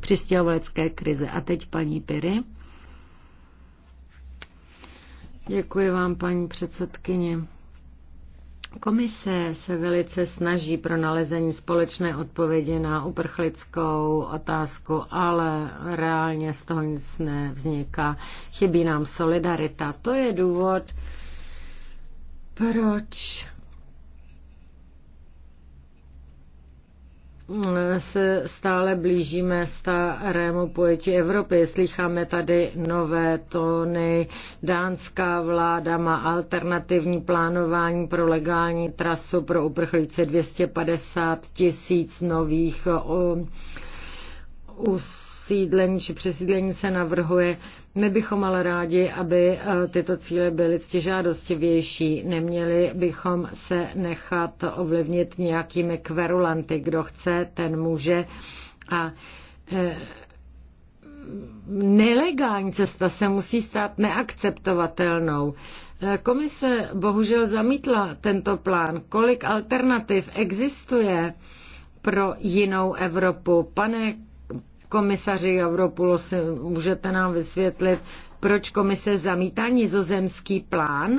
přistěhovalecké krize. A teď paní Piry. Děkuji vám, paní předsedkyně. Komise se velice snaží pro nalezení společné odpovědi na uprchlickou otázku, ale reálně z toho nic nevzniká. Chybí nám solidarita. To je důvod, proč se stále blížíme starému pojetí Evropy. Slycháme tady nové tóny. Dánská vláda má alternativní plánování pro legální trasu pro uprchlíce 250 tisíc nových us osídlení či přesídlení se navrhuje. My bychom ale rádi, aby eh, tyto cíle byly ctižádostivější. Neměli bychom se nechat ovlivnit nějakými kverulanty. Kdo chce, ten může. A eh, nelegální cesta se musí stát neakceptovatelnou. Eh, komise bohužel zamítla tento plán. Kolik alternativ existuje pro jinou Evropu? Pane Komisaři Europulos, můžete nám vysvětlit, proč komise zamítá nizozemský plán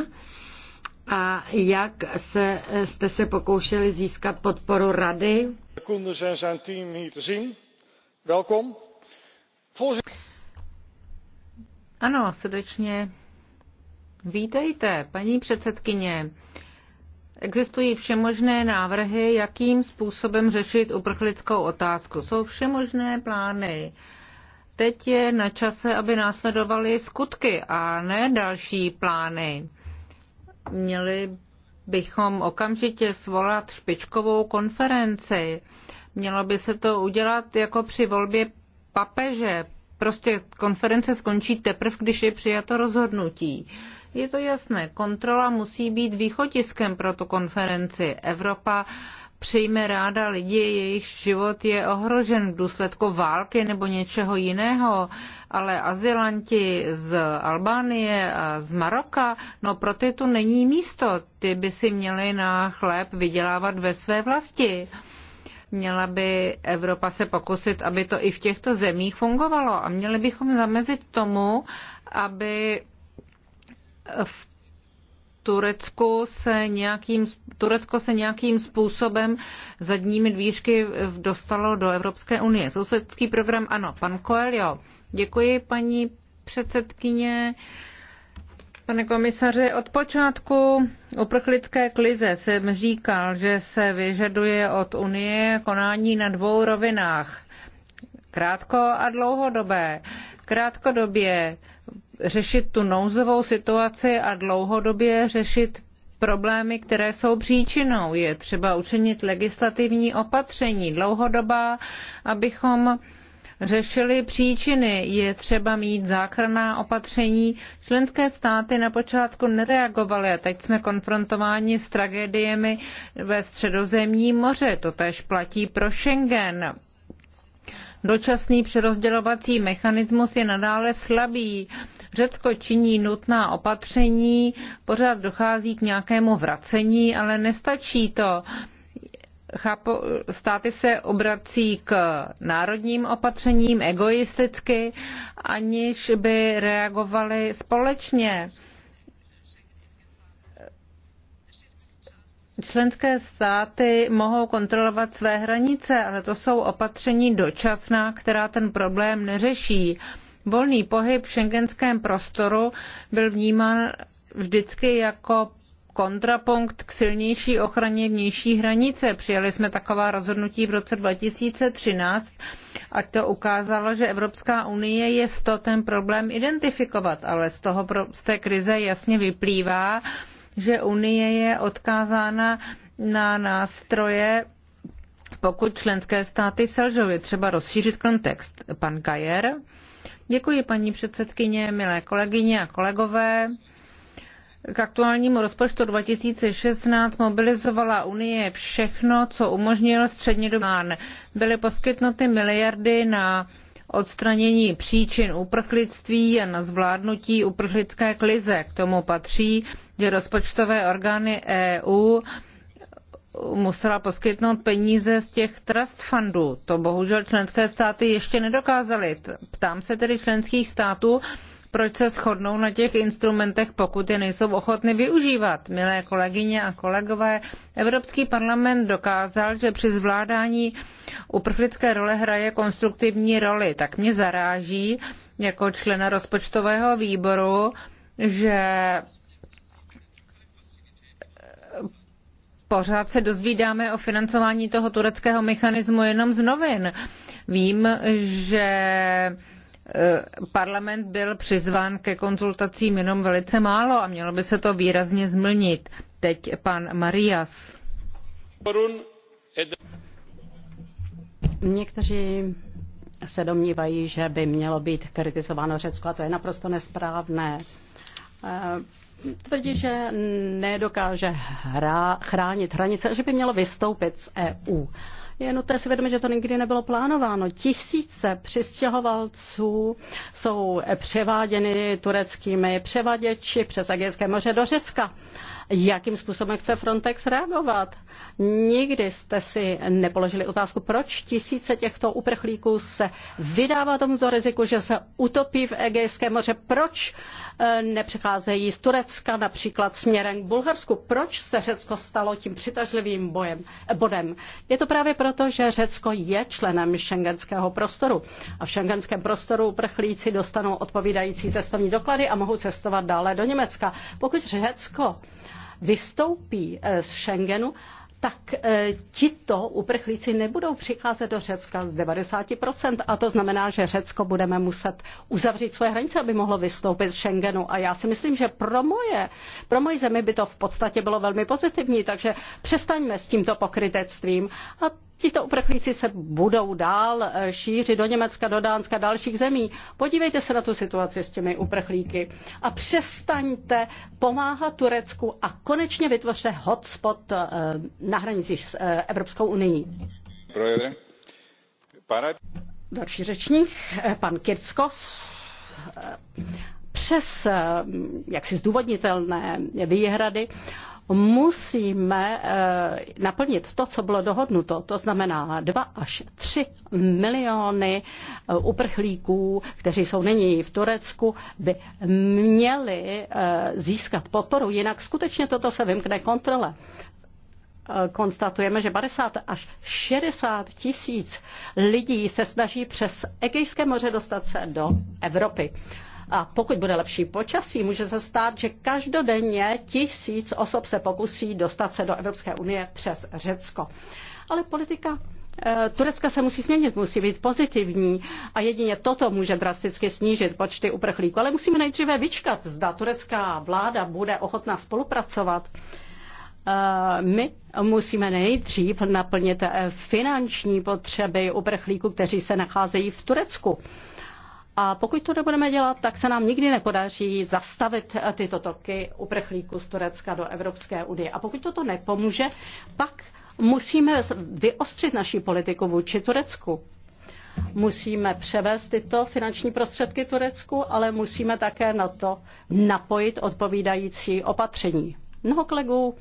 a jak se, jste se pokoušeli získat podporu rady? Welkom. Ano, srdečně. Vítejte, paní předsedkyně. Existují všemožné návrhy, jakým způsobem řešit uprchlickou otázku. Jsou všemožné plány. Teď je na čase, aby následovaly skutky a ne další plány. Měli bychom okamžitě svolat špičkovou konferenci. Mělo by se to udělat jako při volbě papeže prostě konference skončí teprve, když je přijato rozhodnutí. Je to jasné, kontrola musí být východiskem pro tu konferenci. Evropa přijme ráda lidi, jejich život je ohrožen v důsledku války nebo něčeho jiného, ale azylanti z Albánie a z Maroka, no pro ty tu není místo. Ty by si měli na chléb vydělávat ve své vlasti. Měla by Evropa se pokusit, aby to i v těchto zemích fungovalo a měli bychom zamezit tomu, aby v Turecku se nějakým, Turecko se nějakým způsobem zadními dvířky dostalo do Evropské unie. Sousedský program, ano, pan Coelho. Děkuji, paní předsedkyně. Uh, Pane komisaři, od počátku uprchlické klize jsem říkal, že se vyžaduje od Unie konání na dvou rovinách. Krátko a dlouhodobé. Krátkodobě řešit tu nouzovou situaci a dlouhodobě řešit problémy, které jsou příčinou. Je třeba učinit legislativní opatření dlouhodobá, abychom řešili příčiny. Je třeba mít záchranná opatření. Členské státy na počátku nereagovaly a teď jsme konfrontováni s tragédiemi ve středozemním moře. To tež platí pro Schengen. Dočasný přerozdělovací mechanismus je nadále slabý. Řecko činí nutná opatření, pořád dochází k nějakému vracení, ale nestačí to chápu, státy se obrací k národním opatřením egoisticky, aniž by reagovaly společně. Členské státy mohou kontrolovat své hranice, ale to jsou opatření dočasná, která ten problém neřeší. Volný pohyb v šengenském prostoru byl vnímán vždycky jako kontrapunkt k silnější ochraně vnější hranice. Přijali jsme taková rozhodnutí v roce 2013 a to ukázalo, že Evropská unie je to ten problém identifikovat, ale z, toho, z té krize jasně vyplývá, že Unie je odkázána na nástroje pokud členské státy selžou, je třeba rozšířit kontext. Pan Gajer. Děkuji, paní předsedkyně, milé kolegyně a kolegové. K aktuálnímu rozpočtu 2016 mobilizovala Unie všechno, co umožnil střednědobý plán. Byly poskytnuty miliardy na odstranění příčin uprchlictví a na zvládnutí uprchlické krize. K tomu patří, že rozpočtové orgány EU musela poskytnout peníze z těch trust fundů. To bohužel členské státy ještě nedokázaly. Ptám se tedy členských států, proč se shodnou na těch instrumentech, pokud je nejsou ochotny využívat. Milé kolegyně a kolegové, Evropský parlament dokázal, že při zvládání uprchlické role hraje konstruktivní roli. Tak mě zaráží jako člena rozpočtového výboru, že pořád se dozvídáme o financování toho tureckého mechanismu jenom z novin. Vím, že Eh, parlament byl přizván ke konzultacím jenom velice málo a mělo by se to výrazně zmlnit. Teď pan Marias. Někteří se domnívají, že by mělo být kritizováno Řecko a to je naprosto nesprávné. Eh, tvrdí, že nedokáže hra, chránit hranice, že by mělo vystoupit z EU. Je nutné si vědomit, že to nikdy nebylo plánováno. Tisíce přistěhovalců jsou převáděny tureckými převaděči přes Egejské moře do Řecka jakým způsobem chce Frontex reagovat. Nikdy jste si nepoložili otázku, proč tisíce těchto uprchlíků se vydává tomuto riziku, že se utopí v Egejském moře, proč eh, nepřicházejí z Turecka například směrem k Bulharsku, proč se Řecko stalo tím přitažlivým bojem, bodem. Je to právě proto, že Řecko je členem šengenského prostoru a v šengenském prostoru uprchlíci dostanou odpovídající cestovní doklady a mohou cestovat dále do Německa. Pokud Řecko vystoupí eh, z Schengenu, tak eh, tito uprchlíci nebudou přicházet do Řecka z 90% a to znamená, že Řecko budeme muset uzavřít své hranice, aby mohlo vystoupit z Schengenu. A já si myslím, že pro moje, pro moji zemi by to v podstatě bylo velmi pozitivní, takže přestaňme s tímto pokrytectvím a Tito uprchlíci se budou dál eh, šířit do Německa, do Dánska, dalších zemí. Podívejte se na tu situaci s těmi uprchlíky a přestaňte pomáhat Turecku a konečně vytvořte hotspot eh, na hranicích s eh, Evropskou unii. Další řečník, pan Kirckos. Přes jaksi zdůvodnitelné výhrady musíme eh, naplnit to, co bylo dohodnuto, to znamená 2 až 3 miliony eh, uprchlíků, kteří jsou nyní v Turecku, by měli eh, získat podporu, jinak skutečně toto se vymkne kontrole konstatujeme, že 50 až 60 tisíc lidí se snaží přes Egejské moře dostat se do Evropy. A pokud bude lepší počasí, může se stát, že každodenně tisíc osob se pokusí dostat se do Evropské unie přes Řecko. Ale politika eh, Turecka se musí změnit, musí být pozitivní a jedině toto může drasticky snížit počty uprchlíků. Ale musíme nejdříve vyčkat, zda turecká vláda bude ochotná spolupracovat. Eh, my musíme nejdřív naplnit eh, finanční potřeby uprchlíků, kteří se nacházejí v Turecku. A pokud to nebudeme dělat, tak se nám nikdy nepodaří zastavit eh, tyto toky uprchlíků z Turecka do Evropské unie. A pokud toto nepomůže, pak musíme vyostřit naší politiku vůči Turecku. Musíme převést tyto finanční prostředky Turecku, ale musíme také na to napojit odpovídající opatření. Mnoho kolegů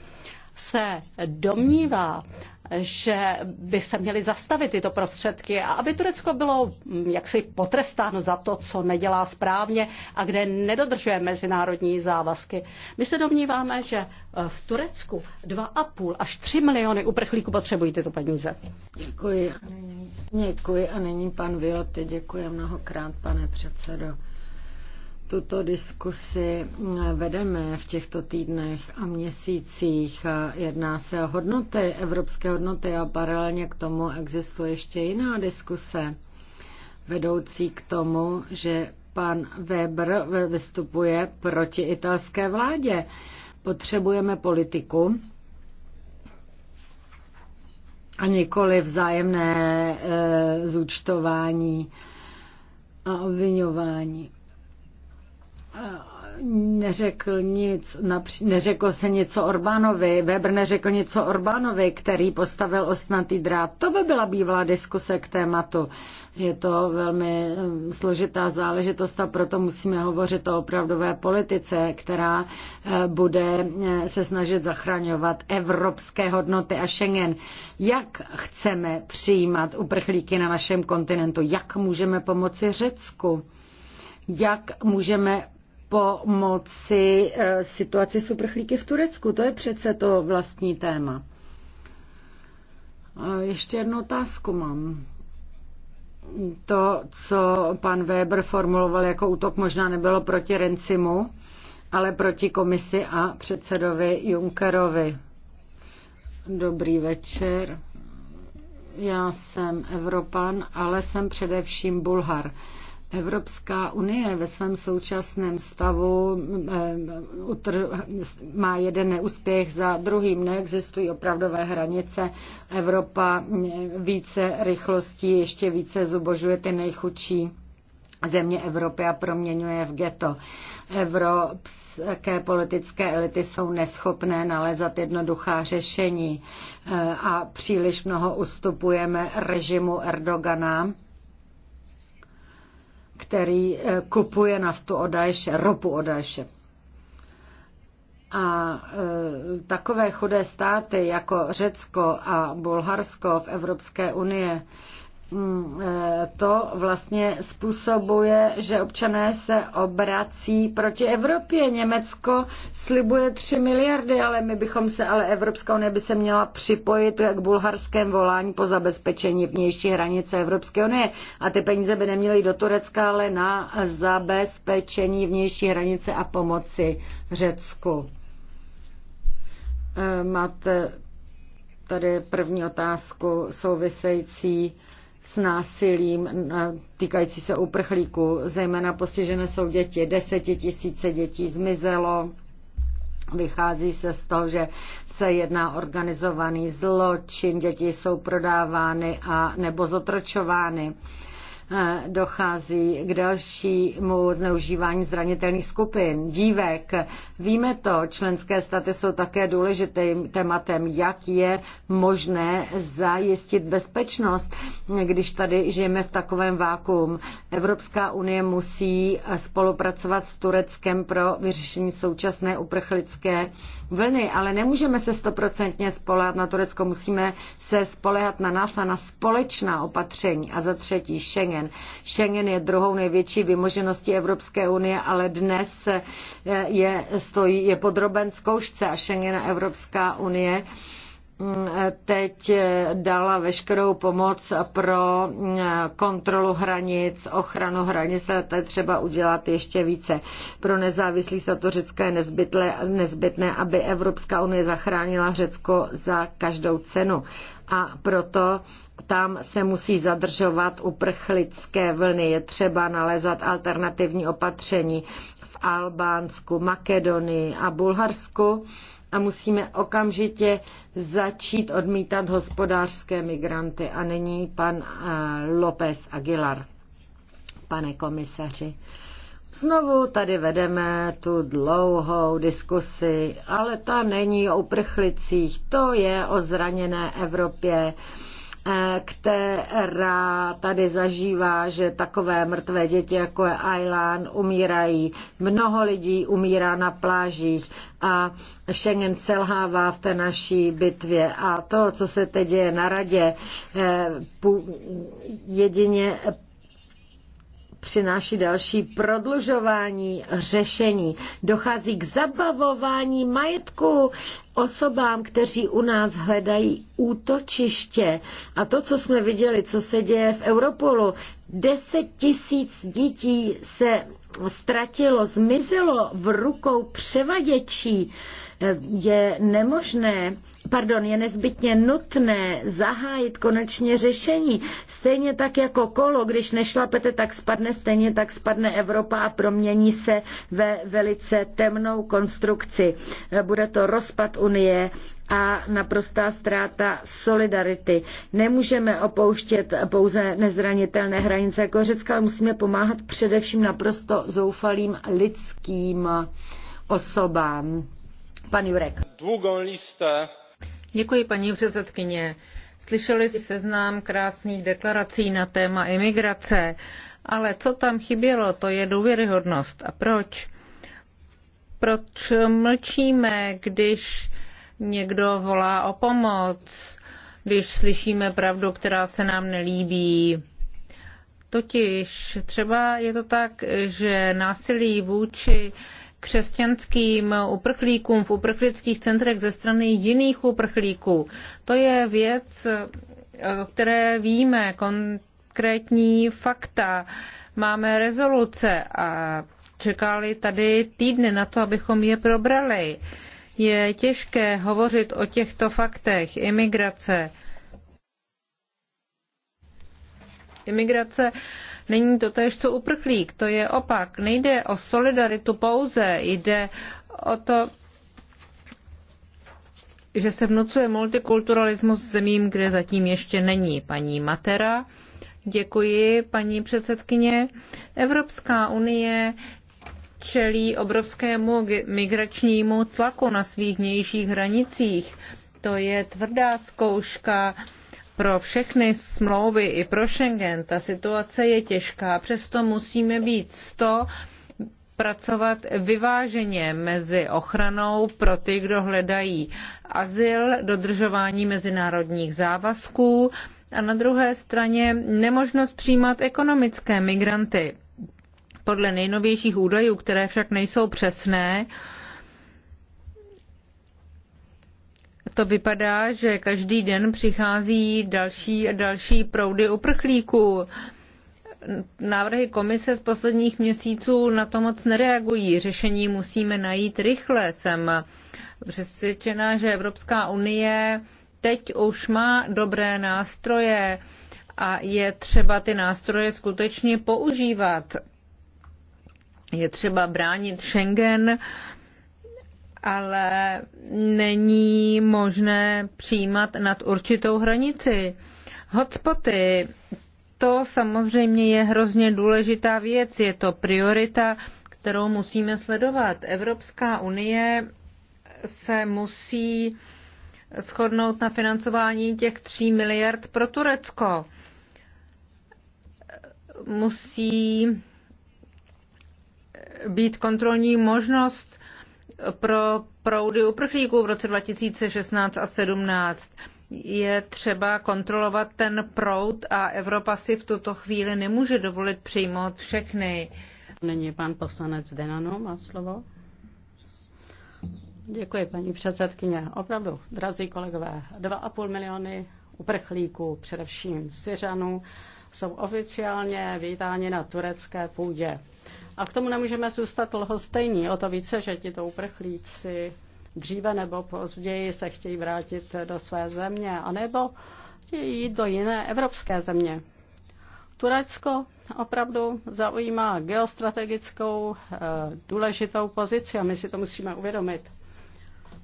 se domnívá, že by se měly zastavit tyto prostředky a aby Turecko bylo mm, jaksi potrestáno za to, co nedělá správně a kde nedodržuje mezinárodní závazky. My se domníváme, že e, v Turecku 2,5 až 3 miliony uprchlíků potřebují tyto peníze. Děkuji. Děkuji a nyní pan Vioty. Děkuji mnohokrát, pane předsedo tuto diskusi eh, vedeme v těchto týdnech a měsících. Jedná se o hodnoty, evropské hodnoty a paralelně k tomu existuje ještě jiná diskuse, vedoucí k tomu, že pan Weber vystupuje proti italské vládě. Potřebujeme politiku, a nikoli vzájemné e, zúčtování a obvinování neřekl nic, neřeklo se něco Orbánovi, Weber neřekl něco Orbánovi, který postavil osnatý drát. To by byla bývalá diskuse k tématu. Je to velmi eh, složitá záležitost a proto musíme hovořit o opravdové politice, která eh, bude eh, se snažit zachraňovat evropské hodnoty a Schengen. Jak chceme přijímat uprchlíky na našem kontinentu? Jak můžeme pomoci Řecku? Jak můžeme pomoci eh, situaci s uprchlíky v Turecku. To je přece to vlastní téma. Ještě jednu otázku mám. To, co pan Weber formuloval jako útok, možná nebylo proti Rencimu, ale proti komisi a předsedovi Junckerovi. Dobrý večer. Já jsem Evropan, ale jsem především Bulhar. Evropská unie ve svém současném stavu eh, má jeden neúspěch za druhým. Neexistují opravdové hranice. Evropa eh, více rychlostí ještě více zubožuje ty nejchudší země Evropy a proměňuje v ghetto. Evropské politické elity jsou neschopné nalézat jednoduchá řešení eh, a příliš mnoho ustupujeme režimu Erdogana který eh, kupuje naftu od Daeše, ropu od Daeše. A e, takové chudé státy jako Řecko a Bulharsko v Evropské unie mm, eh, to vlastně způsobuje, že občané se obrací proti Evropě. Německo slibuje 3 miliardy, ale my bychom se, ale Evropská unie by se měla připojit k bulharském volání po zabezpečení vnější hranice Evropské unie. A ty peníze by neměly do Turecka, ale na zabezpečení vnější hranice a pomoci Řecku. E, máte tady první otázku související s násilím eh, týkající se uprchlíků. Zejména postižené jsou děti. Desetitisíce dětí zmizelo. Vychází se z toho, že se jedná organizovaný zločin, děti jsou prodávány a nebo zotročovány dochází k dalšímu zneužívání zranitelných skupin, dívek. Víme to, členské státy jsou také důležitým tématem, jak je možné zajistit bezpečnost, když tady žijeme v takovém vákum. Evropská unie musí spolupracovat s Tureckem pro vyřešení současné uprchlické vlny, ale nemůžeme se stoprocentně spolehat na Turecko, musíme se spolehat na nás a na společná opatření. A za třetí Schengen. Schengen je druhou největší vymožeností Evropské unie, ale dnes eh, je, stojí, je podroben zkoušce a Schengen a Evropská unie teď dala veškerou pomoc pro kontrolu hranic, ochranu hranic, a to je třeba udělat ještě více. Pro nezávislý status Řecka je nezbytné, nezbytné, aby Evropská unie zachránila Řecko za každou cenu. A proto tam se musí zadržovat uprchlické vlny. Je třeba nalézat alternativní opatření v Albánsku, Makedonii a Bulharsku a musíme okamžitě začít odmítat hospodářské migranty. A není pan eh, López Aguilar, pane komisaři. Znovu tady vedeme tu dlouhou diskusi, ale ta není o uprchlicích, to je o zraněné Evropě která tady zažívá, že takové mrtvé děti, jako je Ailán, umírají. Mnoho lidí umírá na plážích a Schengen selhává v té naší bitvě. A to, co se teď děje na radě, eh, jedině přináší další prodlužování řešení. Dochází k zabavování majetku osobám, kteří u nás hledají útočiště. A to, co jsme viděli, co se děje v Europolu, 10 tisíc dětí se ztratilo, zmizelo v rukou převaděčí. Je nemožné, pardon, je nezbytně nutné zahájit konečně řešení. Stejně tak jako kolo, když nešlapete, tak spadne, stejně tak spadne Evropa a promění se ve velice temnou konstrukci. Bude to rozpad Unie a naprostá ztráta solidarity. Nemůžeme opouštět pouze nezranitelné hranice jako Řecka, ale musíme pomáhat především naprosto zoufalým lidským osobám. Pan Jurek. Dlouhou listę Děkuji, paní předsedkyně. Slyšeli jste seznám krásných deklarací na téma imigrace, ale co tam chybělo, to je důvěryhodnost. A proč? Proč mlčíme, když někdo volá o pomoc, když slyšíme pravdu, která se nám nelíbí? Totiž třeba je to tak, že násilí vůči křesťanským uprchlíkům v uprchlických centrech ze strany jiných uprchlíků. To je věc, eh, o které víme, konkrétní fakta. Máme rezoluce a čekali tady týdny na to, abychom je probrali. Je těžké hovořit o těchto faktech. Imigrace. Imigrace Není to též co uprchlík, to je opak. Nejde o solidaritu pouze, jde o to, že se vnucuje multikulturalismus zemím, kde zatím ještě není. Paní Matera, děkuji, paní předsedkyně. Evropská unie čelí obrovskému migračnímu tlaku na svých vnějších hranicích. To je tvrdá zkouška pro všechny smlouvy i pro Schengen ta situace je těžká, přesto musíme být sto pracovat vyváženě mezi ochranou pro ty, kdo hledají azyl, dodržování mezinárodních závazků a na druhé straně nemožnost přijímat ekonomické migranty. Podle nejnovějších údajů, které však nejsou přesné, to vypadá, že každý den přichází další a další proudy uprchlíků. Návrhy komise z posledních měsíců na to moc nereagují. Řešení musíme najít rychle. Jsem přesvědčena, že Evropská unie teď už má dobré nástroje a je třeba ty nástroje skutečně používat. Je třeba bránit Schengen, ale není možné přijímat nad určitou hranici. Hotspoty, to samozřejmě je hrozně důležitá věc, je to priorita, kterou musíme sledovat. Evropská unie se musí shodnout na financování těch 3 miliard pro Turecko. Musí být kontrolní možnost pro proudy uprchlíků v roce 2016 a 2017. Je třeba kontrolovat ten proud a Evropa si v tuto chvíli nemůže dovolit přijmout všechny. Není pan poslanec Denano, má slovo? Děkuji, paní předsedkyně. Opravdu, drazí kolegové, 2,5 miliony uprchlíků, především Syřanů, jsou oficiálně vítáni na turecké půdě. A k tomu nemůžeme zůstat lhostejní, o to více, že ti to uprchlíci dříve nebo později se chtějí vrátit do své země, anebo chtějí jít do jiné evropské země. Turecko opravdu zaujímá geostrategickou e, důležitou pozici a my si to musíme uvědomit.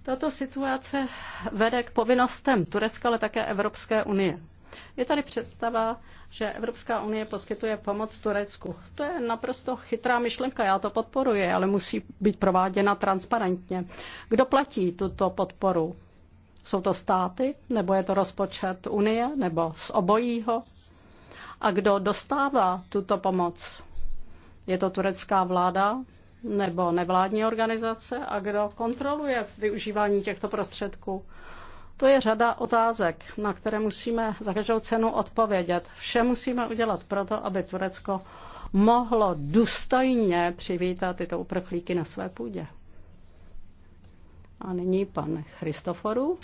Tato situace vede k povinnostem Turecka, ale také Evropské unie. Je tady představa, že Evropská unie poskytuje pomoc Turecku. To je naprosto chytrá myšlenka, já to podporuji, ale musí být prováděna transparentně. Kdo platí tuto podporu? Jsou to státy, nebo je to rozpočet Unie, nebo z obojího? A kdo dostává tuto pomoc? Je to turecká vláda nebo nevládní organizace? A kdo kontroluje využívání těchto prostředků? To je řada otázek, na které musíme za každou cenu odpovědět. Vše musíme udělat proto, aby Turecko mohlo důstojně přivítat tyto uprchlíky na své půdě. A nyní pan Christoforu.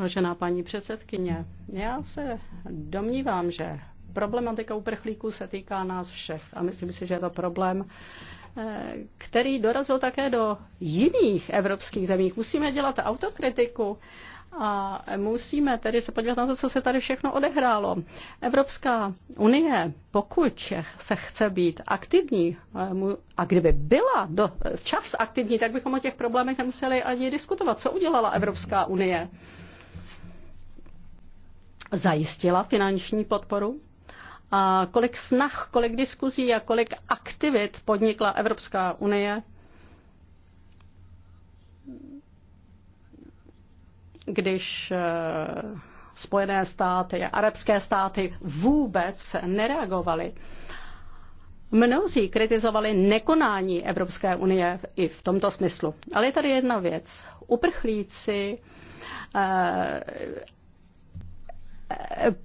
Vážená paní předsedkyně, já se domnívám, že problematika uprchlíků se týká nás všech a myslím si, že je to problém, Eh, který dorazil také do jiných evropských zemí. Musíme dělat autokritiku a musíme tedy se podívat na to, co se tady všechno odehrálo. Evropská unie, pokud se chce být aktivní, eh, a kdyby byla do, včas aktivní, tak bychom o těch problémech nemuseli ani diskutovat. Co udělala Evropská unie? Zajistila finanční podporu a kolik snah, kolik diskuzí a kolik aktivit podnikla Evropská unie, když eh, Spojené státy a arabské státy vůbec nereagovaly. Mnozí kritizovali nekonání Evropské unie i v tomto smyslu. Ale je tady jedna věc. Uprchlíci eh,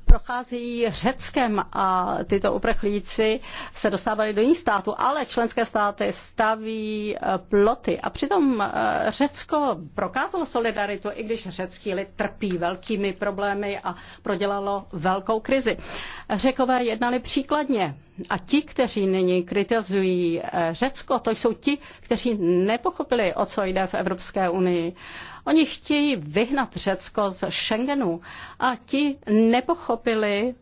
procházejí Řeckem a tyto uprchlíci se dostávali do jiných států, ale členské státy staví eh, ploty. A přitom eh, Řecko prokázalo solidaritu, i když řecký lid trpí velkými problémy a prodělalo velkou krizi. Řekové jednali příkladně. A ti, kteří nyní kritizují eh, Řecko, to jsou ti, kteří nepochopili, o co jde v Evropské unii. Oni chtějí vyhnat Řecko z Schengenu a ti nepochopili,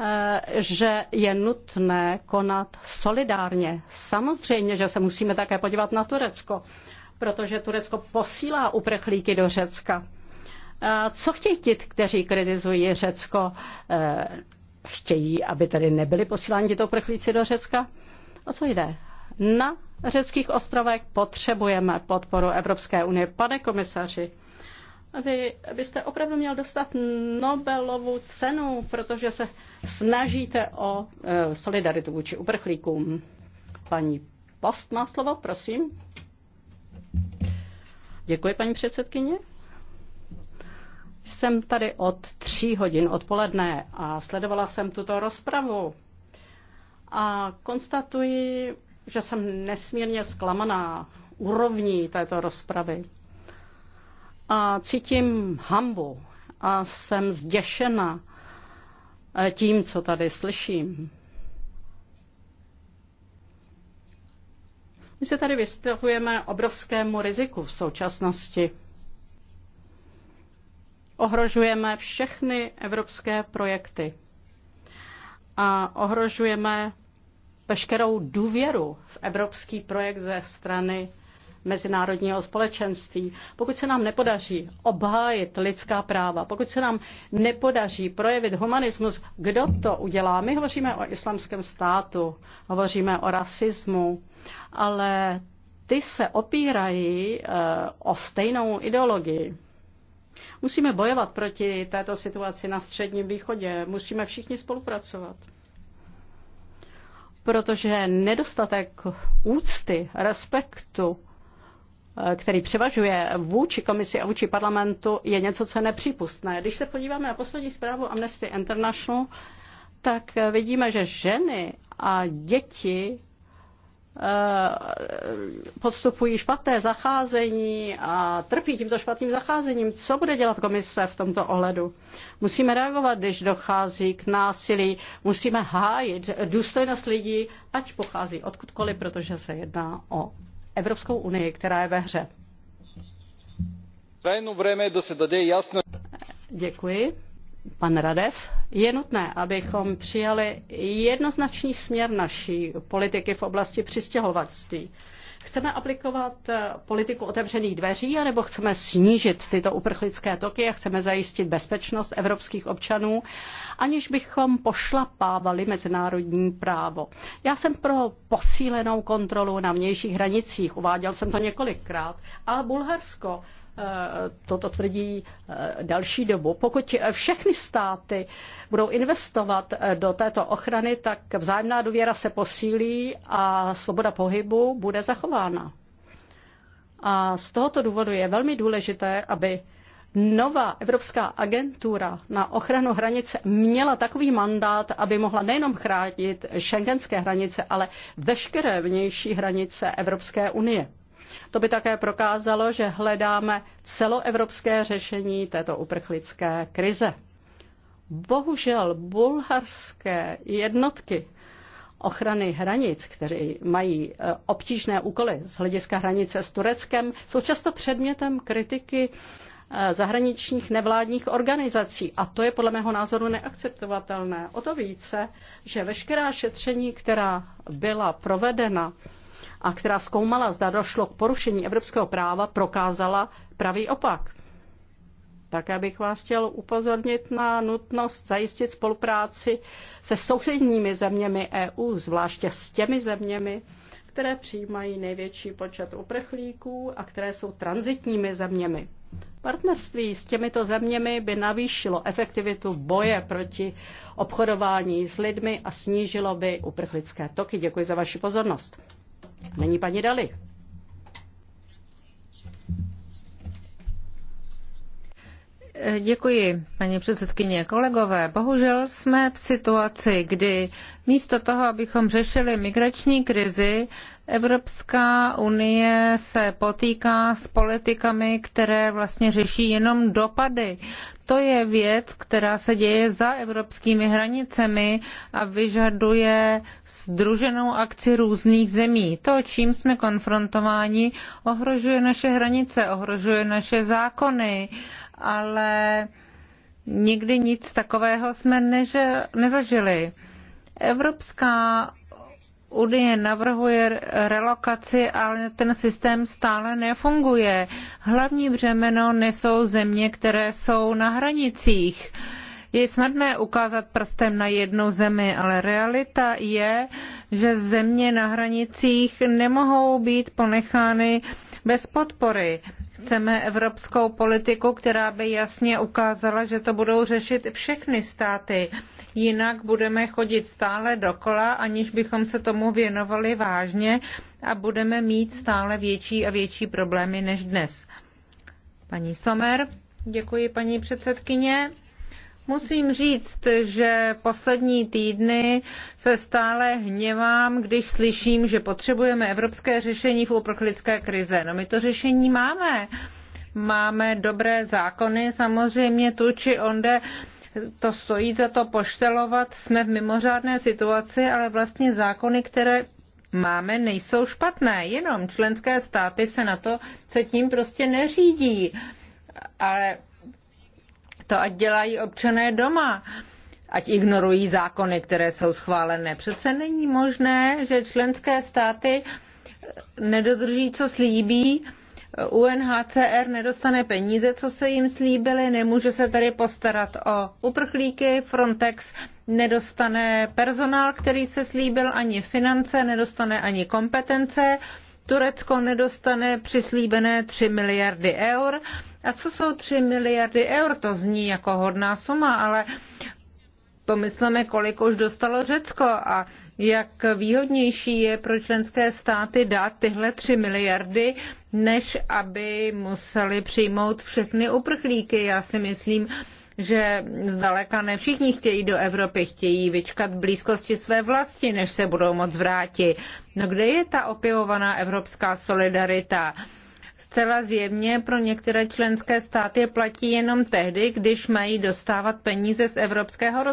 eh, že je nutné konat solidárně. Samozřejmě, že se musíme také podívat na Turecko, protože Turecko posílá uprchlíky do Řecka. Eh, co chtějí ti, kteří kritizují Řecko? Eh, chtějí, aby tady nebyli posíláni tito uprchlíci do Řecka? O co jde? na řeckých ostrovech potřebujeme podporu Evropské unie. Pane komisaři, vy byste opravdu měl dostat Nobelovu cenu, protože se snažíte o e, solidaritu vůči uprchlíkům. Paní Post má slovo, prosím. Děkuji, paní předsedkyně. Jsem tady od tří hodin odpoledne a sledovala jsem tuto rozpravu. A konstatuji, že jsem nesmírně zklamaná úrovní této rozpravy. A cítím hambu a jsem zděšena eh, tím, co tady slyším. My se tady vystavujeme obrovskému riziku v současnosti. Ohrožujeme všechny evropské projekty a ohrožujeme veškerou důvěru v evropský projekt ze strany mezinárodního společenství, pokud se nám nepodaří obhájit lidská práva, pokud se nám nepodaří projevit humanismus, kdo to udělá? My hovoříme o islamském státu, hovoříme o rasismu, ale ty se opírají eh, o stejnou ideologii. Musíme bojovat proti této situaci na Středním východě, musíme všichni spolupracovat protože nedostatek úcty, respektu, eh, který převažuje vůči komisi a vůči parlamentu, je něco, co je nepřípustné. Když se podíváme na poslední zprávu Amnesty International, tak eh, vidíme, že ženy a děti Eh, podstupují špatné zacházení a trpí tímto špatným zacházením. Co bude dělat komise v tomto ohledu? Musíme reagovat, když dochází k násilí. Musíme hájit důstojnost lidí, ať pochází odkudkoliv, protože se jedná o Evropskou unii, která je ve hře. Děkuji pan Radev, je nutné, abychom přijali jednoznačný směr naší politiky v oblasti přistěhovalství. Chceme aplikovat eh, politiku otevřených dveří, anebo chceme snížit tyto uprchlické toky a chceme zajistit bezpečnost evropských občanů, aniž bychom pošlapávali mezinárodní právo. Já jsem pro posílenou kontrolu na vnějších hranicích, uváděl jsem to několikrát, a Bulharsko Eh, toto tvrdí eh, další dobu. Pokud eh, všechny státy budou investovat do této ochrany, tak vzájemná důvěra se posílí a svoboda pohybu bude zachována. A z tohoto důvodu je velmi důležité, aby nová Evropská agentura na ochranu hranice měla takový mandát, aby mohla nejenom chránit šengenské hranice, ale veškeré vnější hranice Evropské unie. To by také prokázalo, že hledáme celoevropské řešení této uprchlické krize. Bohužel bulharské jednotky ochrany hranic, kteří mají e, obtížné úkoly z hlediska hranice s Tureckem, jsou často předmětem kritiky e, zahraničních nevládních organizací. A to je podle mého názoru neakceptovatelné. O to více, že veškerá šetření, která byla provedena a která zkoumala, zda došlo k porušení evropského práva, prokázala pravý opak. Také bych vás chtěl upozornit na nutnost zajistit spolupráci se sousedními zeměmi EU, zvláště s těmi zeměmi, které přijímají největší počet uprchlíků a které jsou transitními zeměmi. Partnerství s těmito zeměmi by navýšilo efektivitu boje proti obchodování s lidmi a snížilo by uprchlické toky. Děkuji za vaši pozornost. Není paní Dali. Děkuji, paní předsedkyně. Kolegové, bohužel jsme v situaci, kdy místo toho, abychom řešili migrační krizi, Evropská unie se potýká s politikami, které vlastně řeší jenom dopady. To je věc, která se děje za evropskými hranicemi a vyžaduje združenou akci různých zemí. To, čím jsme konfrontováni, ohrožuje naše hranice, ohrožuje naše zákony ale nikdy nic takového jsme neže, nezažili. Evropská Unie navrhuje relokaci, ale ten systém stále nefunguje. Hlavní břemeno nesou země, které jsou na hranicích. Je snadné ukázat prstem na jednu zemi, ale realita je, že země na hranicích nemohou být ponechány uh, bez podpory. Chceme evropskou politiku, která by jasně ukázala, že to budou řešit všechny státy. Jinak budeme chodit stále dokola, aniž bychom se tomu věnovali vážně a budeme mít stále větší a větší problémy než dnes. Paní Somer, děkuji paní předsedkyně. Musím říct, že poslední týdny se stále hněvám, když slyším, že potřebujeme evropské řešení v uprchlické krize. No my to řešení máme. Máme dobré zákony, samozřejmě tu či onde to stojí za to poštelovat. Jsme v mimořádné situaci, ale vlastně zákony, které máme, nejsou špatné. Jenom členské státy se na to se tím prostě neřídí. Ale to ať dělají občané doma ať ignorují zákony, které jsou schválené. Přece není možné, že členské státy nedodrží, co slíbí, UNHCR nedostane peníze, co se jim slíbily, nemůže se tady postarat o uprchlíky, Frontex nedostane personál, který se slíbil, ani finance, nedostane ani kompetence. Turecko nedostane přislíbené 3 miliardy eur. A co jsou 3 miliardy eur? To zní jako hodná suma, ale pomysleme, kolik už dostalo Řecko a jak výhodnější je pro členské státy dát tyhle 3 miliardy, než aby museli přijmout všechny uprchlíky. Já si myslím, že zdaleka ne všichni chtějí do Evropy, chtějí vyčkat blízkosti své vlasti, než se budou moc vrátit. No kde je ta opěvovaná evropská solidarita? Zcela zjevně pro některé členské státy platí jenom tehdy, když mají dostávat peníze z evropského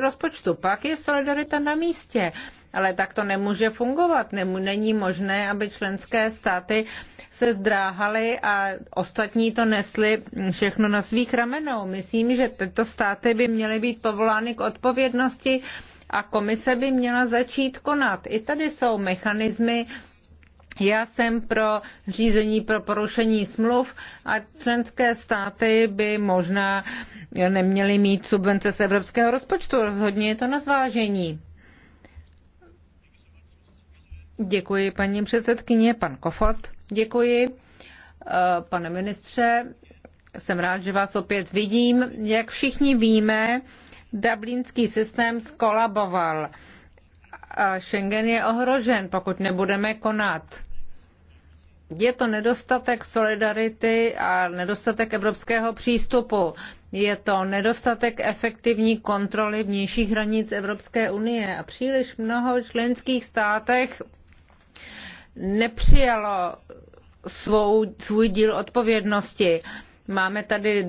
rozpočtu. Pak je solidarita na místě. Ale tak to nemůže fungovat. Není možné, aby členské státy se zdráhaly a ostatní to nesli všechno na svých ramenou. Myslím, že tyto státy by měly být povolány k odpovědnosti a komise by měla začít konat. I tady jsou mechanismy, já jsem pro řízení pro porušení smluv a členské státy by možná neměly mít subvence z evropského rozpočtu. Rozhodně je to na zvážení. Děkuji, paní předsedkyně, pan Kofot. Děkuji, eh, pane ministře. Jsem rád, že vás opět vidím. Jak všichni víme, dublinský systém skolaboval. A Schengen je ohrožen, pokud nebudeme konat. Je to nedostatek solidarity a nedostatek evropského přístupu. Je to nedostatek efektivní kontroly vnějších hranic Evropské unie a příliš mnoho členských státech nepřijalo svou, svůj díl odpovědnosti. Máme tady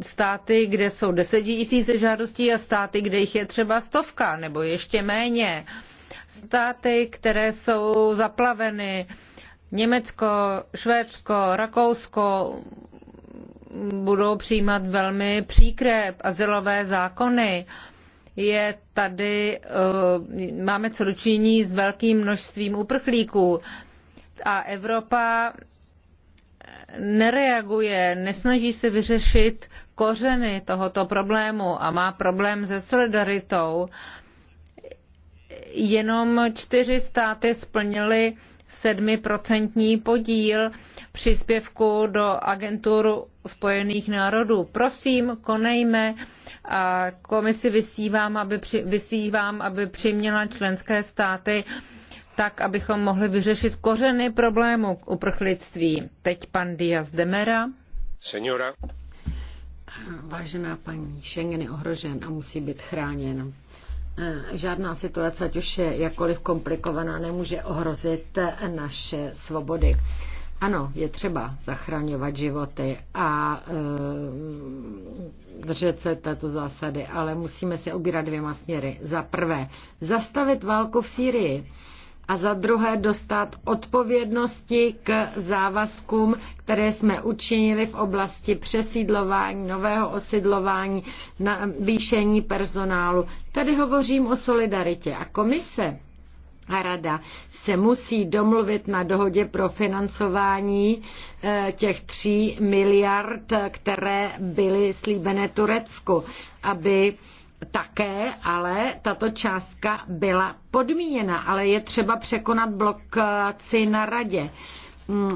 státy, kde jsou desetitisíce žádostí a státy, kde jich je třeba stovka nebo ještě méně. Státy, které jsou zaplaveny, Německo, Švédsko, Rakousko budou přijímat velmi příkré azylové zákony je tady, eh, máme co dočinění s velkým množstvím uprchlíků a Evropa nereaguje, nesnaží se vyřešit kořeny tohoto problému a má problém se solidaritou. Jenom čtyři státy splnily sedmiprocentní podíl příspěvku do agentur Spojených národů. Prosím, konejme a komisi vysívám, aby, při, vysívám, aby přiměla členské státy tak, abychom mohli vyřešit kořeny problému k uprchlictví. Teď pan Díaz Demera. Senora. Vážená paní, Schengen je ohrožen a musí být chráněn. E, žádná situace, ať už je jakkoliv komplikovaná, nemůže ohrozit naše svobody. Ano, je třeba zachraňovat životy a e, držet se této zásady, ale musíme se ubírat dvěma směry. Za prvé, zastavit válku v Sýrii a za druhé dostat odpovědnosti k závazkům, které jsme učinili v oblasti přesídlování, nového osidlování, navýšení personálu. Tady hovořím o solidaritě a komise a rada se musí domluvit na dohodě pro financování eh, těch tří miliard, které byly slíbené Turecku, aby také, ale tato částka byla podmíněna, ale je třeba překonat blokaci na radě.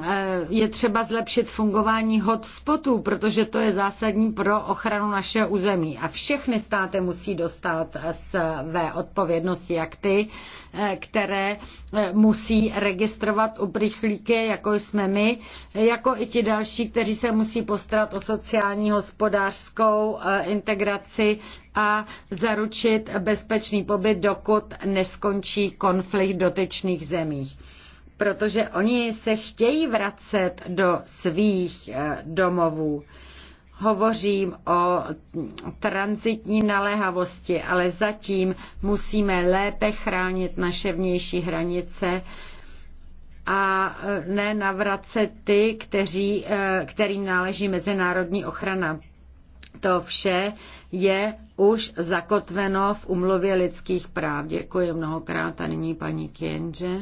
Eh, je třeba zlepšit fungování hotspotů, protože to je zásadní pro ochranu našeho území. A všechny státy musí dostat své odpovědnosti, jak ty, eh, které eh, musí registrovat uprchlíky, jako jsme my, jako i ti další, kteří se musí postarat o sociální, hospodářskou integraci a zaručit bezpečný pobyt, dokud neskončí konflikt v dotyčných zemích protože oni se chtějí vracet do svých eh, domovů. Hovořím o transitní naléhavosti, ale zatím musíme lépe chránit naše vnější hranice a eh, ne navracet ty, kteří, eh, kterým náleží mezinárodní ochrana. To vše je už zakotveno v umluvě lidských práv. Děkuji mnohokrát a nyní paní Kienže.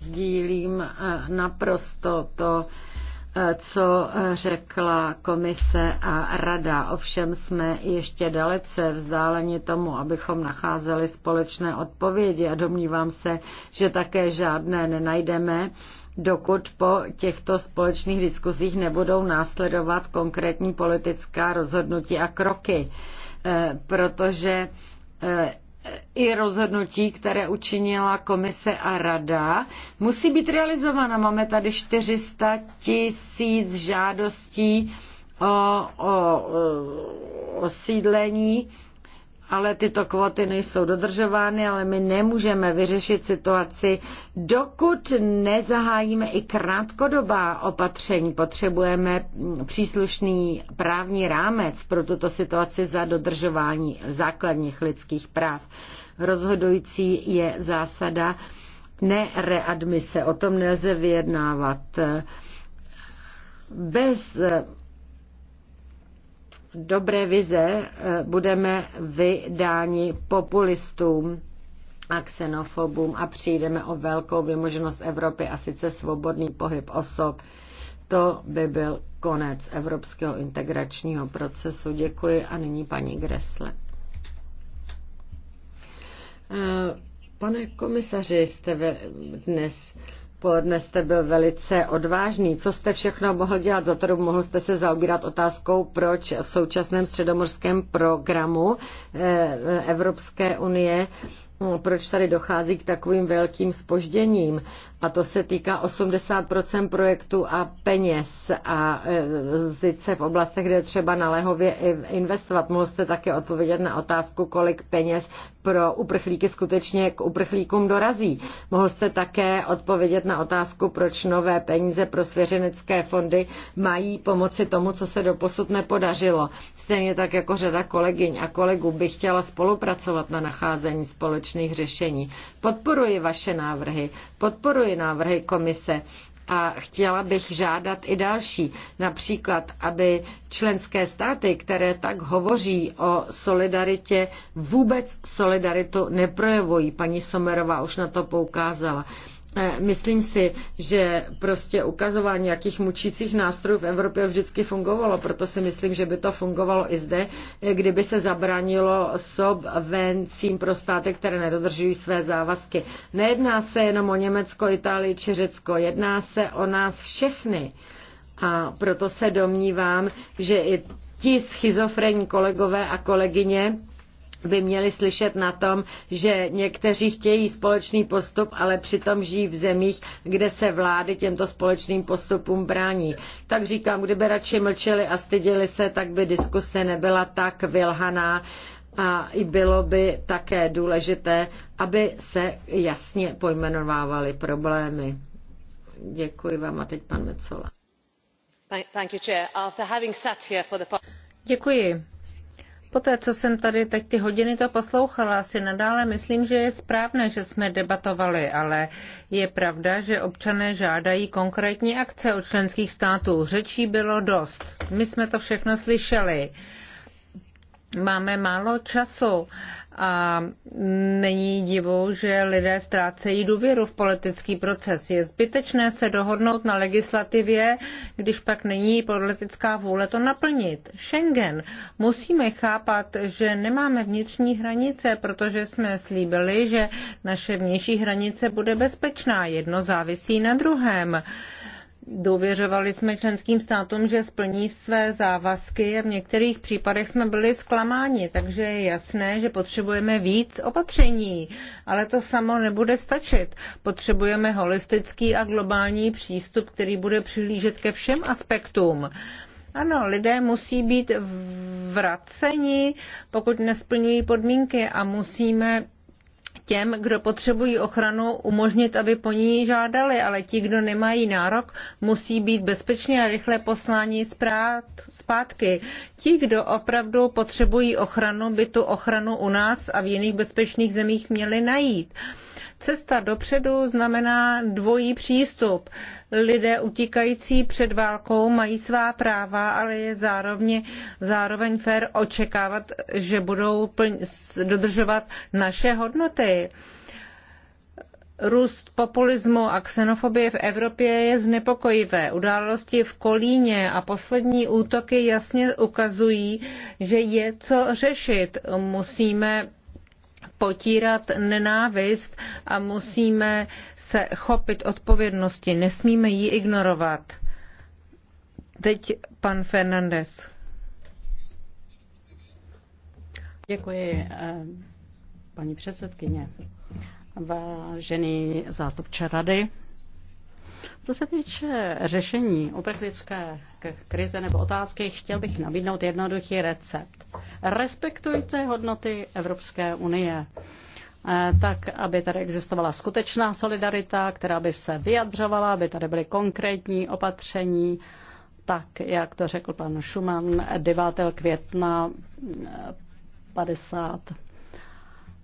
Sdílím eh, naprosto to, eh, co eh, řekla komise a rada. Ovšem jsme ještě dalece vzdáleni tomu, abychom nacházeli společné odpovědi a domnívám se, že také žádné nenajdeme dokud po těchto společných diskuzích nebudou následovat konkrétní politická rozhodnutí a kroky. Protože i rozhodnutí, které učinila komise a rada, musí být realizována. Máme tady 400 tisíc žádostí o, o, o sídlení ale tyto kvoty nejsou dodržovány, ale my nemůžeme vyřešit situaci, dokud nezahájíme i krátkodobá opatření. Potřebujeme příslušný právní rámec pro tuto situaci za dodržování základních lidských práv. Rozhodující je zásada nereadmise. O tom nelze vyjednávat. Bez dobré vize eh, budeme vydáni populistům a xenofobům a přijdeme o velkou vymoženost Evropy a sice svobodný pohyb osob. To by byl konec evropského integračního procesu. Děkuji a nyní paní Gresle. Eh, pane komisaři, jste dnes odpoledne jste byl velice odvážný. Co jste všechno mohl dělat? Za to dobu mohl jste se zaobírat otázkou, proč v současném středomorském programu eh, Evropské unie proč tady dochází k takovým velkým spožděním. A to se týká 80% projektů a peněz a zice eh, v oblastech, kde je třeba naléhově investovat. Mohl jste také odpovědět na otázku, kolik peněz pro uprchlíky skutečně k uprchlíkům dorazí. Mohl jste také odpovědět na otázku, proč nové peníze pro svěřenecké fondy mají pomoci tomu, co se doposud nepodařilo. Stejně tak jako řada kolegyň a kolegů by chtěla spolupracovat na nacházení společných řešení. Podporuji vaše návrhy, podporuji návrhy komise, a chtěla bych žádat i další, například, aby členské státy, které tak hovoří o solidaritě, vůbec solidaritu neprojevují. Paní Somerová už na to poukázala. Eh, myslím si, že prostě ukazování jakých mučících nástrojů v Evropě vždycky fungovalo, proto si myslím, že by to fungovalo i zde, eh, kdyby se zabránilo subvencím pro státy, které nedodržují své závazky. Nejedná se jenom o Německo, Itálii či Řecko, jedná se o nás všechny. A proto se domnívám, že i ti schizofrenní kolegové a kolegyně, by měli slyšet na tom, že někteří chtějí společný postup, ale přitom žijí v zemích, kde se vlády těmto společným postupům brání. Tak říkám, kdyby radši mlčeli a styděli se, tak by diskuse nebyla tak vylhaná a i bylo by také důležité, aby se jasně pojmenovávaly problémy. Děkuji vám a teď pan Mecola. Děkuji. Poté, co jsem tady teď ty hodiny to poslouchala, si nadále myslím, že je správné, že jsme debatovali, ale je pravda, že občané žádají konkrétní akce od členských států. Řečí bylo dost. My jsme to všechno slyšeli máme málo času a není divu, že lidé ztrácejí důvěru v politický proces. Je zbytečné se dohodnout na legislativě, když pak není politická vůle to naplnit. Schengen. Musíme chápat, že nemáme vnitřní hranice, protože jsme slíbili, že naše vnější hranice bude bezpečná. Jedno závisí na druhém. Dověřovali jsme členským státům, že splní své závazky a v některých případech jsme byli zklamáni, takže je jasné, že potřebujeme víc opatření, ale to samo nebude stačit. Potřebujeme holistický a globální přístup, který bude přihlížet ke všem aspektům. Ano, lidé musí být vraceni, pokud nesplňují podmínky a musíme těm, kdo potřebují ochranu, umožnit, aby po ní žádali, ale ti, kdo nemají nárok, musí být bezpečně a rychle posláni zpátky. Ti, kdo opravdu potřebují ochranu, by tu ochranu u nás a v jiných bezpečných zemích měli najít. Cesta dopředu znamená dvojí přístup. Lidé utíkající před válkou mají svá práva, ale je zároveň, zároveň fér očekávat, že budou plň, dodržovat naše hodnoty. Růst populismu a xenofobie v Evropě je znepokojivé. Události v Kolíně a poslední útoky jasně ukazují, že je co řešit. Musíme potírat nenávist a musíme se chopit odpovědnosti. Nesmíme ji ignorovat. Teď pan Fernandez. Děkuji, eh, paní předsedkyně. Vážený zástupče rady, co se týče řešení uprchlické krize nebo otázky, chtěl bych nabídnout jednoduchý recept. Respektujte hodnoty Evropské unie eh, tak, aby tady existovala skutečná solidarita, která by se vyjadřovala, aby tady byly konkrétní opatření, tak, jak to řekl pan Schumann 9. května 50. Eh,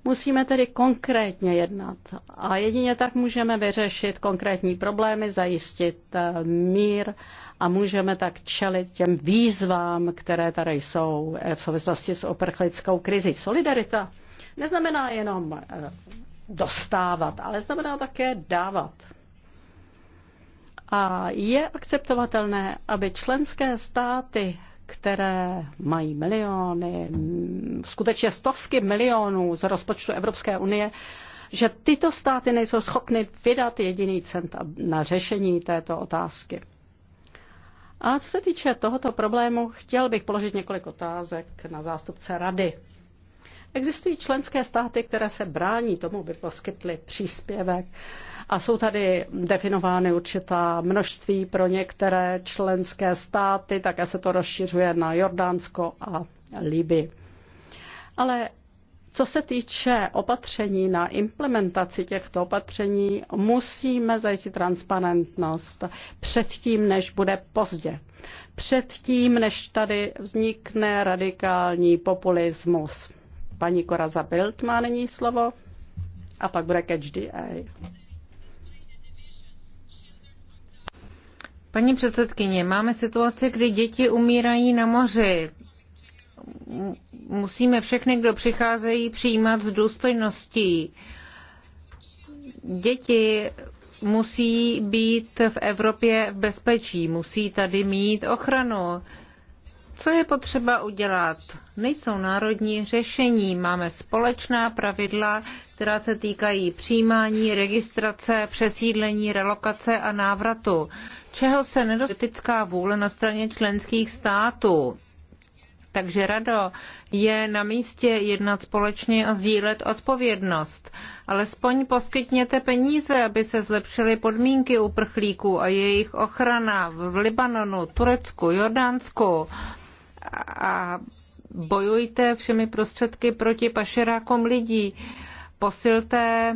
Musíme tedy konkrétně jednat a jedině tak můžeme vyřešit konkrétní problémy, zajistit eh, mír a můžeme tak čelit těm výzvám, které tady jsou eh, v souvislosti s oprchlickou krizi. Solidarita neznamená jenom eh, dostávat, ale znamená také dávat. A je akceptovatelné, aby členské státy které mají miliony, skutečně stovky milionů z rozpočtu Evropské unie, že tyto státy nejsou schopny vydat jediný cent na řešení této otázky. A co se týče tohoto problému, chtěl bych položit několik otázek na zástupce rady. Existují členské státy, které se brání tomu, aby poskytly příspěvek a jsou tady definovány určitá množství pro některé členské státy, také se to rozšiřuje na Jordánsko a Libii. Ale co se týče opatření na implementaci těchto opatření, musíme zajistit transparentnost předtím, než bude pozdě. Předtím, než tady vznikne radikální populismus. Paní Koraza Bild má nyní slovo a pak bude catch the eye. Paní předsedkyně, máme situaci, kdy děti umírají na moři. Musíme všechny, kdo přicházejí, přijímat s důstojností. Děti musí být v Evropě v bezpečí, musí tady mít ochranu. Co je potřeba udělat? Nejsou národní řešení. Máme společná pravidla, která se týkají přijímání, registrace, přesídlení, relokace a návratu. Čeho se nedostatická vůle na straně členských států? Takže rado je na místě jednat společně a sdílet odpovědnost. Alespoň poskytněte peníze, aby se zlepšily podmínky uprchlíků a jejich ochrana v Libanonu, Turecku, Jordánsku a bojujte všemi prostředky proti pašerákům lidí. Posilte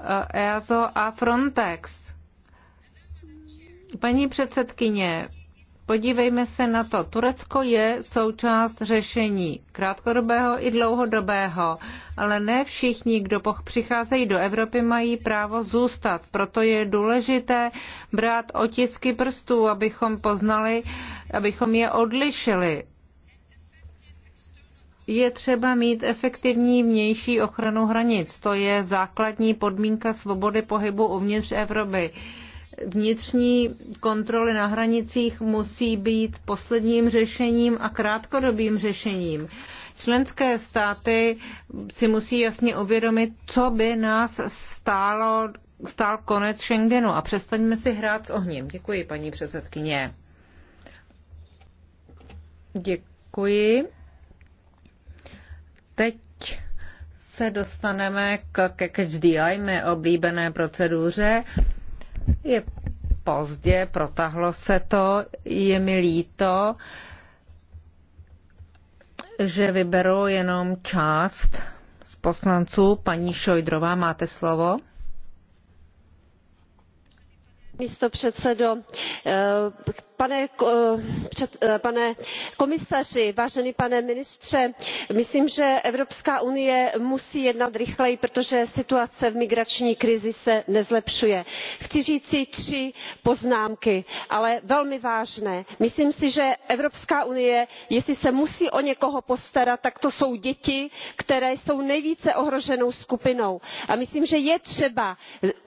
eh, EASO a Frontex. Paní předsedkyně, podívejme se na to. Turecko je součást řešení krátkodobého i dlouhodobého, ale ne všichni, kdo přicházejí do Evropy, mají právo zůstat. Proto je důležité brát otisky prstů, abychom poznali, abychom je odlišili. Je třeba mít efektivní vnější ochranu hranic. To je základní podmínka svobody pohybu uvnitř Evropy. Vnitřní kontroly na hranicích musí být posledním řešením a krátkodobým řešením. Členské státy si musí jasně uvědomit, co by nás stálo, stál konec Schengenu a přestaňme si hrát s ohněm. Děkuji, paní předsedkyně. Děkuji. Teď se dostaneme k, ke mé oblíbené proceduře. Je pozdě, protahlo se to, je mi líto, že vyberu jenom část z poslanců. Paní Šojdrová, máte slovo Místo předsedo, eh, Eh, pane komisaři vážený pane ministře myslím že evropská unie musí jednat rychleji protože situace v migrační krizi se nezlepšuje. chci říci tři poznámky ale velmi vážné. myslím si že evropská unie jestli se musí o někoho postarat tak to jsou děti které jsou nejvíce ohroženou skupinou a myslím že je třeba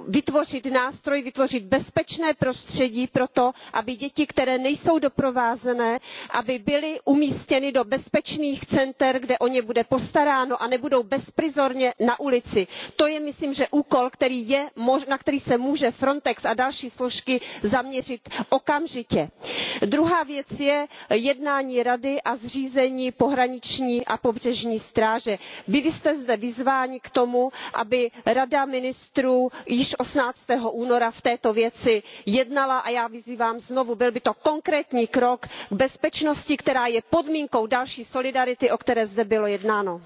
vytvořit nástroj vytvořit bezpečné prostředí pro to aby děti které které nejsou doprovázené aby byly umístěny do bezpečných center kde o ně bude postaráno a nebudou bezprizorně na ulici. to je myslím že úkol na který se může frontex a další složky zaměřit okamžitě. druhá věc je jednání rady a zřízení pohraniční a pobřežní stráže. byli jste zde vyzváni k tomu aby rada ministrů již eighteen února v této věci jednala a já vyzývám znovu byl by konkrétní krok k bezpečnosti která je podmínkou další solidarity o které zde bylo jednáno.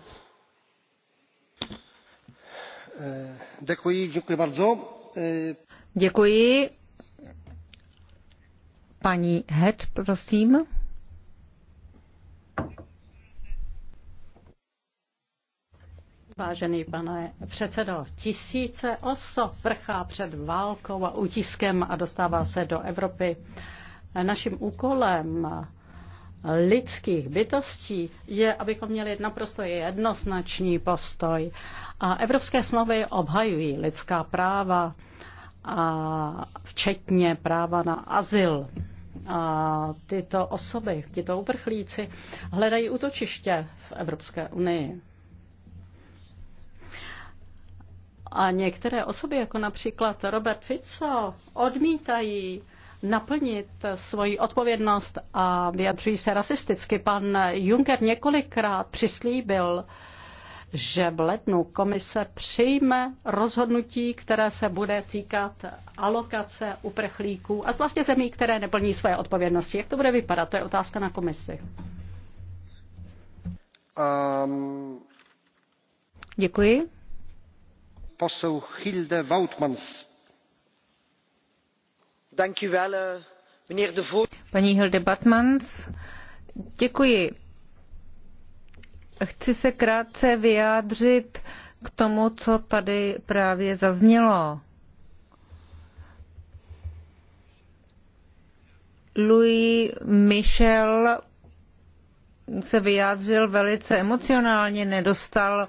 Děkuji. prosím. Vážený pane předsedající, tisíce osob prchá před válkou a útiskem a dostává se do Evropy naším úkolem lidských bytostí je, abychom měli naprosto jednoznačný postoj. A evropské smlouvy obhajují lidská práva, a včetně práva na azyl. A tyto osoby, tyto uprchlíci hledají útočiště v Evropské unii. A některé osoby, jako například Robert Fico, odmítají naplnit svoji odpovědnost a vyjadřují se rasisticky. Pan Juncker několikrát přislíbil, že v lednu komise přijme rozhodnutí, které se bude týkat alokace uprchlíků a zvláště zemí, které neplní své odpovědnosti. Jak to bude vypadat? To je otázka na komisi. Um, Děkuji. Posou Hilde Vautmans Eh, Paní Hilde Batmans, děkuji. Chci se krátce vyjádřit k tomu, co tady právě zaznělo. Louis Michel se vyjádřil velice emocionálně, nedostal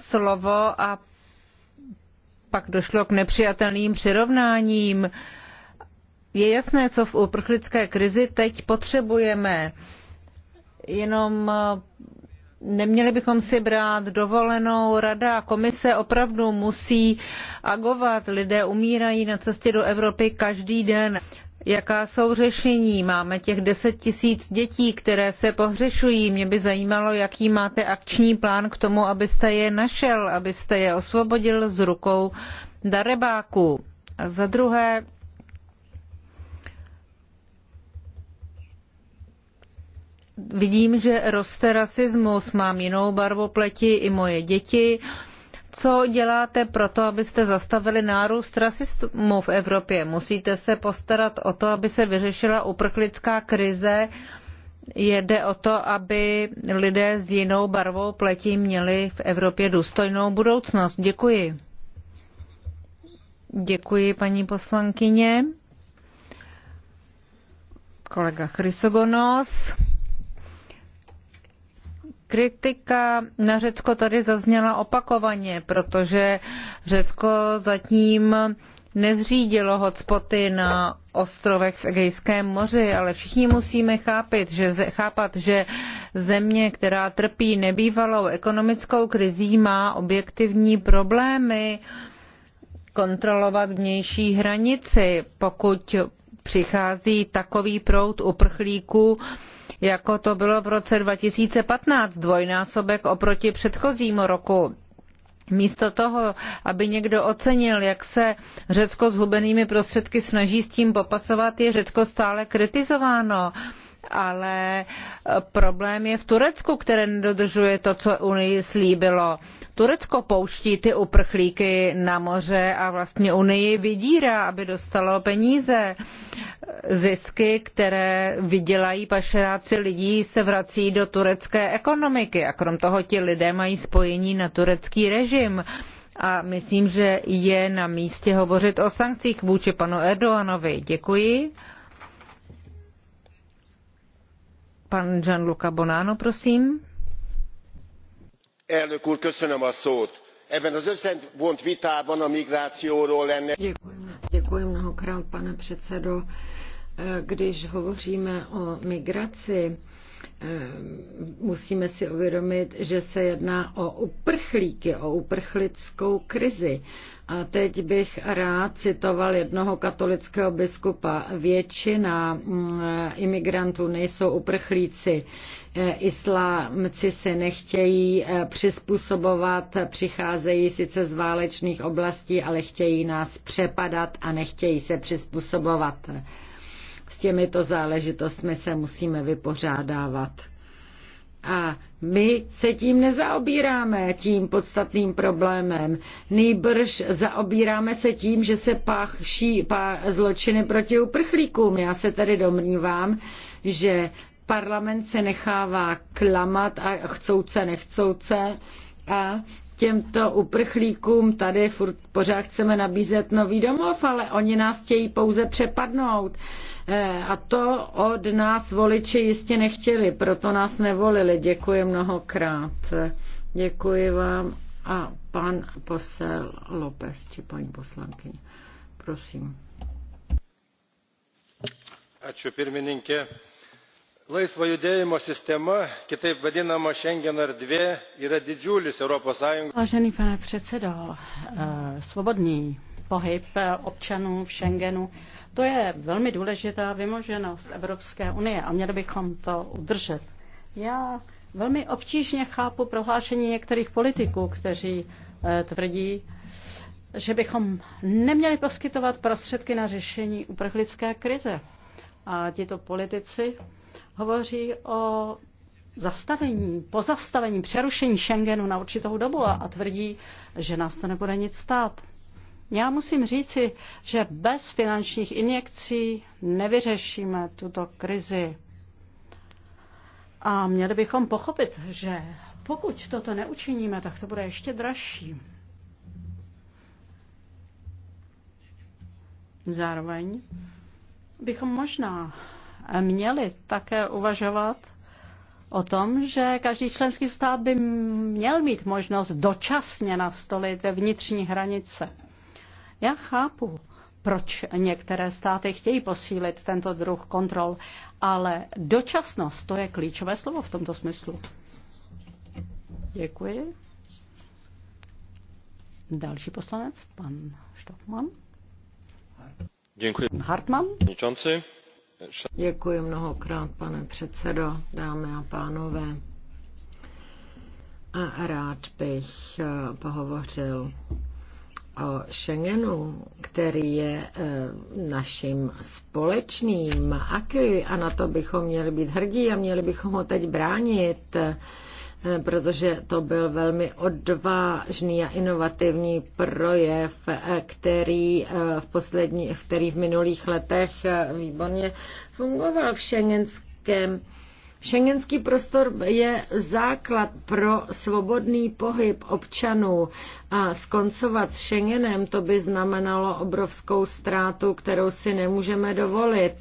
slovo a pak došlo k nepřijatelným přirovnáním. Uh, je jasné, co v uprchlické krizi teď potřebujeme. Jenom eh, neměli bychom si brát dovolenou. Rada a komise opravdu musí agovat. Lidé umírají na cestě do Evropy každý den. Jaká jsou řešení? Máme těch 10 tisíc dětí, které se pohřešují. Mě by zajímalo, jaký máte akční plán k tomu, abyste je našel, abyste je osvobodil z rukou darebáku. A za druhé, vidím, že roste rasismus, mám jinou barvu pleti i moje děti. Co děláte pro to, abyste zastavili nárůst rasismu v Evropě? Musíte se postarat o to, aby se vyřešila uprchlická krize. Jde o to, aby lidé s jinou barvou pleti měli v Evropě důstojnou budoucnost. Děkuji. Děkuji, paní poslankyně. Kolega Chrysogonos. Kritika na Řecko tady zazněla opakovaně, protože Řecko zatím nezřídilo hotspoty na ostrovech v Egejském moři, ale všichni musíme chápat, že, chápat, že země, která trpí nebývalou ekonomickou krizí, má objektivní problémy kontrolovat vnější hranici, pokud přichází takový proud uprchlíků, jako to bylo v roce 2015, dvojnásobek oproti předchozímu roku. Místo toho, aby někdo ocenil, jak se Řecko s hubenými prostředky snaží s tím popasovat, je Řecko stále kritizováno. Ale eh, problém je v Turecku, které nedodržuje to, co Unii slíbilo. Turecko pouští ty uprchlíky na moře a vlastně Unii vydírá, aby dostalo peníze. Zisky, které vydělají pašeráci lidí, se vrací do turecké ekonomiky a krom toho ti lidé mají spojení na turecký režim a myslím, že je na místě hovořit o sankcích vůči panu Erdoanovi. Děkuji. Pan Gianluca Bonano, prosím elnök úr ebben az összevont vitában a migrációról lenne. Děkuji, děkuji mnohokrát, pane předsedo. Když hovoříme o migraci, musíme si uvědomit, že se jedná o uprchlíky, o uprchlickou krizi. A teď bych rád citoval jednoho katolického biskupa. Většina mm, imigrantů nejsou uprchlíci. Eh, islámci se nechtějí eh, přizpůsobovat, přicházejí sice z válečných oblastí, ale chtějí nás přepadat a nechtějí se přizpůsobovat. S těmito záležitostmi se musíme vypořádávat. A my se tím nezaobíráme, tím podstatným problémem. Nýbrž zaobíráme se tím, že se páší pá, zločiny proti uprchlíkům. Já se tedy domnívám, že parlament se nechává klamat a chcouce nechcouce a těmto uprchlíkům tady furt pořád chceme nabízet nový domov, ale oni nás chtějí pouze přepadnout. Eh, a to od nás voliči jistě nechtěli, proto nás nevolili. Děkuji mnohokrát. Děkuji vám. A pan posel López, či paní poslankyně. Prosím. Ačiū laisvo judėjimo sistema kitaip vadinama schengen erdvė yra didžiulis europos sąjungos. Eh, svobodný pohyb občanů v schengenu to je velmi důležitá vymoženost evropské unie a měli bychom to udržet. já velmi obtížně chápu prohlášení některých politiků kteří eh, tvrdí že bychom neměli poskytovat prostředky na řešení uprchlické krize. A tito politici hovoří o zastavení, pozastavení, přerušení Schengenu na určitou dobu a, a tvrdí, že nás to nebude nic stát. Já musím říci, že bez finančních injekcí nevyřešíme tuto krizi. A měli bychom pochopit, že pokud toto neučiníme, tak to bude ještě dražší. Zároveň bychom možná měli také uvažovat o tom, že každý členský stát by měl mít možnost dočasně nastolit vnitřní hranice. Já chápu, proč některé státy chtějí posílit tento druh kontrol, ale dočasnost to je klíčové slovo v tomto smyslu. Děkuji. Další poslanec, pan Štokman. Děkuji. Hartmann. Děkuji. Děkuji mnohokrát, pane předsedo, dámy a pánové. A rád bych eh, pohovořil o Schengenu, který je eh, naším společným a na to bychom měli být hrdí a měli bychom ho teď bránit Eh, protože to byl velmi odvážný a inovativní projev, eh, který eh, v, poslední, který v minulých letech výborně fungoval v šengenském Schengenský prostor je základ pro svobodný pohyb občanů a skoncovat s Schengenem to by znamenalo obrovskou ztrátu, kterou si nemůžeme dovolit.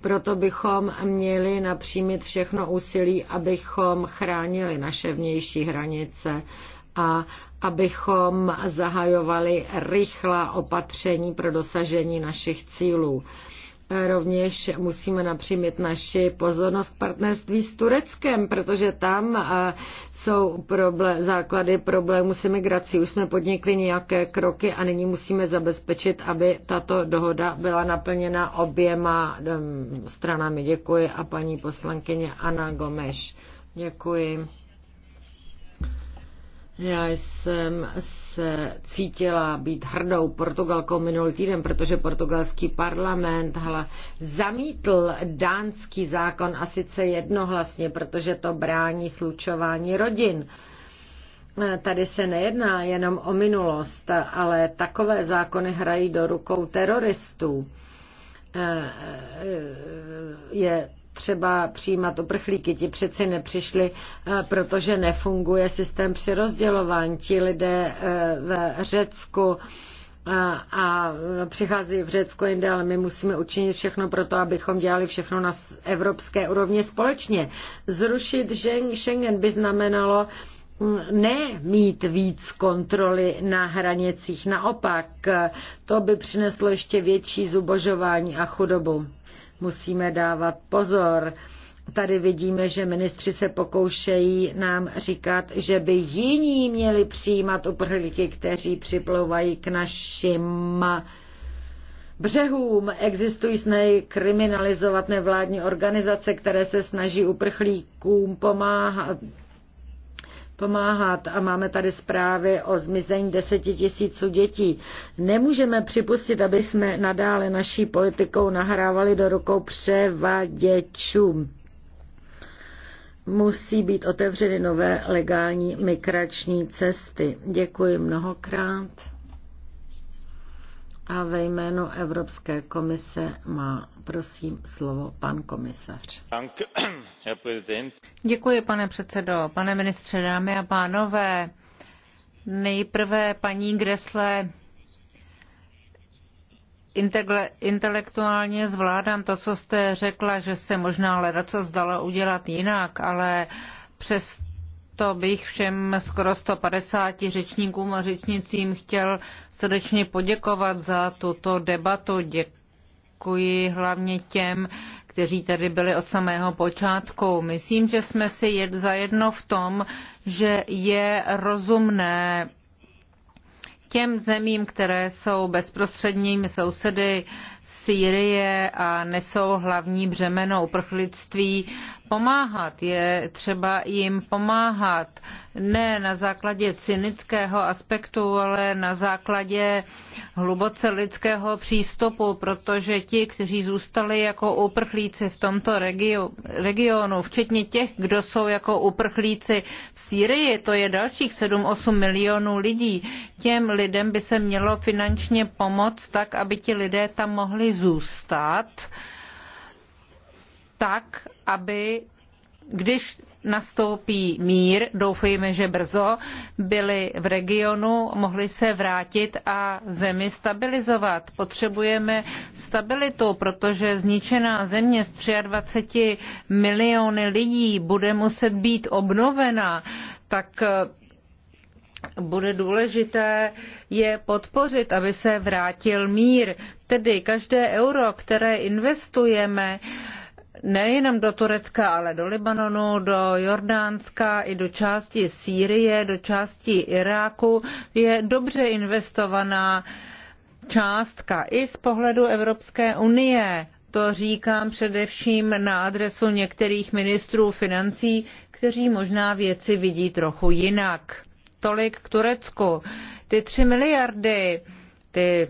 Proto bychom měli napřímit všechno úsilí, abychom chránili naše vnější hranice a abychom zahajovali rychlá opatření pro dosažení našich cílů. Rovněž musíme napřímit naši pozornost k partnerství s Tureckem, protože tam eh, jsou problé- základy problému s imigrací. Už jsme podnikli nějaké kroky a nyní musíme zabezpečit, aby tato dohoda byla naplněna oběma stranami. Děkuji a paní poslankyně Ana Gomeš. Děkuji. Já jsem se cítila být hrdou Portugalkou minulý týden, protože portugalský parlament hla, zamítl dánský zákon a sice jednohlasně, protože to brání slučování rodin. Tady se nejedná jenom o minulost, ale takové zákony hrají do rukou teroristů. Eh, eh, je třeba přijímat uprchlíky. Ti přeci nepřišli, eh, protože nefunguje systém přerozdělování. Ti lidé eh, eh, no, v Řecku a přichází v Řecku, jinde, ale my musíme učinit všechno pro to, abychom dělali všechno na evropské úrovni společně. Zrušit Schengen by znamenalo mm, ne mít víc kontroly na hranicích, naopak to by přineslo ještě větší zubožování a chudobu musíme dávat pozor. Tady vidíme, že ministři se pokoušejí nám říkat, že by jiní měli přijímat uprchlíky, kteří připlouvají k našim břehům. Existují snahy kriminalizovat nevládní organizace, které se snaží uprchlíkům pomáhat, pomáhat. A máme tady zprávy o zmizení deseti tisíců dětí. Nemůžeme připustit, aby jsme nadále naší politikou nahrávali do rukou převaděčům musí být otevřeny nové legální migrační cesty. Děkuji mnohokrát. A ve jménu Evropské komise má, prosím, slovo pan komisař. Děkuji, pane předsedo. Pane ministře, dámy a pánové, nejprve paní Gresle, intelektuálně zvládám to, co jste řekla, že se možná leda co zdala udělat jinak, ale přes proto bych všem skoro 150 řečníkům a řečnicím chtěl srdečně poděkovat za tuto debatu. Děkuji hlavně těm, kteří tady byli od samého počátku. Myslím, že jsme si jed zajedno v tom, že je rozumné těm zemím, které jsou bezprostředními sousedy Sýrie a nesou hlavní břemeno uprchlictví, pomáhat, je třeba jim pomáhat ne na základě cynického aspektu, ale na základě hluboce lidského přístupu, protože ti, kteří zůstali jako uprchlíci v tomto regionu, včetně těch, kdo jsou jako uprchlíci v Sýrii, to je dalších 7-8 milionů lidí, těm lidem by se mělo finančně pomoct tak, aby ti lidé tam mohli zůstat tak, aby když nastoupí mír, doufejme, že brzo, byli v regionu, mohli se vrátit a zemi stabilizovat. Potřebujeme stabilitu, protože zničená země s 23 miliony lidí bude muset být obnovena, tak eh, bude důležité je podpořit, aby se vrátil mír. Tedy každé euro, které investujeme, nejenom do Turecka, ale do Libanonu, do Jordánska i do části Sýrie, do části Iráku je dobře investovaná částka i z pohledu Evropské unie. To říkám především na adresu některých ministrů financí, kteří možná věci vidí trochu jinak. Tolik k Turecku. Ty tři miliardy, ty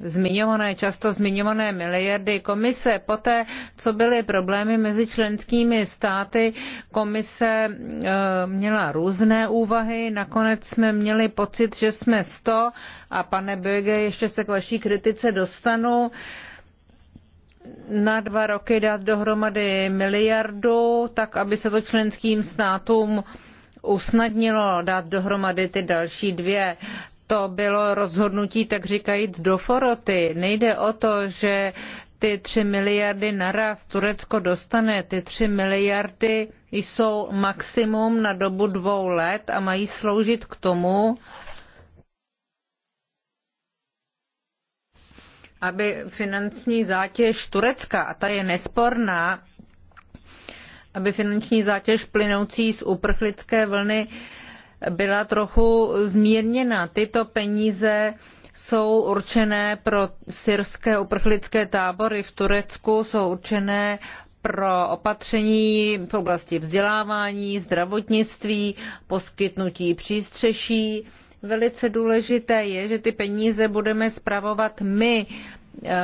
zmiňované, často zmiňované miliardy komise. Poté, co byly problémy mezi členskými státy, komise e, měla různé úvahy. Nakonec jsme měli pocit, že jsme 100 a pane Böge, ještě se k vaší kritice dostanu na dva roky dát dohromady miliardu, tak aby se to členským státům usnadnilo dát dohromady ty další dvě to bylo rozhodnutí, tak říkajíc, do foroty. Nejde o to, že ty tři miliardy naraz Turecko dostane. Ty tři miliardy jsou maximum na dobu dvou let a mají sloužit k tomu, aby finanční zátěž Turecka, a ta je nesporná, aby finanční zátěž plynoucí z uprchlické vlny byla trochu zmírněna. Tyto peníze jsou určené pro syrské uprchlické tábory v Turecku, jsou určené pro opatření v oblasti vzdělávání, zdravotnictví, poskytnutí přístřeší. Velice důležité je, že ty peníze budeme spravovat my, eh,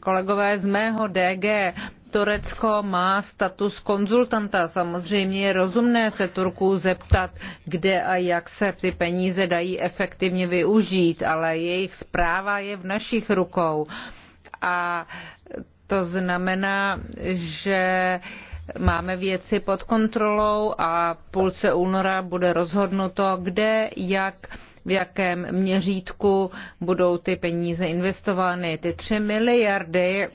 kolegové z mého DG. Turecko má status konzultanta. Samozřejmě je rozumné se Turků zeptat, kde a jak se ty peníze dají efektivně využít, ale jejich zpráva je v našich rukou. A to znamená, že máme věci pod kontrolou a půlce února bude rozhodnuto, kde, jak, v jakém měřítku budou ty peníze investovány. Ty tři miliardy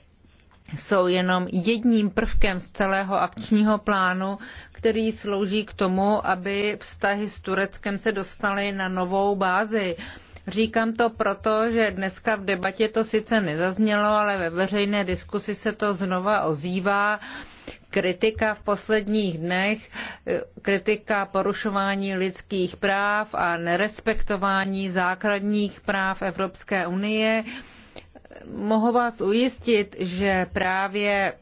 jsou jenom jedním prvkem z celého akčního plánu, který slouží k tomu, aby vztahy s Tureckem se dostaly na novou bázi. Říkám to proto, že dneska v debatě to sice nezaznělo, ale ve veřejné diskusi se to znova ozývá. Kritika v posledních dnech, kritika porušování lidských práv a nerespektování základních práv Evropské unie, mohu vás ujistit, že právě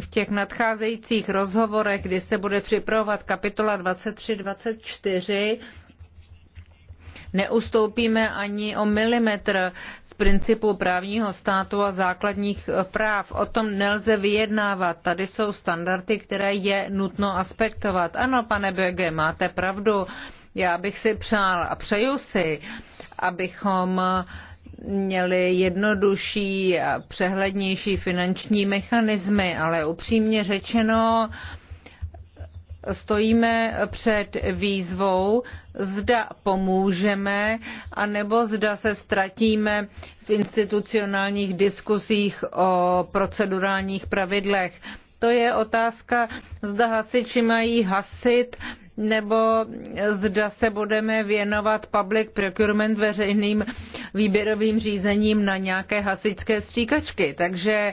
v těch nadcházejících rozhovorech, kdy se bude připravovat kapitola 23-24, neustoupíme ani o milimetr z principu právního státu a základních práv. O tom nelze vyjednávat. Tady jsou standardy, které je nutno aspektovat. Ano, pane Böge, máte pravdu. Já bych si přál a přeju si, abychom měli jednodušší a přehlednější finanční mechanismy, ale upřímně řečeno, stojíme před výzvou, zda pomůžeme, anebo zda se ztratíme v institucionálních diskusích o procedurálních pravidlech. To je otázka, zda hasiči mají hasit nebo zda se budeme věnovat public procurement veřejným výběrovým řízením na nějaké hasičské stříkačky. Takže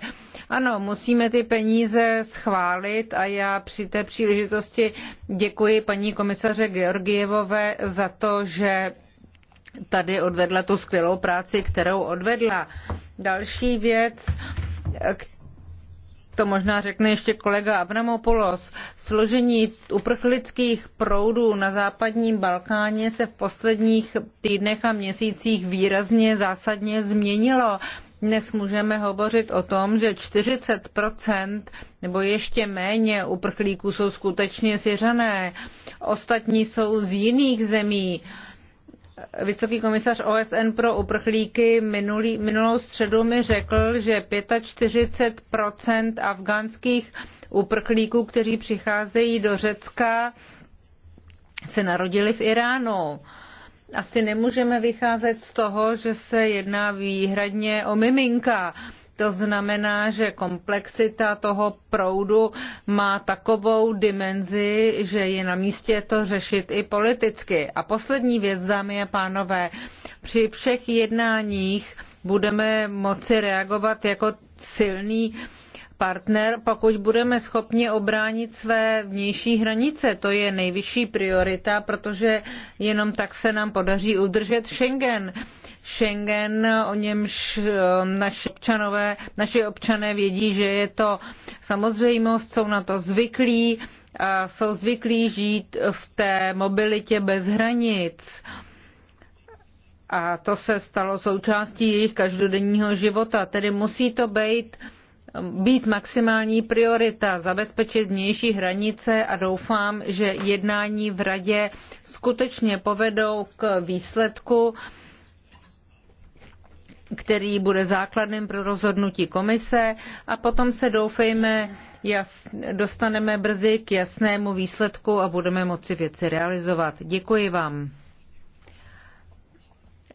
ano, musíme ty peníze schválit a já při té příležitosti děkuji paní komisaře Georgievové za to, že tady odvedla tu skvělou práci, kterou odvedla. Další věc, to možná řekne ještě kolega Avramopoulos, složení uprchlických proudů na západním Balkáně se v posledních týdnech a měsících výrazně zásadně změnilo. Dnes můžeme hovořit o tom, že 40 nebo ještě méně uprchlíků jsou skutečně syřané. Ostatní jsou z jiných zemí. Uh, vysoký komisař OSN pro uprchlíky minulý, minulou středu mi řekl, že 45 afgánských uprchlíků, kteří přicházejí do Řecka, se narodili v Iránu. Asi nemůžeme vycházet z toho, že se jedná výhradně o miminka. To znamená, že komplexita toho proudu má takovou dimenzi, že je na místě to řešit i politicky. A poslední věc, dámy a pánové, při všech jednáních budeme moci reagovat jako silný partner, pokud budeme schopni obránit své vnější hranice. To je nejvyšší priorita, protože jenom tak se nám podaří udržet Schengen. Schengen, o němž eh, naši občanové, naši občané vědí, že je to samozřejmost, jsou na to zvyklí a jsou zvyklí žít v té mobilitě bez hranic. A to se stalo součástí jejich každodenního života. Tedy musí to být, být maximální priorita, zabezpečit vnější hranice a doufám, že jednání v radě skutečně povedou k výsledku, který bude základem pro rozhodnutí komise a potom se doufejme jas, dostaneme brzy k jasnému výsledku a budeme moci věci realizovat. Děkuji vám.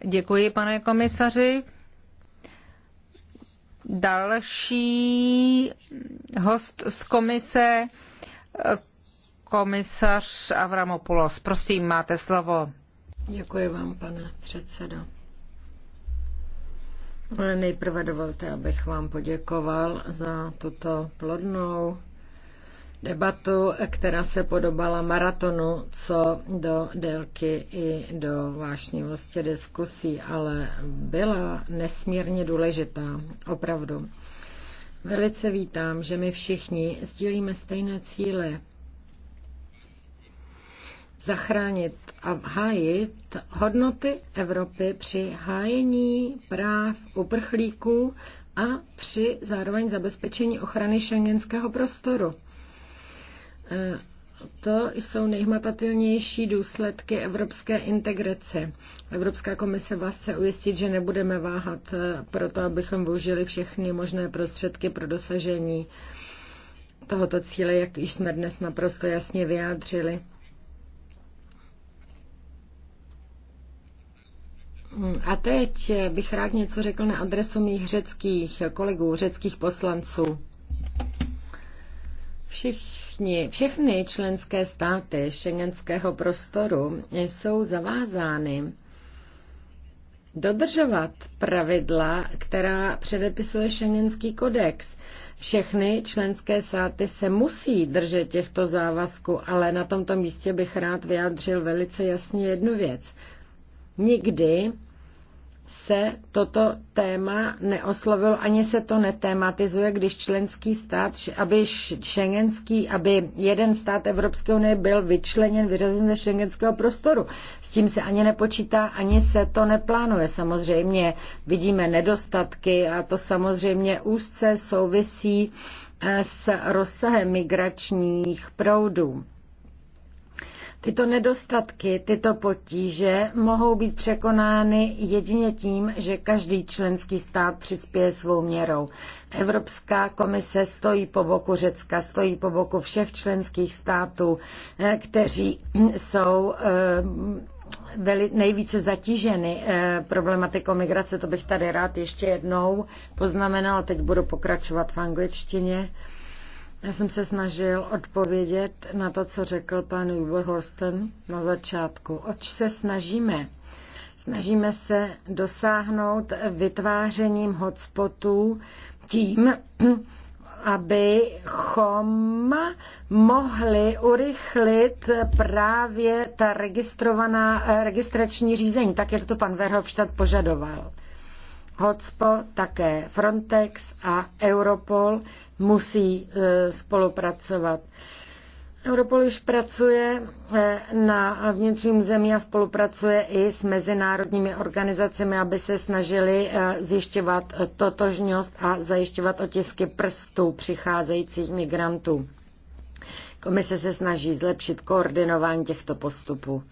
Děkuji, pane komisaři. Další host z komise, komisař Avramopoulos. Prosím, máte slovo. Děkuji vám, pane předsedo. No, nejprve dovolte, abych vám poděkoval za tuto plodnou debatu, která se podobala maratonu, co do délky i do vášnivosti diskusí, ale byla nesmírně důležitá, opravdu. Velice vítám, že my všichni sdílíme stejné cíle, zachránit a hájit hodnoty Evropy při hájení práv uprchlíků a při zároveň zabezpečení ochrany šengenského prostoru. E, to jsou nejhmatatelnější důsledky evropské integrace. Evropská komise vás chce ujistit, že nebudeme váhat e, proto, abychom využili všechny možné prostředky pro dosažení tohoto cíle, jak již jsme dnes naprosto jasně vyjádřili. A teď bych rád něco řekl na adresu mých řeckých kolegů, řeckých poslanců. Všichni, všechny členské státy šengenského prostoru jsou zavázány dodržovat pravidla, která předepisuje šengenský kodex. Všechny členské státy se musí držet těchto závazků, ale na tomto místě bych rád vyjádřil velice jasně jednu věc – Nikdy se toto téma neoslovilo, ani se to netématizuje, když členský stát, aby šengenský, aby jeden stát Evropské unie byl vyčleněn, vyřazen ze šengenského prostoru. S tím se ani nepočítá, ani se to neplánuje. Samozřejmě vidíme nedostatky a to samozřejmě úzce souvisí eh, s rozsahem migračních proudů. Tyto nedostatky, tyto potíže mohou být překonány jedině tím, že každý členský stát přispěje svou měrou. Evropská komise stojí po boku Řecka, stojí po boku všech členských států, eh, kteří jsou eh, nejvíce zatíženy eh, problematikou migrace. To bych tady rád ještě jednou poznamenala. Teď budu pokračovat v angličtině. Já jsem se snažil odpovědět na to, co řekl pan Horsten na začátku. Oč se snažíme? Snažíme se dosáhnout vytvářením hotspotů tím, abychom mohli urychlit právě ta registrovaná, eh, registrační řízení, tak jak to pan Verhofstadt požadoval. Hotspot, také Frontex a Europol musí e, spolupracovat. Europol již pracuje e, na vnitřním zemí a spolupracuje i s mezinárodními organizacemi, aby se snažili e, zjišťovat totožnost a zajišťovat otisky prstů přicházejících migrantů. Komise se snaží zlepšit koordinování těchto postupů.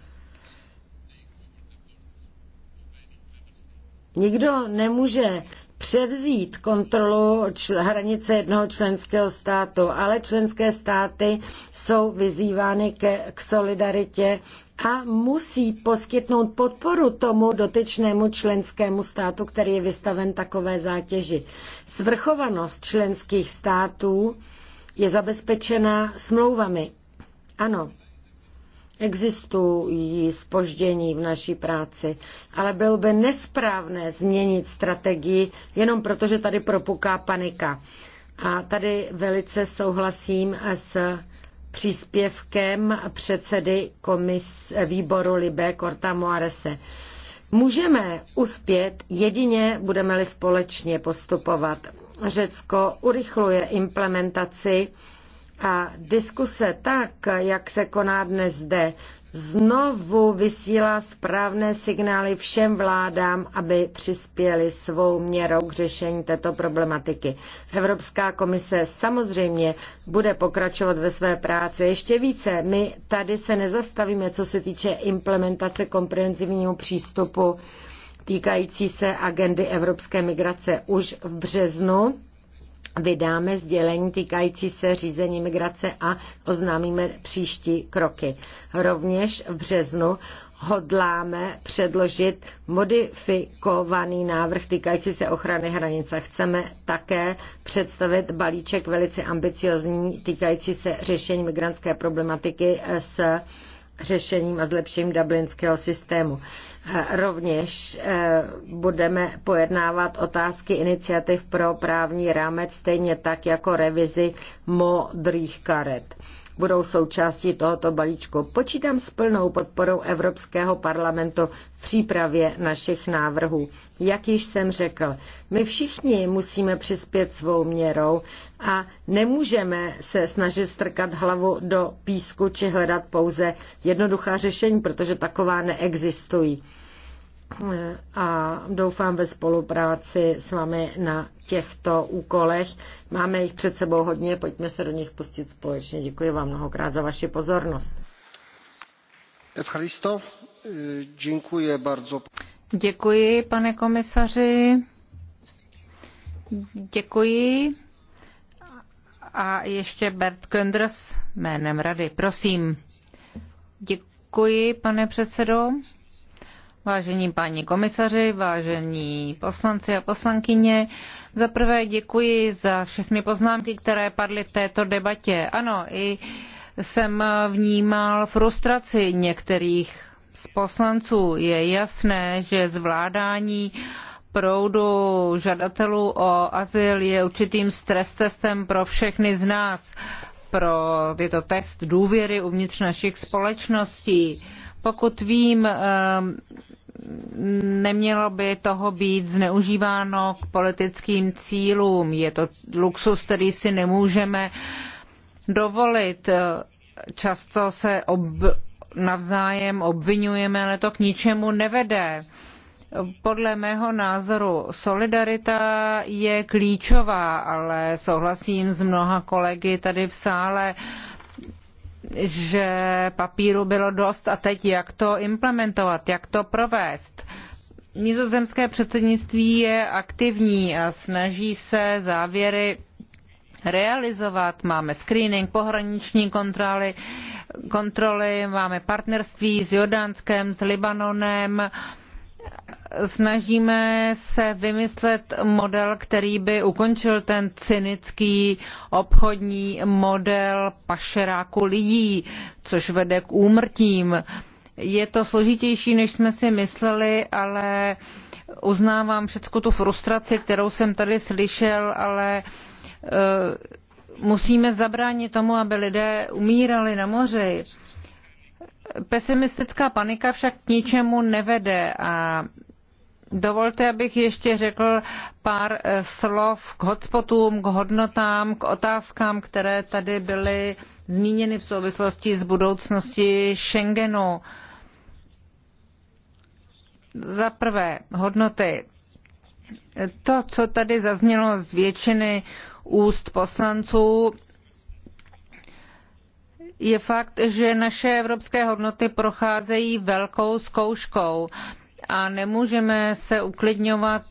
Nikdo nemůže převzít kontrolu hranice jednoho členského státu, ale členské státy jsou vyzývány ke, k solidaritě a musí poskytnout podporu tomu dotyčnému členskému státu, který je vystaven takové zátěži. Svrchovanost členských států je zabezpečena smlouvami. Ano, Existují spoždění v naší práci, ale bylo by nesprávné změnit strategii jenom proto, že tady propuká panika. A tady velice souhlasím s příspěvkem předsedy komis výboru Libe Korta Moarese. Můžeme uspět jedině, budeme-li společně postupovat. Řecko urychluje implementaci a diskuse tak, jak se koná dnes zde, znovu vysílá správné signály všem vládám, aby přispěli svou měrou k řešení této problematiky. Evropská komise samozřejmě bude pokračovat ve své práci. Ještě více, my tady se nezastavíme, co se týče implementace komprehenzivního přístupu týkající se agendy evropské migrace už v březnu vydáme sdělení týkající se řízení migrace a oznámíme příští kroky. Rovněž v březnu hodláme předložit modifikovaný návrh týkající se ochrany hranice. Chceme také představit balíček velice ambiciozní týkající se řešení migrantské problematiky s řešením a zlepšením dublinského systému. Eh, rovněž eh, budeme pojednávat otázky iniciativ pro právní rámec, stejně tak jako revizi modrých karet budou součástí tohoto balíčku. Počítám s plnou podporou Evropského parlamentu v přípravě našich návrhů. Jak již jsem řekl, my všichni musíme přispět svou měrou a nemůžeme se snažit strkat hlavu do písku či hledat pouze jednoduchá řešení, protože taková neexistují a doufám ve spolupráci s vámi na těchto úkolech. Máme jich před sebou hodně, pojďme se do nich pustit společně. Děkuji vám mnohokrát za vaši pozornost. Evcharisto, děkuji bardzo. Děkuji, pane komisaři. Děkuji. A ještě Bert Könders jménem Rady. Prosím. Děkuji, pane předsedo. Vážení páni komisaři, vážení poslanci a poslankyně, za prvé děkuji za všechny poznámky, které padly v této debatě. Ano, i jsem vnímal frustraci některých z poslanců. Je jasné, že zvládání proudu žadatelů o azyl je určitým stres testem pro všechny z nás. Pro, je to test důvěry uvnitř našich společností pokud vím, eh, nemělo by toho být zneužíváno k politickým cílům. Je to luxus, který si nemůžeme dovolit. Často se ob, navzájem obvinujeme, ale to k ničemu nevede. Podle mého názoru solidarita je klíčová, ale souhlasím s mnoha kolegy tady v sále, uh, že papíru bylo dost a teď jak to implementovat, jak to provést. Nizozemské předsednictví je aktivní a snaží se závěry realizovat. Máme screening, pohraniční kontroly, kontroly máme partnerství s Jordánskem, s Libanonem, snažíme se vymyslet model, který by ukončil ten cynický obchodní model pašeráku lidí, což vede k úmrtím. Je to složitější, než jsme si mysleli, ale uznávám všecku tu frustraci, kterou jsem tady slyšel, ale eh, musíme zabránit tomu, aby lidé umírali na moři. Pesimistická panika však k ničemu nevede a Dovolte, abych ještě řekl pár eh, slov k hotspotům, k hodnotám, k otázkám, které tady byly zmíněny v souvislosti s budoucností Schengenu. Za prvé, hodnoty. To, co tady zaznělo z většiny úst poslanců, je fakt, že naše evropské hodnoty procházejí velkou zkouškou a nemůžeme se uklidňovat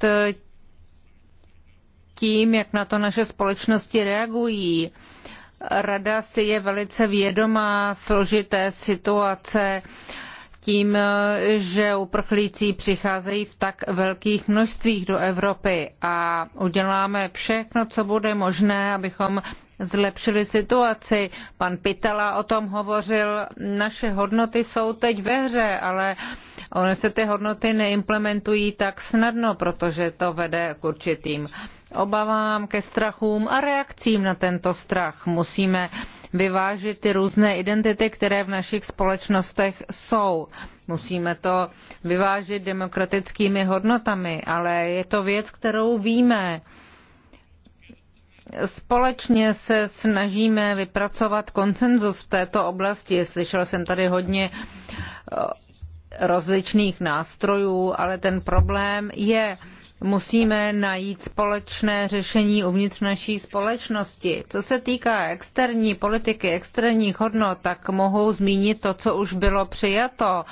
tím, jak na to naše společnosti reagují. Rada si je velice vědomá složité situace, uh, tím, eh, že uprchlíci přicházejí v tak velkých množstvích do Evropy a uděláme všechno, co bude možné, abychom zlepšili situaci. Pan Pitela o tom hovořil, naše hodnoty jsou teď ve hře, ale Ony se ty hodnoty neimplementují tak snadno, protože to vede k určitým obavám, ke strachům a reakcím na tento strach. Musíme vyvážit ty různé identity, které v našich společnostech jsou. Musíme to vyvážit demokratickými hodnotami, ale je to věc, kterou víme. Společně se snažíme vypracovat konsenzus v této oblasti. Slyšel jsem tady hodně eh, rozličných nástrojů, ale ten problém je, musíme najít společné řešení uvnitř naší společnosti. Co se týká externí politiky, externích hodnot, tak mohu zmínit to, co už bylo přijato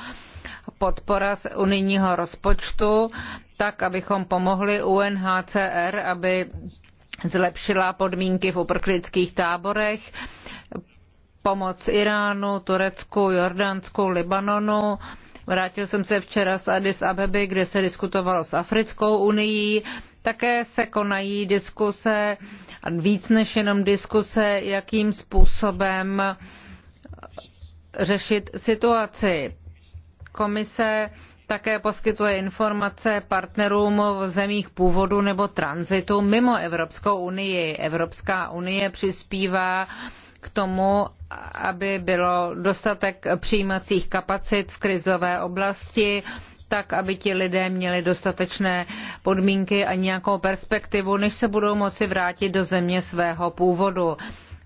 podpora z unijního rozpočtu, tak abychom pomohli UNHCR, aby zlepšila podmínky v uprchlických táborech, pomoc Iránu, Turecku, Jordánsku, Libanonu, Vrátil jsem se včera z Addis Abeby, kde se diskutovalo s Africkou unii. Také se konají diskuse, víc než jenom diskuse, jakým způsobem řešit situaci. Komise také poskytuje informace partnerům v zemích původu nebo tranzitu mimo Evropskou unii. Evropská unie přispívá k tomu, aby bylo dostatek přijímacích kapacit v krizové oblasti, tak, aby ti lidé měli dostatečné podmínky a nějakou perspektivu, než se budou moci vrátit do země svého původu.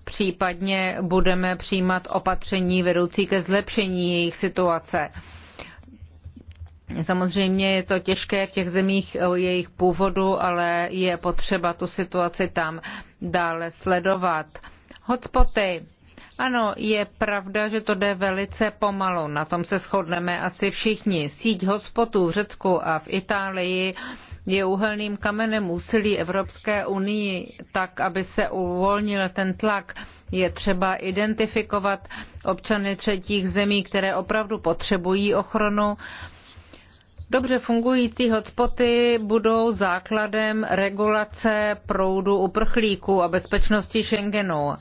Případně budeme přijímat opatření vedoucí ke zlepšení jejich situace. Samozřejmě je to těžké v těch zemích jejich původu, ale je potřeba tu situaci tam dále sledovat. Hotspoty. Ano, je pravda, že to jde velice pomalu. Na tom se shodneme asi všichni. Síť hotspotů v Řecku a v Itálii je úhelným kamenem úsilí Evropské unii tak, aby se uvolnil ten tlak. Je třeba identifikovat občany třetích zemí, které opravdu potřebují ochranu Dobře fungující hotspoty budou základem regulace proudu uprchlíků a bezpečnosti Schengenu.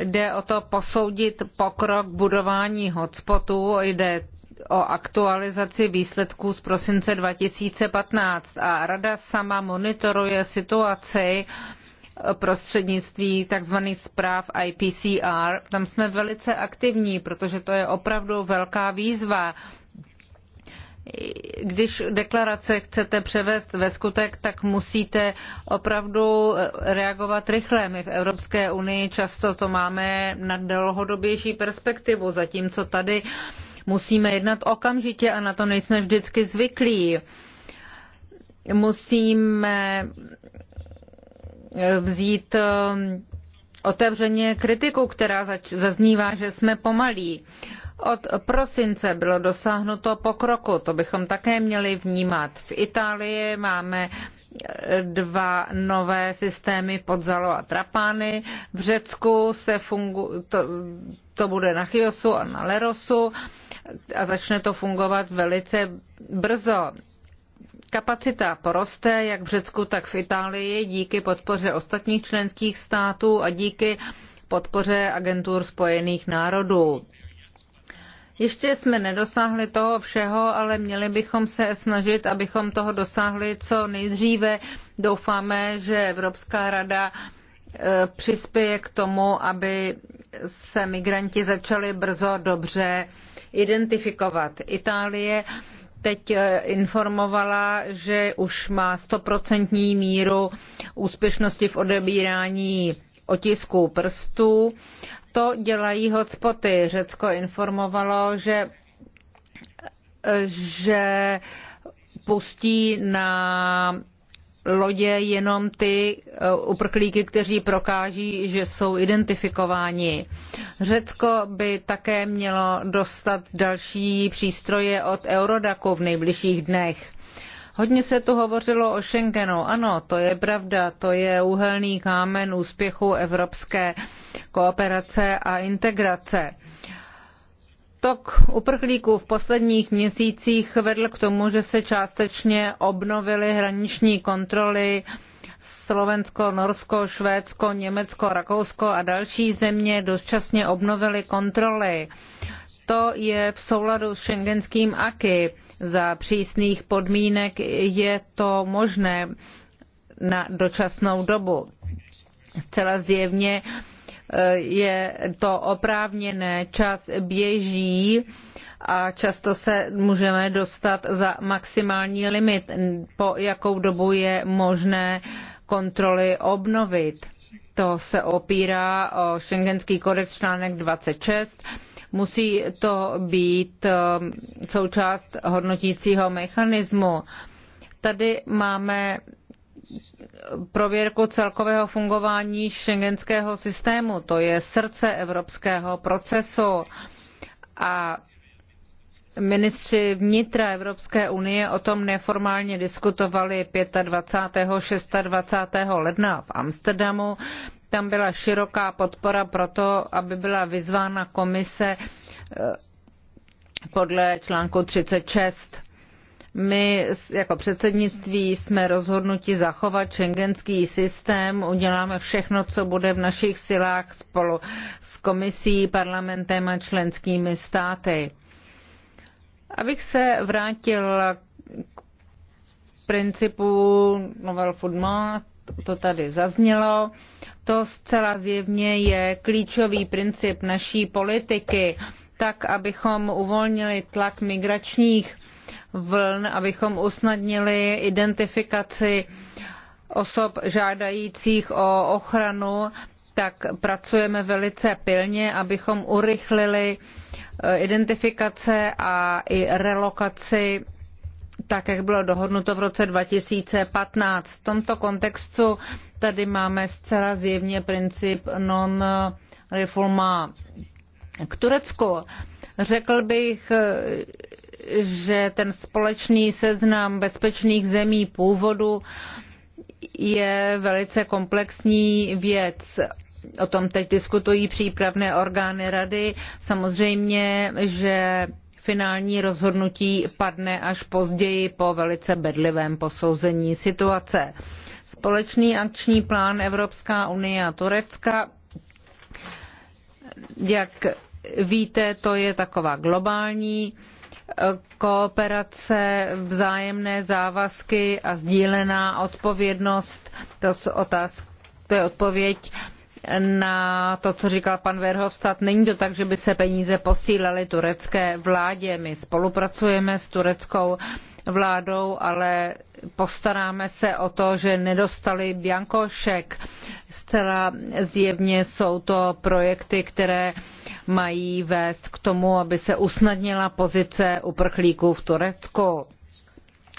Jde o to posoudit pokrok budování hotspotu, jde o aktualizaci výsledků z prosince 2015 a Rada sama monitoruje situaci prostřednictví tzv. zpráv IPCR. Tam jsme velice aktivní, protože to je opravdu velká výzva když deklarace chcete převést ve skutek, tak musíte opravdu reagovat rychle. My v Evropské unii často to máme na dlouhodobější perspektivu, zatímco tady musíme jednat okamžitě a na to nejsme vždycky zvyklí. Musíme vzít eh, otevřeně kritiku, která zaznívá, že jsme pomalí. Od prosince bylo dosáhnuto pokroku, to bychom také měli vnímat. V Itálii máme eh, dva nové systémy podzalo a trapány. V Řecku se fungu, to, to bude na Chiosu a na Lerosu a začne to fungovat velice brzo. Kapacita poroste jak v Řecku, tak v Itálii díky podpoře ostatních členských států a díky podpoře agentur Spojených národů. Ještě jsme nedosáhli toho všeho, ale měli bychom se snažit, abychom toho dosáhli co nejdříve. Doufáme, že Evropská rada e, přispěje k tomu, aby se migranti začali brzo dobře identifikovat. Itálie teď e, informovala, že už má stoprocentní míru úspěšnosti v odebírání otisků prstů. To dělají hotspoty. Řecko informovalo, že, že pustí na lodě jenom ty eh, uprchlíky, kteří prokáží, že jsou identifikováni. Řecko by také mělo dostat další přístroje od Eurodaku v nejbližších dnech. Hodně se tu hovořilo o Schengenu. Ano, to je pravda, to je úhelný kámen úspěchu evropské kooperace a integrace. Tok uprchlíků v posledních měsících vedl k tomu, že se částečně obnovily hraniční kontroly Slovensko, Norsko, Švédsko, Německo, Rakousko a další země dočasně obnovily kontroly. To je v souladu s šengenským akým za přísných podmínek je to možné na dočasnou dobu. Zcela zjevně eh, je to oprávněné, čas běží a často se můžeme dostat za maximální limit, po jakou dobu je možné kontroly obnovit. To se opírá o Schengenský kodex článek 26 Musí to být um, součást hodnotícího mechanismu. Tady máme prověrku celkového fungování šengenského systému. To je srdce evropského procesu. A ministři vnitra Evropské unie o tom neformálně diskutovali 25. 26. ledna v Amsterdamu tam byla široká podpora pro to, aby byla vyzvána komise eh, podle článku 36. My jako předsednictví jsme rozhodnuti zachovat šengenský systém, uděláme všechno, co bude v našich silách spolu s komisí, parlamentem a členskými státy. Abych se vrátil k principu Novel Foodmart, to tady zaznělo. To zcela zjevně je klíčový princip naší politiky, tak abychom uvolnili tlak migračních vln, abychom usnadnili identifikaci osob žádajících o ochranu, tak pracujeme velice pilně, abychom urychlili eh, identifikace a i relokaci tak jak bylo dohodnuto v roce 2015. V tomto kontextu tady máme zcela zjevně princip non reforma k Turecku. Řekl bych, že ten společný seznam bezpečných zemí původu je velice komplexní věc. O tom teď diskutují přípravné orgány rady. Samozřejmě, že finální rozhodnutí padne až později po velice bedlivém posouzení situace. Společný akční plán Evropská unie a Turecka, jak víte, to je taková globální eh, kooperace, vzájemné závazky a sdílená odpovědnost. To, otázka, to je odpověď na to, co říkal pan Verhofstadt. Není to tak, že by se peníze posílaly turecké vládě. My spolupracujeme s tureckou vládou, ale postaráme se o to, že nedostali biankošek. Zcela zjevně jsou to projekty, které mají vést k tomu, aby se usnadnila pozice uprchlíků v Turecku.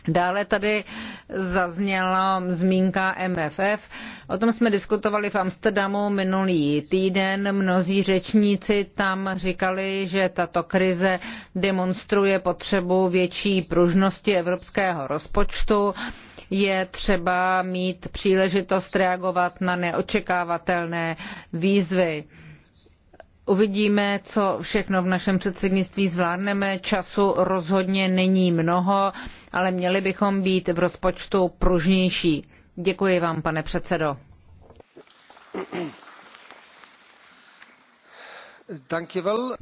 Dále tady zazněla zmínka MFF. O tom jsme diskutovali v Amsterdamu minulý týden. Mnozí řečníci tam říkali, že tato krize demonstruje potřebu větší pružnosti evropského rozpočtu. Je třeba mít příležitost reagovat na neočekávatelné výzvy Uvidíme, co všechno v našem předsednictví zvládneme. Času rozhodně není mnoho, ale měli bychom být v rozpočtu pružnější. Děkuji vám, pane předsedo.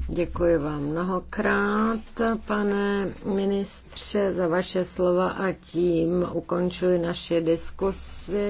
Děkuji vám mnohokrát, pane ministře, za vaše slova a tím ukončuji naše diskusy.